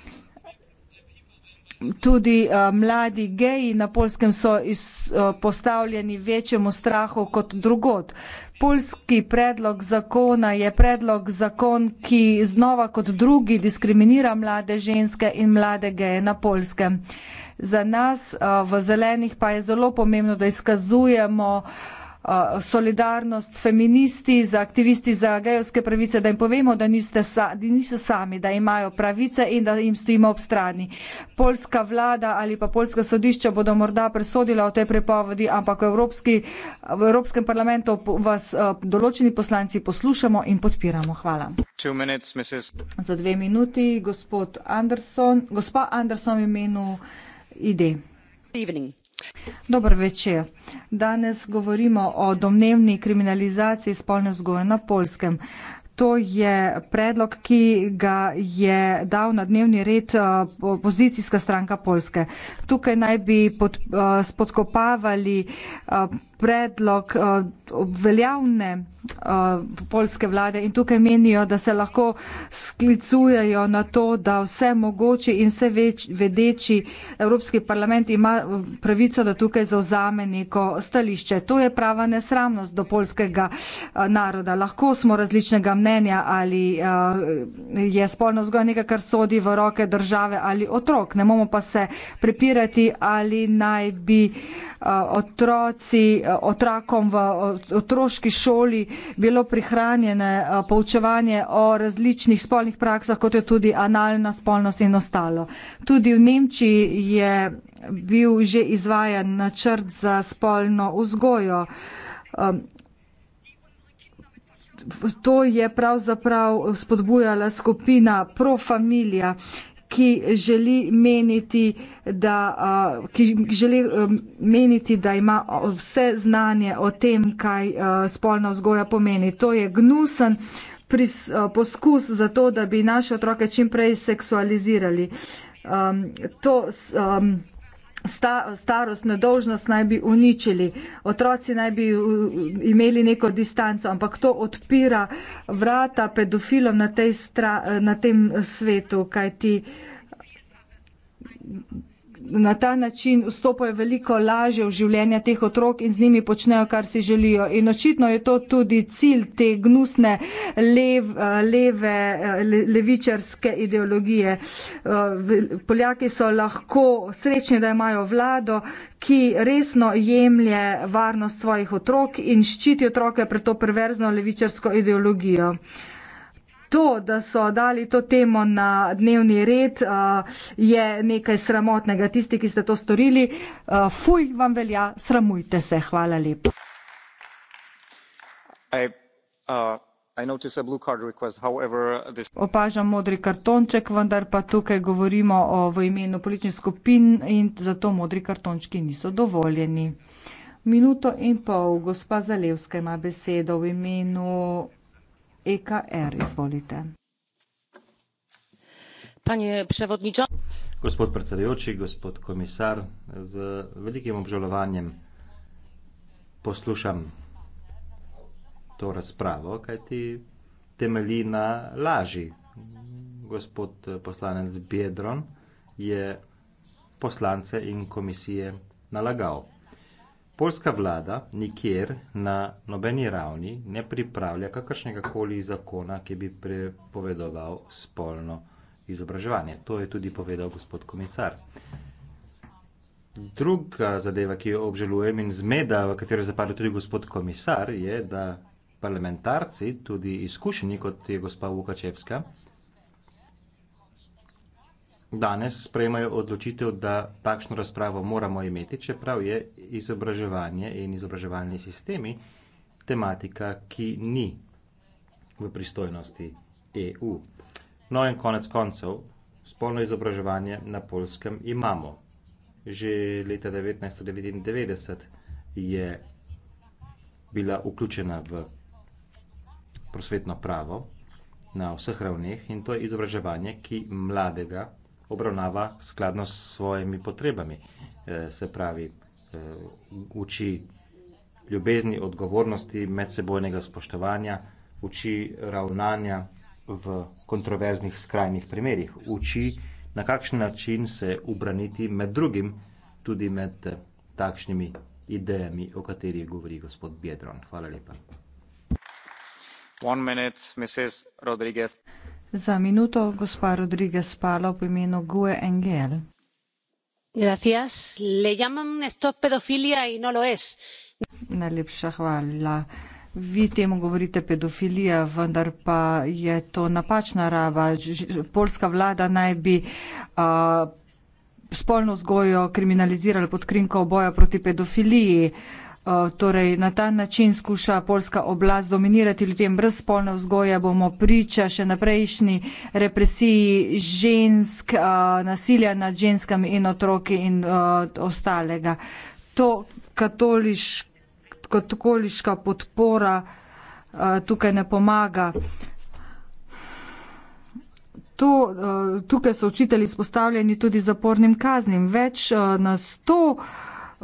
Speaker 7: tudi uh, mladi geji na polskem so izpostavljeni eh, uh, večjemu strahu kot drugod. Polski predlog zakona je predlog zakon, ki znova kot drugi diskriminira mlade ženske in mlade geje na polskem. Za nas uh, v zelenih pa je zelo pomembno, da izkazujemo uh, Eh, solidarnost s feministi, z aktivisti za gejovske pravice, da jim povemo, da, niste sa, da niso sami, da imajo pravice in da jim stojimo ob strani. Polska vlada ali pa polska sodišča bodo morda presodila o tej prepovedi, ampak v, Evropski, v Evropskem parlamentu vas eh, določeni poslanci poslušamo in podpiramo. Hvala. Minutes, za dve minuti gospod Anderson, gospa Anderson v imenu ID. Good evening. Dobro večer. Danes govorimo o domnevni kriminalizaciji spolne vzgoje na polskem. To je predlog, ki ga je dal na dnevni red eh, opozicijska stranka Polske. Tukaj naj bi pod, eh, spodkopavali eh, predlog eh, veljavne eh, polske vlade in tukaj menijo, da se lahko sklicujejo na to, da vse mogoče in vse več, vedeči Evropski parlament ima eh, pravico, da tukaj zauzame neko stališče. To je prava nesramnost do polskega naroda. Lahko smo različnega mnenja ali je spolno zgoj nekaj, kar sodi v roke države ali otrok. Ne bomo pa se prepirati ali naj bi otroci otrokom v otroški šoli bilo prihranjene eh, poučevanje o različnih spolnih praksah, kot je tudi analna spolnost in ostalo. Tudi v Nemčiji je bil že izvajan načrt za spolno vzgojo. Ehm, to je pravzaprav spodbujala skupina Profamilija, ki želi meniti, da, uh, ki želi, um, meniti, da ima vse znanje o tem, kaj uh, spolna vzgoja pomeni. To je gnusen pris, uh, poskus za to, da bi naše otroke čim prej seksualizirali. Um, to, um, sta, starost, nedolžnost naj bi uničili, otroci naj bi imeli neko distanco, ampak to odpira vrata pedofilom na, tej stra, na tem svetu, kajti na ta način vstopajo veliko lažje v življenje teh otrok in z njimi počnejo, kar si želijo. In očitno je to tudi cilj te gnusne lev, eh, leve, eh, le, levičarske ideologije. Eh, Poljaki so lahko srečni, da imajo vlado, ki resno jemlje varnost svojih otrok in ščiti otroke pred to perverzno levičarsko ideologijo to, da so dali to temo na dnevni red, uh, je nekaj sramotnega. Tisti, ki ste to storili, uh, fuj vam velja, sramujte se. Hvala lepa.
Speaker 8: Uh,
Speaker 7: Opažam modri kartonček, vendar pa tukaj govorimo o v imenu političnih skupin in zato modri kartončki niso dovoljeni. Minuto in pol, gospa Zalevska ima besedo v imenu ekr izvolite
Speaker 4: Panie przewodniczą-
Speaker 8: gospod predsedujoči, gospod komisar, z velikim obžalovanjem poslušam to razpravo, kajti temelji na laži. Gospod poslanec Biedron je poslance in komisije nalagal. Poljska vlada nikjer na nobeni ravni ne pripravlja kakršnega koli zakona, ki bi prepovedoval spolno izobraževanje. To je tudi povedal gospod komisar. Druga zadeva, ki jo obžalujem in zmeda, v katero je zapadl tudi gospod komisar, je, da parlamentarci, tudi izkušeni kot je gospa Vukačevska, danes sprejmajo odločitev, da takšno razpravo moramo imeti, čeprav je izobraževanje in izobraževalni sistemi tematika, ki ni v pristojnosti EU. No in konec koncev, spolno izobraževanje na polskem imamo. Že leta 1999 je bila vključena v prosvetno pravo na vseh ravneh in to je izobraževanje, ki mladega obravnava skladno s svojimi potrebami. Eh, se pravi, eh, uči ljubezni, odgovornosti, medsebojnega spoštovanja, uči ravnanja v kontroverznih skrajnih primerjih, uči na kakšen način se ubraniti med drugim tudi med eh, takšnimi idejami, o katerih govori gospod Biedron. Hvala lepa. One minute, Mrs. Rodriguez. Za
Speaker 7: minuto gospa Rodriguez Palo v imenu GUE NGL. Gracias.
Speaker 6: Le llaman esto pedofilia y no lo es.
Speaker 7: Najlepša hvala. Vi temu govorite pedofilija, vendar pa je to napačna rava. Polska vlada naj bi uh, spolno vzgojo kriminalizirala pod krinko boja proti pedofiliji. Uh, Eh, torej na ta način skuša poljska oblast dominirati ljudem brez spolne vzgoje, bomo priča še naprejšnji represiji žensk, eh, nasilja nad ženskami in otroki in eh, ostalega. To katoliška podpora tukaj ne pomaga. Tukaj so učitelji spostavljeni tudi zapornim kaznim. Več na sto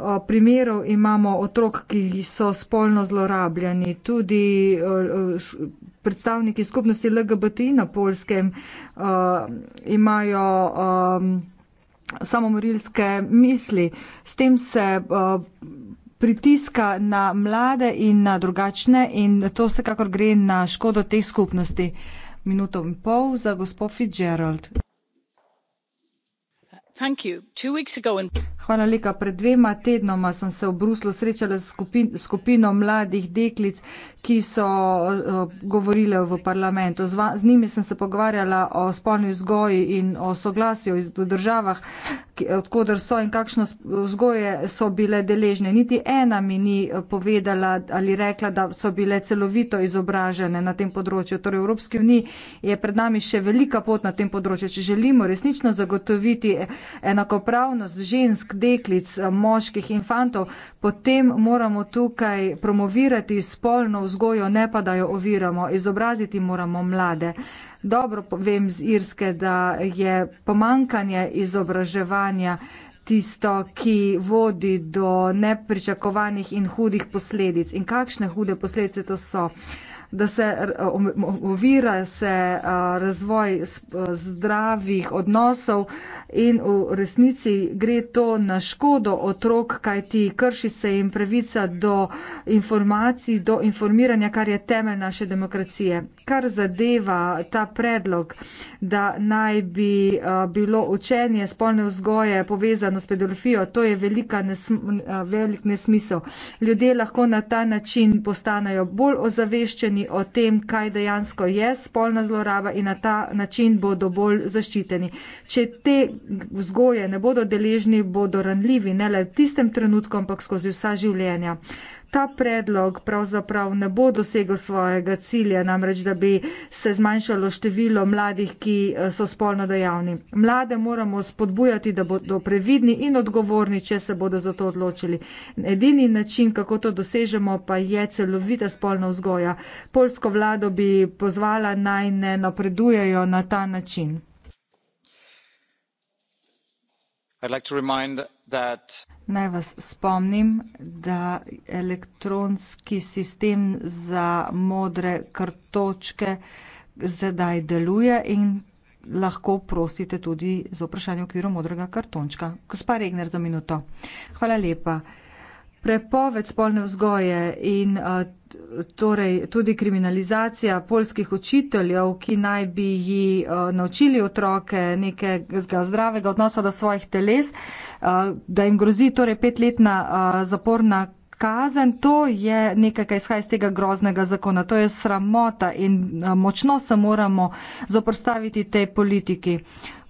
Speaker 7: Eh, primerov imamo otrok, ki so spolno zlorabljani. Tudi eh, eh, predstavniki skupnosti LGBTI na polskem imajo samomorilske misli. S tem se pritiska na mlade in na drugačne in to vsekakor gre na škodo teh skupnosti. Minuto in pol za gospod Fitzgerald. Hvala lepa. Pred dvema tednoma sem se v Bruslu srečala s skupin, skupino mladih deklic, ki so uh, govorile v parlamentu. Z, z njimi sem se pogovarjala o spolni vzgoji in o soglasju v državah, odkudar so in kakšno vzgoje so bile deležne. Niti ena mi ni eh, povedala ali rekla, da so bile celovito izobražene na tem področju. Torej, v Evropski uniji je pred nami še velika pot na tem področju. Če želimo resnično zagotoviti eh, enakopravnost žensk, deklic, moških in fantov, potem moramo tukaj promovirati spolno vzgojo, ne pa da jo oviramo, izobraziti moramo mlade. Dobro vem z Irske, da je pomankanje izobraževanja tisto, ki vodi do nepričakovanih in hudih posledic. In kakšne hude posledice to so? Uh, da se eh, ovira se eh, razvoj eh, zdravih odnosov in v resnici gre to na škodo otrok, kaj ti krši se jim pravica do informacij, do informiranja, kar je temelj naše demokracije. Kar zadeva ta predlog, da naj bi bilo učenje spolne vzgoje povezano s pedofilijo, to je velika nesm velik nesmisel. Ljudje lahko na ta način postanejo bolj ozaveščeni, jasni o tem, kaj dejansko je spolna zloraba in na ta način bodo bolj zaščiteni. Če te vzgoje ne bodo deležni, bodo ranljivi, ne le v tistem trenutku, ampak skozi vsa življenja ta predlog pravzaprav ne bo dosegel svojega cilja, namreč da bi se zmanjšalo število mladih, ki eh, so spolno dejavni. Mlade moramo spodbujati, da bodo previdni in odgovorni, če se bodo za to odločili. Edini način, kako to dosežemo, pa je celovita spolna vzgoja. Polsko vlado bi pozvala naj ne napredujejo na ta način. Naj vas spomnim, da elektronski sistem za modre kartočke sedaj deluje in lahko prosite tudi za vprašanje v okviru modrega kartončka. Gospa Regner za minuto. Hvala lepa prepoved spolne vzgoje in torej tudi kriminalizacija polskih učiteljev, ki naj bi ji naučili otroke nekega zdravega odnosa do svojih teles, da jim grozi torej petletna zaporna kazen, to je nekaj, kaj izhaja iz tega groznega zakona, to je sramota in eh, močno se moramo zoprstaviti tej politiki.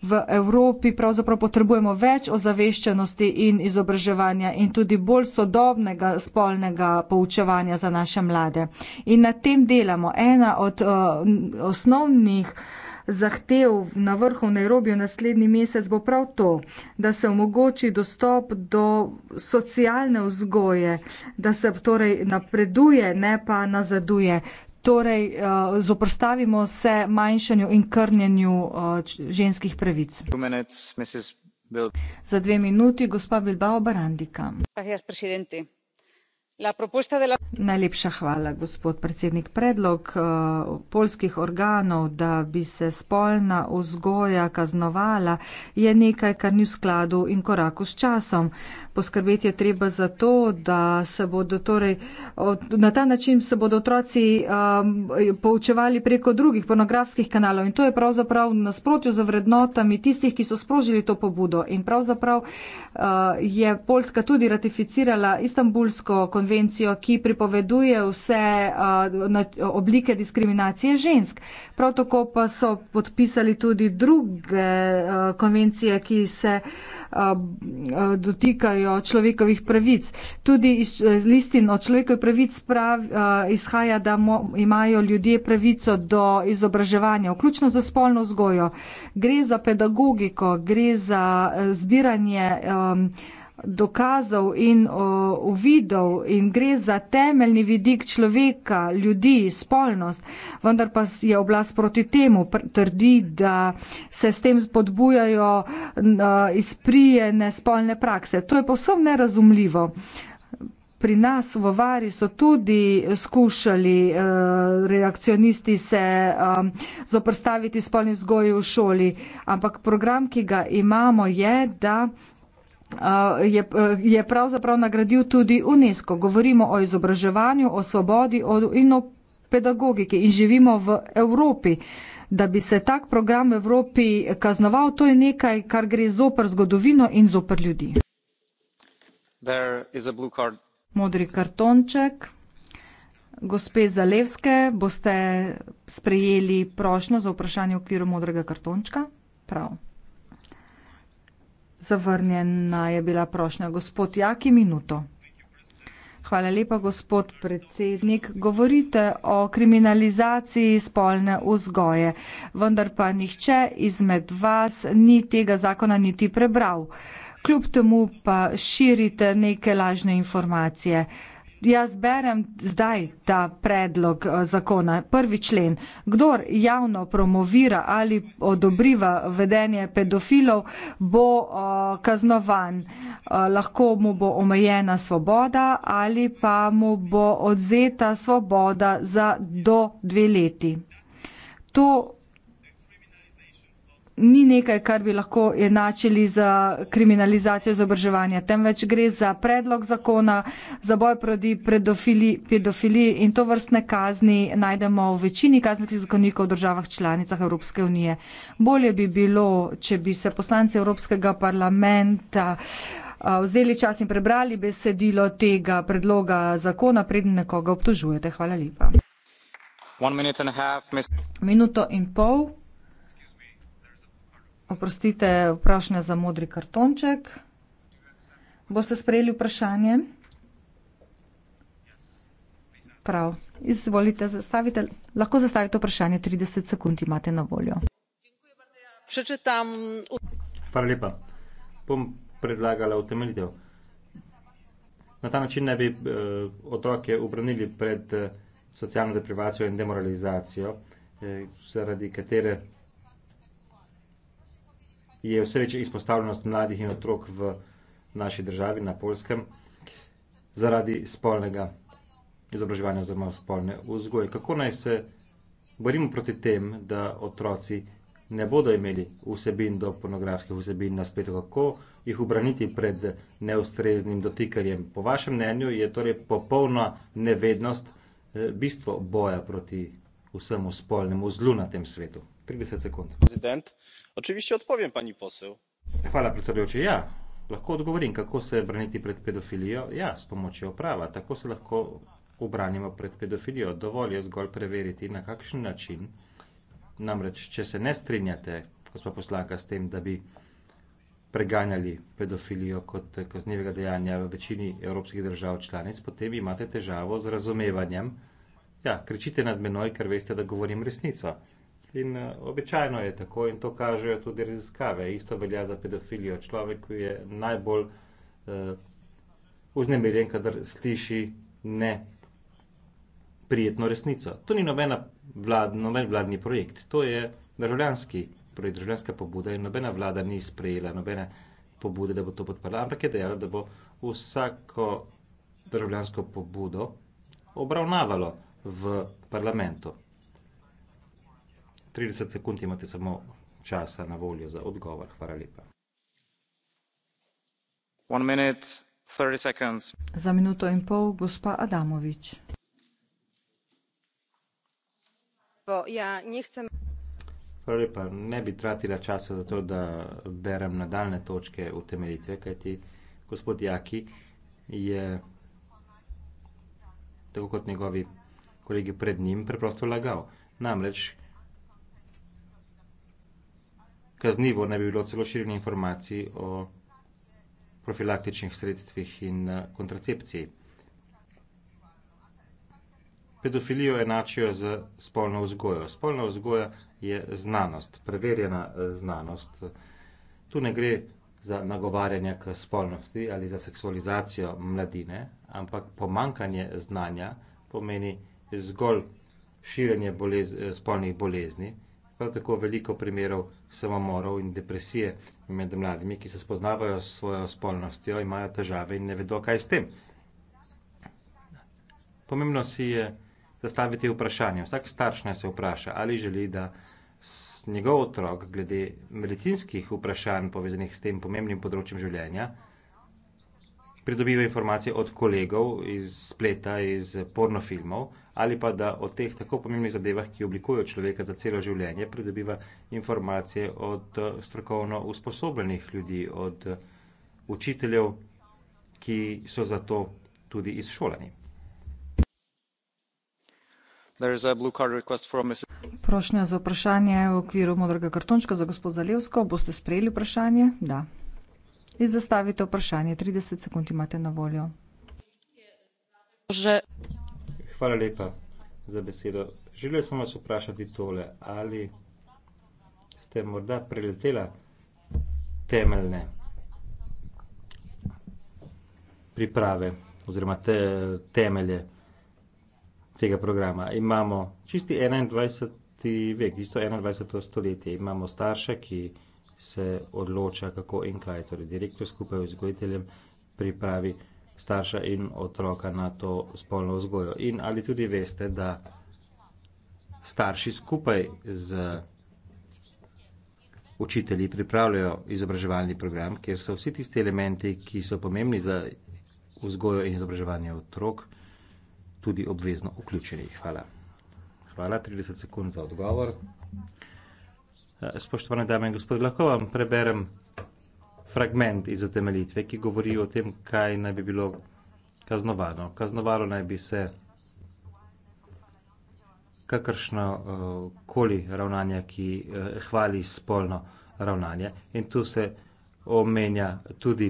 Speaker 7: V Evropi pravzaprav potrebujemo več ozaveščenosti in izobraževanja in tudi bolj sodobnega spolnega poučevanja za naše mlade. In na tem delamo. Ena od uh, osnovnih uh, zahtev na vrhu v Nairobiju naslednji mesec bo prav to, da se omogoči dostop do socialne vzgoje, da se torej napreduje, ne pa nazaduje. Torej, eh, zoprstavimo se manjšanju in krnjenju eh, ženskih pravic. Za dve minuti gospa Bilbao Barandika. Najlepša hvala, gospod predsednik. Predlog eh, polskih organov, da bi se spolna vzgoja kaznovala, je nekaj, kar ni v skladu in koraku s časom. Poskrbeti je treba za to, da se bodo torej, na ta način se bodo otroci eh, poučevali preko drugih pornografskih kanalov in to je pravzaprav v nasprotju z vrednotami tistih, ki so sprožili to pobudo. In pravzaprav eh, je Polska tudi ratificirala istambulsko konvencijo konvencijo, ki pripoveduje vse uh, na, oblike diskriminacije žensk. Prav tako pa so podpisali tudi druge uh, konvencije, ki se uh, uh dotikajo človekovih pravic. Tudi iz, iz listin o človekovih pravic prav, uh, izhaja, da mo, imajo ljudje pravico do izobraževanja, vključno za spolno vzgojo. Gre za pedagogiko, gre za uh, zbiranje. Um, dokazov in uvidov in gre za temeljni vidik človeka, ljudi, spolnost, vendar pa je oblast proti temu, trdi, da se s tem spodbujajo izprijene spolne prakse. To je povsem nerazumljivo. Pri nas v Vari so tudi skušali eh, reakcionisti se eh, zoprstaviti spolni vzgoji v šoli, ampak program, ki ga imamo, je, da uh, je, uh, je pravzaprav nagradil tudi UNESCO. Govorimo o izobraževanju, o svobodi o, in o pedagogiki in živimo v Evropi. Da bi se tak program v Evropi kaznoval, to je nekaj, kar gre zoper zgodovino in zoper ljudi. Modri kartonček. Gospe Zalevske, boste sprejeli prošnjo za vprašanje v okviru modrega kartončka? Prav. Zavrnjena je bila prošnja. Gospod Jaki, minuto. Hvala lepa, gospod predsednik. Govorite o kriminalizaciji spolne vzgoje, vendar pa nihče izmed vas ni tega zakona niti prebral. Kljub temu pa širite neke lažne informacije. Jaz berem zdaj ta predlog eh, zakona. Prvi člen. Kdor javno promovira ali odobriva vedenje pedofilov, bo uh, kaznovan. Uh, lahko mu bo omejena svoboda ali pa mu bo odzeta svoboda za do dve leti. To ni nekaj, kar bi lahko enačili za kriminalizacijo izobraževanja, temveč gre za predlog zakona za boj proti pedofiliji in to vrstne kazni najdemo v večini kazenskih zakonikov v državah članicah Evropske unije. Bolje bi bilo, če bi se poslanci Evropskega parlamenta vzeli čas in prebrali besedilo tega predloga zakona, preden nekoga obtožujete. Hvala lepa. Minuto in pol. Oprostite, vprašanje za modri kartonček. Boste sprejeli vprašanje? Prav. Izvolite, zastavite, lahko zastavite vprašanje, 30 sekund imate na voljo.
Speaker 8: Hvala lepa. Bom predlagala utemeljitev. Na ta način naj bi eh, otroke obranili pred eh, socialno deprivacijo in demoralizacijo, eh, zaradi katere je vse večja izpostavljenost mladih in otrok v naši državi, na polskem, zaradi spolnega izobraževanja oziroma spolne vzgoje. Kako naj se borimo proti tem, da otroci ne bodo imeli vsebin do pornografskih vsebin na spletu, kako jih obraniti pred neustreznim dotikanjem. Po vašem mnenju je torej popolna nevednost eh, bistvo boja proti vsemu spolnemu zlu na tem svetu. 30 sekund. Oczywiście odpowiem pani poseł. Hvala predsedujoči. Ja, lahko odgovorim, kako se braniti pred pedofilijo. Ja, s pomočjo prava. Tako se lahko obranimo pred pedofilijo. Dovolj je zgolj preveriti, na kakšen način. Namreč, če se ne strinjate, gospod poslanka, s tem, da bi preganjali pedofilijo kot kaznivega dejanja v večini evropskih držav članic, potem imate težavo z razumevanjem. Ja, kričite nad menoj, ker veste, da govorim resnico. In eh, običajno je tako in to kažejo tudi raziskave. Isto velja za pedofilijo. Človek je najbolj eh, vznemirjen, kadar sliši neprijetno resnico. To ni nobena vlad, noben vladni projekt, to je državljanski projekt, državljanska pobuda in nobena vlada ni sprejela nobene pobude, da bo to podprla, ampak je dejala, da bo vsako državljansko pobudo obravnavalo v parlamentu. 30 sekund imate samo časa na voljo za odgovor. Hvala lepa. One minute, 30 seconds.
Speaker 7: Za minuto in pol, gospa Adamovič. Bo, ja, nihcem...
Speaker 8: Hvala lepa. Ne bi tratila časa za to, da berem nadaljne točke utemeljitve, kajti gospod Jaki je, tako kot njegovi kolegi pred njim, preprosto lagal. Namreč, kaznivo, ne bi bilo celo širjenje informacij o profilaktičnih sredstvih in eh, kontracepciji. Pedofilijo enačijo z spolno vzgojo. Spolna vzgoja je znanost, preverjena eh, znanost. Tu ne gre za nagovarjanje k spolnosti ali za seksualizacijo mladine, ampak pomankanje znanja pomeni zgolj širjenje bolez eh, spolnih bolezni. Prav tako veliko primerov samomorov in depresije med mladimi, ki se spoznavajo s svojo spolnostjo, imajo težave in ne vedo, kaj s tem. Pomembno si je zastaviti vprašanje. Vsak starš naj se vpraša, ali želi, da njegov otrok glede medicinskih vprašanj povezanih s tem pomembnim področjem življenja pridobiva informacije od kolegov iz spleta, iz pornofilmov, ali pa da o teh tako pomembnih zadevah, ki oblikujejo človeka za celo življenje, pridobiva informacije od eh, strokovno usposobljenih ljudi, od eh, učiteljev, ki so za to tudi izšolani.
Speaker 7: Prošnja za vprašanje v okviru modrega kartončka za gospod Zalevsko. Boste sprejeli vprašanje? Da. In zastavite vprašanje. 30 sekund imate na voljo.
Speaker 8: Že Hvala lepa za besedo. Želel sem vas vprašati tole, ali ste morda preletela temeljne priprave oziroma temelje tega programa. Imamo čisti enaindvajseti vek, isto enaindvajseto stoletje, imamo starše, ki se odloča, kako in kaj, torej direktor skupaj z vzgojiteljem pripravi starša in otroka na to spolno vzgojo. In ali tudi veste, da starši skupaj z učitelji pripravljajo izobraževalni program, kjer so vsi tisti elementi, ki so pomembni za vzgojo in izobraževanje otrok, tudi obvezno vključeni. Hvala. Hvala, 30 sekund za odgovor. Spoštovane dame in gospod, lahko vam preberem fragment iz utemeljitve, ki govori o tem, kaj naj bi bilo kaznovano. Kaznovalo naj bi se kakršno uh, koli ravnanje, ki uh, hvali spolno ravnanje. In tu se omenja tudi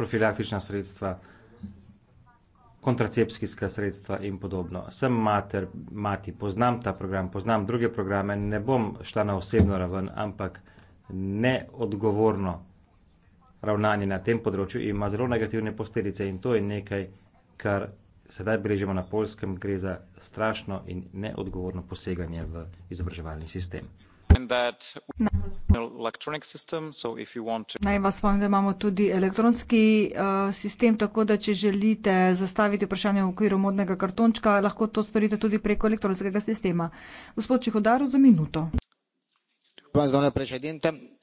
Speaker 8: profilaktična sredstva uh, kontracepcijska sredstva in podobno. Sem mater, mati, poznam ta program, poznam druge programe, ne bom šla na osebno raven, ampak neodgovorno ravnanje na tem področju ima zelo negativne posledice in to je nekaj, kar sedaj beležimo na polskem, gre za strašno in neodgovorno poseganje v izobraževalni sistem. In
Speaker 7: Naj vas povem, da imamo tudi elektronski, eh, sistem, tako da če želite zastaviti vprašanje v okviru modnega kartončka, lahko to storite tudi preko elektronskega sistema. Gospod Čehodaru, za minuto.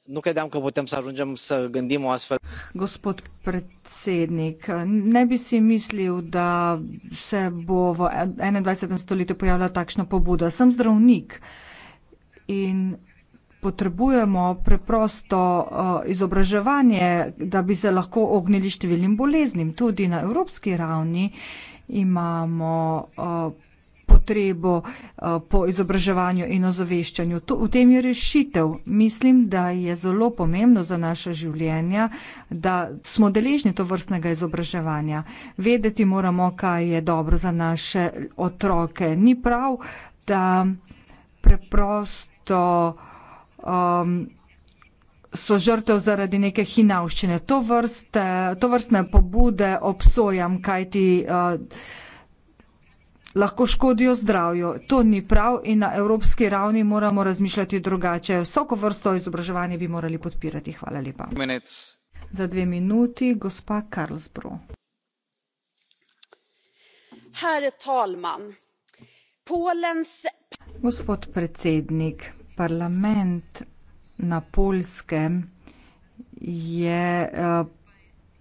Speaker 7: No, gospod predsednik, ne bi si mislil, da se bo v enaindvajsetem stoletju pojavila takšna pobuda. Sem zdravnik in potrebujemo preprosto uh, izobraževanje, da bi se lahko ognili številnim boleznim. Tudi na evropski ravni imamo uh, potrebo uh, po izobraževanju in ozaveščanju. V tem je rešitev. Mislim, da je zelo pomembno za naša življenja, da smo deležni to vrstnega izobraževanja. Vedeti moramo, kaj je dobro za naše otroke. Ni prav, da preprosto um, so žrtev zaradi neke hinavščine. To, vrste, to vrstne pobude obsojam, kaj ti uh, lahko škodijo zdravju. To ni prav in na evropski ravni moramo razmišljati drugače. Vsako vrsto izobraževanja bi morali podpirati. Hvala lepa.
Speaker 2: Minutes.
Speaker 7: Za dve minuti gospa Karlsbro.
Speaker 5: Herr Talman,
Speaker 7: Polens... Gospod predsednik, parlament na Polskem je eh,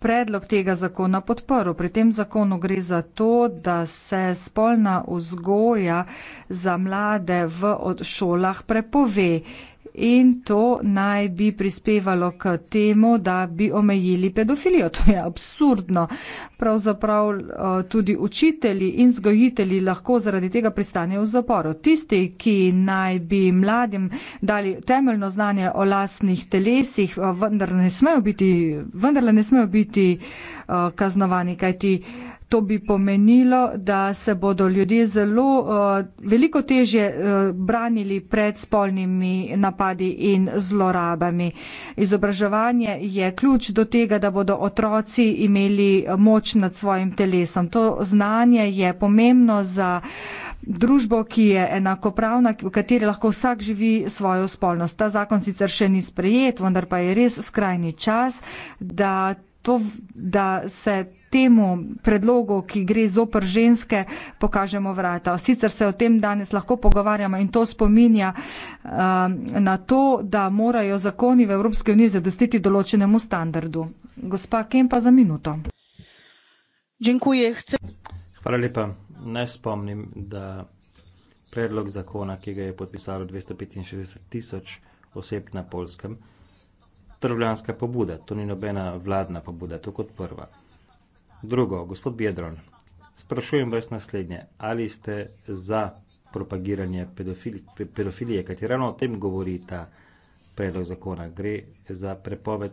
Speaker 7: predlog tega zakona podporo. Pri tem zakonu gre za to, da se spolna vzgoja za mlade v šolah prepove in to naj bi prispevalo k temu, da bi omejili pedofilijo. To je absurdno. Pravzaprav eh, tudi učitelji in zgojitelji lahko zaradi tega pristanejo v zaporu. Tisti, ki naj bi mladim dali temeljno znanje o lastnih telesih, eh, vendar ne smejo biti, vendar ne smejo biti eh, kaznovani, kajti To bi pomenilo, da se bodo ljudje zelo uh, veliko težje uh, branili pred spolnimi napadi in zlorabami. Izobraževanje je ključ do tega, da bodo otroci imeli moč nad svojim telesom. To znanje je pomembno za družbo, ki je enakopravna, v kateri lahko vsak živi svojo spolnost. Ta zakon sicer še ni sprejet, vendar pa je res skrajni čas, da, to, da se temu predlogu, ki gre zoper ženske, pokažemo vrata. Sicer se o tem danes lahko pogovarjamo in to spominja um, na to, da morajo zakoni v Evropski uniji zadostiti določenemu standardu. Gospa Kempa za minuto.
Speaker 8: Hvala lepa. Naj spomnim, da predlog zakona, ki ga je podpisalo 265 tisoč oseb na polskem, državljanska pobuda, to ni nobena vladna pobuda, to kot prva. Drugo, gospod Biedron, sprašujem vas naslednje, ali ste za propagiranje pedofili, pedofilije, katera ravno o tem govori ta predlog zakona, gre za prepoved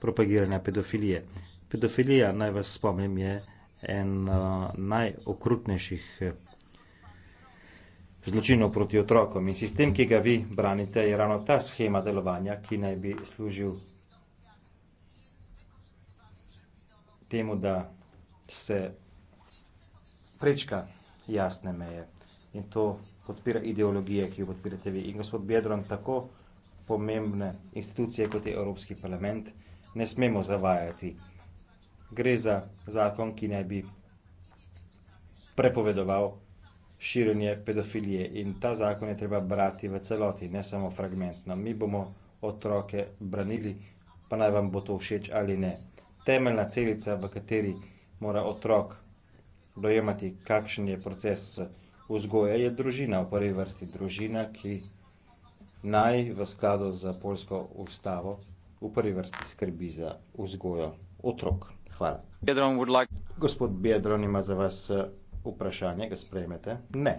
Speaker 8: propagiranja pedofilije. Pedofilija, naj vas spomnim, je en uh, najokrutnejših zločinov proti otrokom in sistem, ki ga vi branite, je ravno ta schema delovanja, ki naj bi služil temu, da se prečka jasne meje in to podpira ideologije, ki jo podpirate vi. In gospod Bjedron, tako pomembne institucije kot je Evropski parlament ne smemo zavajati. Gre za zakon, ki naj bi prepovedoval širjenje pedofilije in ta zakon je treba brati v celoti, ne samo fragmentno. Mi bomo otroke branili, pa naj vam bo to všeč ali ne temeljna celica, v kateri mora otrok dojemati, kakšen je proces vzgoje, je družina, v prvi vrsti družina, ki naj v skladu z polsko ustavo v prvi vrsti skrbi za vzgojo otrok. Hvala. Like... Gospod Bjedron ima za vas eh, vprašanje, ga sprejmete? Ne.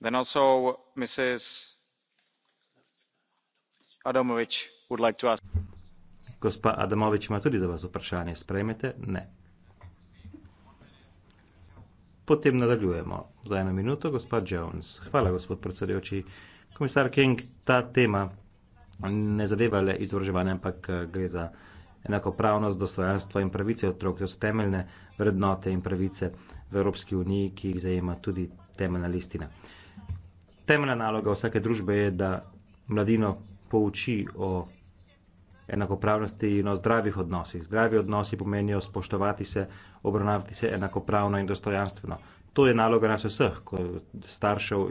Speaker 8: Then also Mrs. Adamovic would like to ask. Gospa Adamovič ima tudi za vas vprašanje. Sprejmete? Ne. Potem nadaljujemo za eno minuto. Gospa Jones. Hvala, gospod predsedujoči. Komisar King, ta tema ne zadeva le izobraževanje, ampak eh, gre za enakopravnost, dostojanstvo in pravice otrok. To so temeljne vrednote in pravice v Evropski uniji, ki jih zajema tudi temeljna listina. Temeljna naloga vsake družbe je, da mladino pouči o enakopravnosti in o zdravih odnosih. Zdravi odnosi pomenijo spoštovati se, obravnavati se enakopravno in dostojanstveno. To je naloga nas vseh, kot staršev,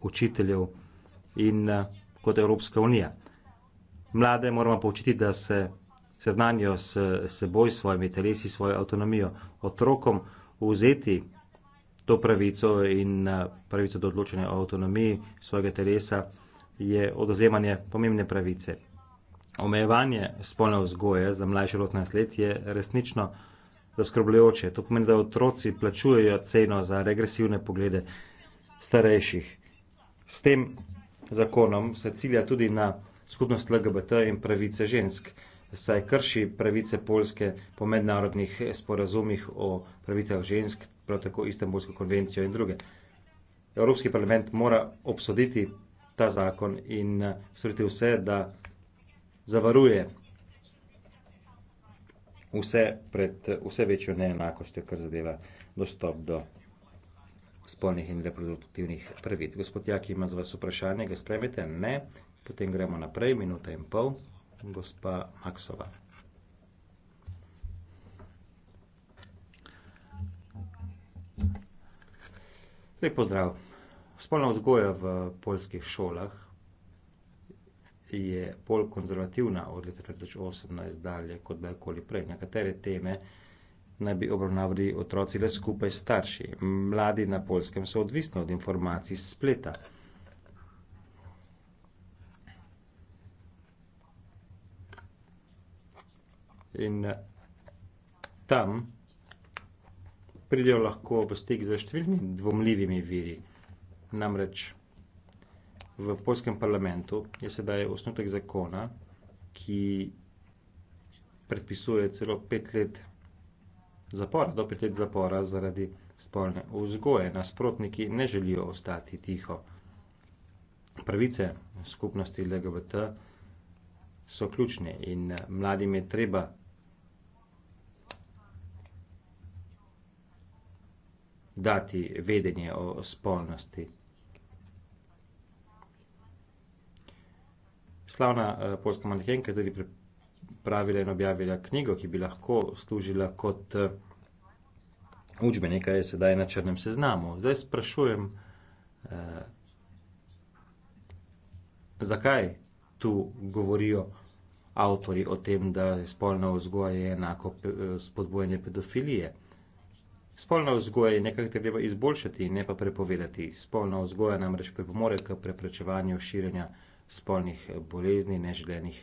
Speaker 8: učiteljev in eh, kot Evropska unija. Mlade moramo poučiti, da se seznanijo s seboj, s svojimi telesi, s svojo avtonomijo. Otrokom vzeti to pravico in eh, pravico do odločanja o avtonomiji svojega telesa je odozemanje pomembne pravice. Omejevanje spolne vzgoje za mlajše lotne let je resnično zaskrbljujoče. To pomeni, da otroci plačujejo ceno za regresivne poglede starejših. S tem zakonom se cilja tudi na skupnost LGBT in pravice žensk, saj krši pravice Poljske po mednarodnih sporazumih o pravicah žensk, prav tako Istanbulsko konvencijo in druge. Evropski parlament mora obsoditi ta zakon in storiti vse, da zavaruje vse pred vse večjo neenakostjo, kar zadeva dostop do spolnih in reproduktivnih pravic. Gospod Jaki ima za vas vprašanje, ga spremete? Ne. Potem gremo naprej, minuta in pol. Gospa Maksova. Lep pozdrav. Spolna vzgoja v polskih šolah je bolj konzervativna od leta 2018 dalje kot da koli prej. Nekatere teme naj bi obravnavali otroci le skupaj s starši. Mladi na polskem so odvisni od informacij z spleta. In tam pridejo lahko v stik z številnimi dvomljivimi viri. Namreč v polskem parlamentu je sedaj osnutek zakona, ki predpisuje celo pet let zapora, do pet let zapora zaradi spolne vzgoje. Nasprotniki ne želijo ostati tiho. Pravice skupnosti LGBT so ključne in mladim je treba dati vedenje o spolnosti. slavna uh, eh, polska manekenka je tudi pripravila in objavila knjigo, ki bi lahko služila kot uh, učbenik, ki je sedaj na črnem seznamu. Zdaj sprašujem, uh, zakaj tu govorijo avtori o tem, da je spolna vzgoja enako pe, spodbojanje pedofilije. Spolna vzgoja je nekaj, kar treba izboljšati, ne pa prepovedati. Spolna vzgoja namreč pripomore k preprečevanju širjenja spolnih eh, bolezni, neželenih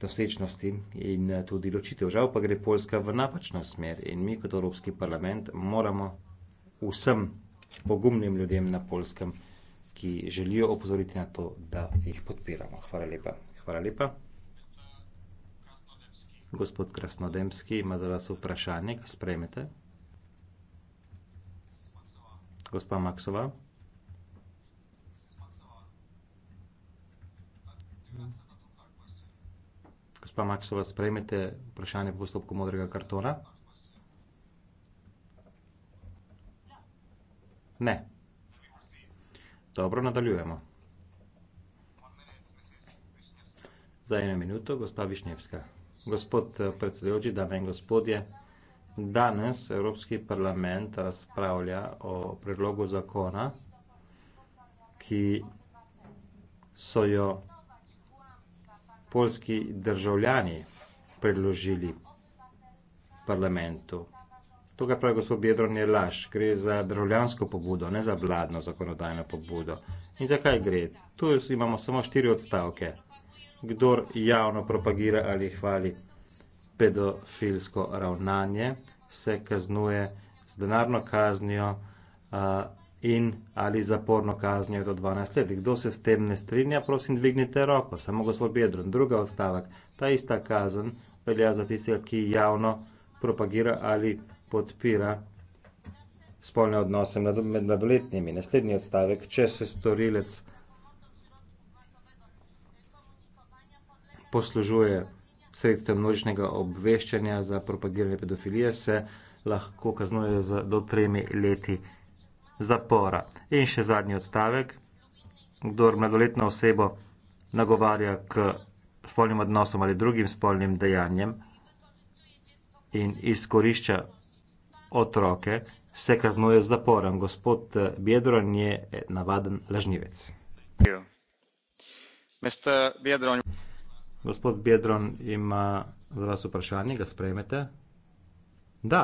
Speaker 8: dosečnosti in eh, tudi ločitev. Žal pa gre Poljska v napačno smer in mi kot Evropski parlament moramo vsem pogumnim ljudem na Poljskem, ki želijo opozoriti na to, da jih podpiramo. Hvala lepa. Hvala lepa. Gospod Krasnodemski ima za vas vprašanje, ki sprejmete. Gospa Maksova. Gospa Maksova. Gospa Maksova, sprejmete vprašanje po postopku modrega kartona? Ne. Dobro, nadaljujemo. Za eno minuto, gospa Višnevska. Gospod eh, predsedujoči, dame in gospodje, danes Evropski parlament razpravlja o predlogu zakona, ki so jo polski državljani predložili parlamentu. To, kar pravi gospod Bedron, je laž. Gre za državljansko pobudo, ne za vladno zakonodajno pobudo. In zakaj gre? Tu imamo samo štiri odstavke. Kdor javno propagira ali hvali pedofilsko ravnanje, se kaznuje z denarno kaznijo in ali zaporno kaznijo do 12 let. Kdo se s tem ne strinja, prosim, dvignite roko. Samo gospod Bedron, druga odstavek. Ta ista kazen velja za tistega, ki javno propagira ali podpira spolne odnose med mladoletnimi. Naslednji odstavek, če se storilec poslužuje sredstvo množičnega obveščanja za propagiranje pedofilije, se lahko kaznuje do tremi leti zapora. In še zadnji odstavek, kdor mladoletno osebo nagovarja k spolnim odnosom ali drugim spolnim dejanjem in izkorišča otroke, se kaznuje z zaporom. Gospod Biedron je navaden lažnivec. Gospod Biedron ima za vas vprašanje, ga sprejmete? Da.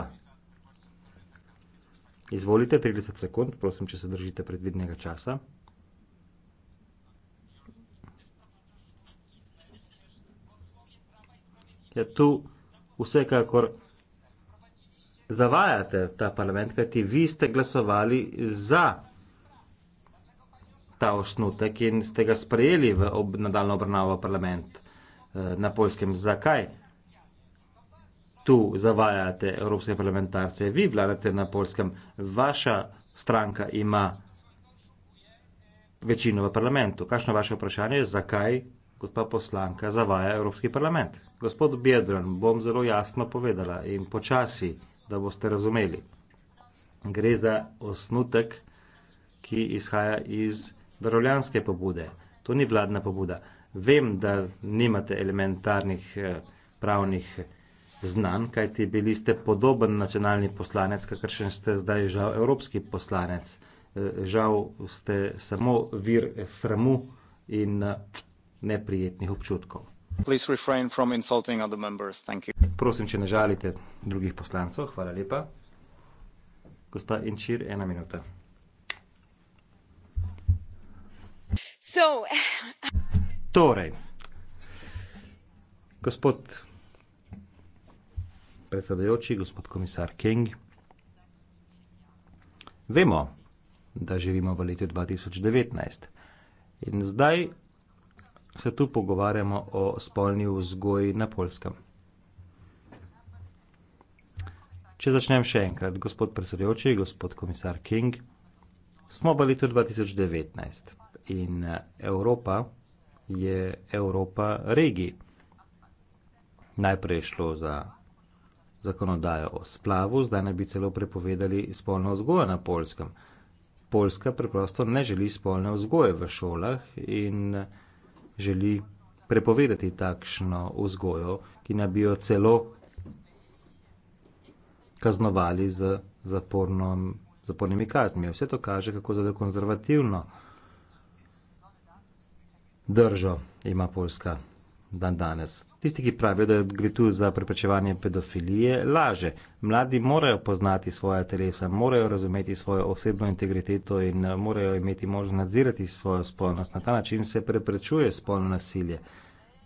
Speaker 8: Izvolite 30 sekund, prosim, če se držite predvidnega časa. Ja, tu vsekakor zavajate ta parlament, kajti vi ste glasovali za ta osnutek in ste ga sprejeli v ob, nadaljno obravnavo parlament eh, na Poljskem. Zakaj? tu zavajate evropske parlamentarce, vi vladate na polskem, vaša stranka ima večino v parlamentu. Kakšno je vaše vprašanje, zakaj gospa poslanka zavaja evropski parlament? Gospod Biedron, bom zelo jasno povedala in počasi, da boste razumeli. Gre za osnutek, ki izhaja iz državljanske pobude. To ni vladna pobuda. Vem, da nimate elementarnih eh, pravnih znan, kajti bili ste podoben nacionalni poslanec, kakor še ste zdaj žal evropski poslanec. Eh, žal ste samo vir sramu in eh, neprijetnih občutkov. Prosim, če ne žalite drugih poslancov. Hvala lepa. Gospa Inčir, ena minuta. Torej, gospod predsedojoči, gospod komisar King. Vemo, da živimo v letu 2019 in zdaj se tu pogovarjamo o spolni vzgoji na polskem. Če začnem še enkrat, gospod predsedojoči, gospod komisar King, smo v letu 2019 in Evropa je Evropa regij. Najprej je šlo za zakonodajo o splavu, zdaj naj bi celo prepovedali spolno vzgojo na polskem. Polska preprosto ne želi spolne vzgoje v šolah in želi prepovedati takšno vzgojo, ki naj bi jo celo kaznovali z zaporno, zapornimi kaznimi. Vse to kaže, kako zelo konzervativno držo ima Polska dan danes. Tisti, ki pravijo, da gre tu za preprečevanje pedofilije, laže. Mladi morajo poznati svoje telesa, morajo razumeti svojo osebno integriteto in eh, morajo imeti možnost nadzirati svojo spolnost. Na ta način se preprečuje spolno nasilje.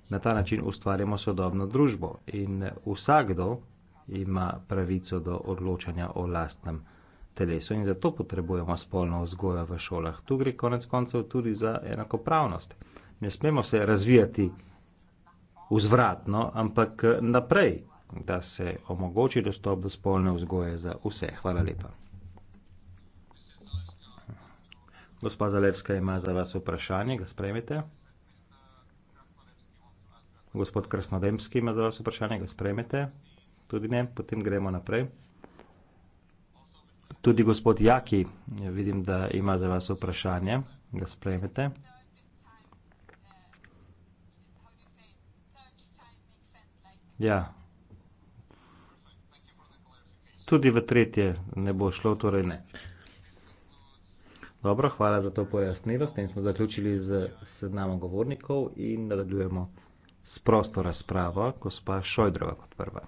Speaker 8: Na ta način ustvarjamo sodobno družbo in eh, vsakdo ima pravico do odločanja o lastnem telesu in zato potrebujemo spolno vzgojo v šolah. Tu gre konec koncev tudi za enakopravnost. Ne smemo se razvijati vzvratno, ampak naprej, da se omogoči dostop do spolne vzgoje za vse. Hvala lepa. Gospa Zalevska ima za vas vprašanje, ga spremite. Gospod Krasnodemski ima za vas vprašanje, ga spremite. Tudi ne, potem gremo naprej. Tudi gospod Jaki, vidim, da ima za vas vprašanje, ga spremete. ja tudi v tretje ne bo šlo torej ne dobro hvala za to pojasnilo s tem smo zaključili z seznamom govornikov in nadaljujemo s prosto razpravo gospa šojdrova kot prva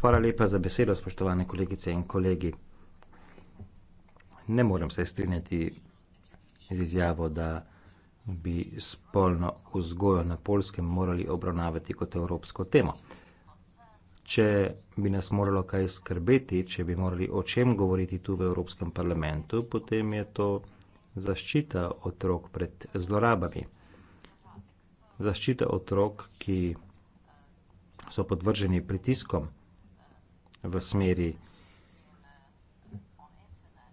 Speaker 8: hvala lepa za besedo spoštovane kolegice in kolegi ne morem se strinjati z izjavo da bi spolno vzgojo na polskem morali obravnavati kot evropsko temo. Če bi nas moralo kaj skrbeti, če bi morali o čem govoriti tu v Evropskem parlamentu, potem je to zaščita otrok pred zlorabami. Zaščita otrok, ki so podvrženi pritiskom v smeri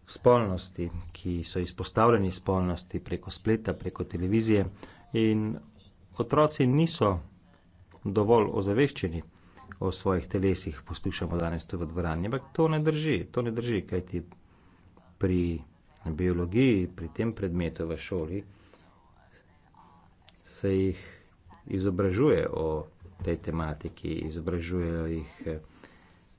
Speaker 8: spolnosti, ki so izpostavljeni spolnosti preko spleta, preko televizije in otroci niso dovolj ozaveščeni o svojih telesih, poslušamo danes tu v dvorani, ampak to ne drži, to ne drži, kajti pri biologiji, pri tem predmetu v šoli se jih izobražuje o tej tematiki, izobražujejo jih eh,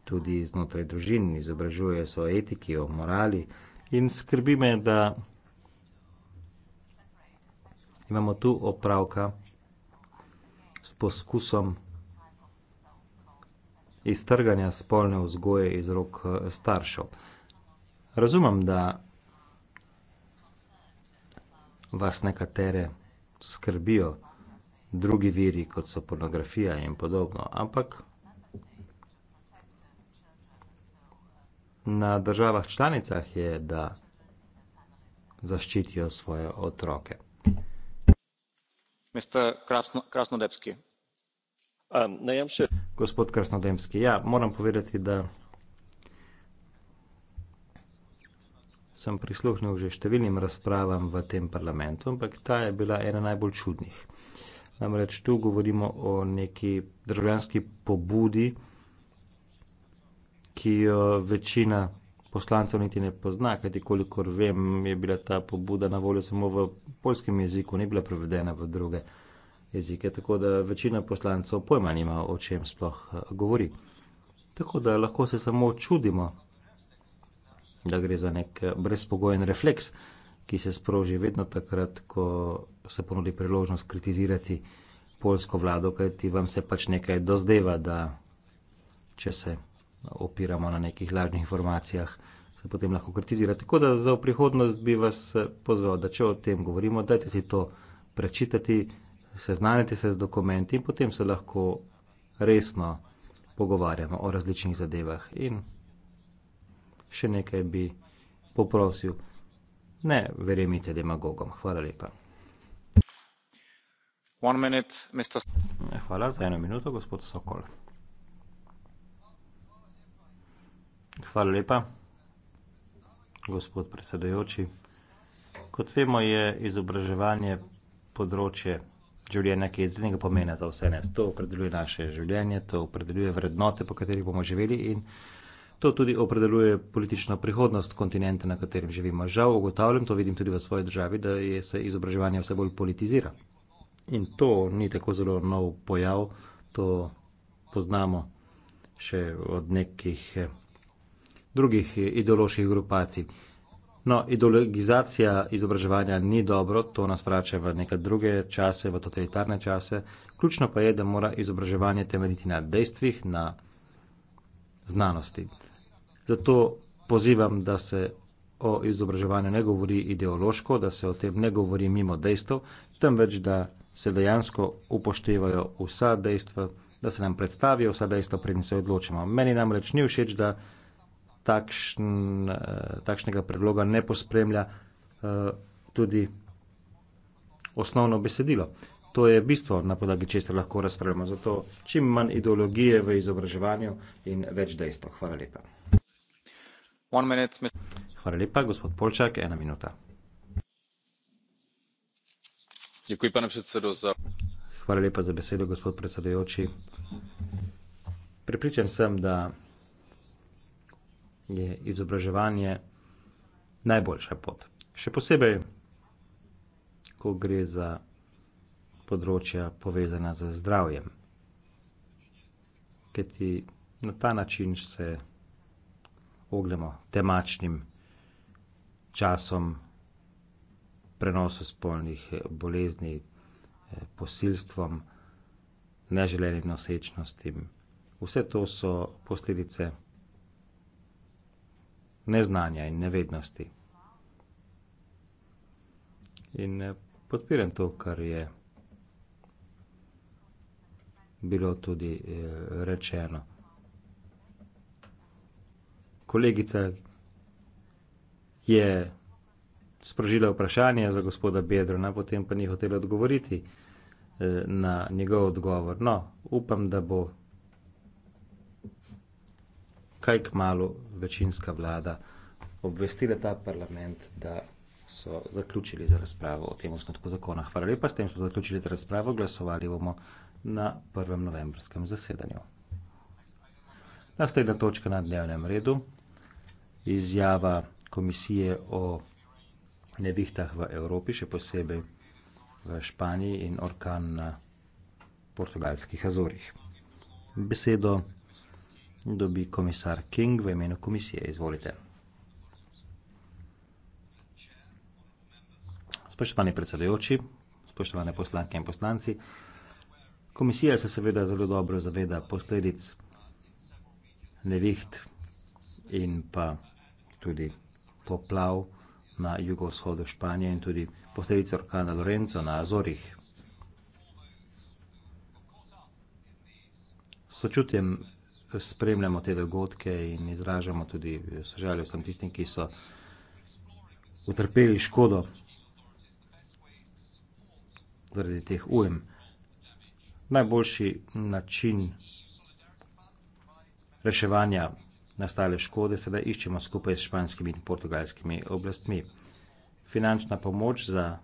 Speaker 8: tudi znotraj družin, izobražujejo se o etiki, o morali. In skrbi me, da imamo tu opravka s poskusom iztrganja spolne vzgoje iz rok eh, staršev. Razumem, da vas nekatere skrbijo drugi viri, kot so pornografija in podobno, ampak na državah članicah je, da zaščitijo svoje otroke. Um, no, Gospod Krasnodemski, ja, moram povedati, da sem prisluhnil že številnim razpravam v tem parlamentu, ampak ta je bila ena najbolj čudnih. Namreč tu govorimo o neki državljanski pobudi, ki jo večina poslancev niti ne pozna, kajti kolikor vem, je bila ta pobuda na voljo samo v polskem jeziku, ni bila prevedena v druge jezike, tako da večina poslancev pojma nima, o čem sploh eh, govori. Tako da lahko se samo čudimo, da gre za nek eh, brezpogojen refleks, ki se sproži vedno takrat, ko se ponudi priložnost kritizirati polsko vlado, kajti vam se pač nekaj dozdeva, da če se opiramo na nekih lažnih informacijah, se potem lahko kritizira. Tako da za prihodnost bi vas eh, pozval, da če o tem govorimo, dajte si to prečitati, seznanite se z dokumenti in potem se lahko resno pogovarjamo o različnih zadevah. In še nekaj bi poprosil. Ne, verjemite demagogom. Hvala lepa. One minute, Mr. Hvala za eno minuto, gospod Sokol. Hvala lepa, gospod predsedujoči. Kot vemo, je izobraževanje področje življenja, ki je izrednega pomena za vse nas. To opredeljuje naše življenje, to opredeljuje vrednote, po katerih bomo živeli in to tudi opredeljuje politično prihodnost kontinenta, na katerem živimo. Žal ugotavljam, to vidim tudi v svoji državi, da je se izobraževanje vse bolj politizira. In to ni tako zelo nov pojav, to poznamo še od nekih drugih ideoloških grupacij. No, ideologizacija izobraževanja ni dobro, to nas vrača v neke druge čase, v totalitarne čase. Ključno pa je, da mora izobraževanje temeljiti na dejstvih, na znanosti. Zato pozivam, da se o izobraževanju ne govori ideološko, da se o tem ne govori mimo dejstev, temveč da se dejansko upoštevajo vsa dejstva, da se nam predstavijo vsa dejstva, preden se odločimo. Meni namreč ni všeč, da takšn, eh, takšnega predloga ne pospremlja eh, tudi osnovno besedilo. To je bistvo, na podlagi česar lahko razpravljamo. Zato čim manj ideologije v izobraževanju in več dejstva. Hvala lepa. Hvala lepa, gospod Polčak, ena minuta. Hvala lepa za besedo, gospod predsedujoči. Pripričan sem, da je izobraževanje najboljša pot. Še posebej, ko gre za področja povezana z zdravjem. Ker ti na ta način se ognemo temačnim časom prenosu spolnih eh, bolezni, eh, posilstvom, neželenim nosečnostim. Vse to so posledice neznanja in nevednosti. In eh, podpiram to, kar je bilo tudi eh, rečeno. Kolegica je sprožila vprašanje za gospoda Bedrona, potem pa ni hotela odgovoriti eh, na njegov odgovor. No, upam, da bo kaj kmalo večinska vlada obvestila ta parlament, da so zaključili za razpravo o tem osnotku zakona. Hvala lepa, s tem smo zaključili za razpravo, glasovali bomo na prvem novembrskem zasedanju. Naslednja točka na dnevnem redu, izjava komisije o nevihtah v Evropi, še posebej v Španiji in orkan na portugalskih Azorih. Besedo dobi komisar King v imenu komisije. Izvolite. Spoštovani predsedujoči, spoštovane poslanke in poslanci, komisija se seveda zelo dobro zaveda posledic neviht in pa tudi poplav na jugovzhodu Španije in tudi posledice orkana Lorenzo na Azorih. Sočutjem spremljamo te dogodke in izražamo tudi sožalje vsem tistim, ki so utrpeli škodo zaradi teh ujm. Najboljši način reševanja nastale škode sedaj iščemo skupaj s španskimi in portugalskimi oblastmi. Finančna pomoč za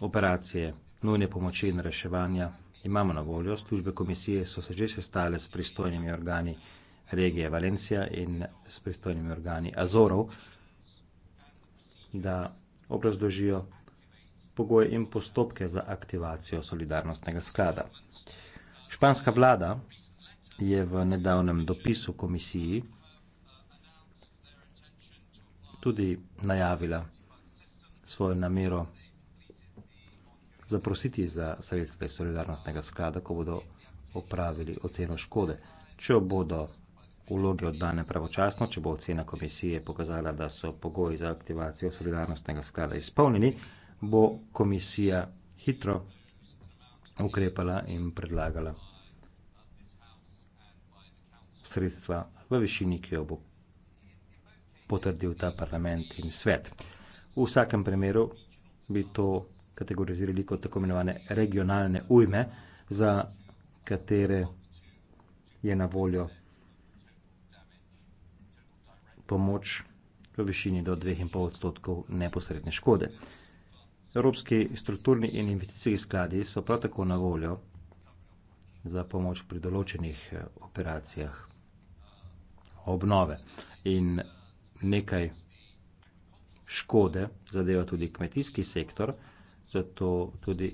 Speaker 8: operacije nujne pomoči in reševanja imamo na voljo. Službe komisije so se že sestale s pristojnimi organi regije Valencija in s pristojnimi organi Azorov, da obrazložijo pogoje in postopke za aktivacijo solidarnostnega sklada. Španska vlada je v nedavnem dopisu komisiji tudi najavila svojo namero zaprositi za sredstva iz solidarnostnega sklada, ko bodo opravili oceno škode. Če bodo vloge oddane pravočasno, če bo ocena komisije pokazala, da so pogoji za aktivacijo solidarnostnega sklada izpolnjeni, bo komisija hitro ukrepala in predlagala sredstva v višini, ki jo bo potrdil ta parlament in svet. V vsakem primeru bi to kategorizirali kot tako imenovane regionalne ujme, za katere je na voljo pomoč v višini do 2,5 odstotkov neposredne škode. Evropski strukturni in investicijski skladi so prav tako na voljo za pomoč pri določenih eh, operacijah obnove in nekaj škode zadeva tudi kmetijski sektor zato tudi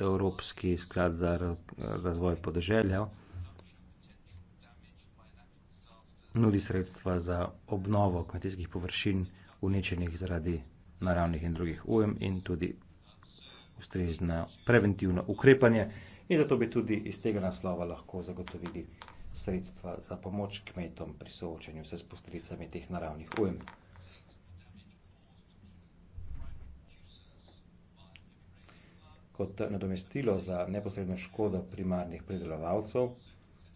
Speaker 8: Evropski sklad za razvoj podeželja nudi sredstva za obnovo kmetijskih površin, uničenih zaradi naravnih in drugih ujem in tudi ustrezno preventivno ukrepanje. In zato bi tudi iz tega naslova lahko zagotovili sredstva za pomoč kmetom pri soočanju se s posledicami teh naravnih ujem. kot nadomestilo za neposredno škodo primarnih predelovalcev,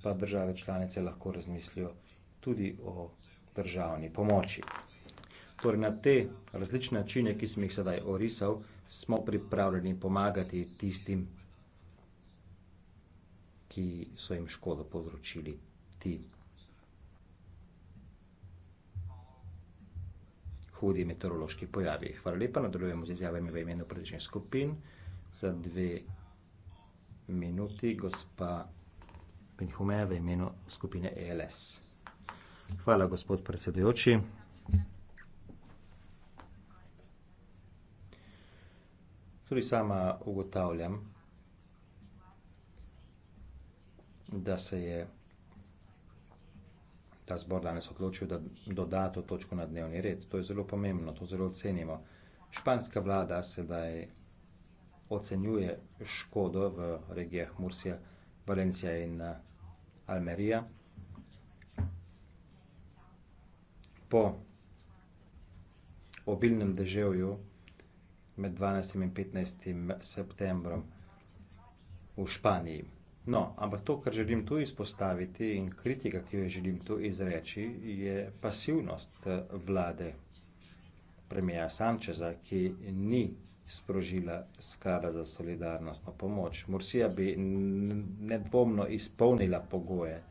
Speaker 8: pa države članice lahko razmislijo tudi o državni pomoči. Torej na te različne načine, ki sem jih sedaj orisal, smo pripravljeni pomagati tistim, ki so jim škodo povzročili ti hudi meteorološki pojavi. Hvala lepa, nadaljujemo z izjavami v imenu predvičnih skupin za dve minuti, gospa Benjumeja v imenu skupine ELS. Hvala, gospod predsedujoči. Tudi sama ugotavljam, da se je ta zbor danes odločil, da doda to točko na dnevni red. To je zelo pomembno, to zelo ocenimo. Španska vlada sedaj ocenjuje škodo v regijah Mursija, Valencija in eh, Almerija. Po obilnem deževju med 12. in 15. septembrom v Španiji. No, ampak to, kar želim tu izpostaviti in kritika, ki jo želim tu izreči, je pasivnost eh, vlade premijeja Sančeza, ki ni sprožila sklada za solidarnostno pomoč. Morsija bi nedvomno izpolnila pogoje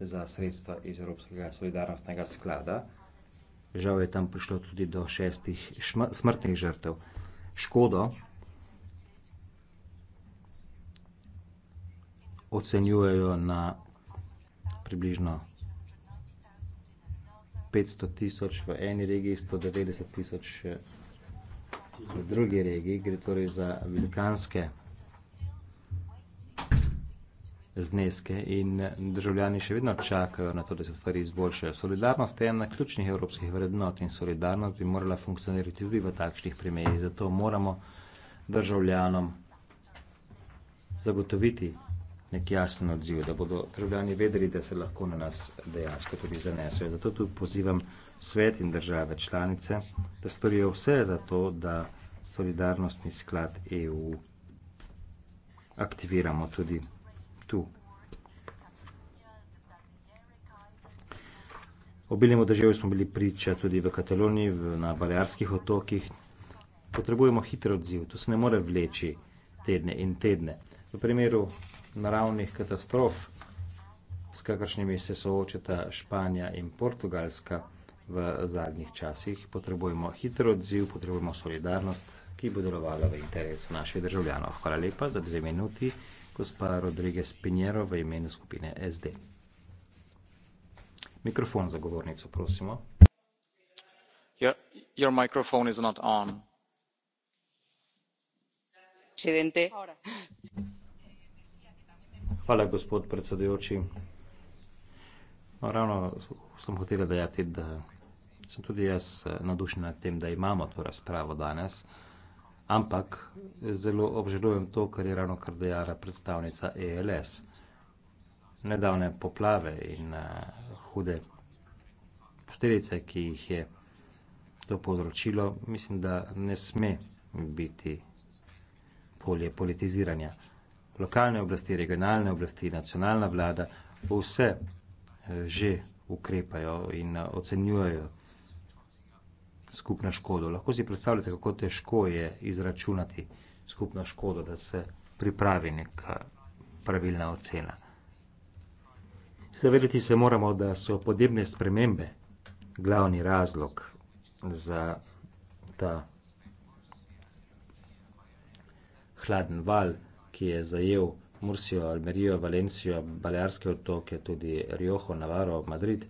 Speaker 8: za sredstva iz Evropskega solidarnostnega sklada. Žal je tam prišlo tudi do šestih smrtnih žrtev. Škodo ocenjujejo na približno 500 tisoč, v eni regiji 190 tisoč v drugi regiji, gre torej za velikanske zneske in državljani še vedno čakajo na to, da se stvari izboljšajo. Solidarnost je ena ključnih evropskih vrednot in solidarnost bi morala funkcionirati tudi v takšnih primerih. Zato moramo državljanom zagotoviti nek jasen odziv, da bodo državljani vedeli, da se lahko na nas dejansko tudi zanesejo. Zato tu pozivam svet in države članice, da storijo vse za to, da solidarnostni sklad EU aktiviramo tudi tu. Obilnemu državi smo bili priča tudi v Kataloniji, na Balearskih otokih. Potrebujemo hiter odziv, to se ne more vleči tedne in tedne. V primeru naravnih katastrof, s kakršnimi se soočata Španija in Portugalska, v zadnjih časih. Potrebujemo hiter odziv, potrebujemo solidarnost, ki bo delovala v interesu naših državljanov. Hvala lepa za dve minuti, gospa Rodriguez Pinjero v imenu skupine SD. Mikrofon za govornico, prosimo. Your,
Speaker 2: your microphone is not on.
Speaker 4: Presidente.
Speaker 8: Hvala, gospod predsedujoči. No, ravno sem hotel dejati, da sem tudi jaz eh, nadušen nad tem, da imamo to razpravo danes, ampak zelo obžalujem to, kar je ravno kar dejala predstavnica ELS. Nedavne poplave in uh, hude posteljice, ki jih je to povzročilo, mislim, da ne sme biti polje politiziranja. Lokalne oblasti, regionalne oblasti, nacionalna vlada, vse uh, že ukrepajo in uh, ocenjujejo skupno škodo. Lahko si predstavljate, kako težko je izračunati skupno škodo, da se pripravi neka pravilna ocena. Zavedati se moramo, da so podnebne spremembe glavni razlog za ta hladen val, ki je zajel Mursijo, Almerijo, Valencijo, Balearske otoke, tudi Rioho, Navarro, Madrid.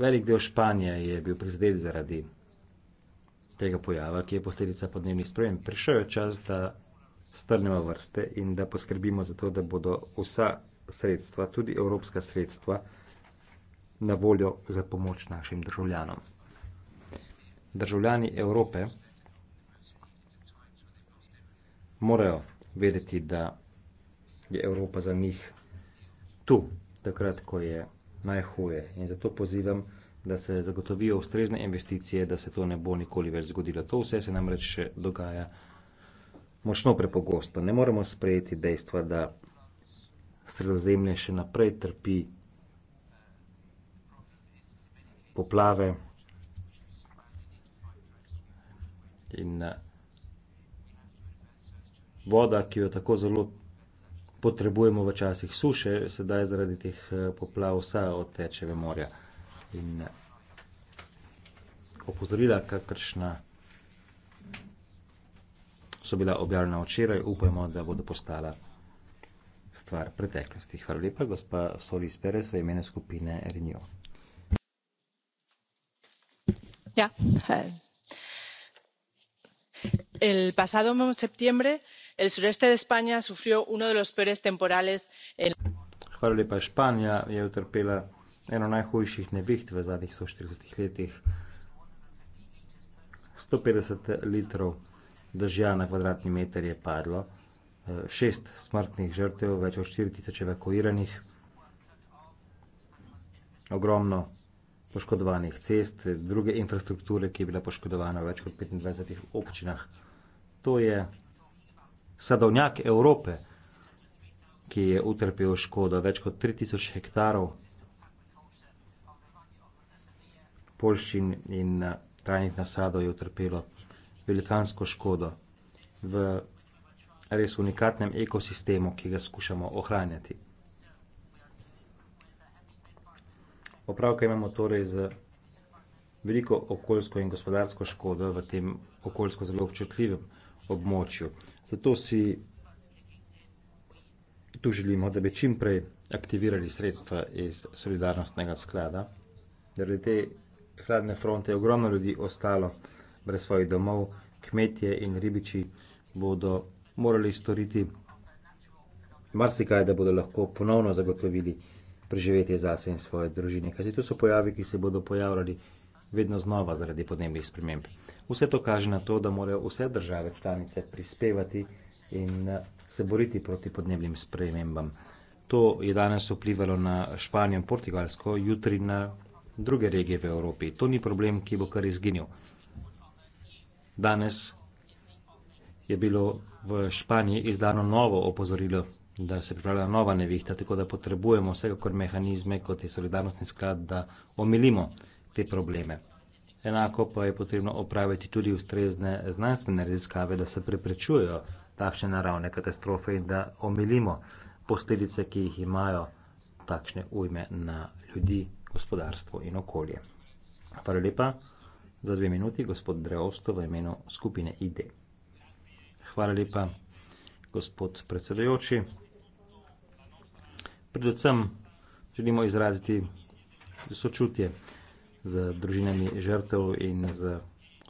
Speaker 8: Velik del Španije je bil prizadet zaradi tega pojava, ki je posledica podnebnih sprememb. Prišel je čas, da strnemo vrste in da poskrbimo za to, da bodo vsa sredstva, tudi evropska sredstva, na voljo za pomoč našim državljanom. Državljani Evrope morajo vedeti, da je Evropa za njih tu, takrat, ko je najhuje. In zato pozivam, da se zagotovijo ustrezne investicije, da se to ne bo nikoli več zgodilo. To vse se namreč dogaja močno prepogosto. Ne moremo sprejeti dejstva, da sredozemlje še naprej trpi poplave in eh, voda, ki jo tako zelo potrebujemo v časih suše, sedaj zaradi teh eh, poplav vsa oteče v morja. In eh, opozorila, kakršna so bila objavljena včeraj, upajmo, da bodo postala stvar preteklosti. Hvala lepa, gospa Solis Perez, v imene skupine Renew.
Speaker 6: Ja. Eh,
Speaker 9: el pasado septiembre el sureste de españa sufrió uno de los peores temporales en
Speaker 8: Hvala lepa, Španija je utrpela eno najhujših neviht v zadnjih 140 letih. 150 litrov dežja na kvadratni meter je padlo, šest smrtnih žrtev, več kot 4000 evakuiranih, ogromno poškodovanih cest, druge infrastrukture, ki je bila poškodovana v več kot 25 občinah. To je sadovnjak Evrope, ki je utrpel škodo več kot 3000 hektarov polšin in eh, trajnih nasadov je utrpelo velikansko škodo v res unikatnem ekosistemu, ki ga skušamo ohranjati. Opravka imamo torej z veliko okoljsko in gospodarsko škodo v tem okoljsko zelo občutljivem območju. Zato si tu želimo, da bi čim prej aktivirali sredstva iz solidarnostnega sklada. Zaradi te hladne fronte je ogromno ljudi ostalo brez svojih domov, kmetje in ribiči bodo morali storiti marsikaj, da bodo lahko ponovno zagotovili preživetje zase in svoje družine. Kajti tu so pojavi, ki se bodo pojavljali vedno znova zaradi podnebnih sprememb. Vse to kaže na to, da morajo vse države članice prispevati in eh, se boriti proti podnebnim spremembam. To je danes vplivalo na Španijo in Portugalsko, jutri na druge regije v Evropi. To ni problem, ki bo kar izginil. Danes je bilo v Španiji izdano novo opozorilo, da se pripravlja nova nevihta, tako da potrebujemo vsega kot mehanizme, kot je solidarnostni sklad, da omilimo te probleme. Enako pa je potrebno opraviti tudi ustrezne znanstvene raziskave, da se preprečujejo takšne naravne katastrofe in da omilimo posledice, ki jih imajo takšne ujme na ljudi, gospodarstvo in okolje. Hvala lepa za dve minuti, gospod Dreosto, v imenu skupine ID. Hvala lepa, gospod predsedojoči. Predvsem želimo izraziti sočutje z družinami žrtev in z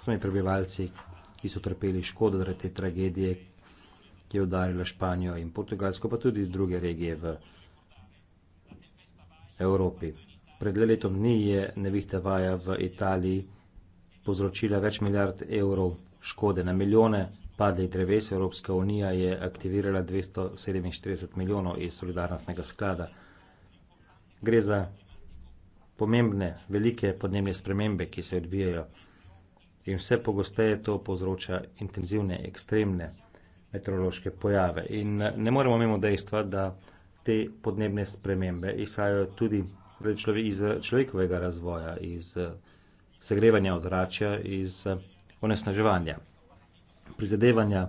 Speaker 8: vsemi prebivalci, ki so trpeli škodo zaradi te tragedije, ki je udarila Španijo in Portugalsko, pa tudi druge regije v Evropi. Pred letom dni je nevihta vaja v Italiji povzročila več milijard evrov škode na milijone padli dreves. Evropska unija je aktivirala 247 milijonov iz solidarnostnega sklada. Gre za pomembne, velike podnebne spremembe, ki se odvijajo in vse pogosteje to povzroča intenzivne, ekstremne meteorološke pojave. In eh, ne moremo mimo dejstva, da te podnebne spremembe izhajajo tudi torej iz eh, človekovega razvoja, iz eh, segrevanja ozračja, iz onesnaževanja. Prizadevanja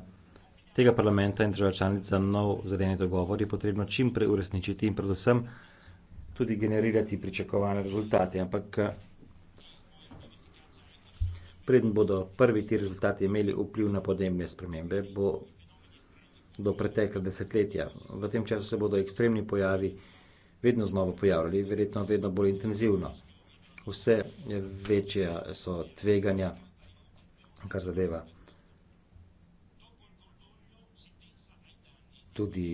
Speaker 8: tega parlamenta in država članica nov zadeni dogovor je potrebno čim prej uresničiti in predvsem tudi generirati pričakovane rezultate, ampak eh, preden bodo prvi ti rezultati imeli vpliv na podnebne spremembe, bo do pretekla desetletja. V tem času se bodo ekstremni pojavi vedno znova pojavljali, verjetno vedno bolj intenzivno. Vse večje so tveganja, kar zadeva tudi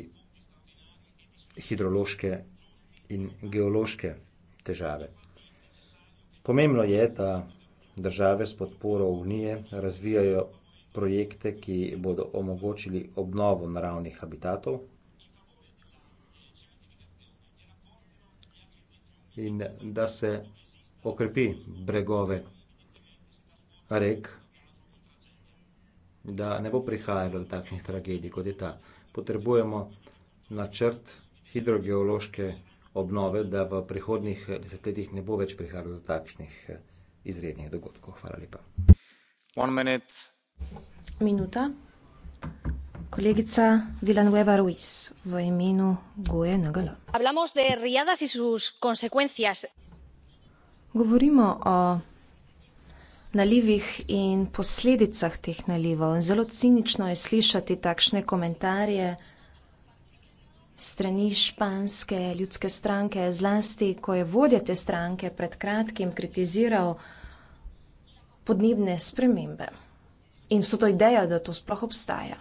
Speaker 8: hidrološke in geološke težave. Pomembno je, da države s podporo Unije razvijajo projekte, ki bodo omogočili obnovo naravnih habitatov. In da se okrepi bregove rek, da ne bo prihajalo do takšnih tragedij, kot je ta. Potrebujemo načrt hidrogeološke obnove, da v prihodnih desetletjih ne bo več prihajalo do takšnih eh, izrednih dogodkov. Hvala lepa. One minute.
Speaker 11: Minuta. Kolegica Villanueva Ruiz, v imenu Goje Nagala.
Speaker 6: Hablamos de riadas y sus consecuencias.
Speaker 11: Govorimo o nalivih in posledicah teh nalivov. Zelo cinično je slišati takšne komentarje, strani španske ljudske stranke, zlasti ko je vodja te stranke pred kratkim kritiziral podnebne spremembe in so to idejo, da to sploh obstaja.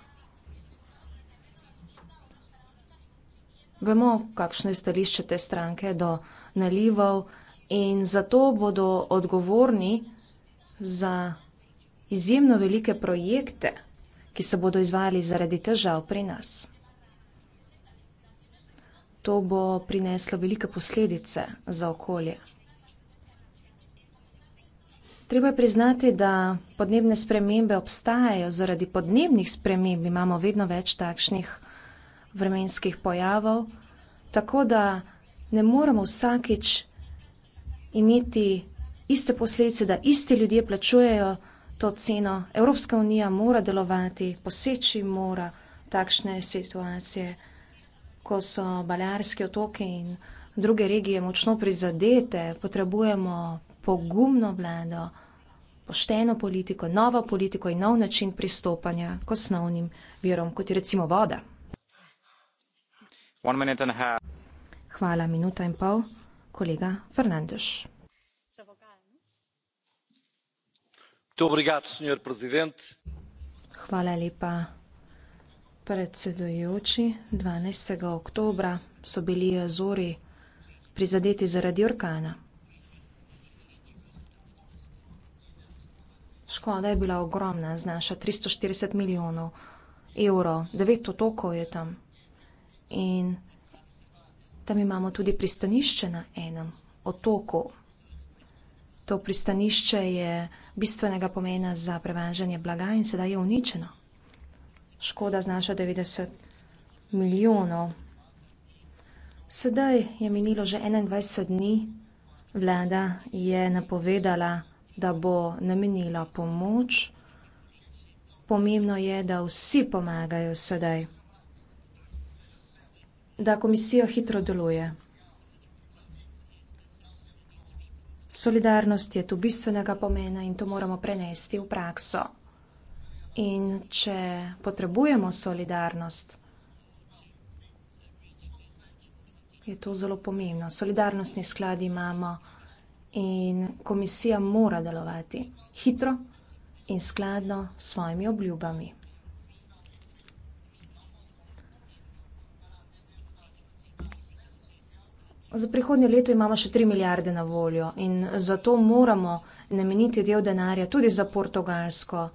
Speaker 11: Vemo, kakšno je stališče te stranke do nalivov in zato bodo odgovorni za izjemno velike projekte, ki se bodo izvali zaradi težav pri nas to bo prineslo velike posledice za okolje. Treba je priznati, da podnebne spremembe obstajajo. Zaradi podnebnih sprememb imamo vedno več takšnih vremenskih pojavov, tako da ne moremo vsakič imeti iste posledice, da iste ljudje plačujejo to ceno. Evropska unija mora delovati, poseči mora takšne situacije ko so balearske otoke in druge regije močno prizadete, potrebujemo pogumno vlado, pošteno politiko, novo politiko in nov način pristopanja k osnovnim virom, kot je recimo voda. Hvala, minuta in pol. Kolega Fernandes. Hvala lepa, Predsedujoči, 12. oktobra so bili Azori prizadeti zaradi orkana. Škoda je bila ogromna, znaša 340 milijonov evrov, devet otokov je tam. In tam imamo tudi pristanišče na enem otoku. To pristanišče je bistvenega pomena za prevažanje blaga in sedaj je uničeno škoda znaša 90 milijonov. Sedaj je minilo že 21 dni, vlada je napovedala, da bo namenila pomoč. Pomembno je, da vsi pomagajo sedaj, da komisija hitro deluje. Solidarnost je tu bistvenega pomena in to moramo prenesti v prakso. In če potrebujemo solidarnost, je to zelo pomembno. Solidarnostni sklad imamo in komisija mora delovati hitro in skladno s svojimi obljubami. Za prihodnje leto imamo še tri milijarde na voljo in zato moramo nameniti del denarja tudi za Portugalsko.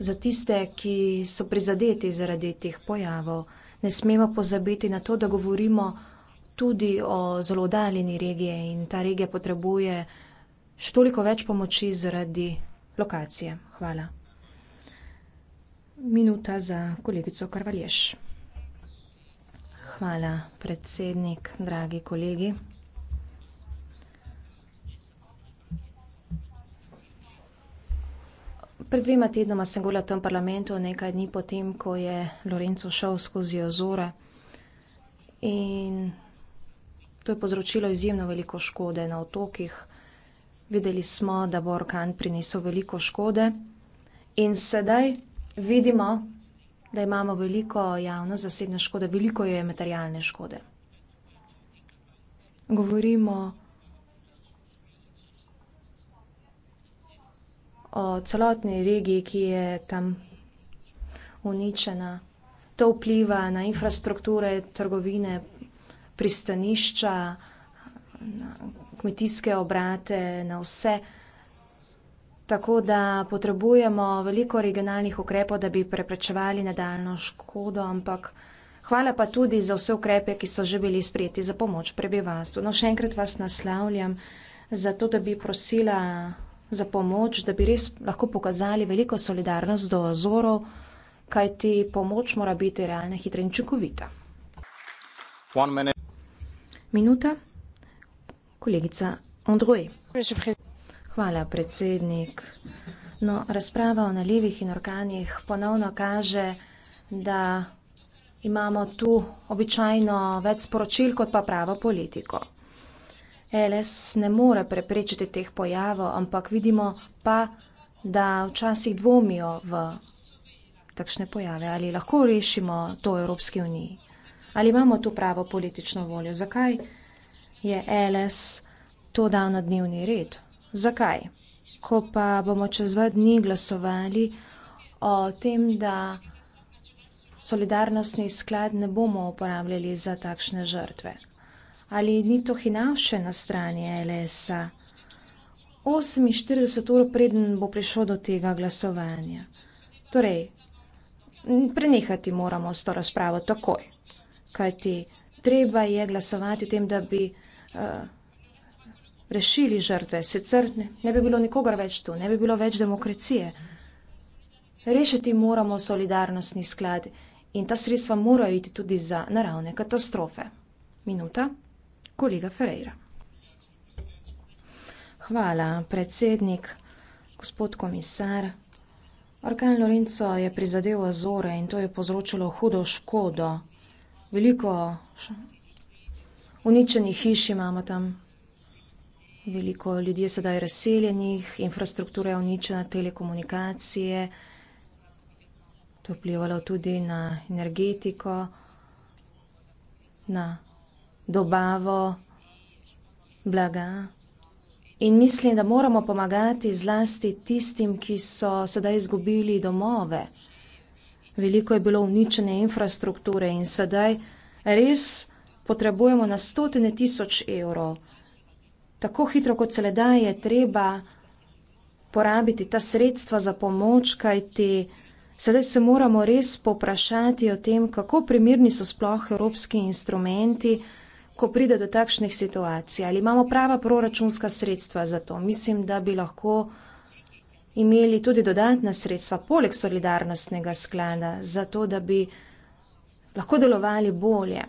Speaker 11: Za tiste, ki so prizadeti zaradi teh pojavov, ne smemo pozabiti na to, da govorimo tudi o zelo daljni regiji in ta regija potrebuje še toliko več pomoči zaradi lokacije. Hvala. Minuta za kolegico Karvalješ. Hvala, predsednik, dragi kolegi. Pred dvema tednoma sem govorila v tem parlamentu, nekaj dni potem, ko je Lorenzo šel skozi ozore. In to je povzročilo izjemno veliko škode na otokih. Videli smo, da bo orkan prinesel veliko škode. In sedaj vidimo, da imamo veliko javno zasebne škode, veliko je materialne škode. Govorimo o. o celotni regiji, ki je tam uničena. To vpliva na infrastrukture, trgovine, pristanišča, na kmetijske obrate, na vse. Tako da potrebujemo veliko regionalnih ukrepov, da bi preprečevali nadaljno škodo, ampak hvala pa tudi za vse ukrepe, ki so že bili sprejeti za pomoč prebivalstvu. No, še enkrat vas naslavljam za to, da bi prosila za pomoč, da bi res lahko pokazali veliko solidarnost do ozorov, kaj ti pomoč mora biti realna, hitra in čukovita. Minuta. Kolegica Ondruj. Hvala, predsednik. No, razprava o nalivih in orkanih ponovno kaže, da imamo tu običajno več sporočil kot pa pravo politiko. LS ne more preprečiti teh pojavov, ampak vidimo pa, da včasih dvomijo v takšne pojave, ali lahko rešimo to Evropski uniji, ali imamo tu pravo politično voljo. Zakaj je LS to dal na dnevni red? Zakaj? Ko pa bomo čez dva dni glasovali o tem, da solidarnostni sklad ne bomo uporabljali za takšne žrtve ali ni to hinavše na strani LSA? 48 ur preden bo prišlo do tega glasovanja. Torej, prenehati moramo s to razpravo takoj, kajti treba je glasovati o tem, da bi uh, rešili žrtve, sicer ne, ne bi bilo nikogar več tu, ne bi bilo več demokracije. Rešiti moramo solidarnostni sklad in ta sredstva morajo iti tudi za naravne katastrofe. Minuta kolega Ferreira. Hvala, predsednik, gospod komisar. Orkan Lorenzo je prizadel Azore in to je povzročilo hudo škodo. Veliko uničenih hiš imamo tam, veliko ljudi je sedaj razseljenih, infrastruktura je uničena, telekomunikacije. To je vplivalo tudi na energetiko, na dobavo blaga. In mislim, da moramo pomagati zlasti tistim, ki so sedaj izgubili domove. Veliko je bilo uničene infrastrukture in sedaj res potrebujemo na stotine tisoč evrov. Tako hitro, kot se le da, je treba porabiti ta sredstva za pomoč, kajti sedaj se moramo res poprašati o tem, kako primirni so sploh evropski instrumenti, ko pride do takšnih situacij, ali imamo prava proračunska sredstva za to. Mislim, da bi lahko imeli tudi dodatna sredstva poleg solidarnostnega sklada, zato da bi lahko delovali bolje.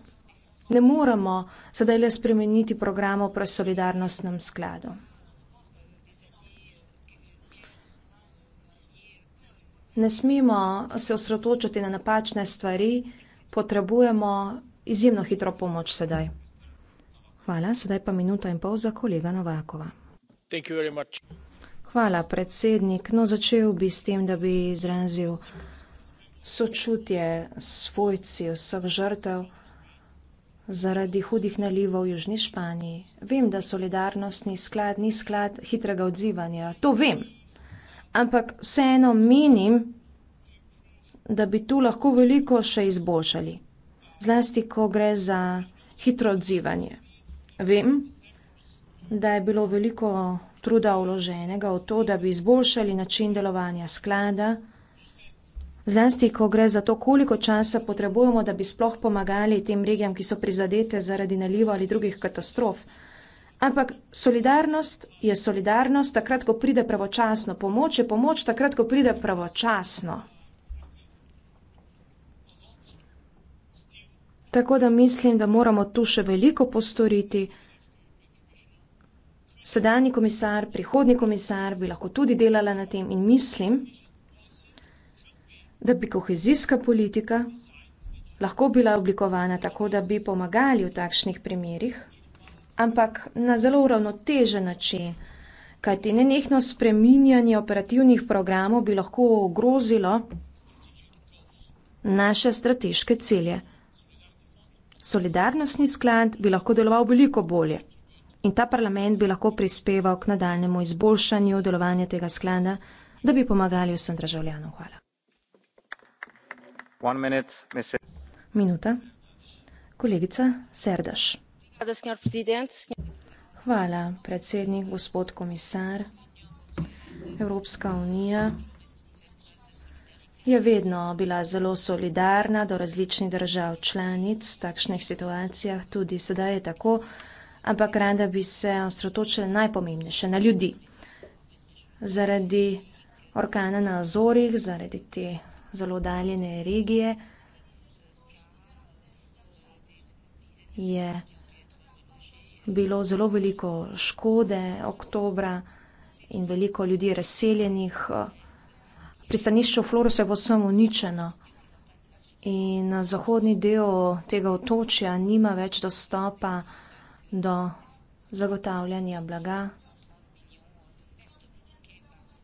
Speaker 11: Ne moremo sedaj le spremeniti programov pri solidarnostnem skladu. Ne smemo se osredotočiti na napačne stvari, potrebujemo izjemno hitro pomoč sedaj. Hvala, sedaj pa minuta in pol za kolega Novakova. Hvala, predsednik. No, začel bi s tem, da bi izrazil sočutje svojci vseh žrtev zaradi hudih nalivov v Južni Španiji. Vem, da solidarnostni sklad ni sklad hitrega odzivanja, to vem. Ampak vseeno menim, da bi tu lahko veliko še izboljšali. Zlasti, ko gre za hitro odzivanje. Vem, da je bilo veliko truda vloženega v to, da bi izboljšali način delovanja sklada, zlasti, ko gre za to, koliko časa potrebujemo, da bi sploh pomagali tem regijam, ki so prizadete zaradi naliva ali drugih katastrof. Ampak solidarnost je solidarnost takrat, ko pride pravočasno. Pomoč je pomoč takrat, ko pride pravočasno. Tako da mislim, da moramo tu še veliko postoriti. Sedajni komisar, prihodni komisar bi lahko tudi delala na tem in mislim, da bi kohezijska politika lahko bila oblikovana tako, da bi pomagali v takšnih primerih, ampak na zelo uravnotežen način, kajti nenehno spreminjanje operativnih programov bi lahko ogrozilo naše strateške cilje solidarnostni sklad bi lahko deloval veliko bolje in ta parlament bi lahko prispeval k nadaljnemu izboljšanju delovanja tega sklada, da bi pomagali vsem državljanom. Hvala. Minuta. Kolegica Serdaš. Hvala, predsednik, gospod komisar. Evropska unija Je vedno bila zelo solidarna do različnih držav članic, v takšnih situacijah tudi sedaj je tako, ampak rada bi se osredotočila najpomembnejše na ljudi. Zaradi orkana na Azorih, zaradi te zelo daljene regije je bilo zelo veliko škode oktobra in veliko ljudi razseljenih pristanišče v Floru se je povsem uničeno. In eh, zahodni del tega otočja nima več dostopa do zagotavljanja blaga.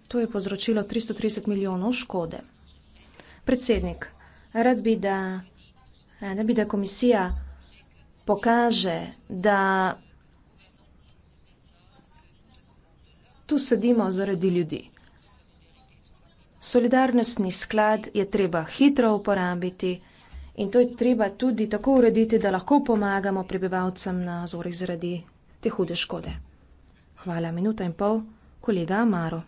Speaker 11: To je povzročilo 330 milijonov škode. Predsednik, rad bi, da, rad bi, da komisija pokaže, da tu sedimo zaradi ljudi solidarnostni sklad je treba hitro uporabiti in to je treba tudi tako urediti, da lahko pomagamo prebivalcem na zorih zaradi te hude škode. Hvala, minuta in pol, kolega Amaro.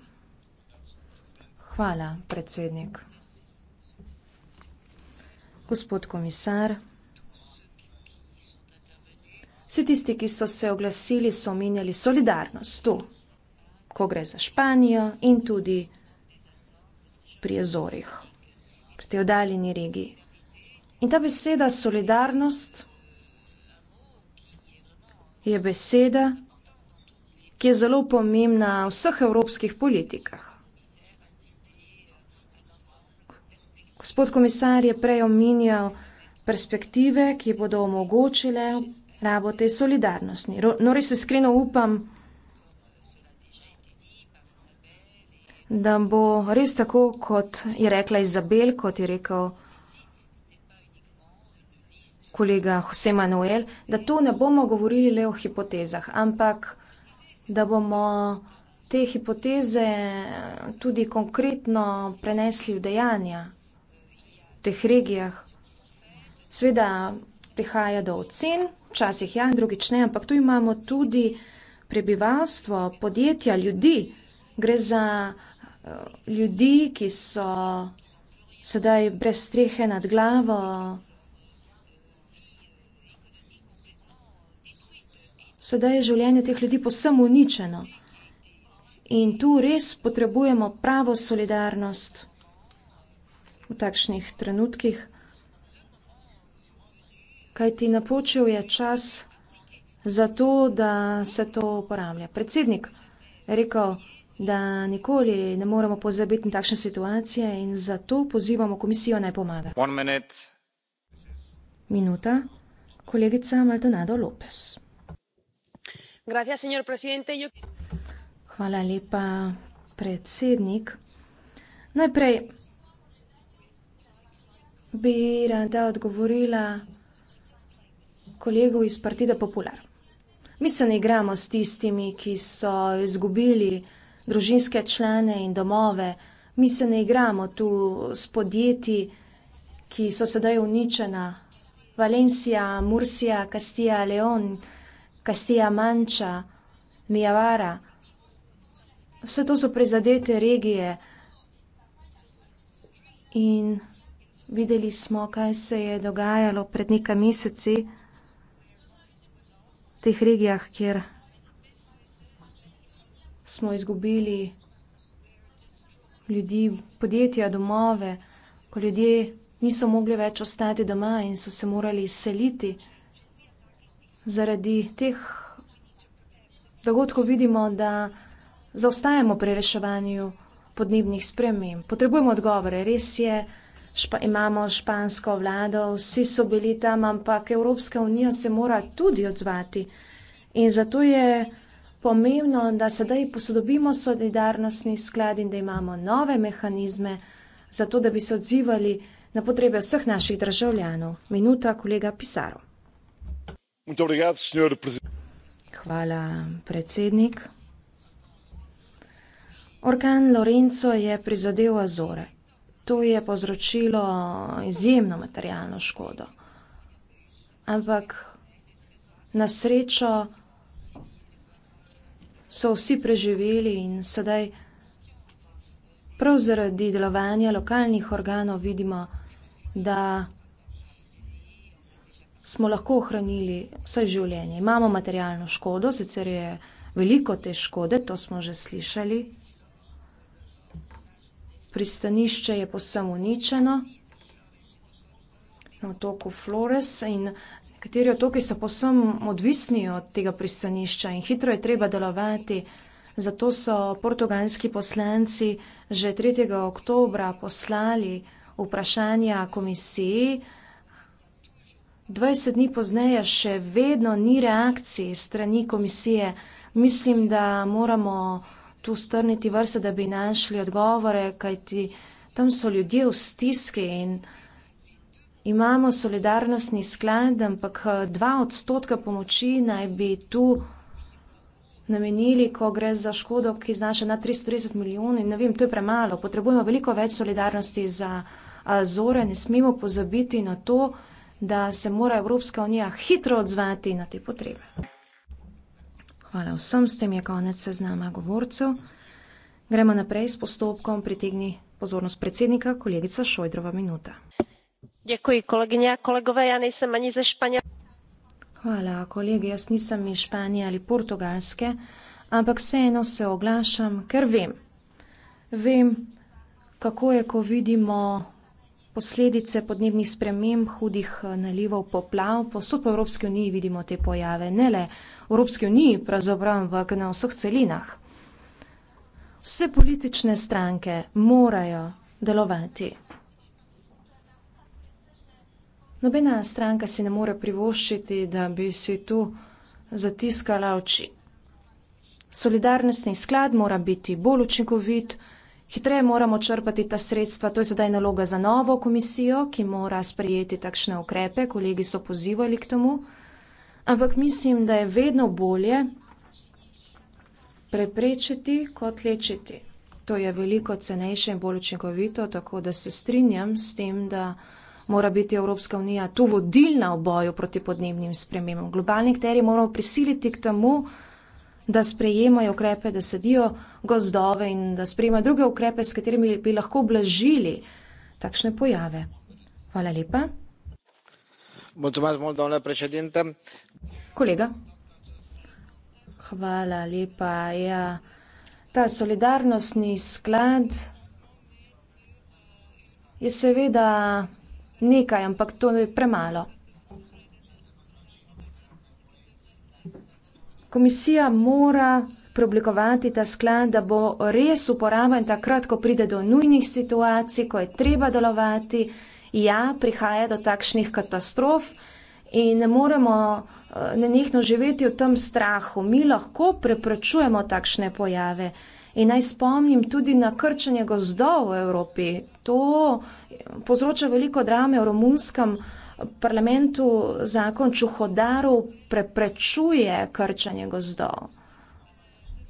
Speaker 11: Hvala, predsednik. Gospod komisar, vsi tisti, ki so se oglasili, so omenjali solidarnost tu, ko gre za Španijo in tudi pri Azorih, pri tej oddaljeni regiji. In ta beseda solidarnost je beseda, ki je zelo pomembna v vseh evropskih politikah. Gospod komisar je prej omenjal perspektive, ki bodo omogočile rabo te solidarnosti. No, res iskreno upam, da. da bo res tako, kot je rekla Izabel, kot je rekel kolega Jose Manuel, da to ne bomo govorili le o hipotezah, ampak da bomo te hipoteze tudi konkretno prenesli v dejanja v teh regijah. Sveda prihaja do ocen, včasih ja, drugič ne, ampak tu imamo tudi prebivalstvo, podjetja, ljudi. Gre za Eh, ljudi, ki so sedaj brez strehe nad glavo. Sedaj je življenje teh ljudi povsem uničeno. In tu res potrebujemo pravo solidarnost v takšnih trenutkih. Kajti napočil je čas za to, da se to uporablja. Predsednik je rekel, da nikoli ne moremo pozabiti na takšne situacije in zato pozivamo komisijo naj pomaga. Minuta, kolegica Maldonado Lopes. Hvala lepa, predsednik. Najprej bi rada odgovorila kolegu iz Partida Popular. Mi se ne igramo s tistimi, ki so izgubili družinske člane in domove. Mi se ne igramo tu s podjetji, ki so sedaj uničena. Valencija, Mursija, Kastija, Leon, Kastija, Manča, Mijavara. Vse to so prizadete regije. In videli smo, kaj se je dogajalo pred nekaj meseci v teh regijah, kjer smo izgubili ljudi, podjetja, domove, ko ljudje niso mogli več ostati doma in so se morali izseliti. Zaradi teh dogodkov vidimo, da zaostajamo pri reševanju podnebnih sprememb. Potrebujemo odgovore. Res je, špa, imamo špansko vlado, vsi so bili tam, ampak Evropska unija se mora tudi odzvati. In zato je pomembno, da sedaj posodobimo solidarnostni sklad in da imamo nove mehanizme, zato da bi se odzivali na potrebe vseh naših državljanov. Minuta, kolega Pisaro. Hvala, predsednik. Orkan Lorenzo je prizadel Azore. To je povzročilo izjemno materialno škodo. Ampak na srečo so vsi preživeli in sedaj prav zaradi delovanja lokalnih organov vidimo, da smo lahko ohranili vse življenje. Imamo materialno škodo, sicer je veliko te škode, to smo že slišali. Pristanišče je posem uničeno na otoku Flores in Kateri otoki so posem odvisni od tega pristanišča in hitro je treba delovati. Zato so portugalski poslanci že 3. oktobra poslali vprašanja komisiji. 20 dni pozneje še vedno ni reakcije strani komisije. Mislim, da moramo tu strniti vrste, da bi našli odgovore, kajti tam so ljudje v stiski in Imamo solidarnostni sklad, ampak dva odstotka pomoči naj bi tu namenili, ko gre za škodo, ki znaša na 330 milijoni. Ne vem, to je premalo. Potrebujemo veliko več solidarnosti za Azore. Ne smemo pozabiti na to, da se mora Evropska unija hitro odzvati na te potrebe. Hvala vsem, s tem je konec seznama govorcev. Gremo naprej s postopkom, pritegni pozornost predsednika, kolegica Šojdrova minuta. Děkuji, kolegyně a kolegové, já nejsem ani ze Španělska. Hvala, kolegi, jaz nisem iz Španije ali Portugalske, ampak vseeno se oglašam, ker vem, vem, kako je, ko vidimo posledice podnebnih sprememb, hudih eh, nalivov, poplav, posod po Evropski uniji vidimo te pojave, ne le v Evropski uniji, pravzaprav ampak na vseh celinah. Vse politične stranke morajo delovati. Nobena stranka si ne more privoščiti, da bi si tu zatiskala oči. Solidarnostni sklad mora biti bolj učinkovit, hitreje moramo črpati ta sredstva, to je zdaj naloga za novo komisijo, ki mora sprejeti takšne ukrepe, kolegi so pozivali k temu, ampak mislim, da je vedno bolje preprečiti kot lečiti. To je veliko cenejše in bolj učinkovito, tako da se strinjam s tem, da mora biti Evropska unija tu vodilna v boju proti podnebnim spremembam. Globalni akteri moramo prisiliti k temu, da sprejemajo ukrepe, da sedijo gozdove in da sprejemajo druge ukrepe, s katerimi bi lahko blažili takšne pojave. Hvala lepa. Kolega. Hvala lepa. Ja, ta solidarnostni sklad je seveda nekaj, ampak to je premalo. Komisija mora preoblikovati ta sklad, da bo res uporaben takrat, ko pride do nujnih situacij, ko je treba delovati. Ja, prihaja do takšnih katastrof in ne moremo eh, nenehno živeti v tem strahu. Mi lahko preprečujemo takšne pojave. In naj spomnim tudi na krčanje gozdov v Evropi. To povzroča veliko drame v romunskem parlamentu, zakon čuhodarov preprečuje krčanje gozdov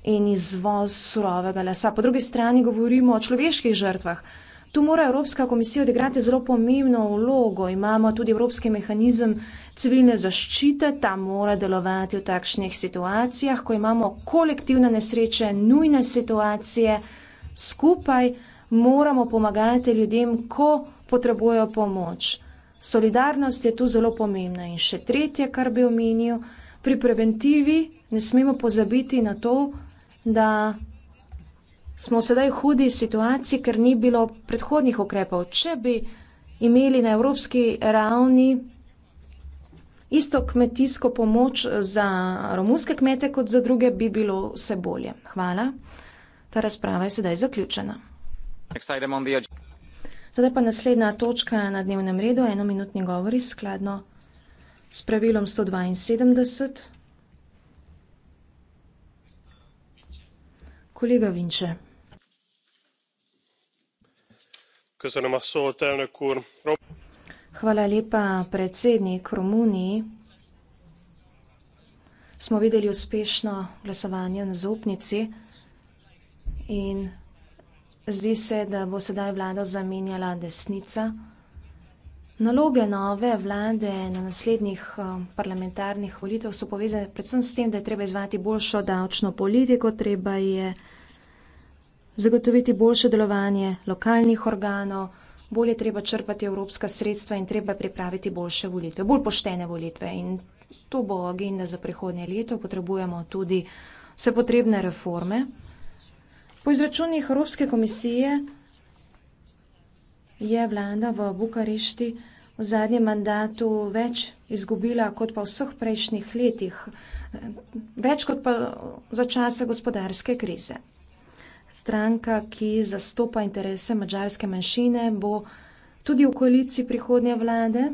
Speaker 11: in izvoz surovega lesa. Po drugi strani govorimo o človeških žrtvah. Tu mora Evropska komisija odigrati zelo pomembno vlogo. Imamo tudi Evropski mehanizem civilne zaščite, ta mora delovati v takšnih situacijah, ko imamo kolektivne nesreče, nujne situacije skupaj moramo pomagati ljudem, ko potrebujejo pomoč. Solidarnost je tu zelo pomembna. In še tretje, kar bi omenil, pri preventivi ne smemo pozabiti na to, da smo sedaj v hudi situaciji, ker ni bilo predhodnih ukrepov. Če bi imeli na evropski ravni isto kmetijsko pomoč za romunske kmete kot za druge, bi bilo vse bolje. Hvala. Ta razprava je sedaj zaključena. Zdaj pa naslednja točka na dnevnem redu, enominutni govori skladno s pravilom 172. Kolega Vinče. Hvala lepa, predsednik Romuniji. Smo videli uspešno glasovanje na zopnici in Zdi se, da bo sedaj vlado zamenjala desnica. Naloge nove vlade na naslednjih eh, parlamentarnih volitev so povezane predvsem s tem, da je treba izvati boljšo davčno politiko, treba je zagotoviti boljše delovanje lokalnih organov, bolje treba črpati evropska sredstva in treba pripraviti boljše volitve, bolj poštene volitve. In to bo agenda za prihodnje leto, potrebujemo tudi vse potrebne reforme. Po izračunih Evropske komisije je vlada v Bukarešti v zadnjem mandatu več izgubila kot pa v vseh prejšnjih letih, več kot pa za časa gospodarske krize. Stranka, ki zastopa interese mađarske manjšine, bo tudi v koaliciji prihodnje vlade.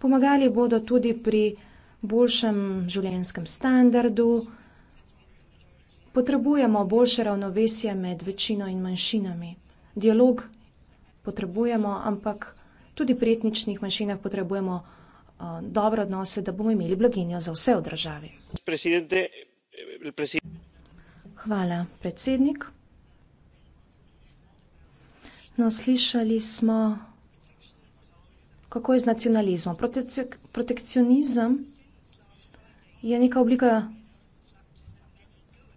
Speaker 11: Pomagali bodo tudi pri boljšem življenjskem standardu potrebujemo boljše ravnovesje med večino in manjšinami. Dialog potrebujemo, ampak tudi pri etničnih manjšinah potrebujemo uh, dobre odnose, da bomo imeli blaginjo za vse v državi.
Speaker 8: Presidente, presidente.
Speaker 11: Hvala, predsednik. No, slišali smo, kako je z nacionalizmom. Protec protekcionizem je neka oblika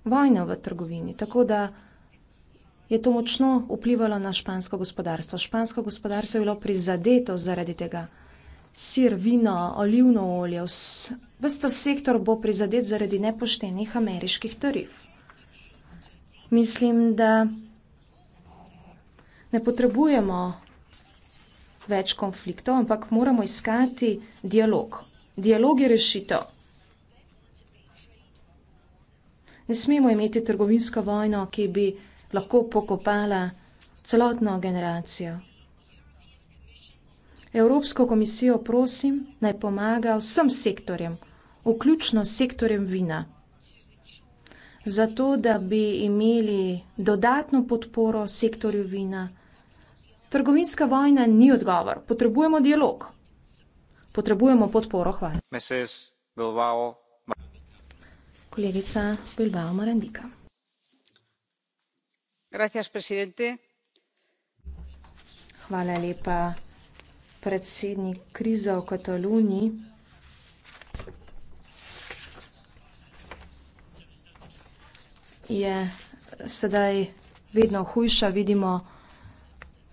Speaker 11: vojna v trgovini. Tako da je to močno vplivalo na špansko gospodarstvo. Špansko gospodarstvo je bilo prizadeto zaradi tega. Sir, vino, olivno olje, vse ta sektor bo prizadet zaradi nepoštenih ameriških tarif. Mislim, da ne potrebujemo več konfliktov, ampak moramo iskati dialog. Dialog je rešitev. Ne smemo imeti trgovinsko vojno, ki bi lahko pokopala celotno generacijo. Evropsko komisijo prosim, naj pomaga vsem sektorjem, vključno s sektorjem vina, zato da bi imeli dodatno podporo sektorju vina. Trgovinska vojna ni odgovor, potrebujemo dialog, potrebujemo podporo. Hvala
Speaker 6: señor presidente.
Speaker 11: Hvala lepa, predsednik. Kriza v Kataloniji je sedaj vedno hujša. Vidimo,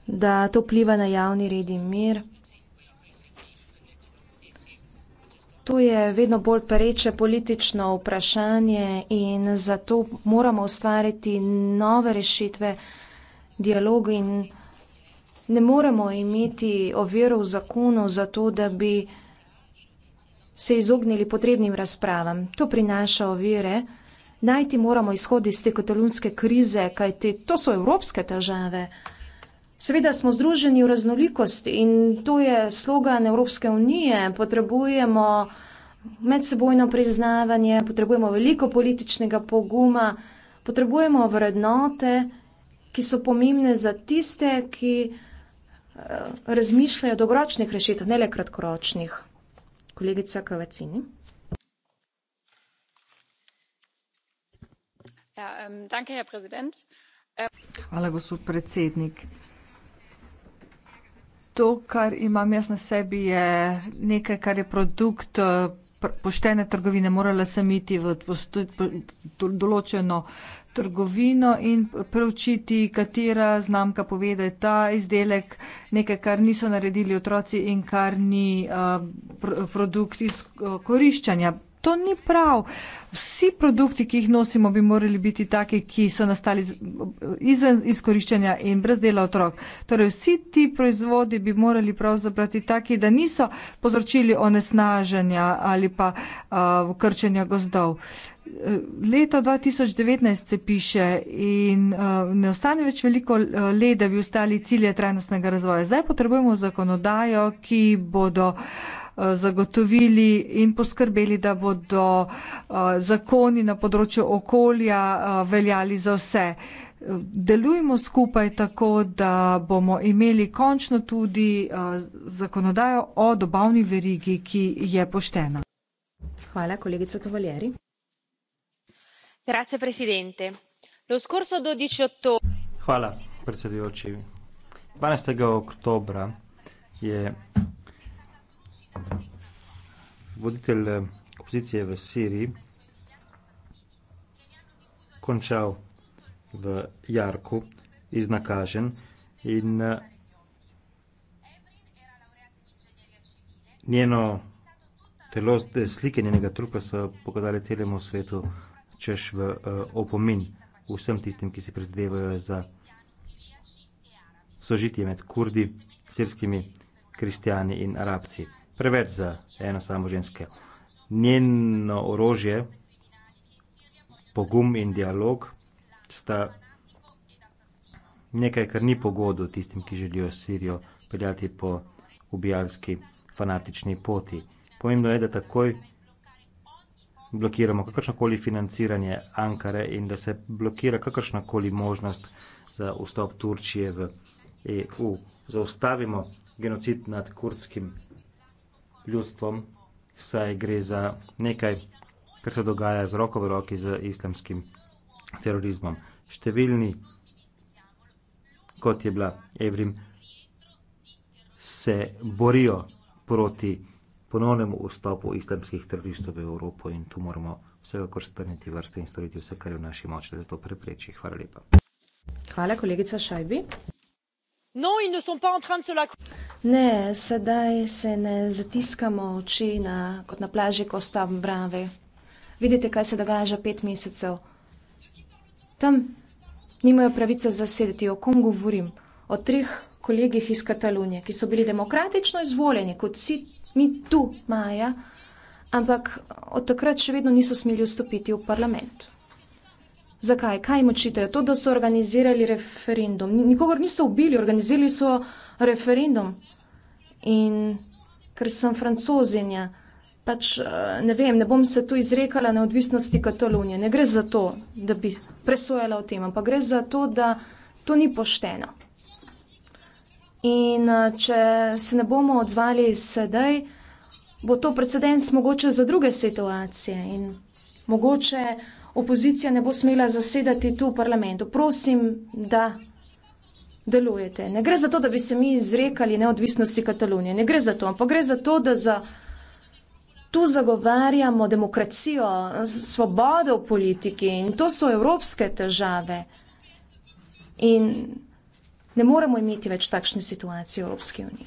Speaker 11: da to vpliva na javni red in mir. To je vedno bolj pereče politično vprašanje in zato moramo ustvariti nove rešitve, dialog in ne moremo imeti overov v zakonu za to, da bi se izognili potrebnim razpravam. To prinaša ovire. Najti moramo izhod iz te katalunske krize, kajte to so evropske težave. Seveda smo združeni v raznolikost in to je slogan Evropske unije. Potrebujemo medsebojno priznavanje, potrebujemo veliko političnega poguma, potrebujemo vrednote, ki so pomembne za tiste, ki eh, razmišljajo o dolgoročnih rešitev, ne le kratkoročnih. Kolegica Kavacini. Ja, Hvala, gospod predsednik
Speaker 7: to, kar imam jaz na sebi, je nekaj, kar je produkt eh, poštene trgovine. Morala sem iti v določeno trgovino in preučiti, katera znamka pove, da je ta izdelek nekaj, kar niso naredili otroci in kar ni uh, produkt iz uh, eh, koriščanja. To ni prav. Uh, vsi produkti, ki jih nosimo, bi morali biti taki, ki so nastali izven izkoriščanja in brez dela otrok. Torej, vsi ti proizvodi bi morali pravzaprav biti taki, da niso povzročili onesnaženja ali pa uh, krčenja gozdov. Leto 2019 se piše in uh, ne ostane več veliko let, da bi ostali cilje trajnostnega razvoja. Zdaj potrebujemo zakonodajo, ki bodo uh, Eh, zagotovili in poskrbeli, da bodo eh, zakoni na področju okolja eh, veljali za vse. Delujmo skupaj tako, da bomo imeli končno tudi zakonodajo o dobavni verigi, ki
Speaker 8: je
Speaker 11: poštena. Hvala, kolegica Tovaljeri. Grazie, presidente. Lo scorso 12 ottobre.
Speaker 8: Hvala, predsedujoči. 12. oktobra je voditelj eh, opozicije v Siriji končal v jarku iznakažen in eh, njeno telo, slike njenega trupa so pokazali celemu svetu, češ v eh, opomin vsem tistim, ki si prizadevajo za sožitje med Kurdi, sirskimi kristjani in Arabci preveč za eno samo žensko. Njeno orožje, pogum in dialog sta nekaj, kar ni pogodu tistim, ki želijo Sirijo peljati po ubijalski, fanatični poti. Pomembno je, da takoj blokiramo kakršnokoli financiranje Ankare in da se blokira kakršnakoli možnost za vstop Turčije v EU. Zaustavimo genocid nad kurdskim ljudstvom, saj gre za nekaj, kar se dogaja z roko v roki z islamskim terorizmom. Številni, kot je bila Evrim, se borijo proti ponovnemu vstopu islamskih teroristov v Evropo in tu moramo vsekakor strniti vrste in storiti vse, kar je v naši moči, da to prepreči. Hvala lepa.
Speaker 11: Hvala, kolegica Šajbi.
Speaker 7: Non, ils ne sont pas en train de se la...
Speaker 11: Ne, sedaj se ne zatiskamo oči na, kot na plaži, ko sta brave. Vidite, kaj se dogaja že pet mesecev. Tam nimajo pravice zasedeti, o kom govorim. O treh kolegih iz Katalonije, ki so bili demokratično izvoljeni, kot si mi tu, Maja, ampak od takrat še vedno niso smeli vstopiti v parlament. Zakaj? Kaj jim očitajo? To, da so organizirali referendum. Nikogor niso ubili, organizirali so referendum. In ker sem francozinja, pač eh, ne vem, ne bom se tu izrekala na odvisnosti Katalonije. Ne gre za to, da bi presojala o tem, ampak gre za to, da to ni pošteno. In eh, če se ne bomo odzvali sedaj, bo to precedens mogoče za druge situacije in mogoče opozicija ne bo smela zasedati tu v parlamentu. Prosim, da delujete. Ne gre za to, da bi se mi izrekali neodvisnosti Katalonije, ne gre za to, ampak gre za to, da za tu zagovarjamo demokracijo, svobodo v politiki in to so evropske težave. In ne moremo imeti več takšne situacije v Evropski uniji.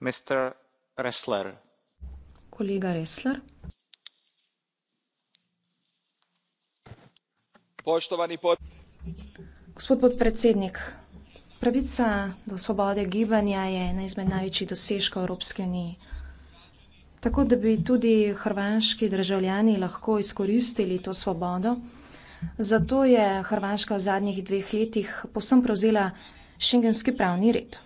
Speaker 8: Mr. Ressler.
Speaker 11: Kolega Ressler.
Speaker 2: Poštovani podpredsednik.
Speaker 11: Gospod podpredsednik, pravica do svobode gibanja je ena izmed največjih dosežkov Evropske unije. Tako da bi tudi hrvaški državljani lahko izkoristili to svobodo, zato je Hrvaška v zadnjih dveh letih posem prevzela šengenski pravni red.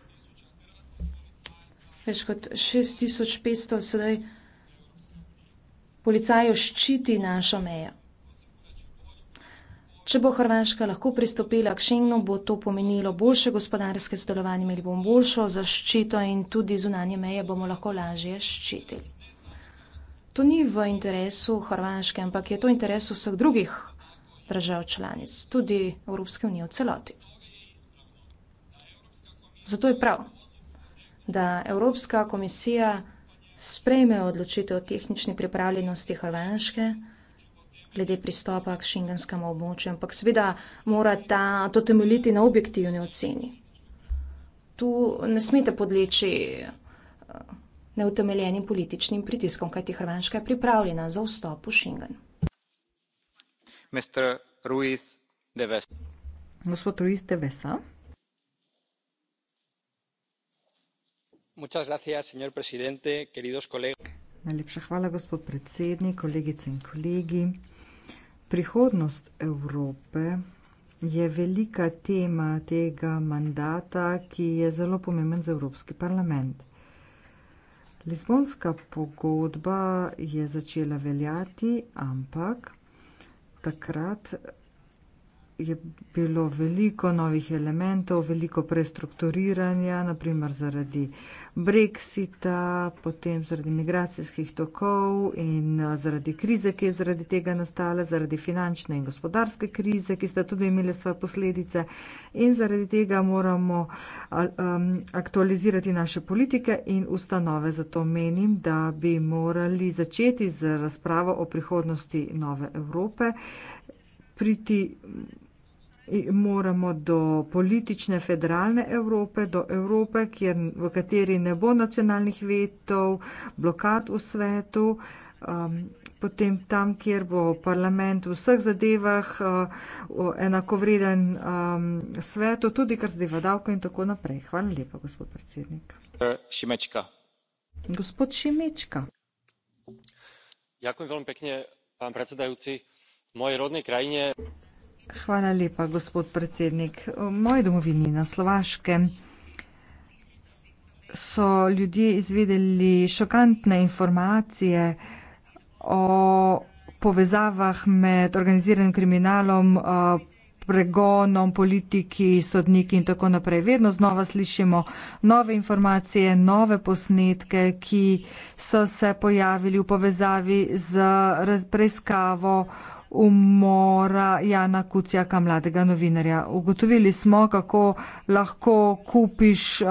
Speaker 11: Več kot 6500 sedaj policajo ščiti našo mejo. Če bo Hrvaška lahko pristopila k Schengenu, bo to pomenilo boljše gospodarske sodelovanje, imeli bomo boljšo zaščito in tudi zunanje meje bomo lahko lažje ščitili. To ni v interesu Hrvaške, ampak je to interes vseh drugih držav članic, tudi Evropske unije v celoti. Zato je prav, da Evropska komisija sprejme odločitev o tehnični pripravljenosti Hrvaške glede pristopa k šengenskemu območju, ampak seveda mora ta, to temeljiti na objektivni oceni. Tu ne smete podleči eh, neutemeljenim političnim pritiskom, kajti Hrvaška je pripravljena za vstop v Schengen. Gospod Ruiz de Vesa.
Speaker 2: Muchas gracias, señor presidente, queridos colegas.
Speaker 7: Najlepša hvala, gospod predsednik, kolegice in kolegi. Prihodnost Evrope je velika tema tega mandata, ki je zelo pomemben za Evropski parlament. Lizbonska pogodba je začela veljati, ampak takrat je bilo veliko novih elementov, veliko prestrukturiranja, naprimer zaradi Brexita, potem zaradi migracijskih tokov in zaradi krize, ki je zaradi tega nastala, zaradi finančne in gospodarske krize, ki sta tudi imele svoje posledice in zaradi tega moramo um, aktualizirati naše politike in ustanove. Zato menim, da bi morali začeti z razpravo o prihodnosti nove Evrope. Priti moramo do politične federalne Evrope, do Evrope, kjer, v kateri ne bo nacionalnih vetov, blokad v svetu, um, potem tam, kjer bo parlament v vseh zadevah uh, enakovreden um, svetu, tudi kar zadeva davko in tako naprej. Hvala lepa, gospod predsednik.
Speaker 8: E, Šimečka.
Speaker 7: Gospod Šimečka.
Speaker 8: Jakujem veľmi pekne, pán predsedajúci. V mojej rodnej krajine
Speaker 7: Hvala lepa, gospod predsednik. V moji domovini na Slovaškem so ljudje izvedeli šokantne informacije o povezavah med organiziranim kriminalom, eh, pregonom, politiki, sodniki in tako naprej. Vedno znova slišimo nove informacije, nove posnetke, ki so se pojavili v povezavi z preiskavo umora Jana Kucijaka, mladega novinarja. Ugotovili smo, kako lahko kupiš eh,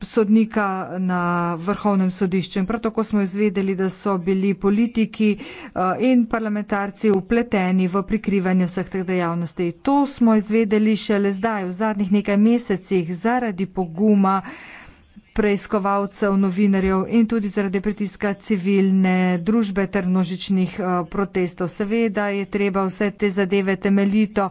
Speaker 7: sodnika na vrhovnem sodišču. In prav tako smo izvedeli, da so bili politiki eh, in parlamentarci upleteni v prikrivanje vseh teh dejavnosti. To smo izvedeli šele zdaj, v zadnjih nekaj mesecih, zaradi poguma preiskovalcev, novinarjev in tudi zaradi pritiska civilne družbe ter množičnih eh, protestov. Seveda je treba vse te zadeve temeljito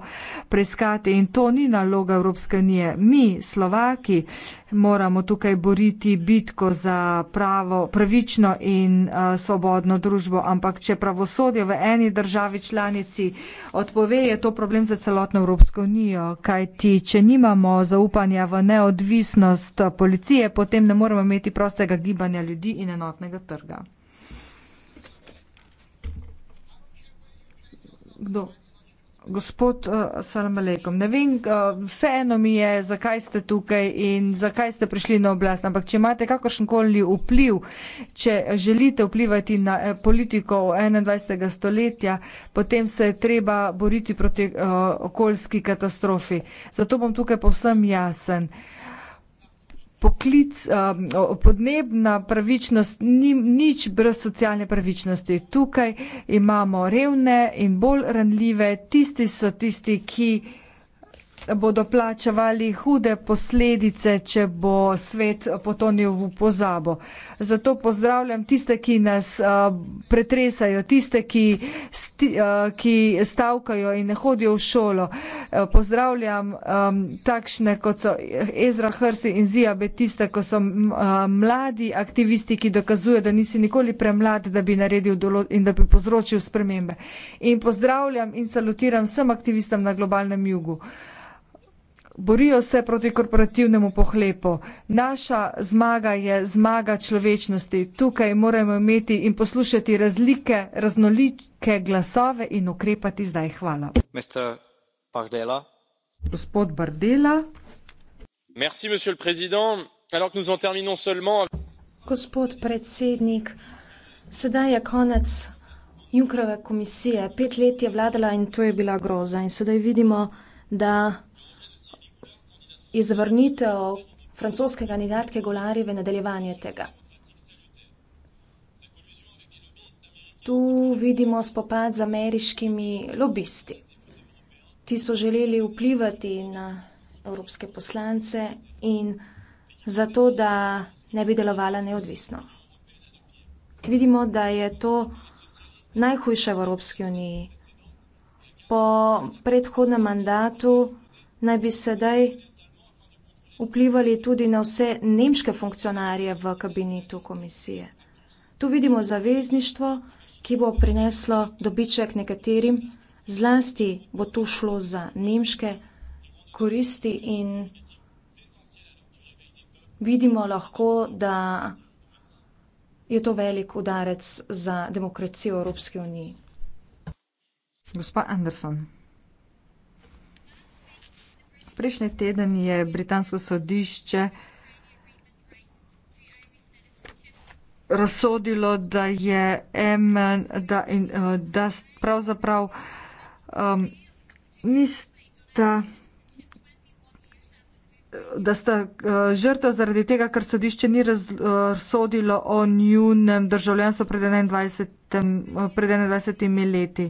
Speaker 7: preiskati in to ni naloga Evropske unije. Mi, Slovaki, moramo tukaj boriti bitko za pravo, pravično in uh, svobodno družbo, ampak če pravosodje v eni državi članici odpove, je to problem za celotno Evropsko unijo, kajti če nimamo zaupanja v neodvisnost eh, policije, potem ne moremo imeti prostega gibanja ljudi in enotnega trga. Kdo? Gospod eh, Salam Aleikum, ne vem, eh, vseeno mi je, zakaj ste tukaj in zakaj ste prišli na oblast, ampak če imate kakršenkoli vpliv, če želite vplivati na eh, politiko 21. stoletja, potem se je treba boriti proti okoljski katastrofi. Zato bom tukaj povsem jasen poklic, um, podnebna pravičnost ni nič brez socialne pravičnosti. Tukaj imamo revne in bolj ranljive, tisti so tisti, ki bodo plačevali hude posledice, če bo svet potonil v pozabo. Zato pozdravljam tiste, ki nas eh, pretresajo, tiste, ki, sti, eh, ki stavkajo in ne hodijo v šolo. Eh, pozdravljam takšne, kot so Ezra Hrsi in Zija Betista, ko so mladi aktivisti, ki dokazujejo, da nisi nikoli premlad, da bi naredil dolo in da bi povzročil spremembe. In pozdravljam in salutiram vsem aktivistom na globalnem jugu. Uh, borijo se proti korporativnemu pohlepu. Naša zmaga je zmaga človečnosti. Tukaj moramo imeti in poslušati razlike, raznolike glasove in ukrepati zdaj. Hvala. Gospod Bardela.
Speaker 2: Merci, monsieur le président. Alors que nous en terminons seulement.
Speaker 11: Gospod predsednik, sedaj je konec Junkrove komisije. Pet let je vladala in to je bila groza. In sedaj vidimo, da je zavrnitev francoske kandidatke Golarjeve nadaljevanje tega. Tu vidimo spopad z ameriškimi lobisti. Ti so želeli vplivati na evropske poslance in zato, da ne bi delovala neodvisno. Vidimo, da je to najhujše v Evropski uniji. Po predhodnem mandatu naj bi sedaj vplivali tudi na vse nemške funkcionarje v kabinetu komisije. Tu vidimo zavezništvo, ki bo prineslo dobiček nekaterim, zlasti bo tu šlo za nemške koristi in vidimo lahko, da je to velik udarec za demokracijo v Evropski uniji. Gospa Anderson. Prejšnji teden je
Speaker 7: britansko sodišče razsodilo, da je M, da in, eh, da pravzaprav, ehm, nista, da sta, eh, žrtev zaradi tega, ker sodišče ni eh, razsodilo o njunem državljanstvu pred enaindvajsetem, pred enaindvajsetimi leti.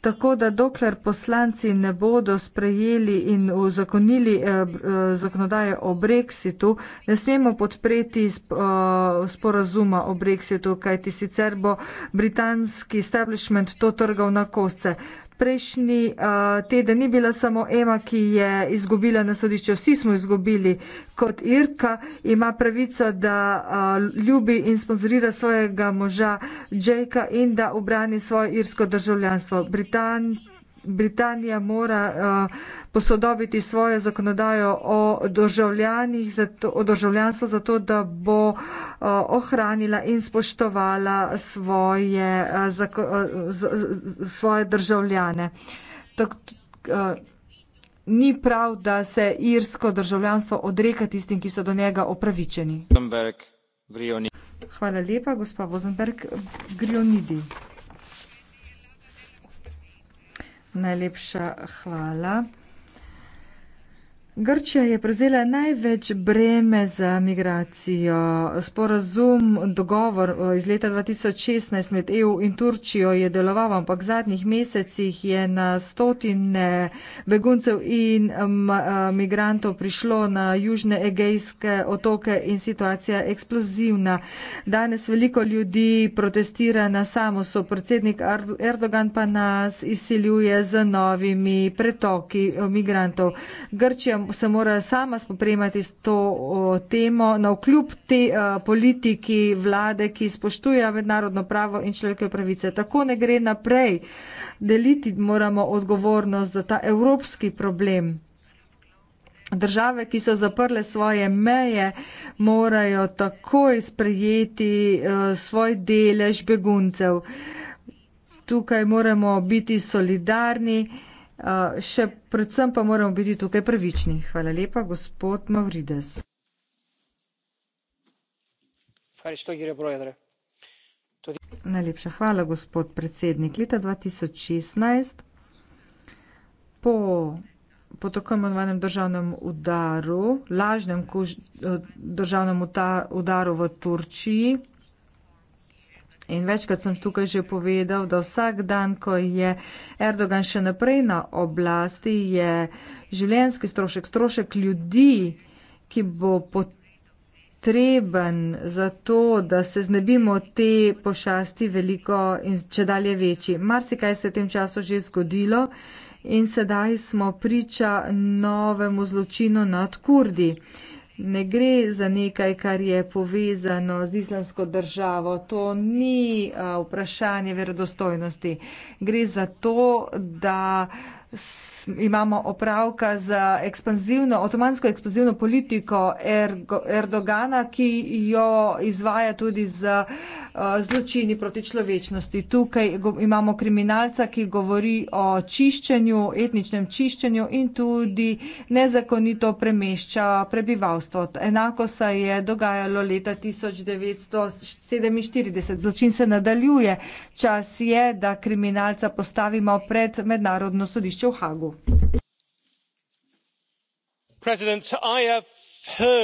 Speaker 7: Tako da dokler poslanci ne bodo sprejeli in uzakonili eh, eh, zakonodaje o brexitu, ne smemo podpreti sp, eh, sporazuma o brexitu, kajti sicer bo britanski establishment to trgal na kosce prejšnji uh, teden ni bila samo Ema, ki je izgubila na sodišče, vsi smo izgubili kot Irka, ima pravico, da uh, ljubi in sponzorira svojega moža Jakea in da obrani svoje irsko državljanstvo. Britant, Britanija mora uh, posodobiti svojo zakonodajo o, državljanih, zato, o državljanstvu, zato da bo uh, ohranila in spoštovala svoje, uh, zako, uh, z, z, svoje državljane. Tak, uh, Ni prav, da se irsko državljanstvo odreka tistim, ki so do njega upravičeni. Hvala lepa, gospa Vozenberg. Grionidi. Najlepša hvala. Grčija je prevzela največ breme za migracijo. Sporazum, dogovor eh, iz leta 2016 med EU in Turčijo je deloval, ampak v zadnjih mesecih je na stotine beguncev in eh, migrantov prišlo na južne egejske otoke in situacija je eksplozivna. Danes veliko ljudi protestira na samoso, predsednik Erdogan pa nas izsiljuje z novimi pretoki eh, migrantov. Grčija se morajo sama spopremati s to o, temo, na vkljub te o, politiki vlade, ki spoštuje mednarodno pravo in človekove pravice. Tako ne gre naprej. Deliti moramo odgovornost za ta evropski problem. Države, ki so zaprle svoje meje, morajo takoj sprejeti o, svoj delež beguncev. Tukaj moramo biti solidarni še predvsem pa moramo biti tukaj pravični. Hvala lepa, gospod Mavrides. Najlepša hvala, gospod predsednik. Leta 2016 po, po tako imenovanem državnem udaru, lažnem kož, eh, državnem uta, udaru v Turčiji, In večkrat sem tukaj že povedal, da vsak dan, ko je Erdogan še naprej na oblasti, je življenski strošek, strošek ljudi, ki bo potreben za to, da se znebimo te pošasti veliko in če dalje večji. Marsikaj se je v tem času že zgodilo in sedaj smo priča novemu zločinu nad Kurdi ne gre za nekaj, kar je povezano z islamsko državo. To ni vprašanje verodostojnosti. Gre za to, da se imamo opravka z ekspanzivno, otomansko ekspanzivno politiko Erdogana, ki jo izvaja tudi z eh, zločini proti človečnosti. Tukaj imamo kriminalca, ki govori o čiščenju, etničnem čiščenju in tudi nezakonito premešča prebivalstvo. Enako se je dogajalo leta 1947. Zločin se nadaljuje. Čas je, da kriminalca postavimo pred mednarodno sodišče v Hagu gospod davies slišala sem da
Speaker 6: ste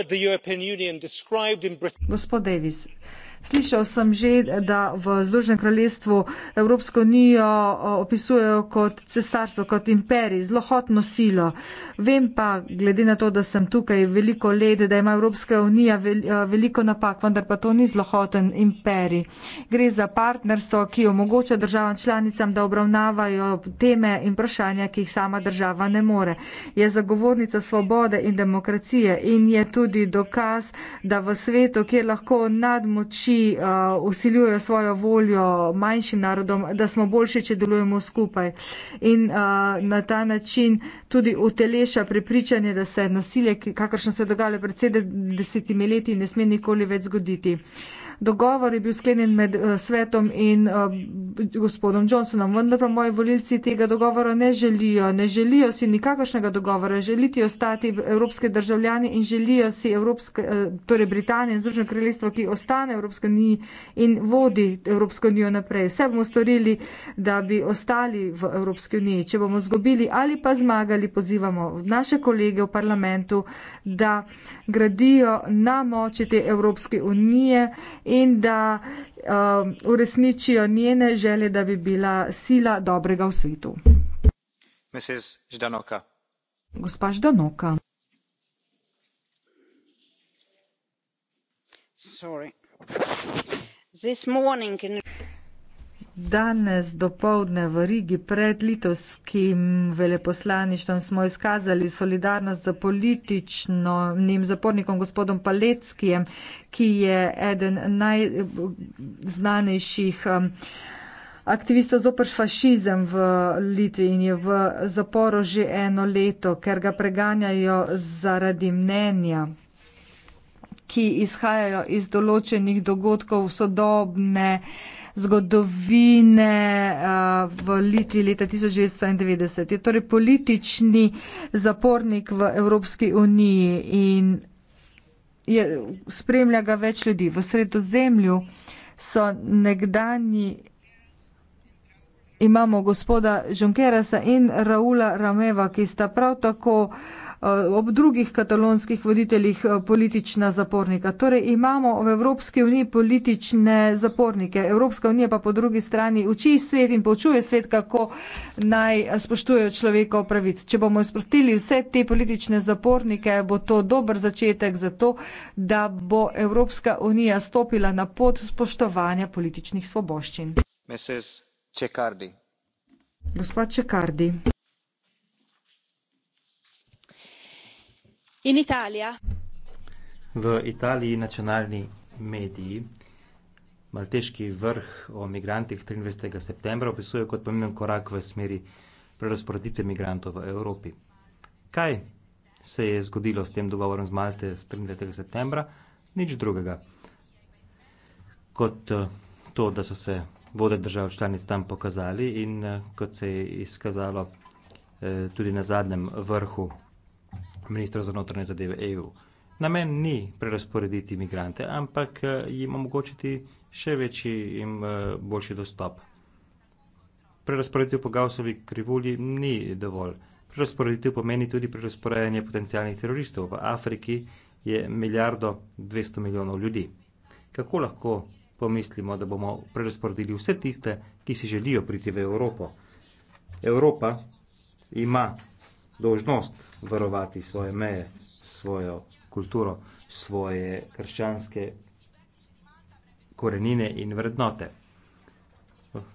Speaker 6: govorili o nekem novem načinu evropske
Speaker 7: integracije. Slišal sem že, da v Združenem kraljestvu Evropsko unijo opisujejo kot cesarstvo, kot imperij, zelo hotno silo. Vem pa, glede na to, da sem tukaj veliko let, da ima Evropska unija veliko napak, vendar pa to ni zelo hoten imperij. Gre za partnerstvo, ki omogoča državam članicam, da obravnavajo teme in vprašanja, ki jih sama država ne more. Je zagovornica svobode in demokracije in je tudi dokaz, da v svetu, kjer lahko nadmoči oči uh, usiljujejo svojo voljo manjšim narodom, da smo boljše, če delujemo skupaj. In uh, na ta način tudi uteleša prepričanje, da se nasilje, kakršno se je dogajalo pred sedemdesetimi leti, ne sme nikoli več zgoditi. Uh, Dogovor je bil sklenjen med eh, svetom in eh, gospodom Johnsonom, vendar pa moji volilci tega dogovora ne želijo. Ne želijo si nikakršnega dogovora, želiti ostati evropske državljani in želijo si evropske, eh, torej Britanije in Združeno kraljestvo, ki ostane Evropske unije in vodi Evropsko unijo naprej. Vse bomo storili, da bi ostali v Evropski uniji. Če bomo zgobili ali pa zmagali, pozivamo naše kolege v parlamentu, da gradijo na moči te Evropske unije in da um, uresničijo njene želje, da bi bila sila dobrega v svetu.
Speaker 8: Mrs. Ždanoka.
Speaker 7: Gospa Ždanoka.
Speaker 9: Sorry. This morning in
Speaker 7: Danes do povdne v Rigi pred litovskim veleposlaništvom smo izkazali solidarnost za politično njim zapornikom gospodom Paleckijem, ki je eden najznanejših um, aktivistov zoprš fašizem v Litvi in je v zaporu že eno leto, ker ga preganjajo zaradi mnenja ki izhajajo iz določenih dogodkov sodobne zgodovine eh, v Litvi leta 1990. Je torej politični zapornik v Evropski uniji in je, spremlja ga več ljudi. V sredozemlju so nekdani, imamo gospoda Žonkerasa in Raula Rameva, ki sta prav tako uh, Eh, ob drugih katalonskih voditeljih eh, politična zapornika. Torej imamo v Evropski uniji politične zapornike. Evropska unija pa po drugi strani uči svet in poučuje svet, kako naj spoštujejo človekov pravic. Če bomo izprostili vse te politične zapornike, bo to dober začetek za to, da bo Evropska unija stopila na pot spoštovanja političnih svoboščin. Gospa
Speaker 8: Čekardi. In Italija. V Italiji nacionalni mediji malteški vrh o migrantih 23. septembra opisuje kot pomemben korak v smeri prerasporeditve migrantov v Evropi. Kaj se je zgodilo s tem dogovorom z Malte 23. septembra? Nič drugega kot eh, to, da so se vode držav članic tam pokazali in eh, kot se je izkazalo eh, tudi na zadnjem vrhu ministra za notranje zadeve EU. Namen ni prerasporediti imigrante, ampak eh, jim omogočiti še večji in eh, boljši dostop. Prerasporeditev po Gausovi krivulji ni dovolj. Prerasporeditev pomeni tudi prerasporedanje potencijalnih teroristov. V Afriki je milijardo 200 milijonov ljudi. Kako lahko pomislimo, da bomo prerasporedili vse tiste, ki si želijo priti v Evropo? Evropa ima dožnost varovati svoje meje, svojo kulturo, svoje krščanske korenine in vrednote.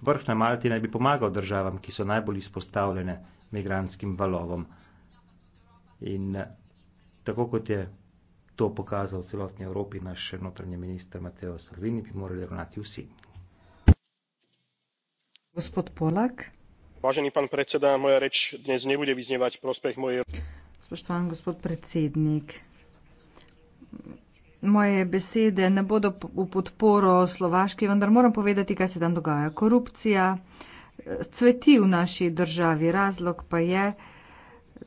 Speaker 8: Vrh na Malti naj bi pomagal državam, ki so najbolj izpostavljene migranskim valovom. In tako kot je to pokazal celotni Evropi naš notranji minister Mateo Salvini, bi morali ravnati vsi.
Speaker 7: Gospod Polak
Speaker 8: spoštovani gospod predsednik moja reč danes ne bo vyznievať v prospech mojej.
Speaker 7: spoštovani gospod predsednik moje besede ne bodo v podporo slovaški vendar moram povedati kaj se tam dogaja korupcija eh, cveti v naši državi razlog pa je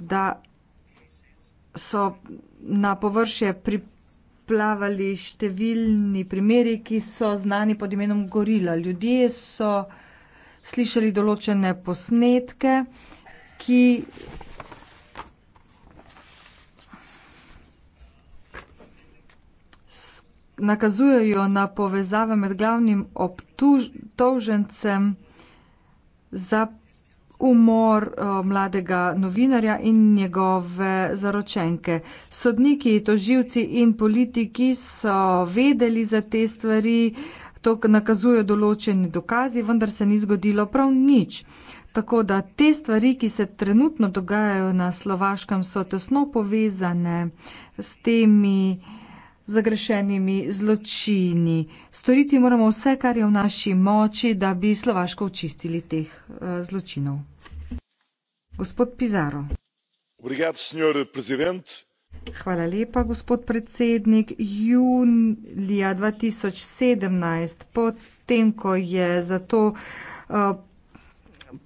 Speaker 7: da so na površje pri plavali številni primeri, ki so znani pod imenom gorila. Ljudje so slišali določene posnetke, ki nakazujejo na povezave med glavnim obtožencem za umor eh, mladega novinarja in njegove zaročenke. Sodniki, toživci in politiki so vedeli za te stvari, To nakazujejo določeni dokazi, vendar se ni zgodilo prav nič. Tako da te stvari, ki se trenutno dogajajo na Slovaškem, so tesno povezane s temi zagrešenimi zločini. Storiti moramo vse, kar je v naši moči, da bi Slovaško očistili teh eh, zločinov. Gospod Pizarro.
Speaker 6: Obrigado, senhor presidente.
Speaker 7: Hvala lepa, gospod predsednik. Julija 2017, potem, ko je zato eh,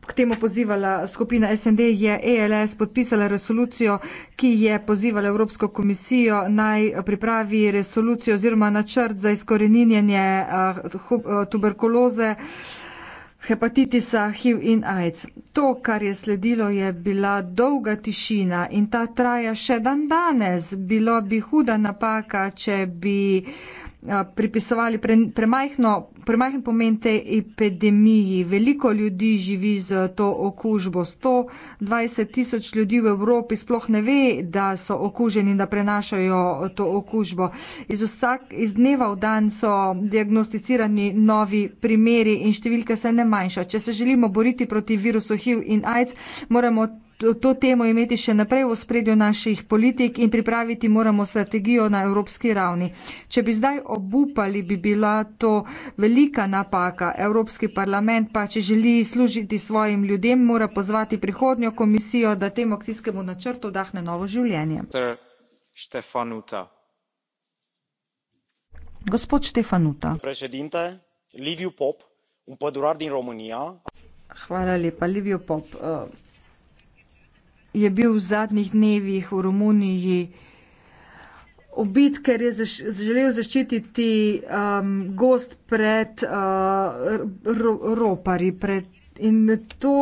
Speaker 7: k temu pozivala skupina SND, je ELS podpisala resolucijo, ki je pozivala Evropsko komisijo naj pripravi resolucijo oziroma načrt za izkoreninjenje eh, tuberkuloze. Uh, hepatitisa, HIV in AIDS. To, kar je sledilo, je bila dolga tišina in ta traja še dan danes. Bilo bi huda napaka, če bi uh, pripisovali pre, premajhno, premajhen pomen tej epidemiji. Veliko ljudi živi z to okužbo. 120 tisoč ljudi v Evropi sploh ne ve, da so okuženi in da prenašajo to okužbo. Iz, vsak, iz dneva v dan so diagnosticirani novi primeri in številka se ne manjša. Če se želimo boriti proti virusu HIV in AIDS, moramo to, to temo imeti še naprej v spredju naših politik in pripraviti moramo strategijo na evropski ravni. Če bi zdaj obupali, bi bila to velika napaka. Evropski parlament pa, če želi služiti svojim ljudem, mora pozvati prihodnjo komisijo, da temu akcijskemu načrtu dahne novo življenje.
Speaker 8: Štefanuta.
Speaker 7: Gospod Štefanuta.
Speaker 8: Predsednik, Liviu Pop, un pădurar din România. Hvala lepa, Liviu Pop. Uh
Speaker 7: je bil v zadnjih dnevih v Romuniji ubit, ker je zaš želel zaščititi um, gost pred uh, ro ropari. Pred in to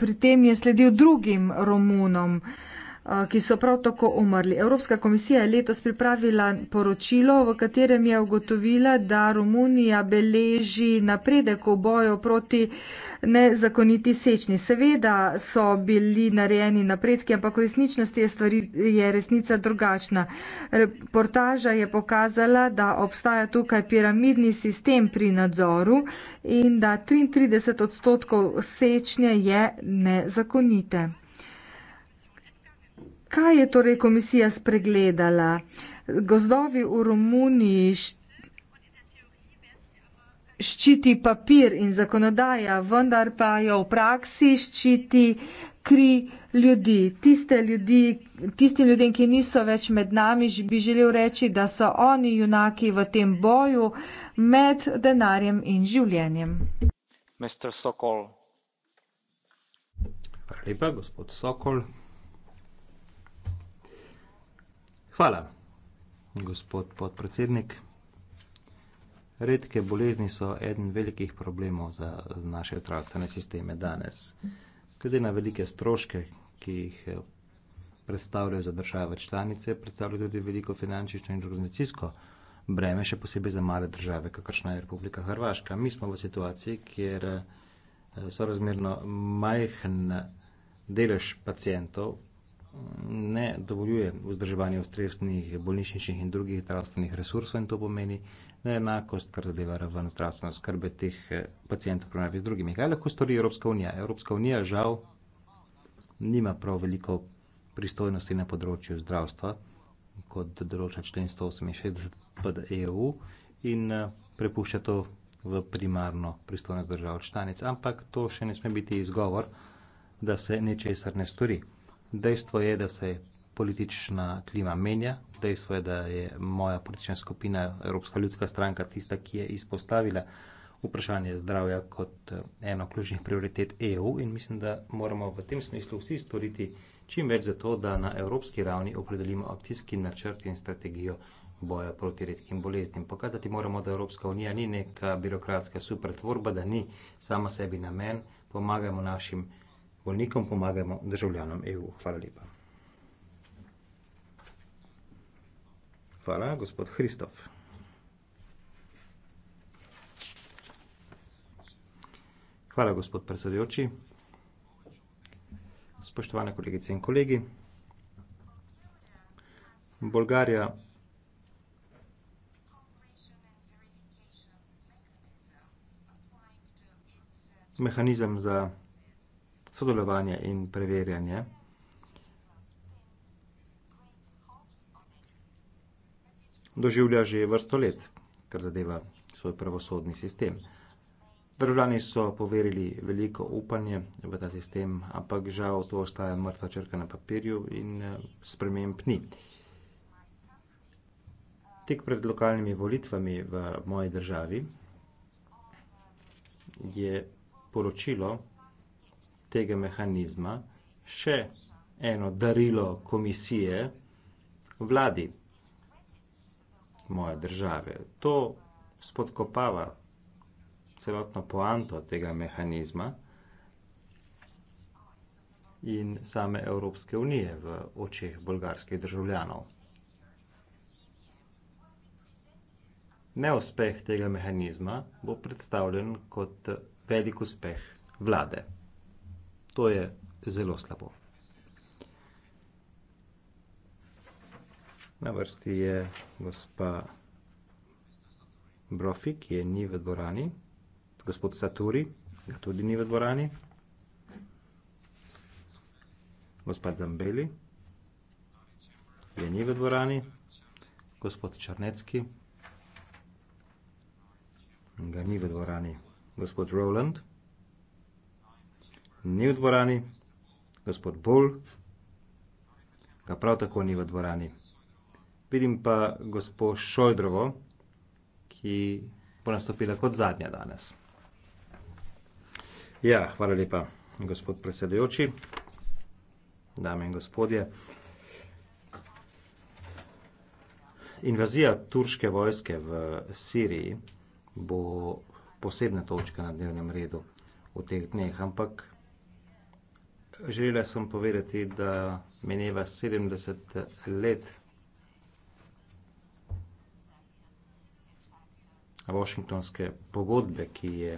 Speaker 7: pri tem je sledil drugim Romunom. Eh, ki so prav tako umrli. Evropska komisija je letos pripravila poročilo, v katerem je ugotovila, da Romunija beleži napredek v boju proti nezakoniti sečni. Seveda so bili narejeni napredki, ampak v resničnosti je, stvari, je resnica drugačna. Reportaža je pokazala, da obstaja tukaj piramidni sistem pri nadzoru in da 33 odstotkov sečnje je nezakonite kaj je torej komisija spregledala? Gozdovi v Romuniji ščiti papir in zakonodaja, vendar pa jo v praksi ščiti kri ljudi. Tiste ljudi, tistim ljudem, ki niso več med nami, bi želel reči, da so oni junaki v tem boju med denarjem in življenjem.
Speaker 8: Mr. Sokol. Hvala lepa, gospod Sokol. Hvala, gospod podpredsednik. Redke bolezni so eden velikih problemov za naše zdravstvene sisteme danes. Glede na velike stroške, ki jih eh, predstavljajo za države članice, predstavljajo tudi veliko finančno in organizacijsko breme, še posebej za male države, kakršna je Republika Hrvaška. Mi smo v situaciji, kjer eh, so razmerno majhen delež pacijentov, ne dovoljuje vzdrževanje ustreznih bolnišničnih in drugih zdravstvenih resursov in to pomeni neenakost, kar zadeva raven zdravstvene skrbe teh eh, pacijentov primarjavi z drugimi. Kaj lahko stori Evropska unija? Evropska unija žal nima prav veliko pristojnosti na področju zdravstva, kot določa člen 168 pod EU in eh, prepušča to v primarno pristojnost držav članic. Ampak to še ne sme biti izgovor, da se nečesar ne stori. Dejstvo je, da se politična klima menja, dejstvo je, da je moja politična skupina, Evropska ljudska stranka, tista, ki je izpostavila vprašanje zdravja kot eh, eno ključnih prioritet EU in mislim, da moramo v tem smislu vsi storiti čim več za to, da na evropski ravni opredelimo akcijski načrt in strategijo boja proti redkim boleznim. Pokazati moramo, da Evropska unija ni neka birokratska supertvorba, da ni sama sebi namen, pomagajmo našim bolnikom pomagajmo državljanom EU. Hvala lepa. Hvala, gospod Hristof. Hvala, gospod predsedujoči. Spoštovane kolegice in kolegi. Bolgarija mehanizem za sodelovanje in preverjanje. Doživlja že vrsto let, kar zadeva svoj pravosodni sistem. Državljani so poverili veliko upanje v ta sistem, ampak žal to ostaja mrtva črka na papirju in eh, sprememb ni. Tik pred lokalnimi volitvami v moji državi je poročilo tega mehanizma še eno darilo komisije vladi moje države. To spodkopava celotno poanto tega mehanizma in same Evropske unije v očeh bolgarskih državljanov. Neuspeh tega mehanizma bo predstavljen kot velik uspeh vlade. To je zelo slabo. Na vrsti je gospa Brofi, ki je ni v dvorani. Gospod Saturi, ga tudi ni v dvorani. Gospod Zambeli, je ni v dvorani. Gospod Črnecki, ga ni v dvorani. Gospod Roland, ga ni v dvorani ni v dvorani, gospod Bull ga prav tako ni v dvorani. Vidim pa gospod Šojdrovo, ki bo nastopila kot zadnja danes. Ja, hvala lepa, gospod predsedujoči, dame in gospodje. Invazija turške vojske v Siriji bo posebna točka na dnevnem redu v teh dneh, ampak Želela sem povedati, da meneva 70 let Washingtonske pogodbe, ki je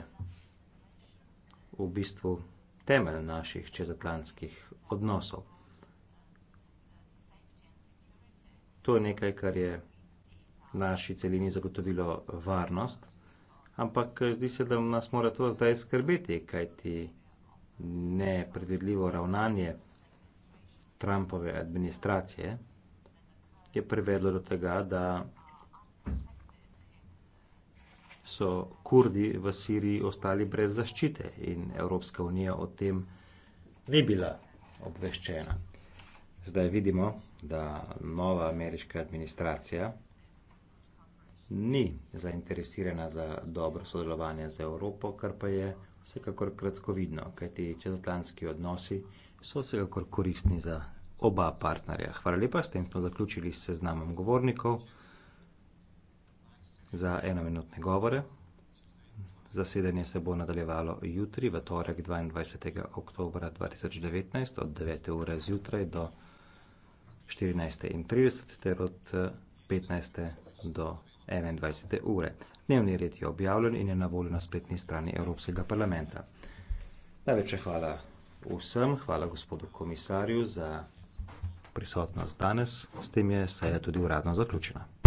Speaker 8: v bistvu temelj naših čezatlantskih odnosov. To je nekaj, kar je naši celini zagotovilo varnost, ampak zdi se, da nas mora to zdaj skrbeti, kajti ti nepredvidljivo ravnanje Trumpove administracije je privedlo do tega, da so kurdi v Siriji ostali brez zaščite in Evropska unija o tem ni bila obveščena. Zdaj vidimo, da nova ameriška administracija ni zainteresirana za dobro sodelovanje z Evropo, kar pa je vsega vsekakor kratkovidno, kajti čezatlantski odnosi so vsekakor koristni za oba partnerja. Hvala lepa, s tem smo zaključili s seznamom govornikov za enominutne govore. Zasedanje se bo nadaljevalo jutri, v torek 22. oktober 2019 od 9. ure zjutraj do 14.30 ter od 15. do 21. ure. Dnevni red je objavljen in je na voljo na spletni strani Evropskega parlamenta. Najlepše hvala vsem, hvala gospodu komisarju za prisotnost danes. S tem je seja tudi uradno zaključena.